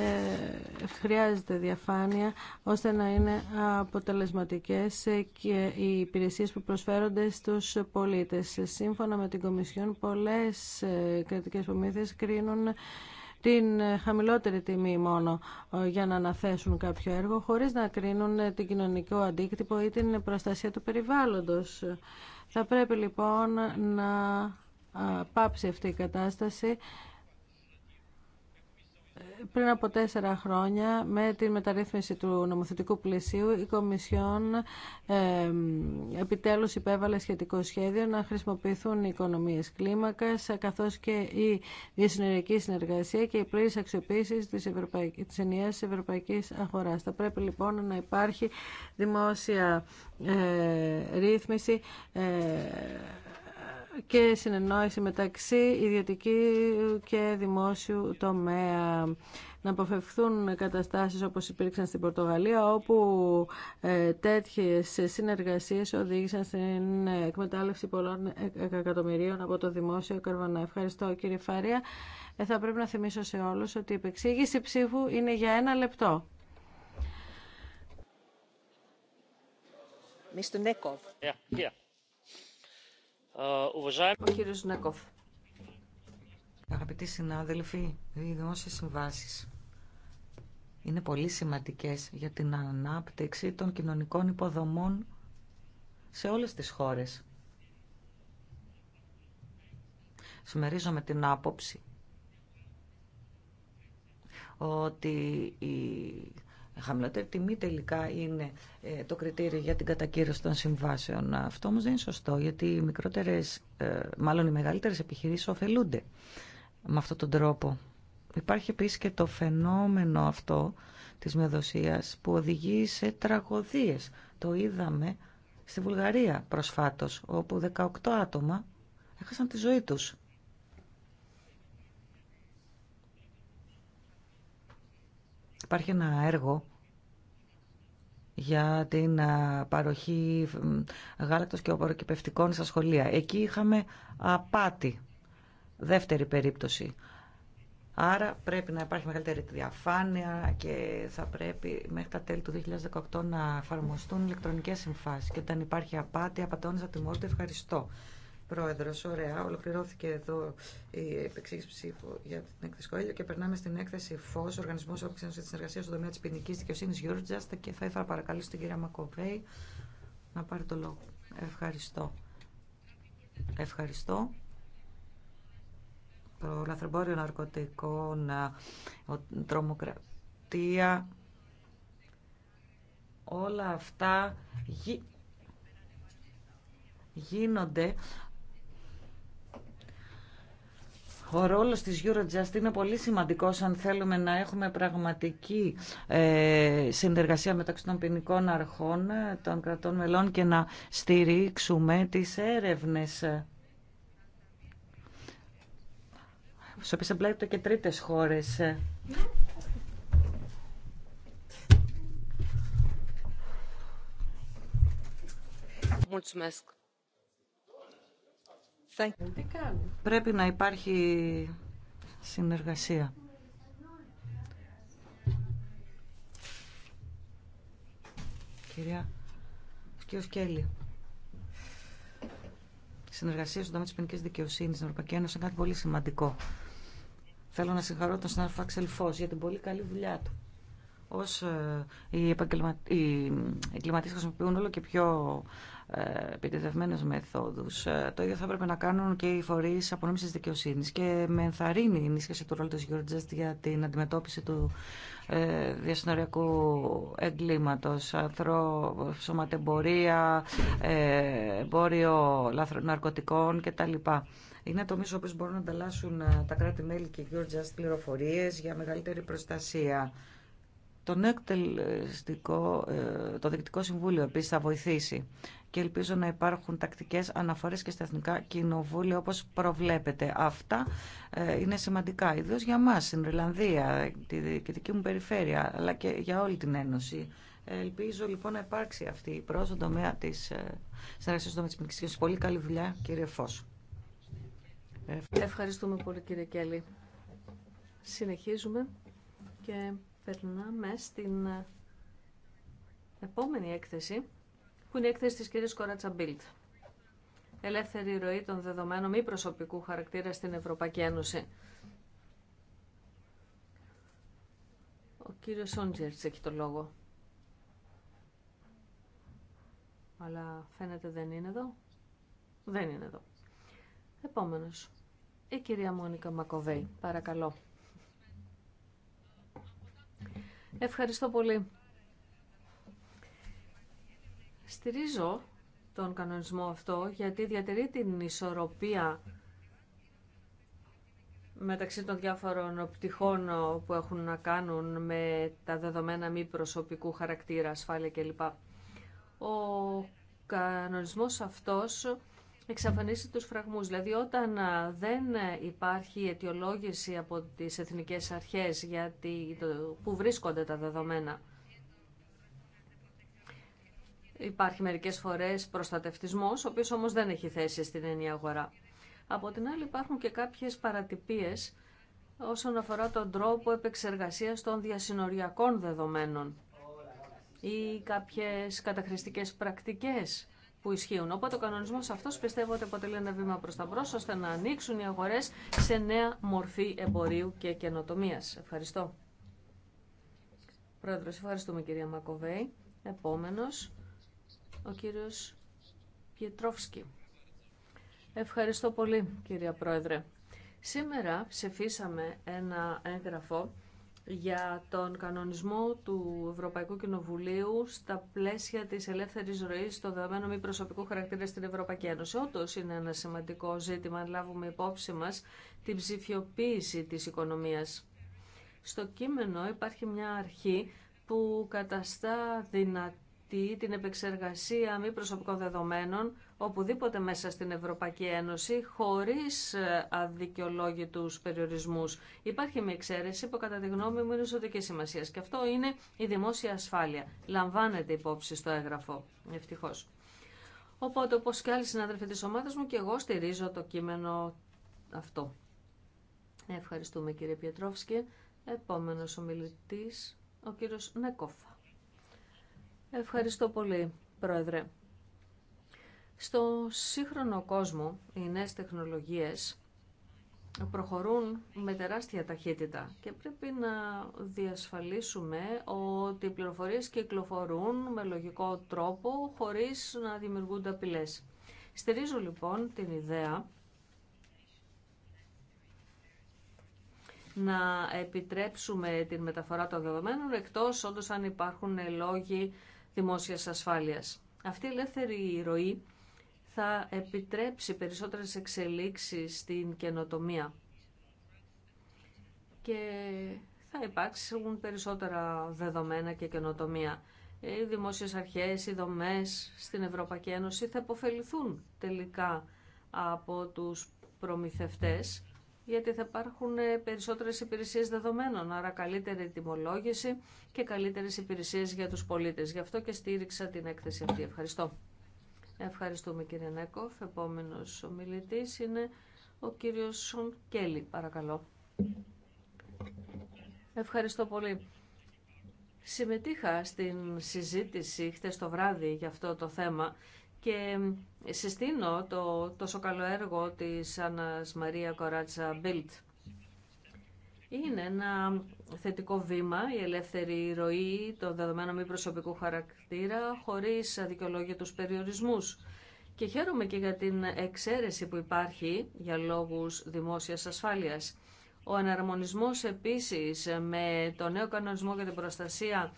χρειάζεται διαφάνεια ώστε να είναι αποτελεσματικές και οι υπηρεσίες που προσφέρονται στους πολίτες. Σύμφωνα με την Κομισιόν, πολλές κρατικές προμήθειες κρίνουν την χαμηλότερη τιμή μόνο για να αναθέσουν κάποιο έργο χωρίς να κρίνουν την κοινωνικό αντίκτυπο ή την προστασία του περιβάλλοντος. Θα πρέπει λοιπόν να πάψει αυτή η κατάσταση πριν από τέσσερα χρόνια με τη μεταρρύθμιση του νομοθετικού πλαισίου η Κομισιόν ε, επιτέλους υπέβαλε σχετικό σχέδιο να χρησιμοποιηθούν οι οικονομίες κλίμακας καθώς και η διασυνοριακή συνεργασία και η πλήρης αξιοποίηση της, ευρωπαϊκής, της ενιαίας ευρωπαϊκής αγοράς. Θα πρέπει λοιπόν να υπάρχει δημόσια ε, ρύθμιση ε, και συνεννόηση μεταξύ ιδιωτική και δημόσιου τομέα. Να αποφευχθούν καταστάσεις όπως υπήρξαν στην Πορτογαλία όπου ε, τέτοιες συνεργασίες οδήγησαν στην εκμετάλλευση πολλών εκατομμυρίων από το δημόσιο καρβανά. Ευχαριστώ κύριε Φαρία. Ε, θα πρέπει να θυμίσω σε όλους ότι η επεξήγηση ψήφου είναι για ένα λεπτό. Mr. Nekov. Yeah, ε, Ο Νέκοφ. Αγαπητοί συνάδελφοι, οι δημόσιε συμβάσει είναι πολύ σημαντικέ για την ανάπτυξη των κοινωνικών υποδομών σε όλε τι χώρε. Συμμερίζομαι την άποψη ότι χαμηλότερη τιμή τελικά είναι ε, το κριτήριο για την κατακύρωση των συμβάσεων. Αυτό όμως δεν είναι σωστό, γιατί οι μικρότερες, ε, μάλλον οι μεγαλύτερες επιχειρήσεις ωφελούνται με αυτόν τον τρόπο. Υπάρχει επίσης και το φαινόμενο αυτό της μειοδοσίας που οδηγεί σε τραγωδίες. Το είδαμε στη Βουλγαρία προσφάτως, όπου 18 άτομα έχασαν τη ζωή τους. Υπάρχει ένα έργο για την παροχή γάλακτος και οπωροκυπευτικών στα σχολεία. Εκεί είχαμε απάτη, δεύτερη περίπτωση. Άρα πρέπει να υπάρχει μεγαλύτερη διαφάνεια και θα πρέπει μέχρι τα τέλη του 2018 να εφαρμοστούν ηλεκτρονικές συμφάσεις. Και όταν υπάρχει απάτη, απατώνεις από τη Ευχαριστώ. Προέδρο ωραία. Ολοκληρώθηκε εδώ η επεξήγηση ψήφου για την έκθεση Κοέλιο και περνάμε στην έκθεση ΦΟΣ, Οργανισμό Όποξη τη Συνεργασία στον τομέα τη ποινική δικαιοσύνη Γιώργη και θα ήθελα παρακαλώ την κυρία Μακοβέη να πάρει το λόγο. Ευχαριστώ. Ευχαριστώ. Το λαθρεμπόριο ναρκωτικών, τρομοκρατία, όλα αυτά γίνονται ο ρόλος της Eurojust είναι πολύ σημαντικός αν θέλουμε να έχουμε πραγματική ε, συνεργασία μεταξύ των ποινικών αρχών ε, των κρατών μελών και να στηρίξουμε τις έρευνες Σε οποίες εμπλέκονται και τρίτες χώρες. Πρέπει να υπάρχει συνεργασία. Κυρία Κύριο η Συνεργασία στον τομέα τη ποινική δικαιοσύνη στην Ευρωπαϊκή Ένωση είναι κάτι πολύ σημαντικό. Θέλω να συγχαρώ τον συνάδελφο Αξελφό για την πολύ καλή δουλειά του ως ε, οι, εγκληματίες χρησιμοποιούν όλο και πιο ε, επιτευμένε μεθόδους. Ε, το ίδιο θα έπρεπε να κάνουν και οι φορείς απονόμησης δικαιοσύνης και με ενθαρρύνει η ενίσχυση του ρόλου της Eurojust για την αντιμετώπιση του ε, διασυνοριακού εγκλήματος, ανθρω, σωματεμπορία, ε, εμπόριο ναρκωτικών κτλ. Είναι τομεί όπως μπορούν να ανταλλάσσουν τα κράτη-μέλη και Eurojust πληροφορίες για μεγαλύτερη προστασία. Το νέο εκτελεστικό, ε, το Διοικητικό Συμβούλιο επίση θα βοηθήσει και ελπίζω να υπάρχουν τακτικές αναφορές και στα Εθνικά Κοινοβούλια όπως προβλέπετε. Αυτά ε, είναι σημαντικά, ιδίως για μας στην Ρηλανδία, τη διοικητική μου περιφέρεια, αλλά και για όλη την Ένωση. Ελπίζω λοιπόν να υπάρξει αυτή η πρόοδο στον τομέα τη συνεργασία τη Πολύ καλή δουλειά, κύριε Φω. Ευχαριστούμε πολύ, κύριε Κέλλη. Συνεχίζουμε και περνάμε στην ε, επόμενη έκθεση, που είναι η έκθεση της κυρίας Κοράτσα Μπίλτ. Ελεύθερη ροή των δεδομένων μη προσωπικού χαρακτήρα στην Ευρωπαϊκή Ένωση. Ο κύριος Σόντζερτς έχει το λόγο. Αλλά φαίνεται δεν είναι εδώ. Δεν είναι εδώ. Επόμενος. Η κυρία Μόνικα Μακοβέη. Παρακαλώ. Ευχαριστώ πολύ. Στηρίζω τον κανονισμό αυτό γιατί διατηρεί την ισορροπία μεταξύ των διάφορων πτυχών που έχουν να κάνουν με τα δεδομένα μη προσωπικού χαρακτήρα, ασφάλεια κλπ. Ο κανονισμός αυτός εξαφανίσει τους φραγμούς. Δηλαδή όταν δεν ε, υπάρχει αιτιολόγηση από τις εθνικές αρχές για που βρίσκονται τα δεδομένα. Υπάρχει μερικές φορές προστατευτισμός, ο οποίος όμως δεν έχει θέση στην ενιαία αγορά. Από την άλλη υπάρχουν και κάποιες παρατυπίες όσον αφορά τον τρόπο επεξεργασίας των διασυνοριακών δεδομένων ή κάποιες καταχρηστικές πρακτικές που ισχύουν. Οπότε ο κανονισμός αυτός πιστεύω ότι αποτελεί ένα βήμα προς τα μπρος ώστε να ανοίξουν οι αγορές σε νέα μορφή εμπορίου και καινοτομίας. Ευχαριστώ. Πρόεδρος, ευχαριστούμε κυρία Μακοβέη. Επόμενος, ο κύριος Πιετρόφσκι. Ευχαριστώ πολύ κυρία Πρόεδρε. Σήμερα ψηφίσαμε ένα έγγραφο για τον κανονισμό του Ευρωπαϊκού Κοινοβουλίου στα πλαίσια της ελεύθερης ροής των δεδομένο μη προσωπικού χαρακτήρα στην Ευρωπαϊκή Ένωση. Όντω είναι ένα σημαντικό ζήτημα αν λάβουμε υπόψη μας την ψηφιοποίηση της οικονομίας. Στο κείμενο υπάρχει μια αρχή που καταστά δυνατή την επεξεργασία μη προσωπικών δεδομένων οπουδήποτε μέσα στην Ευρωπαϊκή Ένωση χωρίς ε, αδικαιολόγητους περιορισμούς. Υπάρχει μια εξαίρεση που κατά τη γνώμη μου είναι ζωτική σημασία και αυτό είναι η δημόσια ασφάλεια. Λαμβάνεται υπόψη στο έγγραφο, ευτυχώ. Οπότε, όπω και άλλοι συνάδελφοι τη ομάδα μου, και εγώ στηρίζω το κείμενο αυτό. Ευχαριστούμε κύριε Πιετρόφσκι. Επόμενος ομιλητής, ο κύριος Νεκόφα. Ευχαριστώ πολύ, Πρόεδρε. Στο σύγχρονο κόσμο οι νέες τεχνολογίες προχωρούν με τεράστια ταχύτητα και πρέπει να διασφαλίσουμε ότι οι πληροφορίες κυκλοφορούν με λογικό τρόπο χωρίς να δημιουργούνται απειλές. Στηρίζω λοιπόν την ιδέα να επιτρέψουμε την μεταφορά των δεδομένων εκτός όντως αν υπάρχουν λόγοι δημόσιας ασφάλειας. Αυτή η ελεύθερη ροή θα επιτρέψει περισσότερες εξελίξεις στην καινοτομία και θα υπάρξουν περισσότερα δεδομένα και καινοτομία. Οι δημόσιες αρχές, οι δομές στην Ευρωπαϊκή Ένωση θα υποφεληθούν τελικά από τους προμηθευτές γιατί θα υπάρχουν περισσότερες υπηρεσίες δεδομένων, άρα καλύτερη τιμολόγηση και καλύτερες υπηρεσίες για τους πολίτες. Γι' αυτό και στήριξα την έκθεση αυτή. Ευχαριστώ. Ευχαριστούμε κύριε Νέκοφ. Επόμενος ομιλητής είναι ο κύριος Σον Κέλλη. Παρακαλώ. Ευχαριστώ πολύ. Συμμετείχα στην συζήτηση χτες το βράδυ για αυτό το θέμα και συστήνω το τόσο καλό έργο της Άννας Μαρία Κοράτσα Μπίλτ είναι ένα θετικό βήμα η ελεύθερη ροή των δεδομένων μη προσωπικού χαρακτήρα χωρίς αδικαιολόγητους περιορισμούς. Και χαίρομαι και για την εξαίρεση που υπάρχει για λόγους δημόσιας ασφάλειας. Ο αναρμονισμός επίσης με το νέο κανονισμό για την προστασία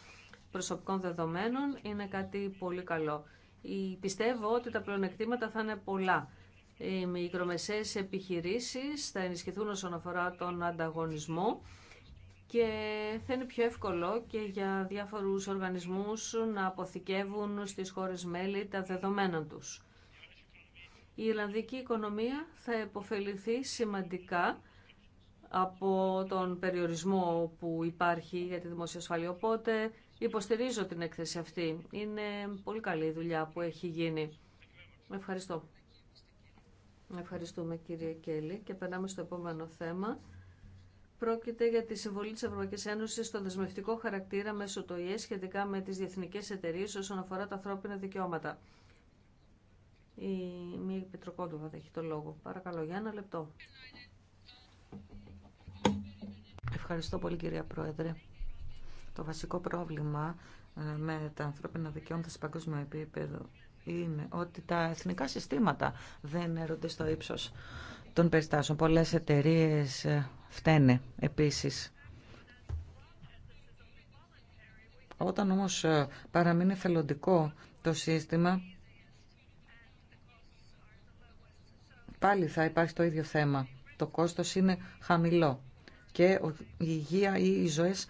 προσωπικών δεδομένων είναι κάτι πολύ καλό. Πιστεύω ότι τα πλεονεκτήματα θα είναι πολλά οι μικρομεσαίες επιχειρήσεις θα ενισχυθούν όσον αφορά τον ανταγωνισμό και θα είναι πιο εύκολο και για διάφορους οργανισμούς να αποθηκεύουν στις χώρες μέλη τα δεδομένα τους. Η Ιρλανδική οικονομία θα επωφεληθεί σημαντικά από τον περιορισμό που υπάρχει για τη δημόσια ασφάλεια. Οπότε υποστηρίζω την έκθεση αυτή. Είναι πολύ καλή η δουλειά που έχει γίνει. Ευχαριστώ. Ευχαριστούμε κύριε Κέλλη και περνάμε στο επόμενο θέμα. Πρόκειται για τη συμβολή τη Ευρωπαϊκή Ένωση στο δεσμευτικό χαρακτήρα μέσω του ΙΕ σχετικά με τις διεθνικές εταιρείε όσον αφορά τα ανθρώπινα δικαιώματα. Η Μία Πετροκόντουβα θα έχει το λόγο. Παρακαλώ για ένα λεπτό. Ευχαριστώ πολύ κυρία Πρόεδρε. Το βασικό πρόβλημα ε, με τα ανθρώπινα δικαιώματα σε παγκόσμιο επίπεδο είναι ότι τα εθνικά συστήματα δεν έρονται στο ύψος των περιστάσεων. Πολλές εταιρείε ε, φταίνε επίσης. Όταν όμως ε, παραμείνει θελοντικό το σύστημα, πάλι θα υπάρχει το ίδιο θέμα. Το κόστος είναι χαμηλό και η υγεία ή οι ζωές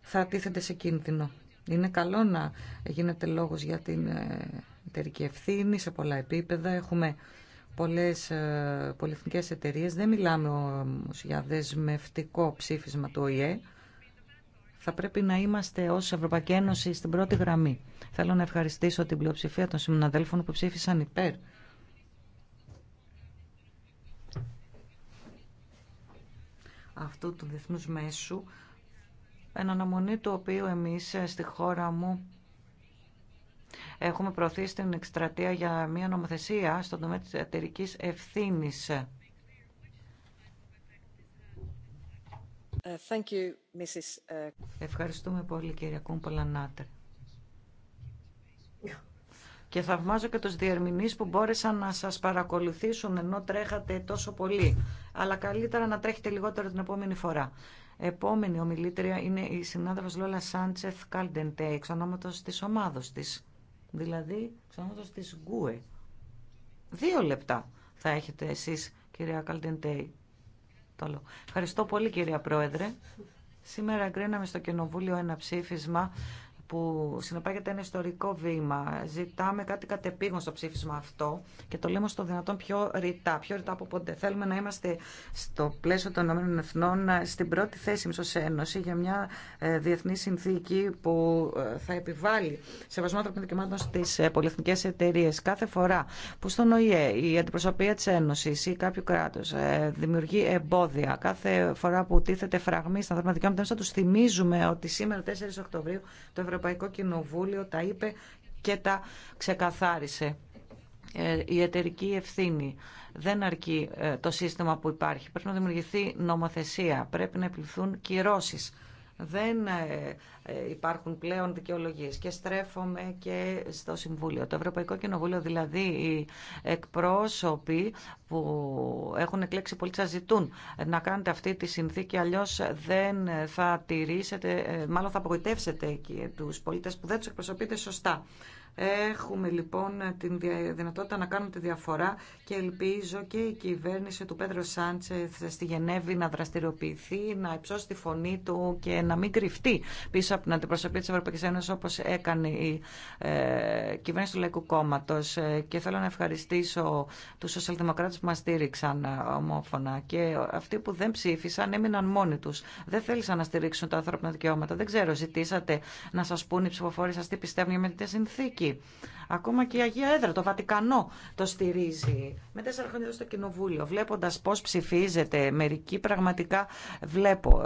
θα τίθενται σε κίνδυνο. Είναι καλό να γίνεται λόγος για την ε, εταιρική ευθύνη σε πολλά επίπεδα. Έχουμε πολλές ε, πολυεθνικές εταιρείες. Δεν μιλάμε όμω για δεσμευτικό ψήφισμα του ΟΗΕ. Θα πρέπει να είμαστε ως Ευρωπαϊκή Ένωση στην πρώτη γραμμή. Θέλω να ευχαριστήσω την πλειοψηφία των συμμναδέλφων που ψήφισαν υπέρ. αυτού του διεθνούς μέσου, εν αναμονή του οποίου εμείς ε, στη χώρα μου Έχουμε προωθεί την εκστρατεία για μια νομοθεσία στον τομέα της εταιρικής ευθύνης. Ε, ε. Ευχαριστούμε πολύ κυρία Κούμπολα Νάτερ. Και θαυμάζω και τους διερμηνείς που μπόρεσαν να σας παρακολουθήσουν ενώ τρέχατε τόσο πολύ. Αλλά καλύτερα να τρέχετε λιγότερο την επόμενη φορά. Επόμενη ομιλήτρια είναι η συνάδελφος Λόλα Σάντσεθ Καλντεντέ, εξ ονόματος της ομάδος της δηλαδή ξανά της Γκουε. Δύο λεπτά θα έχετε εσείς, κυρία Καλτεντέη. Ευχαριστώ πολύ, κυρία Πρόεδρε. Σήμερα εγκρίναμε στο Κοινοβούλιο ένα ψήφισμα που συνεπάγεται ένα ιστορικό βήμα. Ζητάμε κάτι κατεπήγον στο ψήφισμα αυτό και το λέμε στο δυνατόν πιο ρητά, πιο ρητά από πότε. Θέλουμε να είμαστε στο πλαίσιο των ΗΕ στην πρώτη θέση μισό Ένωση για μια ε, διεθνή συνθήκη που ε, θα επιβάλλει σεβασμό των δικαιωμάτων στι ε, πολυεθνικέ εταιρείε. Κάθε φορά που στον ΟΗΕ η αντιπροσωπεία τη Ένωση ή κάποιο κράτο δημιουργεί εμπόδια, κάθε φορά που τίθεται φραγμή στα ανθρώπινα δικαιώματα, θα του θυμίζουμε ότι σήμερα 4 Οκτωβρίου το Ευρωπαϊκό Ευρωπαϊκό Κοινοβούλιο τα είπε και τα ξεκαθάρισε. Ε, η εταιρική ευθύνη δεν αρκεί ε, το σύστημα που υπάρχει. Πρέπει να δημιουργηθεί νομοθεσία, πρέπει να επιληθούν κυρώσεις δεν ε, ε, υπάρχουν πλέον δικαιολογίες. Και στρέφομαι και στο Συμβούλιο. Το Ευρωπαϊκό Κοινοβούλιο, δηλαδή οι εκπρόσωποι που έχουν εκλέξει πολύ σας ζητούν να κάνετε αυτή τη συνθήκη, αλλιώς δεν θα τηρήσετε, ε, μάλλον θα απογοητεύσετε τους πολίτες που δεν τους εκπροσωπείτε σωστά. Έχουμε λοιπόν τη δυνατότητα να κάνουμε τη διαφορά και ελπίζω και η κυβέρνηση του Πέτρο Σάντσεθ στη Γενέβη να δραστηριοποιηθεί, να υψώσει τη φωνή του και να μην κρυφτεί πίσω από την αντιπροσωπεία τη Ευρωπαϊκή Ένωση όπω έκανε η ε, κυβέρνηση του Λαϊκού Κόμματο. Ε, και θέλω να ευχαριστήσω του σοσιαλδημοκράτε που μα στήριξαν ε, ομόφωνα και αυτοί που δεν ψήφισαν έμειναν μόνοι του. Δεν θέλησαν να στηρίξουν τα ανθρώπινα δικαιώματα. Δεν ξέρω, ζητήσατε να σα πούν οι ψηφοφόροι σα τι πιστεύουν με συνθήκη. Ακόμα και η Αγία Έδρα, το Βατικανό το στηρίζει. Με τέσσερα χρόνια στο Κοινοβούλιο, βλέποντα πώ ψηφίζεται, μερικοί πραγματικά βλέπω.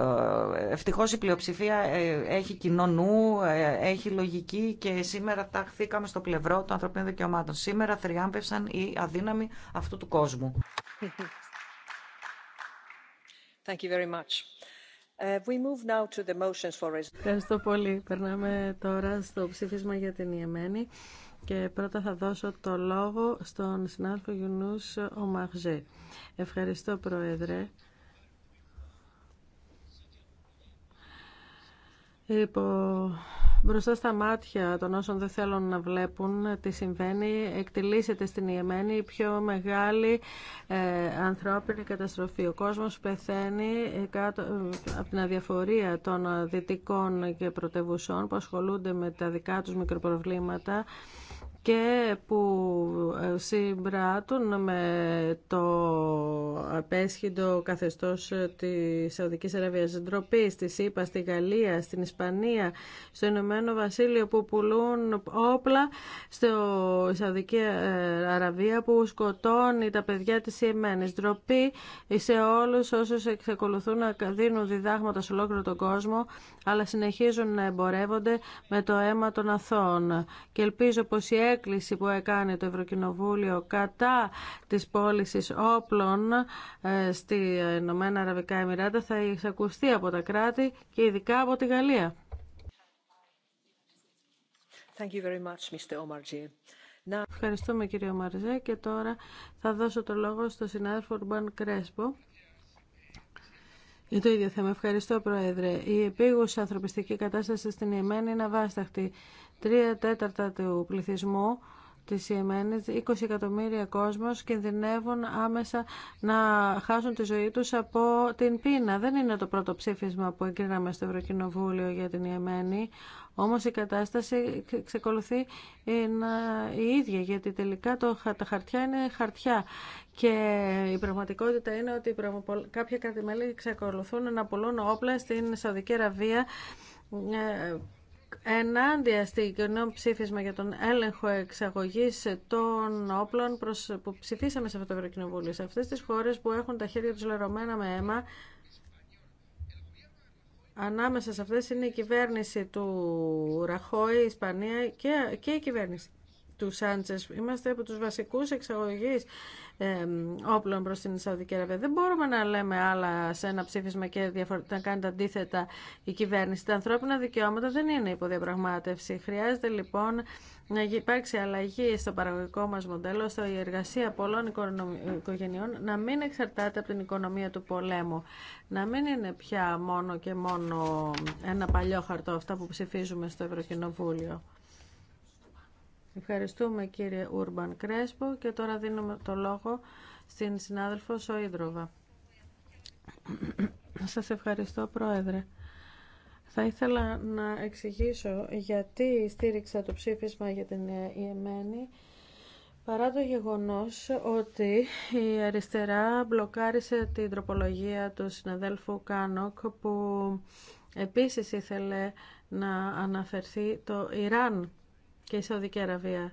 Ε, Ευτυχώ η πλειοψηφία ε, έχει κοινό νου, ε, έχει λογική και σήμερα ταχθήκαμε στο πλευρό των ανθρωπίνων δικαιωμάτων. Σήμερα θριάμπευσαν οι αδύναμοι αυτού του κόσμου. Thank you very much. Uh, Ευχαριστώ πολύ. Περνάμε τώρα στο ψήφισμα για την Ιεμένη και πρώτα θα δώσω το λόγο στον συνάδελφο Γιουνούς Ομαχζέ. Ευχαριστώ Πρόεδρε. Υπό Μπροστά στα μάτια των όσων δεν θέλουν να βλέπουν τι συμβαίνει, εκτελήσεται στην Ιεμένη η πιο μεγάλη ε, ανθρώπινη καταστροφή. Ο κόσμος πεθαίνει ε, κάτω, ε, από την αδιαφορία των δυτικών και πρωτευουσών που ασχολούνται με τα δικά τους μικροπροβλήματα και που ε, συμπράττουν με το απέσχυντο καθεστώς της Σαουδικής Αραβίας ντροπή, στη ΣΥΠΑ, στη Γαλλία, στην Ισπανία, στο Ηνωμένο Βασίλειο που πουλούν όπλα στο Σαουδική ε, Αραβία που σκοτώνει τα παιδιά της Ιεμένης. Ντροπή σε όλους όσους εξακολουθούν να δίνουν διδάγματα σε ολόκληρο τον κόσμο αλλά συνεχίζουν να εμπορεύονται με το αίμα των αθώων. Και ελπίζω πως η έκκληση που έκανε το Ευρωκοινοβούλιο κατά της πώληση όπλων ε, στη Ηνωμένα Αραβικά Εμμυράτα θα εισακουστεί από τα κράτη και ειδικά από τη Γαλλία. Thank you very much, Mr. Ευχαριστούμε κύριε Μαρζέ και τώρα θα δώσω το λόγο στο συνάδελφο Ρουμπάν Κρέσπο. Για το ίδιο θέμα. Ευχαριστώ, Πρόεδρε. Η επίγουσα ανθρωπιστική κατάσταση στην Ιεμένη είναι αβάσταχτη. Τρία τέταρτα του πληθυσμού της Ιεμένης, 20 εκατομμύρια κόσμος κινδυνεύουν άμεσα να χάσουν τη ζωή τους από την πείνα. Δεν είναι το πρώτο ψήφισμα που εγκρίναμε στο Ευρωκοινοβούλιο για την Ιεμένη, όμως η κατάσταση ξεκολουθεί η ίδια, γιατί τελικά το, τα χαρτιά είναι χαρτιά. Και η πραγματικότητα είναι ότι κάποια κρατημέλη ξεκολουθούν να πουλούν όπλα στην Σαουδική Αραβία ε, ενάντια στη κοινό ψήφισμα για τον έλεγχο εξαγωγή των όπλων που ψηφίσαμε σε αυτό το Ευρωκοινοβούλιο. Σε αυτές τις χώρες που έχουν τα χέρια τους λερωμένα με αίμα, ανάμεσα σε αυτές είναι η κυβέρνηση του Ραχώη, η Ισπανία και, και η κυβέρνηση του Σάντσες. Είμαστε από τους βασικούς εξαγωγείς όπλων προς την Σαουδική Αραβία. Δεν μπορούμε να λέμε άλλα σε ένα ψήφισμα και να κάνει τα αντίθετα η κυβέρνηση. Τα ανθρώπινα δικαιώματα δεν είναι υποδιαπραγμάτευση. Χρειάζεται λοιπόν να υπάρξει αλλαγή στο παραγωγικό μας μοντέλο, ώστε η εργασία πολλών οικογενειών να μην εξαρτάται από την οικονομία του πολέμου. Να μην είναι πια μόνο και μόνο ένα παλιό χαρτό αυτά που ψηφίζουμε στο Ευρωκοινοβούλιο. Ευχαριστούμε κύριε Ούρμπαν Κρέσπο και τώρα δίνουμε το λόγο στην συνάδελφο Σοίδροβα. Σας ευχαριστώ Πρόεδρε. Θα ήθελα να εξηγήσω γιατί στήριξα το ψήφισμα για την Ιεμένη παρά το γεγονός ότι η αριστερά μπλοκάρισε την τροπολογία του συναδέλφου Κάνοκ που επίσης ήθελε να αναφερθεί το Ιράν και η Σαουδική Αραβία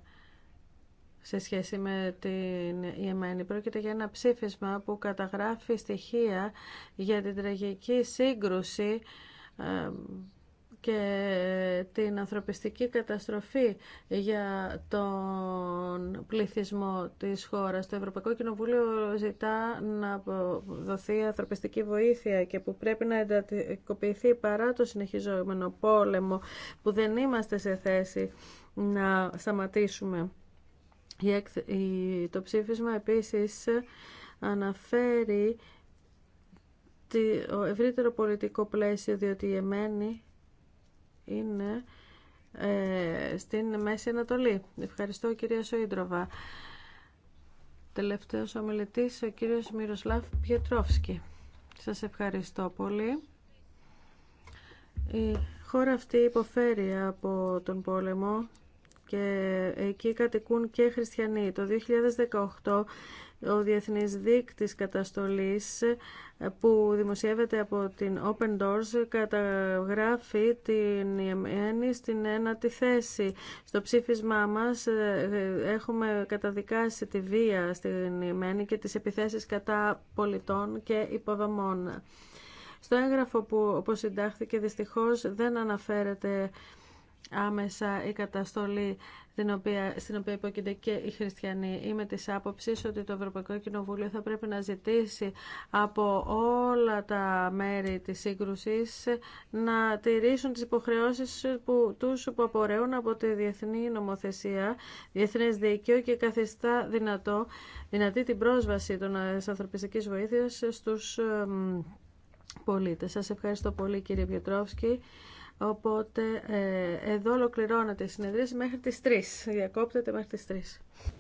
σε σχέση με την Ιεμένη. Πρόκειται για ένα ψήφισμα που καταγράφει στοιχεία για την τραγική σύγκρουση και την ανθρωπιστική καταστροφή για τον πληθυσμό της χώρας. Το Ευρωπαϊκό Κοινοβούλιο ζητά να δοθεί ανθρωπιστική βοήθεια και που πρέπει να εντατικοποιηθεί παρά το συνεχιζόμενο πόλεμο που δεν είμαστε σε θέση να σταματήσουμε. Το ψήφισμα επίσης αναφέρει το ευρύτερο πολιτικό πλαίσιο, διότι η Εμένη είναι ε, στην Μέση Ανατολή. Ευχαριστώ κυρία Σοίντροβα. Τελευταίος ομιλητής, ο κύριος Μυροσλάβ Πιετρόφσκι. Σας ευχαριστώ πολύ. Η χώρα αυτή υποφέρει από τον πόλεμο και εκεί κατοικούν και χριστιανοί. Το 2018 ο Διεθνής Δίκτυς Καταστολής που δημοσιεύεται από την Open Doors καταγράφει την Ιεμένη στην ένατη θέση. Στο ψήφισμά μας ε, έχουμε καταδικάσει τη βία στην Ιεμένη και τις επιθέσεις κατά πολιτών και υποδομών. Στο έγγραφο που όπως συντάχθηκε δυστυχώς δεν αναφέρεται άμεσα η καταστολή οποία, στην οποία υπόκεινται και οι χριστιανοί. Είμαι της άποψη ότι το Ευρωπαϊκό Κοινοβούλιο θα πρέπει να ζητήσει από όλα τα μέρη της σύγκρουσης να τηρήσουν τις υποχρεώσεις που, τους που απορρέουν από τη διεθνή νομοθεσία, διεθνές δίκαιο και καθιστά δυνατό, δυνατή την πρόσβαση των ε, ανθρωπιστικής βοήθειας στους πολίτες. Σας ευχαριστώ πολύ κύριε Πιετρόφσκι. Οπότε ε, εδώ ολοκληρώνεται η συνεδρίαση μέχρι τις 3. Διακόπτεται μέχρι τις 3.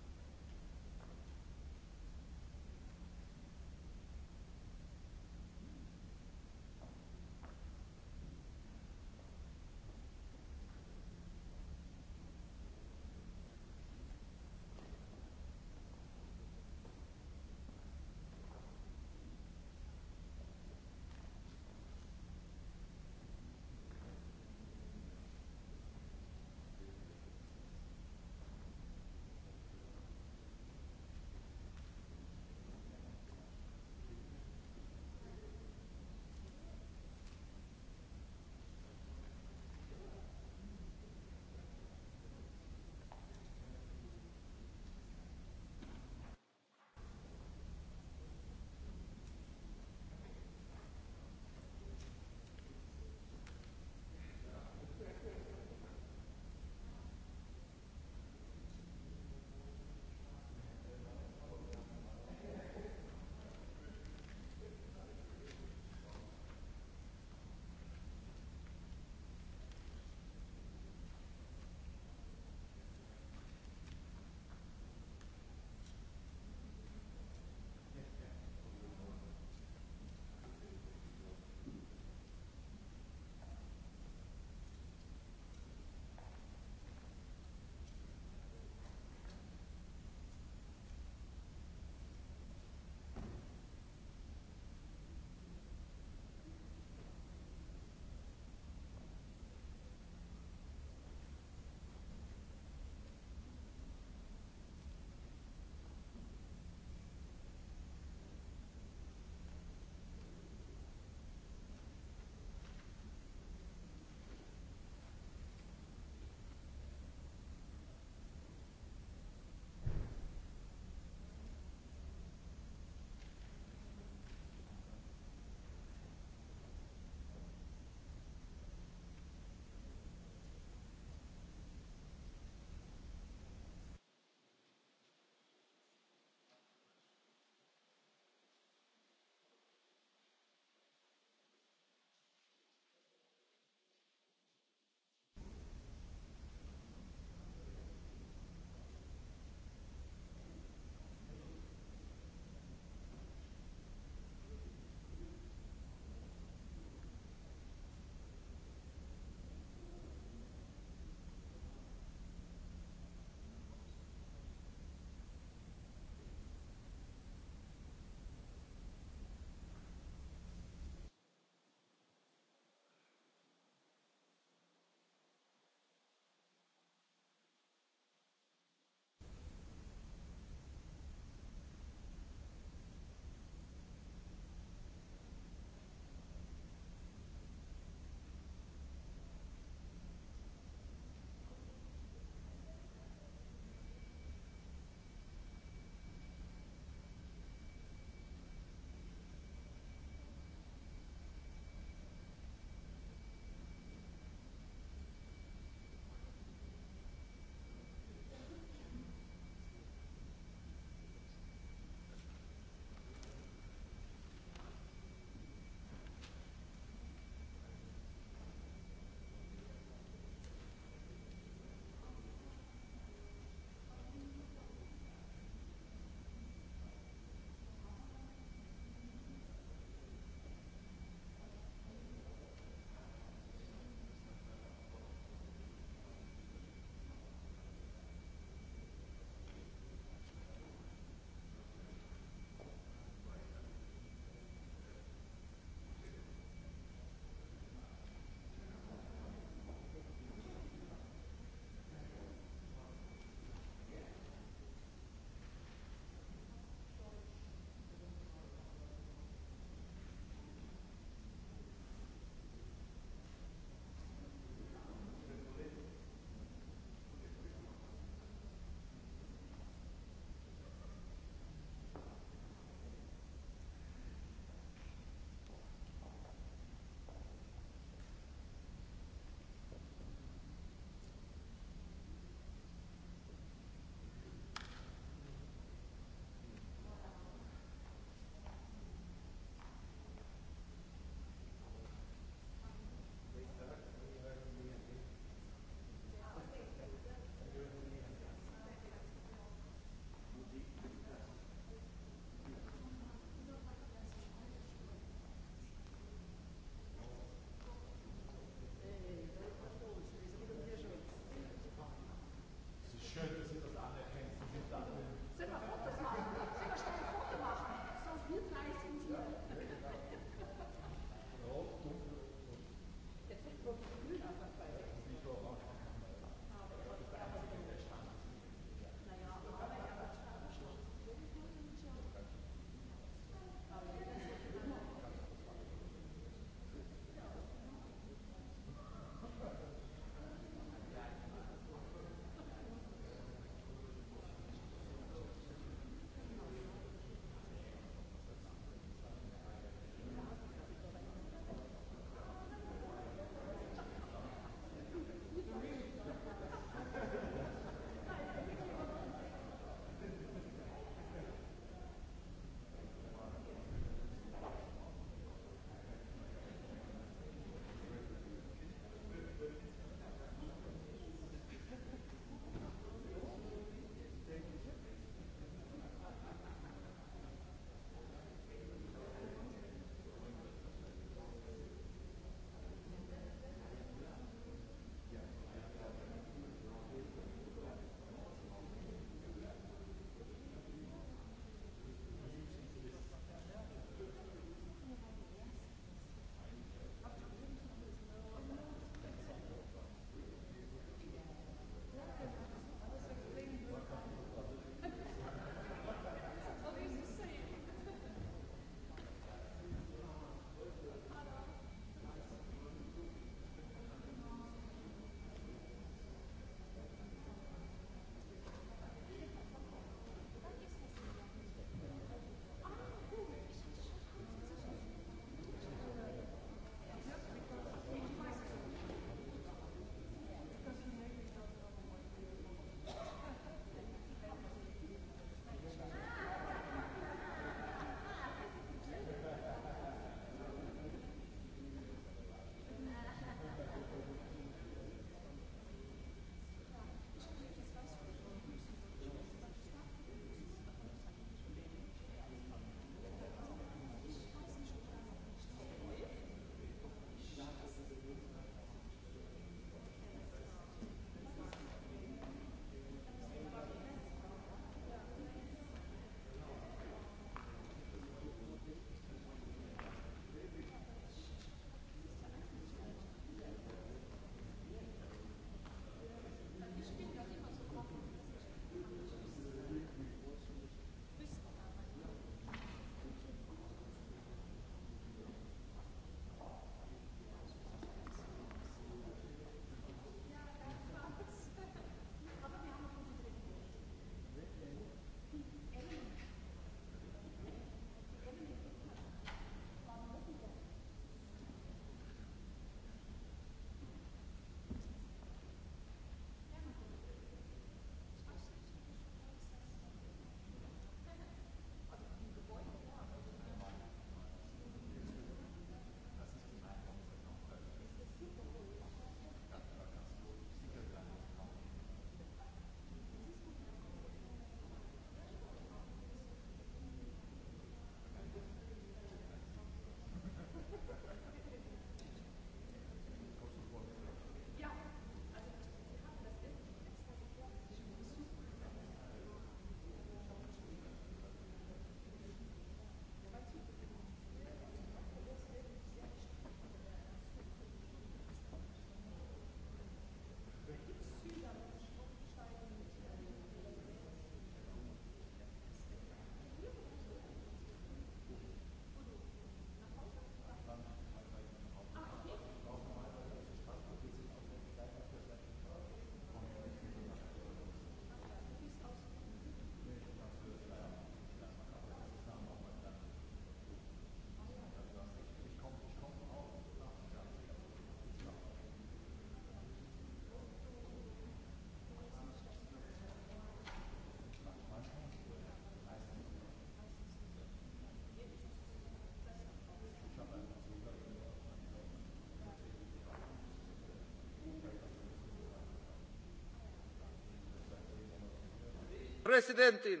präsidentin!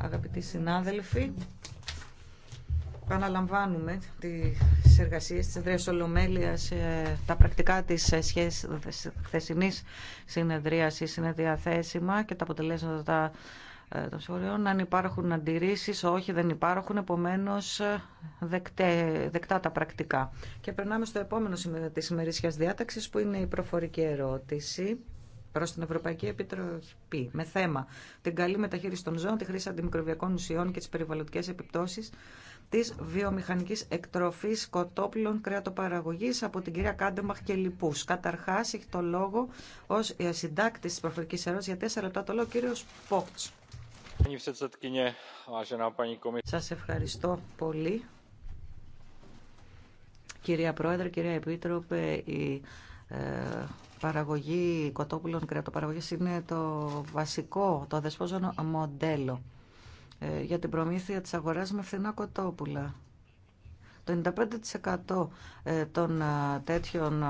Αγαπητοί συνάδελφοι, επαναλαμβάνουμε τις εργασίες της Εδρίας Ολομέλειας. Ε, τα πρακτικά της ε, σχέσης χθεσινής συνεδρίασης είναι διαθέσιμα και τα αποτελέσματα ε, των συμβολίων, Αν υπάρχουν αντιρρήσεις, όχι δεν υπάρχουν, επομένως ε, δεκτά τα πρακτικά. Και περνάμε στο επόμενο σημείο της ημερήσιας διάταξης που είναι η προφορική ερώτηση προς την Ευρωπαϊκή Επιτροπή με θέμα την καλή μεταχείριση των ζώων, τη χρήση αντιμικροβιακών ουσιών και τις περιβαλλοντικές επιπτώσεις της βιομηχανικής εκτροφής κοτόπουλων κρεατοπαραγωγής από την κυρία Κάντεμαχ και λοιπούς. Καταρχάς έχει το λόγο ως ε, συντάκτη της προφορικής ερώτησης για τέσσερα λεπτά το λόγο κύριος Πόκτς. Σας ευχαριστώ πολύ. Κυρία Πρόεδρε, κυρία Επίτροπε, η ε, παραγωγή κοτόπουλων κρεατοπαραγωγής είναι το βασικό, το δεσπόζωνο μοντέλο ε, για την προμήθεια της αγοράς με φθηνά κοτόπουλα. Το 95% ε, των ε, τέτοιων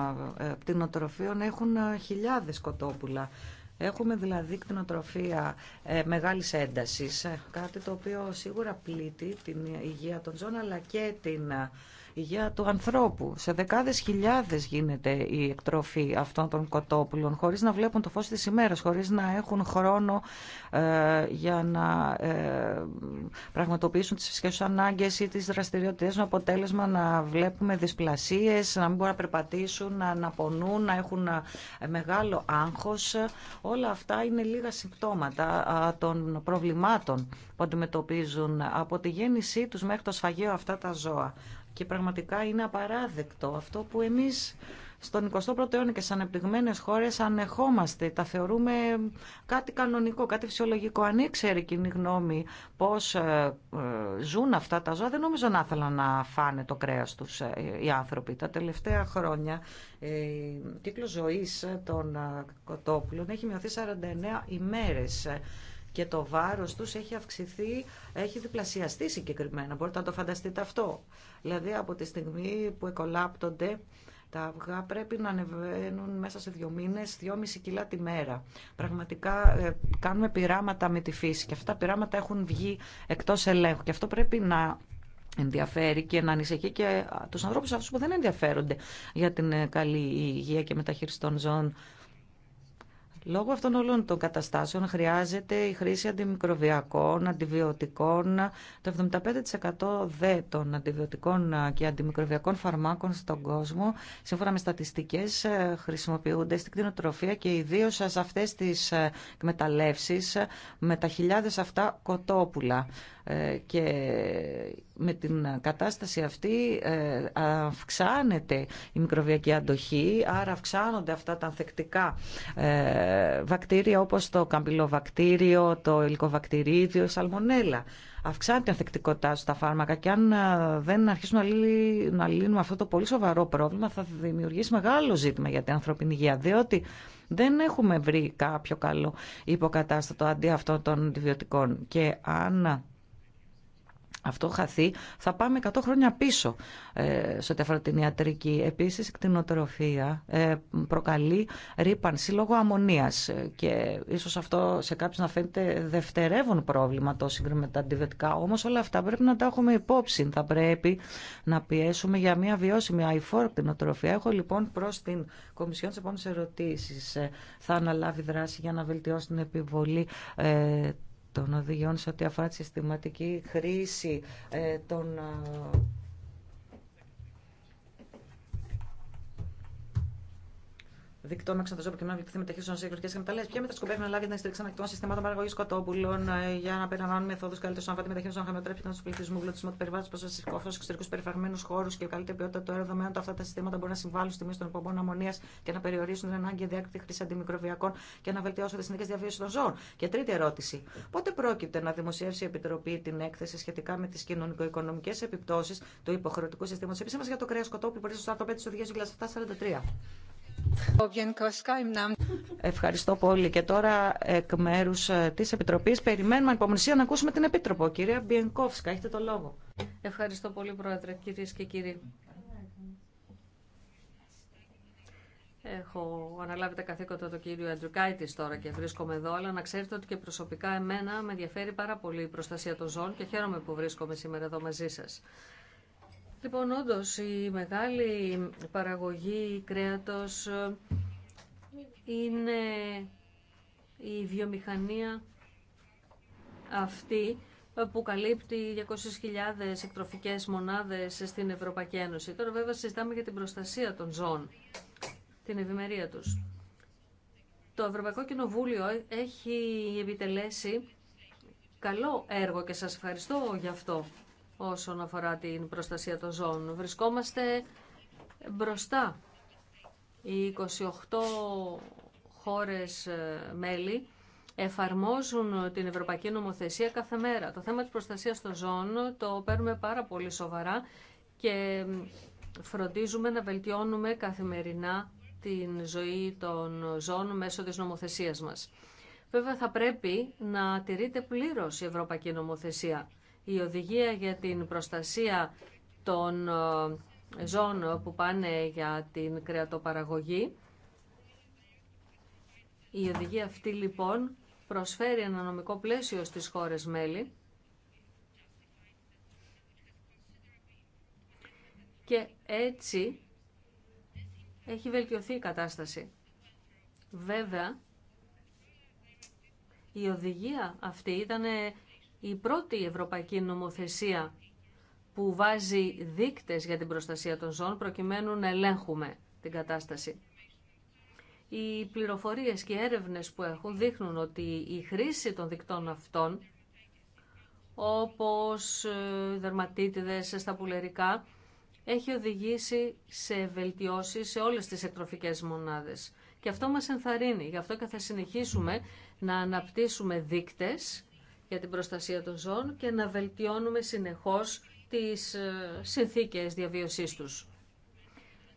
κτηνοτροφίων έχουν χιλιάδες κοτόπουλα. Έχουμε δηλαδή κτηνοτροφία μεγάλης έντασης, κάτι το οποίο σίγουρα πλήττει την υγεία των ζώων αλλά και την για του ανθρώπου. Σε δεκάδες χιλιάδες γίνεται η εκτροφή αυτών των κοτόπουλων χωρίς να βλέπουν το φως της ημέρας, χωρίς να έχουν χρόνο ε, για να ε, πραγματοποιήσουν τις φυσικές ανάγκε ή τις δραστηριότητες με αποτέλεσμα να βλέπουμε δυσπλασίε, να μην μπορούν να περπατήσουν, να αναπονούν, να έχουν ε, μεγάλο άγχος. Όλα αυτά είναι λίγα συμπτώματα των προβλημάτων που αντιμετωπίζουν από τη γέννησή τους μέχρι το σφαγείο αυτά τα ζώα. Και πραγματικά είναι απαράδεκτο αυτό που εμείς στον 21ο αιώνα και στι ανεπτυγμένε χώρε ανεχόμαστε. Τα θεωρούμε κάτι κανονικό, κάτι φυσιολογικό. Αν ήξερε η κοινή γνώμη πώ ε, ε, ζουν αυτά τα ζώα, δεν νομίζω να ήθελαν να φάνε το κρέα του ε, οι άνθρωποι. Τα τελευταία χρόνια ε, κύκλο ζωή των κοτόπουλων έχει μειωθεί 49 ημέρε και το βάρος τους έχει αυξηθεί, έχει διπλασιαστεί συγκεκριμένα. Μπορείτε να το φανταστείτε αυτό. Δηλαδή από τη στιγμή που εκολάπτονται τα αυγά πρέπει να ανεβαίνουν μέσα σε δύο μήνες, δυόμιση κιλά τη μέρα. Πραγματικά ε, κάνουμε πειράματα με τη φύση και αυτά τα πειράματα έχουν βγει εκτός ελέγχου και αυτό πρέπει να ενδιαφέρει και να ανησυχεί και ε, τους ανθρώπους αυτούς που δεν ενδιαφέρονται για την ε, καλή υγεία και μεταχείριση των ζώων Λόγω αυτών όλων των καταστάσεων χρειάζεται η χρήση αντιμικροβιακών, αντιβιωτικών. Το 75% δε των αντιβιωτικών και αντιμικροβιακών φαρμάκων στον κόσμο, σύμφωνα με στατιστικές, ε, χρησιμοποιούνται στην κτηνοτροφία και ιδίω σε αυτές τις ε, εκμεταλλεύσεις ε, με τα χιλιάδες αυτά κοτόπουλα. Και με την κατάσταση αυτή αυξάνεται η μικροβιακή αντοχή, άρα αυξάνονται αυτά τα ανθεκτικά βακτήρια όπως το καμπυλοβακτήριο, το υλικοβακτηρίδιο, η σαλμονέλα. Αυξάνει την ανθεκτικότητά στα φάρμακα και αν ε, δεν αρχίσουν να λύνουμε αυτό το πολύ σοβαρό πρόβλημα θα δημιουργήσει μεγάλο ζήτημα για την ανθρωπινή υγεία, διότι δεν έχουμε βρει κάποιο καλό υποκατάστατο αντί αυτών των αντιβιωτικών. Και αν αυτό χαθεί, θα πάμε 100 χρόνια πίσω ε, σε ό,τι αφορά την ιατρική. Επίση, η κτηνοτροφία ε, προκαλεί ρήπανση λόγω αμμονίας ε, και ίσως αυτό σε κάποιους να φαίνεται δευτερεύον πρόβλημα το σύγκριμα με τα αντιβετικά. Όμως όλα αυτά πρέπει να τα έχουμε υπόψη. Θα πρέπει να πιέσουμε για μια βιώσιμη αϊφόρ κτηνοτροφία. Έχω λοιπόν προ την Κομισιόν Επόμενη ερωτήσει, Ε, θα αναλάβει δράση για να βελτιώσει την επιβολή ε, των οδηγιών σε ό,τι αφορά τη συστηματική χρήση ε, των ε, τα εξανταζόμενων που με αναπτυχθεί μεταχείριση των σύγκρουση και εκμεταλλεύσει. Ποια μετασκοπεύει να λάβει να στηρίξει ανακτών συστημάτων παραγωγή κοτόπουλων ε, για να περιλαμβάνουν μεθόδου καλύτερη αναβάτη μεταχείριση των χαμηλότερων του πληθυσμού, γλωτισμό του περιβάλλοντο, προ σε εξωτερικού περιφερμένου χώρου και καλύτερη ποιότητα του αέρα, δεδομένου αυτά τα συστήματα μπορούν να συμβάλλουν στη μείωση των υπομπών αμμονία και να περιορίσουν την ανάγκη διάκριτη χρήση αντιμικροβιακών και να βελτιώσουν τι συνδίκε διαβίωση των ζώων. Και τρίτη ερώτηση. Πότε πρόκειται να δημοσιεύσει η Επιτροπή την έκθεση σχετικά με τι κοινωνικο-οικονομικέ επιπτώσει του υποχρεωτικού συστήματο μα για το κρέα κοτόπουλου, που στο άρθρο 5 τη 2043. Ευχαριστώ πολύ. Και τώρα εκ μέρου ε, τη Επιτροπή περιμένουμε υπομονησία να ακούσουμε την Επίτροπο. Κυρία Μπιενκόφσκα, έχετε το λόγο. Ευχαριστώ πολύ, Πρόεδρε, κυρίε και κύριοι. Έχω αναλάβει τα καθήκοντα του κύριου Αντρουκάητη τώρα και βρίσκομαι εδώ, αλλά να ξέρετε ότι και προσωπικά εμένα με ενδιαφέρει πάρα πολύ η προστασία των ζώων και χαίρομαι που βρίσκομαι σήμερα εδώ μαζί σα. Λοιπόν, όντω η μεγάλη παραγωγή κρέατος είναι η βιομηχανία αυτή που καλύπτει 200.000 εκτροφικές μονάδες στην Ευρωπαϊκή Ένωση. Τώρα βέβαια συζητάμε για την προστασία των ζώων, την ευημερία τους. Το Ευρωπαϊκό Κοινοβούλιο έχει επιτελέσει καλό έργο και σας ευχαριστώ γι' αυτό όσον αφορά την προστασία των ζώων. Βρισκόμαστε μπροστά. Οι 28 χώρες ε, μέλη εφαρμόζουν την Ευρωπαϊκή Νομοθεσία κάθε μέρα. Το θέμα της προστασίας των ζώων το παίρνουμε πάρα πολύ σοβαρά και φροντίζουμε να βελτιώνουμε καθημερινά την ζωή των ζώων μέσω της νομοθεσίας μας. Βέβαια θα πρέπει να τηρείται πλήρως η Ευρωπαϊκή Νομοθεσία η οδηγία για την προστασία των ε, ζώων που πάνε για την κρεατοπαραγωγή. Η οδηγία αυτή λοιπόν προσφέρει ένα νομικό πλαίσιο στις χώρες μέλη και έτσι έχει βελτιωθεί η κατάσταση. Βέβαια, η οδηγία αυτή ήταν η πρώτη ευρωπαϊκή νομοθεσία που βάζει δείκτες για την προστασία των ζώων προκειμένου να ελέγχουμε την κατάσταση. Οι πληροφορίες και οι έρευνες που έχουν δείχνουν ότι η χρήση των δικτών αυτών όπως ε, δερματίτιδες στα πουλερικά έχει οδηγήσει σε βελτιώσεις σε όλες τις εκτροφικές μονάδες. Και αυτό μας ενθαρρύνει. Γι' αυτό και θα συνεχίσουμε να αναπτύσσουμε δείκτες για την προστασία των ζώων και να βελτιώνουμε συνεχώς τις ε, συνθήκες διαβίωσής τους.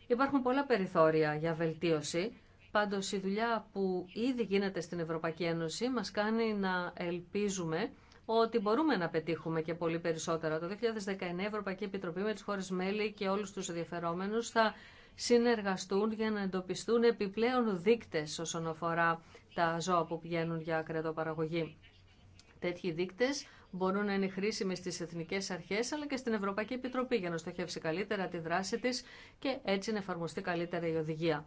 Υπάρχουν πολλά περιθώρια για βελτίωση, πάντως η δουλειά που ήδη γίνεται στην Ευρωπαϊκή Ένωση μας κάνει να ελπίζουμε ότι μπορούμε να πετύχουμε και πολύ περισσότερα. Το 2019 η Ευρωπαϊκή Επιτροπή με τις χώρες μέλη και όλους τους ενδιαφερόμενους θα συνεργαστούν για να εντοπιστούν επιπλέον δείκτες όσον αφορά τα ζώα που πηγαίνουν για κρετοπαραγωγή. Τέτοιοι δείκτε μπορούν να είναι χρήσιμοι στι εθνικές αρχές αλλά και στην Ευρωπαϊκή Επιτροπή για να στοχεύσει καλύτερα τη δράση τη και έτσι να εφαρμοστεί καλύτερα η οδηγία.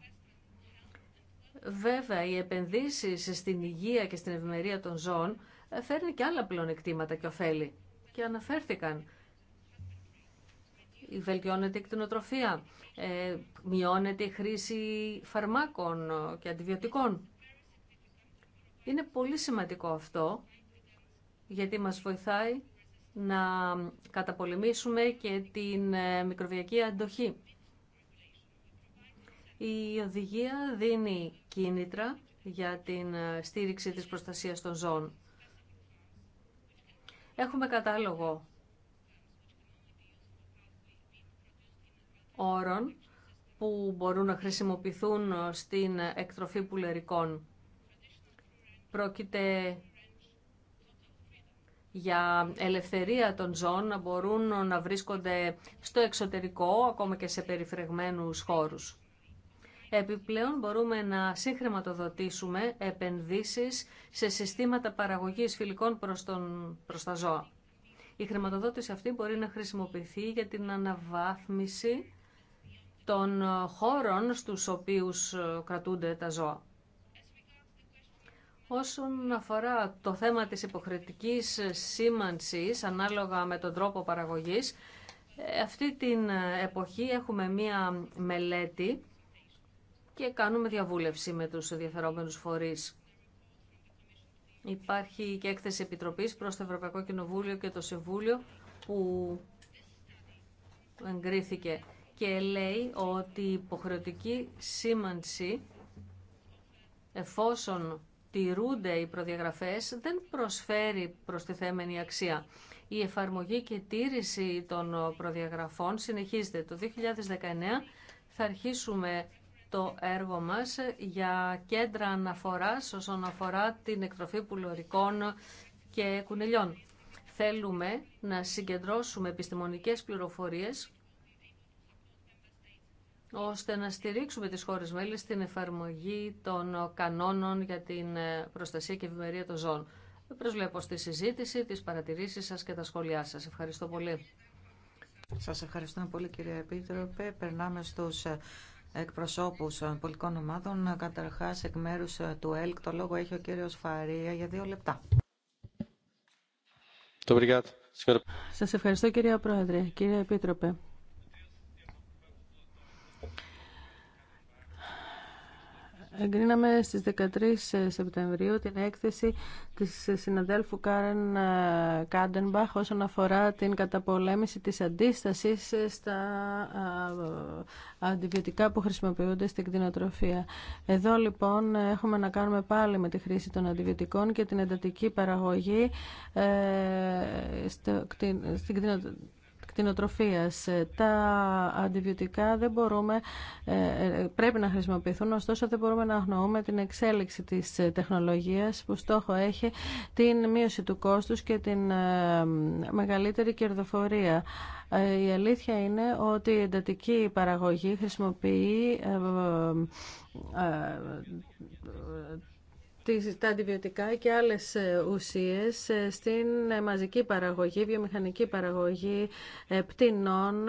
Βέβαια, οι επενδύσει στην υγεία και στην ευημερία των ζώων ε, φέρνει και άλλα πλεονεκτήματα και ωφέλη. Και αναφέρθηκαν. Βελτιώνεται η κτηνοτροφία, ε, μειώνεται η χρήση φαρμάκων και αντιβιωτικών. Είναι πολύ σημαντικό αυτό γιατί μας βοηθάει να καταπολεμήσουμε και την ε, μικροβιακή αντοχή. Η οδηγία δίνει κίνητρα για την ε, στήριξη της προστασίας των ζώων. Έχουμε κατάλογο όρων που μπορούν να χρησιμοποιηθούν στην ε, εκτροφή πουλερικών. Πρόκειται για ελευθερία των ζώων να μπορούν να βρίσκονται στο εξωτερικό, ακόμα και σε περιφρεγμένους χώρους. Επιπλέον μπορούμε να συγχρηματοδοτήσουμε επενδύσεις σε συστήματα παραγωγής φιλικών προς, τον, προς τα ζώα. Η χρηματοδότηση αυτή μπορεί να χρησιμοποιηθεί για την αναβάθμιση των χώρων στους οποίους ε, κρατούνται τα ζώα. Όσον αφορά το θέμα της υποχρεωτικής σήμανσης ανάλογα με τον τρόπο παραγωγής, αυτή την εποχή έχουμε μία μελέτη και κάνουμε διαβούλευση με τους διαφερόμενους φορείς. Υπάρχει και έκθεση επιτροπής προς το Ευρωπαϊκό Κοινοβούλιο και το Συμβούλιο που εγκρίθηκε και λέει ότι η υποχρεωτική σήμανση εφόσον τηρούνται οι προδιαγραφές δεν προσφέρει προστιθέμενη αξία. Η εφαρμογή και τήρηση των προδιαγραφών συνεχίζεται. Το 2019 θα αρχίσουμε το έργο μας για κέντρα αναφοράς όσον αφορά την εκτροφή πουλωρικών και κουνελιών. Θέλουμε να συγκεντρώσουμε επιστημονικές πληροφορίες ώστε να στηρίξουμε τις χώρες μέλη στην εφαρμογή των κανόνων για την ε, προστασία και ευημερία των ζώων. Προσβλέπω στη συζήτηση, τις παρατηρήσεις σας και τα σχόλιά σας. Ευχαριστώ πολύ. Σας ευχαριστούμε πολύ κύριε Επίτροπε. Περνάμε στους ε, εκπροσώπους πολιτικών ομάδων. Καταρχάς εκ μέρου ε, του ΕΛΚ το λόγο έχει ο κύριος Φαρία για δύο λεπτά. Σας ευχαριστώ κύριε Πρόεδρε, κύριε Επίτροπε. Εγκρίναμε στις 13 ε, Σεπτεμβρίου την έκθεση της συναδέλφου Κάρεν ε, Κάντεμπαχ όσον αφορά την καταπολέμηση της αντίστασης στα ε, αντιβιωτικά που χρησιμοποιούνται στην κτηνοτροφία. Εδώ λοιπόν έχουμε να κάνουμε πάλι με τη χρήση των αντιβιωτικών και την εντατική παραγωγή στην κτηνοτροφία κτηνοτροφίας. Ε, τα αντιβιωτικά δεν μπορούμε, ε, ε, πρέπει να χρησιμοποιηθούν, ωστόσο δεν μπορούμε να αγνοούμε την εξέλιξη της τεχνολογίας που στόχο έχει την μείωση του κόστους και την μεγαλύτερη κερδοφορία. Η αλήθεια είναι ότι η εντατική παραγωγή χρησιμοποιεί τα αντιβιωτικά και άλλες ε, ουσίες ε, στην ε, μαζική παραγωγή, βιομηχανική παραγωγή πτηνών.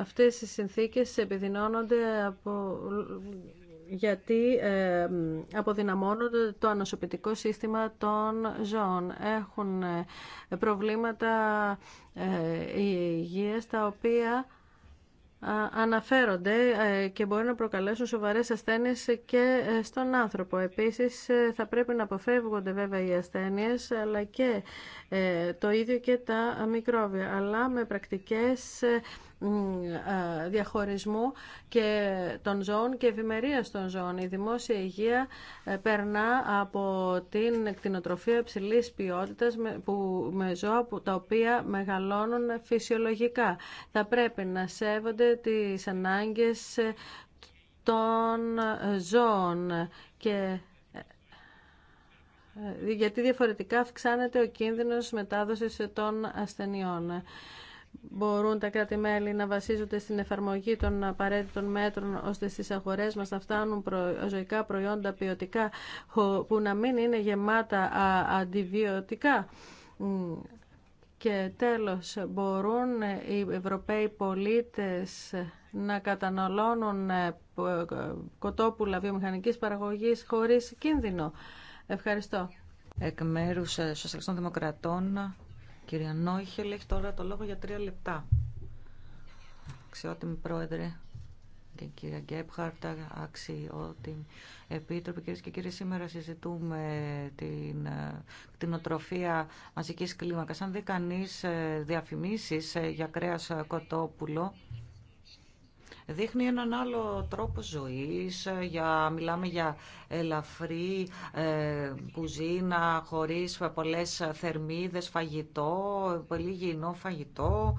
Αυτές οι συνθήκες επιδεινώνονται από γιατί ε, αποδυναμώνονται το ανοσοποιητικό σύστημα των ζώων. Έχουν προβλήματα ε, υγείας τα οποία αναφέρονται ε, και μπορεί να προκαλέσουν σοβαρές ασθένειες και ε, στον άνθρωπο. Επίσης ε, θα πρέπει να αποφεύγονται βέβαια οι ασθένειες αλλά και το ίδιο και τα μικρόβια αλλά με πρακτικές διαχωρισμού και των ζώων και ευημερία των ζώων. Η δημόσια υγεία ε, περνά από την εκτινοτροφία υψηλή ποιότητα με ζώα που, τα οποία μεγαλώνουν φυσιολογικά. Θα πρέπει να σέβονται τις ανάγκες ε, των ε, ζώων και γιατί διαφορετικά αυξάνεται ο κίνδυνος μετάδοσης των ασθενειών μπορούν τα κράτη-μέλη να βασίζονται στην εφαρμογή των απαραίτητων μέτρων ώστε στις αγορές μας να φτάνουν ζωικά προϊόντα ποιοτικά που να μην είναι γεμάτα αντιβιωτικά. Και τέλος, μπορούν οι Ευρωπαίοι πολίτες να καταναλώνουν ε, κοτόπουλα βιομηχανικής παραγωγής χωρίς κίνδυνο. Ευχαριστώ. Εκ μέρους ε, Σοσιαλιστών Δημοκρατών, Κυρία Νόιχελ, έχει τώρα το λόγο για τρία λεπτά. Αξιότιμη πρόεδρε και κυρία Γκέπχαρτ, αξιότιμη επίτροπη, κυρίε και κύριοι, σήμερα συζητούμε την ε, κτηνοτροφία μαζικής κλίμακας. Αν δει κανείς ε, διαφημίσεις ε, για κρέας κοτόπουλο, δείχνει έναν άλλο τρόπο ζωής, ε, για, μιλάμε για ελαφρύ ε, κουζίνα, χωρίς πολλές θερμίδες, φαγητό, πολύ γινό φαγητό.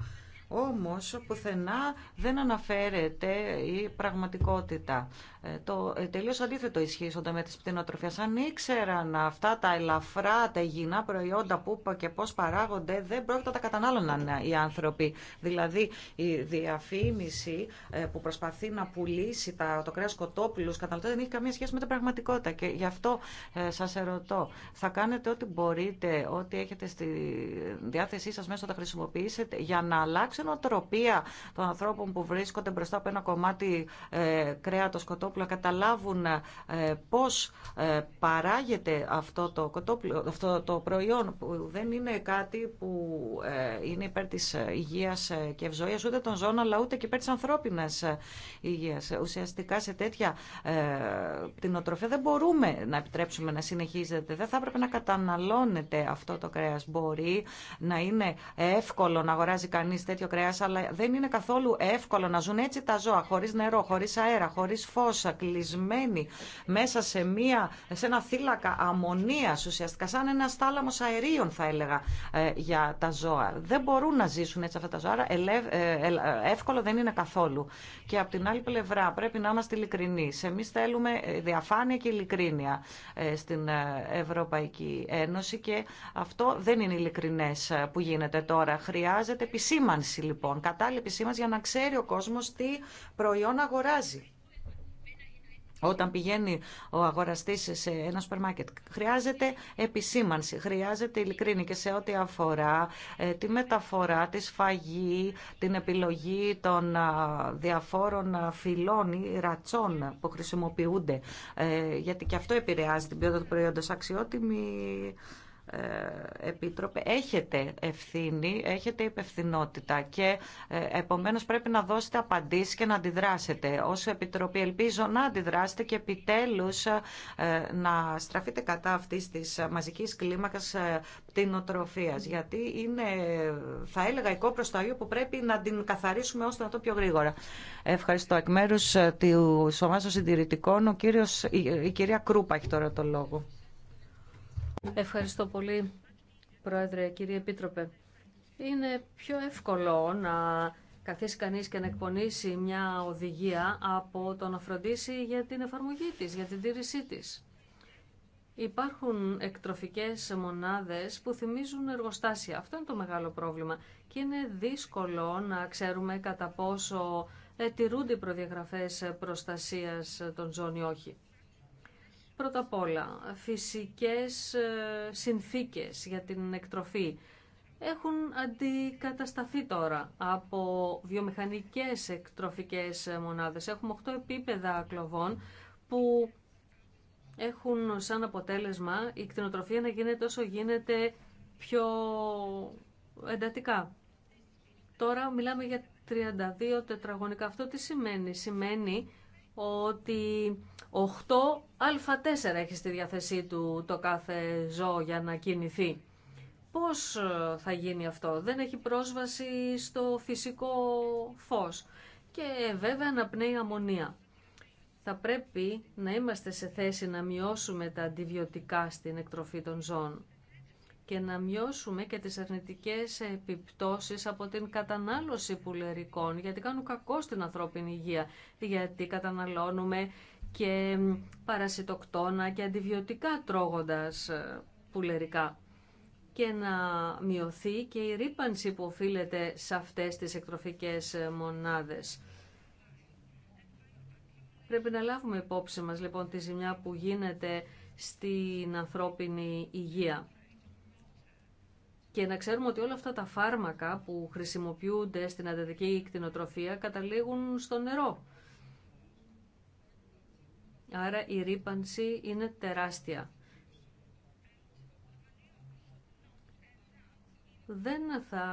Όμως πουθενά δεν αναφέρεται η πραγματικότητα. Ε, το ε, τελείω αντίθετο ισχύει με τι τη Αν ήξεραν αυτά τα ελαφρά, τα υγιεινά προϊόντα που και πώ παράγονται, δεν πρόκειται να τα κατανάλωναν οι άνθρωποι. Δηλαδή, η διαφήμιση ε, που προσπαθεί να πουλήσει τα, το κρέα κοτόπουλου καταναλωτέ δεν έχει καμία σχέση με την πραγματικότητα. Και γι' αυτό σα ερωτώ, θα κάνετε ό,τι μπορείτε, ό,τι έχετε στη διάθεσή σα μέσα να τα χρησιμοποιήσετε για να αλλάξει η νοοτροπία των ανθρώπων που βρίσκονται μπροστά από ένα κομμάτι ε, κρέατο κοτόπουλου κοτόπουλο, καταλάβουν ε, πώς ε, παράγεται αυτό το, αυτό το προϊόν που δεν είναι κάτι που ε, είναι υπέρ της υγείας και ευζοίας ούτε των ζώων αλλά ούτε και υπέρ της ανθρώπινας υγείας. Ουσιαστικά σε τέτοια πτυνοτροφία δεν μπορούμε να επιτρέψουμε να συνεχίζεται. Δεν θα έπρεπε να καταναλώνεται αυτό το κρέας. Μπορεί να είναι εύκολο να αγοράζει κανείς τέτοιο κρέας αλλά δεν είναι καθόλου εύκολο να ζουν έτσι τα ζώα χωρίς νερό, χωρίς αέρα, χωρίς φως γλώσσα, μέσα σε, μια, σε ένα θύλακα αμμονίας ουσιαστικά, σαν ένα θάλαμο αερίων θα έλεγα ε, για τα ζώα. Δεν μπορούν να ζήσουν έτσι αυτά τα ζώα, ε, ε, εύκολο δεν είναι καθόλου. Και από την άλλη πλευρά πρέπει να είμαστε ειλικρινεί. Εμεί θέλουμε διαφάνεια και ειλικρίνεια στην Ευρωπαϊκή Ένωση και αυτό δεν είναι ειλικρινέ που γίνεται τώρα. Χρειάζεται επισήμανση λοιπόν, κατάλληλη επισήμανση για να ξέρει ο κόσμο τι προϊόν αγοράζει. Όταν πηγαίνει ο αγοραστή σε ένα σούπερ χρειάζεται επισήμανση, χρειάζεται ειλικρίνη και σε ό,τι αφορά ε, τη μεταφορά, τη σφαγή, την επιλογή των διαφόρων φυλών ή ρατσών που χρησιμοποιούνται. Ε, γιατί και αυτό επηρεάζει την ποιότητα του προϊόντος. Αξιότιμη ε, Επίτροπε, έχετε ευθύνη, έχετε υπευθυνότητα και ε, επομένως πρέπει να δώσετε απαντήσεις και να αντιδράσετε. Ως Επιτροπή ελπίζω να αντιδράσετε και επιτέλους ε, να στραφείτε κατά αυτής της μαζικής κλίμακας πτυνοτροφίας. Γιατί είναι, θα έλεγα, η κόπρος το που πρέπει να την καθαρίσουμε ώστε να το πιο γρήγορα. Ευχαριστώ. Εκ μέρους του Σωμάτου Συντηρητικών, ο κύριος, η κυρία Κρούπα έχει τώρα το λόγο. Ευχαριστώ πολύ, Πρόεδρε, κύριε Επίτροπε. Είναι πιο εύκολο να καθίσει κανείς και να εκπονήσει μια οδηγία από το να φροντίσει για την εφαρμογή της, για την τήρησή της. Υπάρχουν εκτροφικές μονάδες που θυμίζουν εργοστάσια. Αυτό είναι το μεγάλο πρόβλημα. Και είναι δύσκολο να ξέρουμε κατά πόσο ε, τηρούνται οι προδιαγραφές προστασίας των ζώνη όχι. Πρώτα απ' όλα, φυσικές ε, συνθήκες για την εκτροφή έχουν αντικατασταθεί τώρα από βιομηχανικές εκτροφικές μονάδες. Έχουμε 8 επίπεδα κλοβών που έχουν σαν αποτέλεσμα η κτηνοτροφία να γίνεται όσο γίνεται πιο εντατικά. Τώρα μιλάμε για 32 τετραγωνικά. Αυτό τι σημαίνει. Σημαίνει ότι 8α4 έχει στη διάθεσή του το κάθε ζώο για να κινηθεί. Πώς ε, θα γίνει αυτό, δεν έχει πρόσβαση στο φυσικό φως και βέβαια αναπνέει αμμονία. Θα πρέπει να είμαστε σε θέση να μειώσουμε τα αντιβιωτικά στην εκτροφή των ζώων και να μειώσουμε και τις αρνητικές επιπτώσεις από την κατανάλωση πουλερικών, γιατί κάνουν κακό στην ανθρώπινη υγεία, γιατί καταναλώνουμε και παρασιτοκτόνα και αντιβιωτικά τρώγοντας ε, πουλερικά και να μειωθεί και η ρήπανση που οφείλεται σε αυτές τις εκτροφικές ε, μονάδες. Πρέπει να λάβουμε υπόψη μας λοιπόν τη ζημιά που γίνεται στην ανθρώπινη υγεία και να ξέρουμε ότι όλα αυτά τα φάρμακα που χρησιμοποιούνται στην ανταδική κτηνοτροφία καταλήγουν στο νερό. Άρα η ρήπανση είναι τεράστια. δεν θα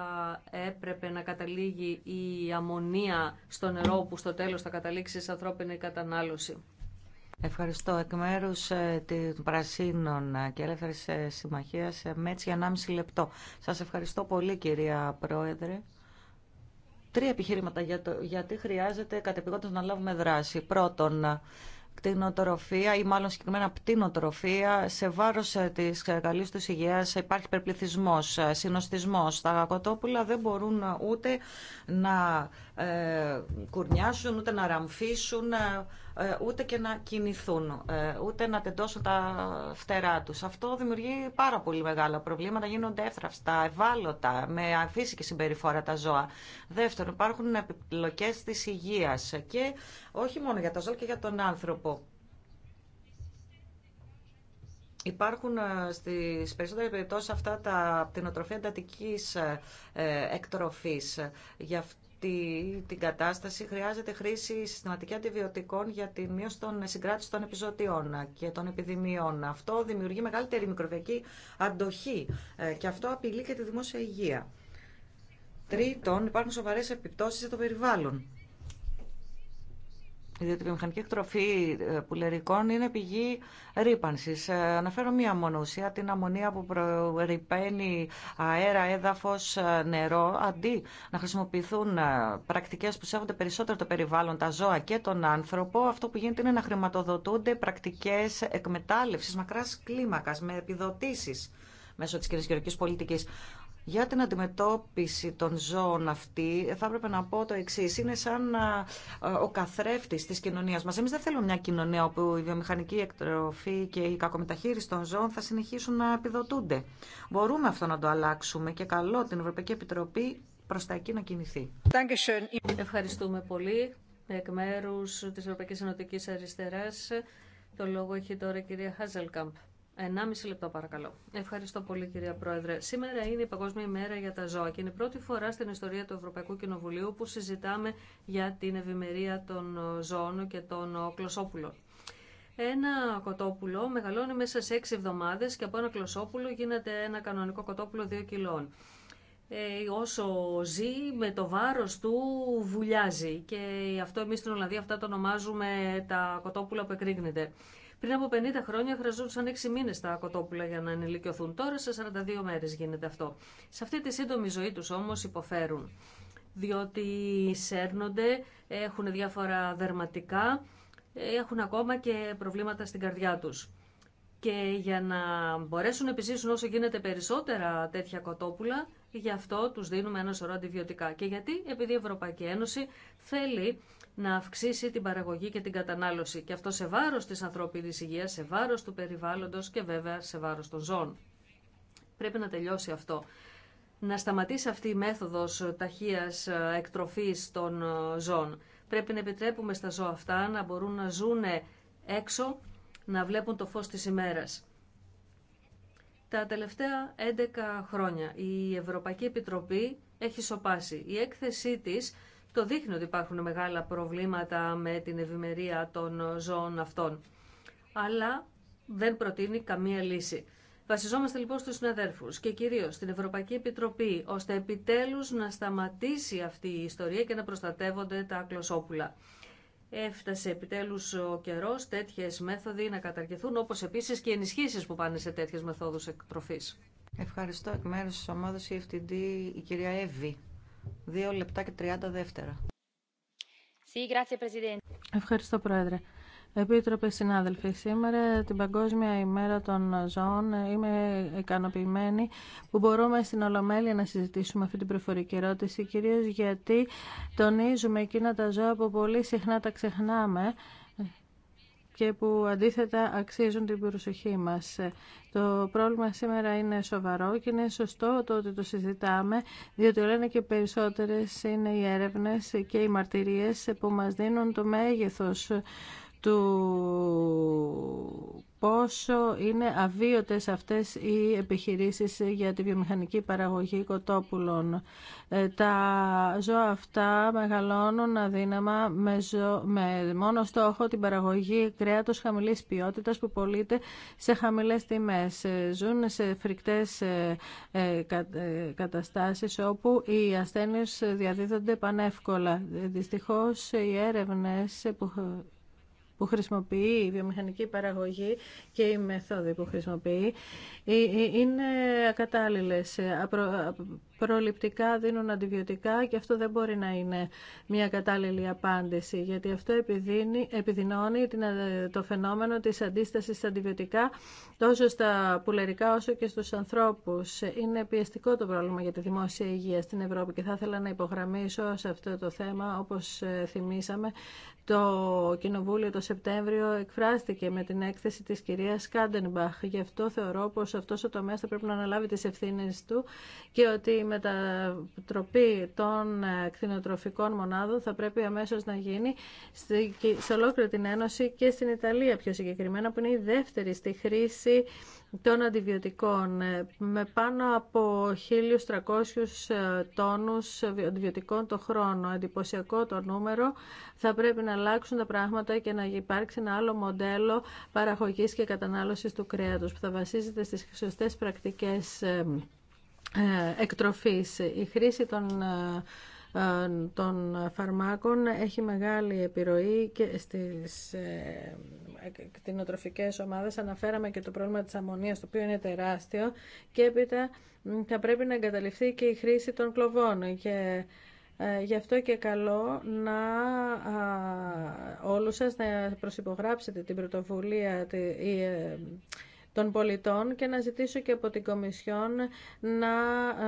έπρεπε να καταλήγει η αμμονία στο νερό που στο τέλος θα καταλήξει σε ανθρώπινη κατανάλωση. Ευχαριστώ. Εκ μέρου ε, των Πρασίνων και Ελεύθερη ε, Συμμαχία, ε, έτσι για 1,5 λεπτό. Σα ευχαριστώ πολύ, κυρία Πρόεδρε. Τρία επιχείρηματα για το, γιατί χρειάζεται κατεπηγόντω να λάβουμε δράση. Πρώτον, κτηνοτροφία ή μάλλον συγκεκριμένα πτηνοτροφία σε βάρος της καλή του υγείας υπάρχει υπερπληθισμό, συνοστισμό. Τα κοτόπουλα δεν μπορούν ούτε να ε, κουρνιάσουν, ούτε να ραμφίσουν, ε, ε, ούτε και να κινηθούν, ούτε να τεντώσουν τα φτερά τους. Αυτό δημιουργεί πάρα πολύ μεγάλα προβλήματα, γίνονται εύθραυστα, ευάλωτα, με και συμπεριφορά τα ζώα. Δεύτερον, υπάρχουν επιπλοκές της υγείας και όχι μόνο για τα ζώα και για τον άνθρωπο. Υπάρχουν στις περισσότερες περιπτώσεις αυτά τα πτυνοτροφία εντατικής εκτροφής. Γι' αυτό την κατάσταση χρειάζεται χρήση συστηματική αντιβιωτικών για τη μείωση των συγκράτηση των επιζωτιών και των επιδημιών. Αυτό δημιουργεί μεγαλύτερη μικροβιακή αντοχή ε, και αυτό απειλεί και τη δημόσια υγεία. Τρίτον, υπάρχουν σοβαρές επιπτώσεις το περιβάλλον διότι η βιομηχανική εκτροφή ε, πουλερικών είναι πηγή ρήπανση. Ε, αναφέρω μία μόνο ουσία, την αμμονία που ρηπαίνει αέρα, έδαφο, ε, νερό, αντί να χρησιμοποιηθούν πρακτικέ που σέβονται περισσότερο το περιβάλλον, τα ζώα και τον άνθρωπο, αυτό που γίνεται είναι να χρηματοδοτούνται πρακτικέ εκμετάλλευση μακρά κλίμακα με επιδοτήσει μέσω τη κυριαρχική πολιτικής. πολιτική. Για την αντιμετώπιση των ζώων αυτή θα έπρεπε να πω το εξή. Είναι σαν ο καθρέφτη τη κοινωνία μα. Εμεί δεν θέλουμε μια κοινωνία όπου η βιομηχανική εκτροφή και η κακομεταχείριση των ζώων θα συνεχίσουν να επιδοτούνται. Μπορούμε αυτό να το αλλάξουμε και καλό την Ευρωπαϊκή Επιτροπή προ τα εκεί να κινηθεί. Ευχαριστούμε πολύ. Εκ μέρου τη Ευρωπαϊκή Ενωτική Αριστερά, το λόγο έχει τώρα η κυρία Χάζελκαμπ. 1,5 λεπτό παρακαλώ. Ευχαριστώ πολύ κυρία Πρόεδρε. Σήμερα είναι η Παγκόσμια ημέρα για τα ζώα και είναι η πρώτη φορά στην ιστορία του Ευρωπαϊκού Κοινοβουλίου που συζητάμε για την ευημερία των ζώων και των κλωσόπουλων. Ένα κοτόπουλο μεγαλώνει μέσα σε 6 εβδομάδες και από ένα κλωσόπουλο γίνεται ένα κανονικό κοτόπουλο 2 κιλών. Ε, όσο ζει με το βάρος του βουλιάζει και αυτό εμείς στην Ολλανδία αυτά το ονομάζουμε τα κοτόπουλα που εκρήγνεται. Πριν από 50 χρόνια χρειαζόντουσαν 6 μήνε τα κοτόπουλα για να ενηλικιωθούν. Τώρα σε 42 μέρε γίνεται αυτό. Σε αυτή τη σύντομη ζωή του όμω υποφέρουν. Διότι σέρνονται, έχουν διάφορα δερματικά, έχουν ακόμα και προβλήματα στην καρδιά τους. Και για να μπορέσουν να επιζήσουν όσο γίνεται περισσότερα τέτοια κοτόπουλα, γι' αυτό τους δίνουμε ένα σωρό αντιβιωτικά. Και γιατί, επειδή η Ευρωπαϊκή Ένωση θέλει να αυξήσει την παραγωγή και την κατανάλωση. Και αυτό σε βάρος της ανθρώπινης υγείας, σε βάρος του περιβάλλοντος και βέβαια σε βάρος των ζώων. Πρέπει να τελειώσει αυτό. Να σταματήσει αυτή η μέθοδος ταχείας ε, εκτροφής των ε, ζώων. Πρέπει να επιτρέπουμε στα ζώα αυτά να μπορούν να ζουν έξω, να βλέπουν το φως της ημέρας. Τα τελευταία 11 χρόνια η Ευρωπαϊκή Επιτροπή έχει σοπάσει. Η έκθεσή της το δείχνει ότι υπάρχουν μεγάλα προβλήματα με την ευημερία των ζώων αυτών. Αλλά δεν προτείνει καμία λύση. Βασιζόμαστε λοιπόν στους συναδέρφους και κυρίως στην Ευρωπαϊκή Επιτροπή, ώστε επιτέλους να σταματήσει αυτή η ιστορία και να προστατεύονται τα κλωσόπουλα. Έφτασε επιτέλους ο καιρός τέτοιες μέθοδοι να καταργηθούν, όπως επίσης και οι ενισχύσεις που πάνε σε τέτοιες μεθόδους εκτροφής. Ευχαριστώ εκ μέρους της ομάδας CFTD η κυρία Εύη. Δύο λεπτά και 30 δεύτερα. Ευχαριστώ, Πρόεδρε. Επίτροπε, συνάδελφοι, σήμερα την Παγκόσμια ημέρα των ζώων είμαι ικανοποιημένη που μπορούμε στην Ολομέλεια να συζητήσουμε αυτή την προφορική ερώτηση, κυρίως γιατί τονίζουμε εκείνα τα ζώα που πολύ συχνά τα ξεχνάμε και που αντίθετα αξίζουν την προσοχή μας. Το πρόβλημα σήμερα είναι σοβαρό και είναι σωστό το ότι το συζητάμε, διότι λένε και περισσότερες είναι οι έρευνες και οι μαρτυρίες που μας δίνουν το μέγεθος του πόσο είναι αβίωτες αυτές οι επιχειρήσεις για τη βιομηχανική παραγωγή κοτόπουλων. Ε, τα ζώα αυτά μεγαλώνουν αδύναμα με, με μόνο στόχο την παραγωγή κρέατος χαμηλής ποιότητας που πωλείται σε χαμηλές τιμές. Ε, ζουν σε φρικτές ε, καταστάσεις όπου οι ασθένειες διαδίδονται πανεύκολα. Δυστυχώς οι έρευνες που που χρησιμοποιεί η βιομηχανική παραγωγή και οι μεθόδοι που χρησιμοποιεί ε, ε, είναι ακατάλληλες ε, προληπτικά δίνουν αντιβιωτικά και αυτό δεν μπορεί να είναι μια κατάλληλη απάντηση γιατί αυτό επιδίνει, επιδεινώνει ε, το φαινόμενο της αντίστασης στα αντιβιωτικά τόσο στα πουλερικά όσο και στους ανθρώπους. Είναι πιεστικό το πρόβλημα για τη δημόσια υγεία στην Ευρώπη και θα ήθελα να υπογραμμίσω σε αυτό το θέμα όπως ε, θυμήσαμε το Κοινοβούλιο το Σεπτέμβριο εκφράστηκε με την έκθεση της κυρίας Κάντεμπαχ. Γι' αυτό θεωρώ πως αυτός ο τομέας θα πρέπει να αναλάβει τις ευθύνες του και ότι μετατροπή των ε, κτηνοτροφικών μονάδων θα πρέπει αμέσως να γίνει σε ολόκληρη την Ένωση και στην Ιταλία πιο συγκεκριμένα που είναι η δεύτερη στη χρήση των αντιβιωτικών ε, με πάνω από 1.300 ε, τόνους αντιβιωτικών το χρόνο. Εντυπωσιακό το νούμερο. Θα πρέπει να αλλάξουν τα πράγματα και να υπάρξει ένα άλλο μοντέλο παραγωγής και κατανάλωσης του κρέατος που θα βασίζεται στις σωστές πρακτικές ε, εκτροφής. Η χρήση ε, των φαρμάκων έχει μεγάλη επιρροή και στις ε, κτηνοτροφικές ομάδες. Αναφέραμε και το πρόβλημα της αμμονίας, το οποίο είναι τεράστιο και έπειτα θα πρέπει να εγκαταλειφθεί και η χρήση των κλοβών. Και γι' αυτό και καλό να όλους σας να προσυπογράψετε την πρωτοβουλία των πολιτών και να ζητήσω και από την Κομισιόν να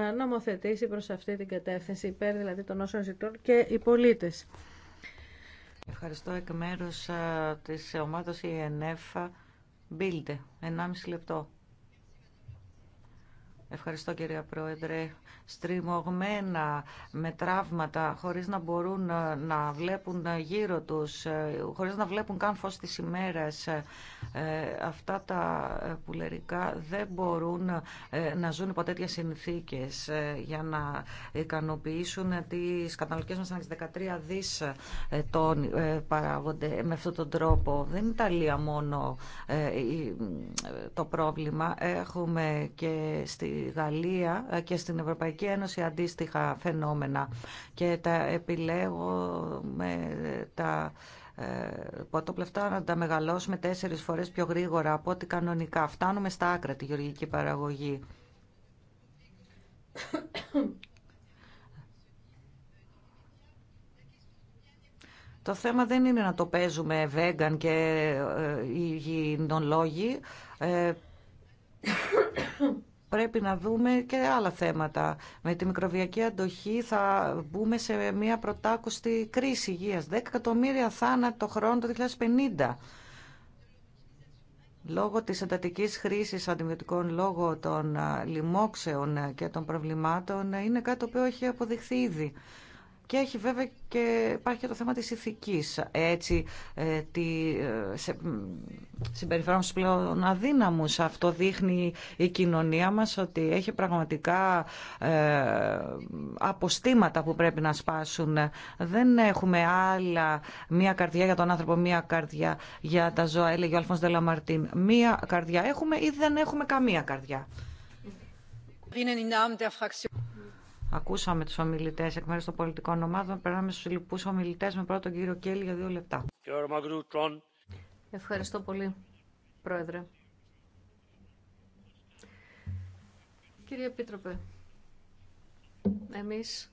ε, νομοθετήσει προς αυτή την κατεύθυνση, υπέρ δηλαδή των όσων ζητούν και οι πολίτες. Ευχαριστώ εκ μέρους ε, της ομάδας ΕΝΕΦ. Μπίλτε, 1,5 λεπτό. Ευχαριστώ κυρία Πρόεδρε. Στριμωγμένα με τραύματα, χωρίς να μπορούν ε, να βλέπουν ε, γύρω τους, ε, χωρίς να βλέπουν καν φως της ημέρες. αυτά τα πουλερικά δεν μπορούν να ζουν υπό τέτοιες συνθήκες για να ικανοποιήσουν τις καταναλωτικές μας 13 δις τον παράγονται με αυτόν τον τρόπο. Δεν είναι Ιταλία μόνο το πρόβλημα. Έχουμε και στη Γαλλία ε, και στην Ευρωπαϊκή Ένωση αντίστοιχα φαινόμενα και τα επιλέγω με τα ε, ποτόπλευτα να τα μεγαλώσουμε τέσσερις φορές πιο γρήγορα από ό,τι κανονικά. Φτάνουμε στα άκρα τη γεωργική παραγωγή. Το θέμα δεν είναι να το παίζουμε vegan και ε, υγιεινολόγοι πρέπει να δούμε και άλλα θέματα. Με τη μικροβιακή αντοχή θα μπούμε σε μια πρωτάκουστη κρίση υγείας. 10 εκατομμύρια θάνατο το χρόνο το 2050. Λόγω της εντατικής χρήσης αντιμιωτικών λόγω των λοιμόξεων και των προβλημάτων ε, είναι κάτι το οποίο έχει αποδειχθεί ήδη. Και έχει βέβαια και υπάρχει και το θέμα της ηθικής. Έτσι, ε, τη, ε, σε, συμπεριφερόμαστε πλέον αδύναμους. Αυτό δείχνει η κοινωνία μας ότι έχει πραγματικά ε, αποστήματα που πρέπει να σπάσουν. Δεν έχουμε άλλα μία καρδιά για τον άνθρωπο, μία καρδιά για τα ζώα, έλεγε ο Αλφόνς Δελαμαρτίν. Μία καρδιά έχουμε ή δεν έχουμε καμία καρδιά. Ακούσαμε τους ομιλητέ εκ μέρους των πολιτικών ομάδων. Περνάμε στου λοιπού ομιλητές με πρώτον κύριο Κέλλη για δύο λεπτά. Ευχαριστώ πολύ, Πρόεδρε. Κύριε Επίτροπε, εμείς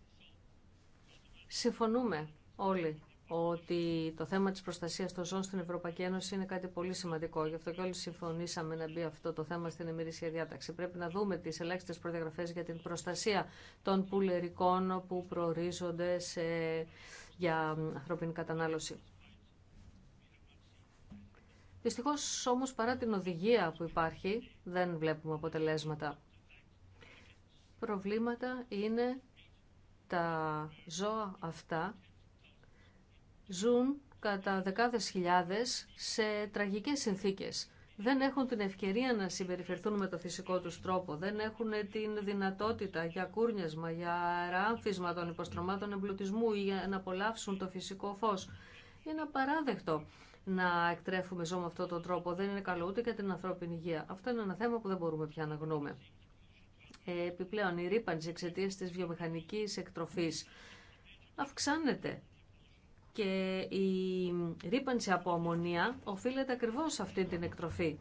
συμφωνούμε όλοι ότι το θέμα της προστασίας των ζώων στην Ευρωπαϊκή Ένωση είναι κάτι πολύ σημαντικό. Γι' αυτό και όλοι συμφωνήσαμε να μπει αυτό το θέμα στην Εμμυρίσια διάταξη. Πρέπει να δούμε τις ελάχιστες προδιαγραφές για την προστασία των πουλερικών που προορίζονται σε... για ανθρώπινη κατανάλωση. Δυστυχώ όμως παρά την οδηγία που υπάρχει δεν βλέπουμε αποτελέσματα. Προβλήματα είναι τα ζώα αυτά ζουν κατά δεκάδες χιλιάδες σε τραγικές συνθήκες. Δεν έχουν την ευκαιρία να συμπεριφερθούν με το φυσικό τους τρόπο, δεν έχουν την δυνατότητα για κούρνιασμα, για ράμφισμα των υποστρωμάτων εμπλουτισμού ή για να απολαύσουν το φυσικό φως. Είναι απαράδεκτο να εκτρέφουμε ζώο με αυτόν τον τρόπο. Δεν είναι καλό ούτε για την ανθρώπινη υγεία. Αυτό είναι ένα θέμα που δεν μπορούμε πια να γνώμε. Επιπλέον, η ρήπανση εξαιτία τη βιομηχανική εκτροφή αυξάνεται και η ρήπανση από αμμονία οφείλεται ακριβώς σε αυτή την εκτροφή.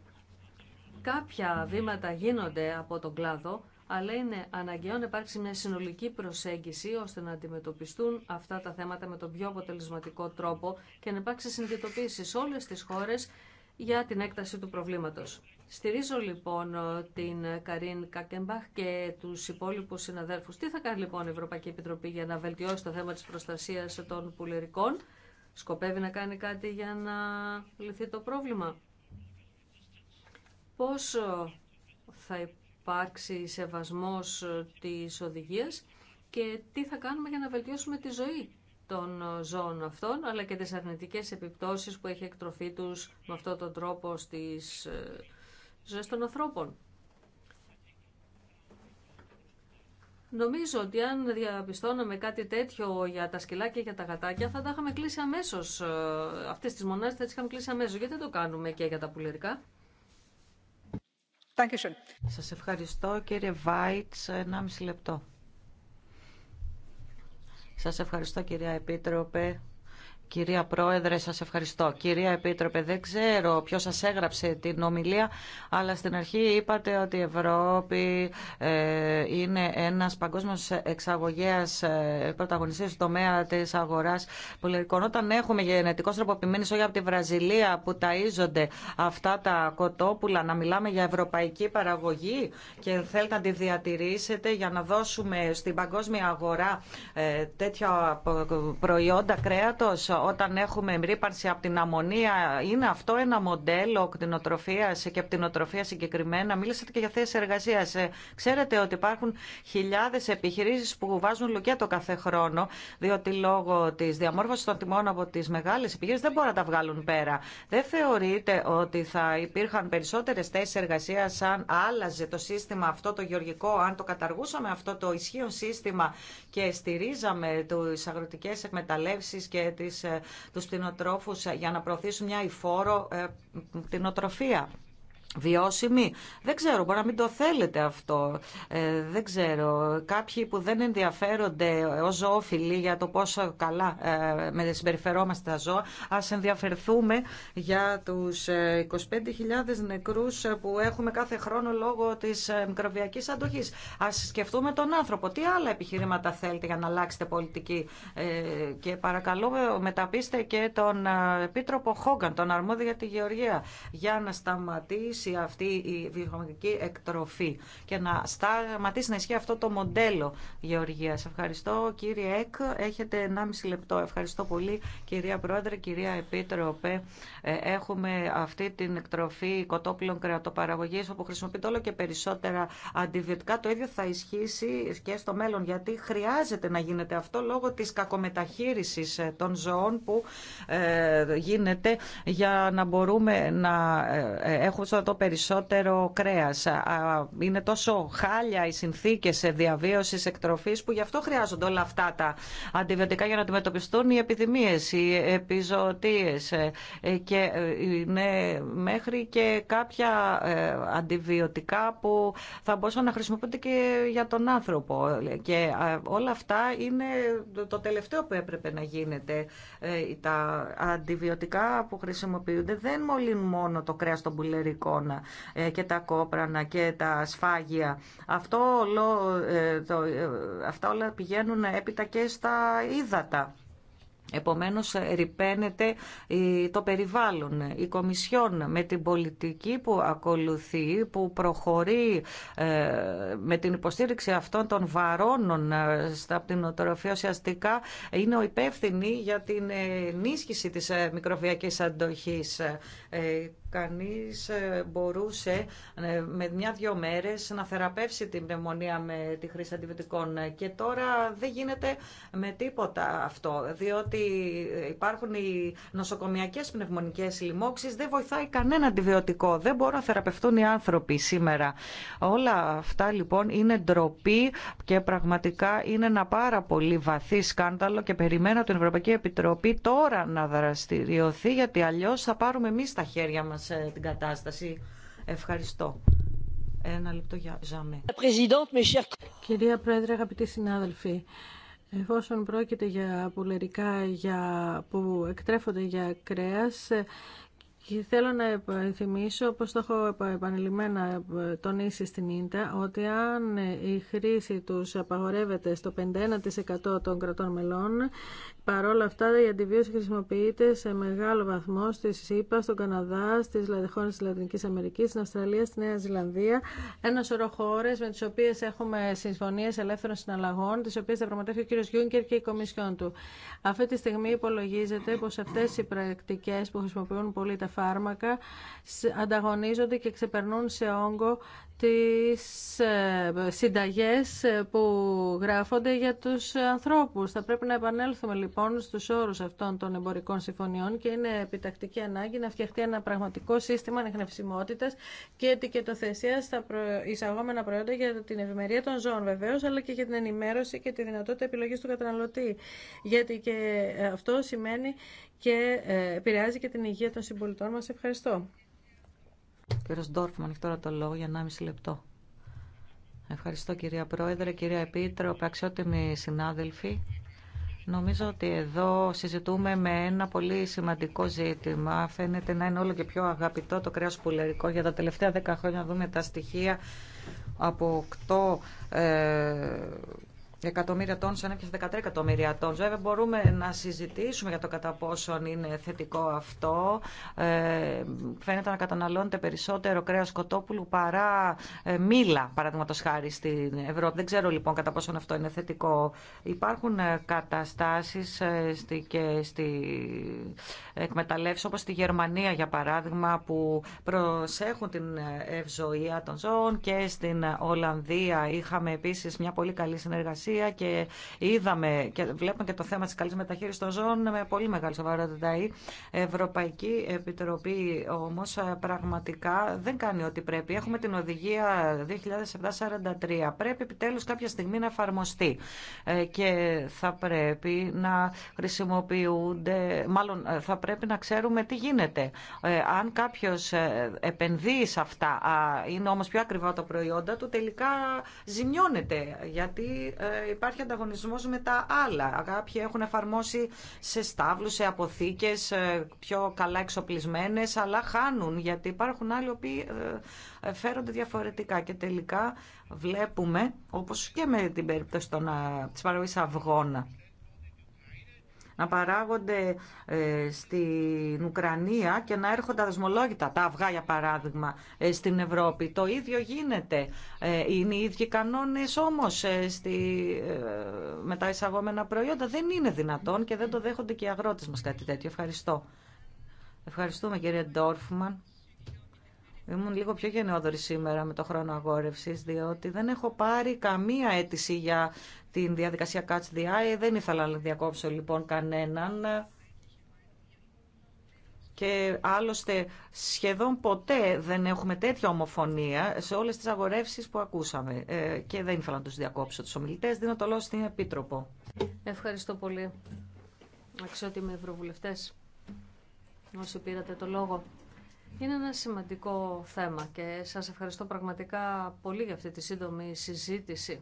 Κάποια βήματα γίνονται από τον κλάδο, αλλά είναι αναγκαίο να υπάρξει μια συνολική προσέγγιση ώστε να αντιμετωπιστούν αυτά τα θέματα με τον πιο αποτελεσματικό τρόπο και να υπάρξει συνειδητοποίηση σε όλες τις χώρες για την έκταση του προβλήματος. Στηρίζω λοιπόν την Καρίν Κακέμπαχ και τους υπόλοιπους συναδέλφους. Τι θα κάνει λοιπόν η Ευρωπαϊκή Επιτροπή για να βελτιώσει το θέμα της προστασίας των πουλερικών. Σκοπεύει να κάνει κάτι για να λυθεί το πρόβλημα. Πώς θα υπάρξει σεβασμός της οδηγίας και τι θα κάνουμε για να βελτιώσουμε τη ζωή των ζώων αυτών, αλλά και τις αρνητικές επιπτώσεις που έχει εκτροφή τους με αυτόν τον τρόπο στις ε, ζωές των ανθρώπων. Νομίζω ότι αν διαπιστώναμε κάτι τέτοιο για τα σκυλάκια και για τα γατάκια, θα τα είχαμε κλείσει αμέσω. Ε, Αυτέ τι μονάδε θα τι είχαμε κλείσει αμέσω. Γιατί δεν το κάνουμε και για τα πουλερικά. Σα ευχαριστώ, κύριε Βάιτ. μισή λεπτό. Σα ευχαριστώ, κυρία Επίτροπε. Κυρία Πρόεδρε, σας ευχαριστώ. Κυρία Επίτροπε, δεν ξέρω ποιος σας έγραψε την ομιλία, αλλά στην αρχή είπατε ότι η Ευρώπη ε, είναι ένας παγκόσμιος εξαγωγέας ε, πρωταγωνιστής στο τομέα της αγοράς πολυερικών. Όταν έχουμε γενετικό τροποποιημένη όχι από τη Βραζιλία που ταΐζονται αυτά τα κοτόπουλα, να μιλάμε για ευρωπαϊκή παραγωγή και θέλετε να τη διατηρήσετε για να δώσουμε στην παγκόσμια αγορά ε, τέτοια προϊόντα κρέατος όταν έχουμε ρήπανση από την αμμονία, είναι αυτό ένα μοντέλο κτηνοτροφία και κτηνοτροφία συγκεκριμένα. Μίλησατε και για θέσει εργασία. Ε, ξέρετε ότι υπάρχουν χιλιάδε επιχειρήσει που βάζουν λουκέτο κάθε χρόνο, διότι λόγω τη διαμόρφωση των τιμών από τι μεγάλε επιχειρήσει δεν μπορούν να τα βγάλουν πέρα. Δεν θεωρείτε ότι θα υπήρχαν περισσότερε θέσει εργασία αν άλλαζε το σύστημα αυτό το γεωργικό, αν το καταργούσαμε αυτό το ισχύον σύστημα και στηρίζαμε τι αγροτικέ εκμεταλλεύσει και τι ε, ε, τους κτηνοτρόφους ε, για να προωθήσουν μια υφόρο ε, κτηνοτροφία. Βιώσιμη. Δεν ξέρω, μπορεί να μην το θέλετε αυτό. Ε, δεν ξέρω. Κάποιοι που δεν ενδιαφέρονται ε, ω ζωόφιλοι για το πόσο καλά ε, με συμπεριφερόμαστε τα ζώα, α ενδιαφερθούμε για του 25.000 νεκρού που έχουμε κάθε χρόνο λόγω τη ε, μικροβιακή αντοχή. Α σκεφτούμε τον άνθρωπο. Τι άλλα επιχειρήματα θέλετε για να αλλάξετε πολιτική. και παρακαλώ, μεταπίστε και τον Επίτροπο Χόγκαν, τον αρμόδιο για τη Γεωργία, για να σταματήσει σταματήσει αυτή η βιομηχανική εκτροφή και να σταματήσει να ισχύει αυτό το μοντέλο γεωργίας. Ευχαριστώ κύριε Εκ, έχετε 1,5 λεπτό. Ευχαριστώ πολύ κυρία Πρόεδρε, κυρία Επίτροπε. Ε, έχουμε αυτή την εκτροφή κοτόπουλων κρεατοπαραγωγή όπου χρησιμοποιείται όλο και περισσότερα αντιβιωτικά. Το ίδιο θα ισχύσει και στο μέλλον γιατί χρειάζεται να γίνεται αυτό λόγω τη κακομεταχείριση ε, των ζωών που ε, γίνεται για να μπορούμε να έχουμε στο περισσότερο κρέας. Είναι τόσο χάλια οι συνθήκες διαβίωσης, εκτροφής που γι' αυτό χρειάζονται όλα αυτά τα αντιβιωτικά για να αντιμετωπιστούν οι επιδημίες, οι επιζωτίες ε, και ε, είναι μέχρι και κάποια ε, αντιβιωτικά που θα μπορούσαν να χρησιμοποιούνται και για τον άνθρωπο. Και όλα αυτά είναι το τελευταίο που έπρεπε να γίνεται. Τα αντιβιωτικά που χρησιμοποιούνται δεν μολύνουν μόνο το κρέας των πουλερικών ε, και τα κόπρανα και τα σφάγια. Αυτό όλο, ε, το, ε, αυτά όλα πηγαίνουν έπειτα και στα ύδατα. Επομένως ρηπαίνεται το περιβάλλον, η Κομισιόν με την πολιτική που ακολουθεί, που προχωρεί με την υποστήριξη αυτών των βαρώνων στα πτυνοτροφία ουσιαστικά είναι ο υπεύθυνη για την ενίσχυση της μικροβιακής αντοχής κανείς ε, μπορούσε ε, με μια-δυο μέρες να θεραπεύσει την πνευμονία με τη χρήση αντιβιωτικών ε, και τώρα δεν γίνεται με τίποτα αυτό, διότι υπάρχουν οι νοσοκομιακές πνευμονικές λοιμώξεις, δεν βοηθάει κανένα αντιβιωτικό, δεν μπορούν να θεραπευτούν οι άνθρωποι σήμερα. Όλα αυτά λοιπόν είναι ντροπή και πραγματικά είναι ένα πάρα πολύ βαθύ σκάνδαλο και περιμένω την Ευρωπαϊκή Επιτροπή τώρα να δραστηριωθεί γιατί αλλιώς θα πάρουμε εμείς τα χέρια μας μας ε, την κατάσταση. Ευχαριστώ. Ένα λεπτό για Ζαμέ. Κυρία Πρόεδρε, αγαπητοί συνάδελφοι, εφόσον πρόκειται για πουλερικά για, που εκτρέφονται για κρέας, θέλω να θυμίσω, όπως το έχω επανειλημμένα ε, τονίσει στην ίντα, ότι αν ε, η χρήση τους απαγορεύεται στο 51% των κρατών μελών, παρόλα αυτά η αντιβίωση χρησιμοποιείται σε μεγάλο βαθμό στη ΣΥΠΑ, στον Καναδά, στις χώρες της Λατινικής Αμερικής, στην Αυστραλία, στη Νέα Ζηλανδία, ένα σωρό χώρες με τις οποίες έχουμε συμφωνίες ελεύθερων συναλλαγών, τις οποίες πραγματεύει ο κ. Γιούγκερ και η Κομισιόν του. Αυτή τη στιγμή υπολογίζεται πως αυτές οι πρακτικές που χρησιμοποιούν πολύ τα φάρμακα ανταγωνίζονται και ξεπερνούν σε όγκο τις ε, συνταγές ε, που γράφονται για τους ανθρώπους. Θα πρέπει να επανέλθουμε λοιπόν στους όρους αυτών των εμπορικών συμφωνιών και είναι επιτακτική ανάγκη να φτιαχτεί ένα πραγματικό σύστημα ανεχνευσιμότητας και ετικετοθεσία στα εισαγόμενα προϊόντα για την ευημερία των ζώων βεβαίω, αλλά και για την ενημέρωση και τη δυνατότητα επιλογής του καταναλωτή. Γιατί και αυτό σημαίνει και ε, επηρεάζει και την υγεία των συμπολιτών μας. Ευχαριστώ. Κύριος Ντόρφμαν, έχει τώρα το λόγο για 1,5 λεπτό. Ευχαριστώ κυρία Πρόεδρε, κυρία Επίτροπε, αξιότιμοι συνάδελφοι. Νομίζω ότι εδώ συζητούμε με ένα πολύ σημαντικό ζήτημα. Φαίνεται να είναι όλο και πιο αγαπητό το κρέας πουλερικό. Για τα τελευταία 10 χρόνια δούμε τα στοιχεία από 8 ε, εκατομμύρια τόνου σαν έπιασε 13 εκατομμύρια τόνου. Βέβαια, μπορούμε να συζητήσουμε για το κατά πόσον είναι θετικό αυτό. Ε, φαίνεται να καταναλώνεται περισσότερο κρέα κοτόπουλου παρά ε, μήλα, παραδείγματο χάρη στην Ευρώπη. Δεν ξέρω λοιπόν κατά πόσο αυτό είναι θετικό. Υπάρχουν ε, καταστάσει ε, και στη εκμεταλλεύσει, όπω στη Γερμανία για παράδειγμα, που προσέχουν την ευζοία των ζώων και στην Ολλανδία είχαμε επίση μια πολύ καλή συνεργασία και είδαμε και βλέπουμε και το θέμα της καλής μεταχείρισης των ζώων με πολύ μεγάλη σοβαρότητα. Η Ευρωπαϊκή Επιτροπή όμως ε, πραγματικά δεν κάνει ό,τι πρέπει. Έχουμε την οδηγία 2043. Πρέπει επιτέλους κάποια στιγμή να εφαρμοστεί ε, και θα πρέπει να χρησιμοποιούνται, μάλλον ε, θα πρέπει να ξέρουμε τι γίνεται. Αν κάποιος επενδύει σε αυτά, είναι όμως πιο ακριβά τα προϊόντα του, τελικά ζημιώνεται γιατί υπάρχει ανταγωνισμός με τα άλλα. Κάποιοι έχουν εφαρμόσει σε στάβλους, σε αποθήκες ε, πιο καλά εξοπλισμένες, αλλά χάνουν γιατί υπάρχουν άλλοι οποίοι ε, φέρονται διαφορετικά και τελικά βλέπουμε, όπως και με την περίπτωση τη της παραγωγής αυγών, να παράγονται ε, στην Ουκρανία και να έρχονται δεσμολόγητα, τα αυγά για παράδειγμα ε, στην Ευρώπη. Το ίδιο γίνεται. Ε, είναι οι ίδιοι κανόνες όμως στη, με τα εισαγόμενα προϊόντα. Δεν είναι δυνατόν και δεν το δέχονται και οι αγρότες μας κάτι τέτοιο. Ευχαριστώ. Ευχαριστούμε κύριε Ντόρφμαν. Ήμουν λίγο πιο γενναιόδορη σήμερα με το χρόνο αγόρευσης, διότι δεν έχω πάρει καμία αίτηση για την διαδικασία Catch the Eye. Δεν ήθελα να διακόψω λοιπόν κανέναν. Και άλλωστε σχεδόν ποτέ δεν έχουμε τέτοια ομοφωνία σε όλες τις αγορεύσεις που ακούσαμε. Ε, και δεν ήθελα να τους διακόψω τους ομιλητές. Δίνω το λόγο στην Επίτροπο. Ευχαριστώ πολύ. Αξιότιμοι ευρωβουλευτές, όσοι πήρατε το λόγο. Είναι ένα σημαντικό θέμα και σας ευχαριστώ πραγματικά πολύ για αυτή τη σύντομη συζήτηση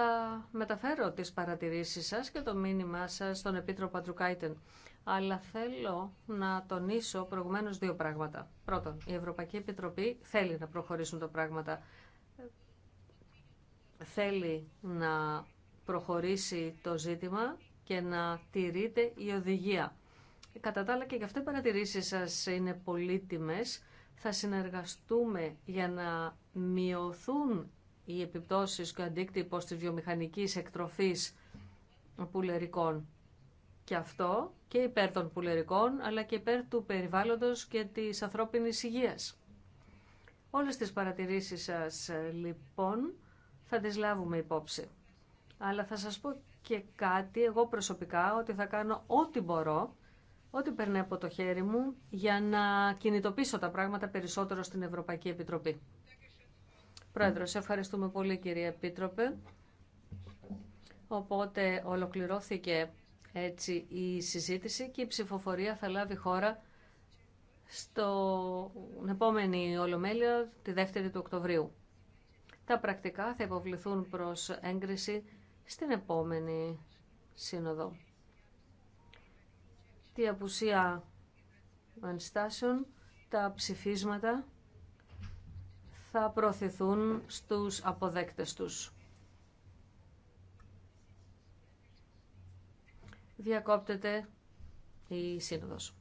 θα μεταφέρω τις παρατηρήσεις σας και το μήνυμά σας στον Επίτροπο Αντρουκάιτεν. Αλλά θέλω να τονίσω προηγουμένως δύο πράγματα. Πρώτον, η Ευρωπαϊκή Επιτροπή θέλει να προχωρήσουν τα πράγματα. Θέλει να προχωρήσει το ζήτημα και να τηρείται η οδηγία. Κατά τα άλλα και γι' αυτό οι παρατηρήσεις σας είναι πολύτιμες. Θα συνεργαστούμε για να μειωθούν οι επιπτώσεις και ο αντίκτυπος της βιομηχανικής εκτροφής πουλερικών. Και αυτό και υπέρ των πουλερικών, αλλά και υπέρ του περιβάλλοντος και της ανθρώπινης υγείας. Όλες τις παρατηρήσεις σας, λοιπόν, θα τις λάβουμε υπόψη. Αλλά θα σας πω και κάτι εγώ προσωπικά, ότι θα κάνω ό,τι μπορώ, ό,τι περνάει από το χέρι μου, για να κινητοποιήσω τα πράγματα περισσότερο στην Ευρωπαϊκή Επιτροπή σε ευχαριστούμε πολύ κύριε Επίτροπε. Οπότε ολοκληρώθηκε έτσι η συζήτηση και η ψηφοφορία θα λάβει χώρα στο επόμενη Ολομέλεια, τη 2 του Οκτωβρίου. Τα πρακτικά θα υποβληθούν προς έγκριση στην επόμενη σύνοδο. Τη απουσία ενστάσεων, τα ψηφίσματα θα προωθηθούν στους αποδέκτες τους. Διακόπτεται η σύνοδος.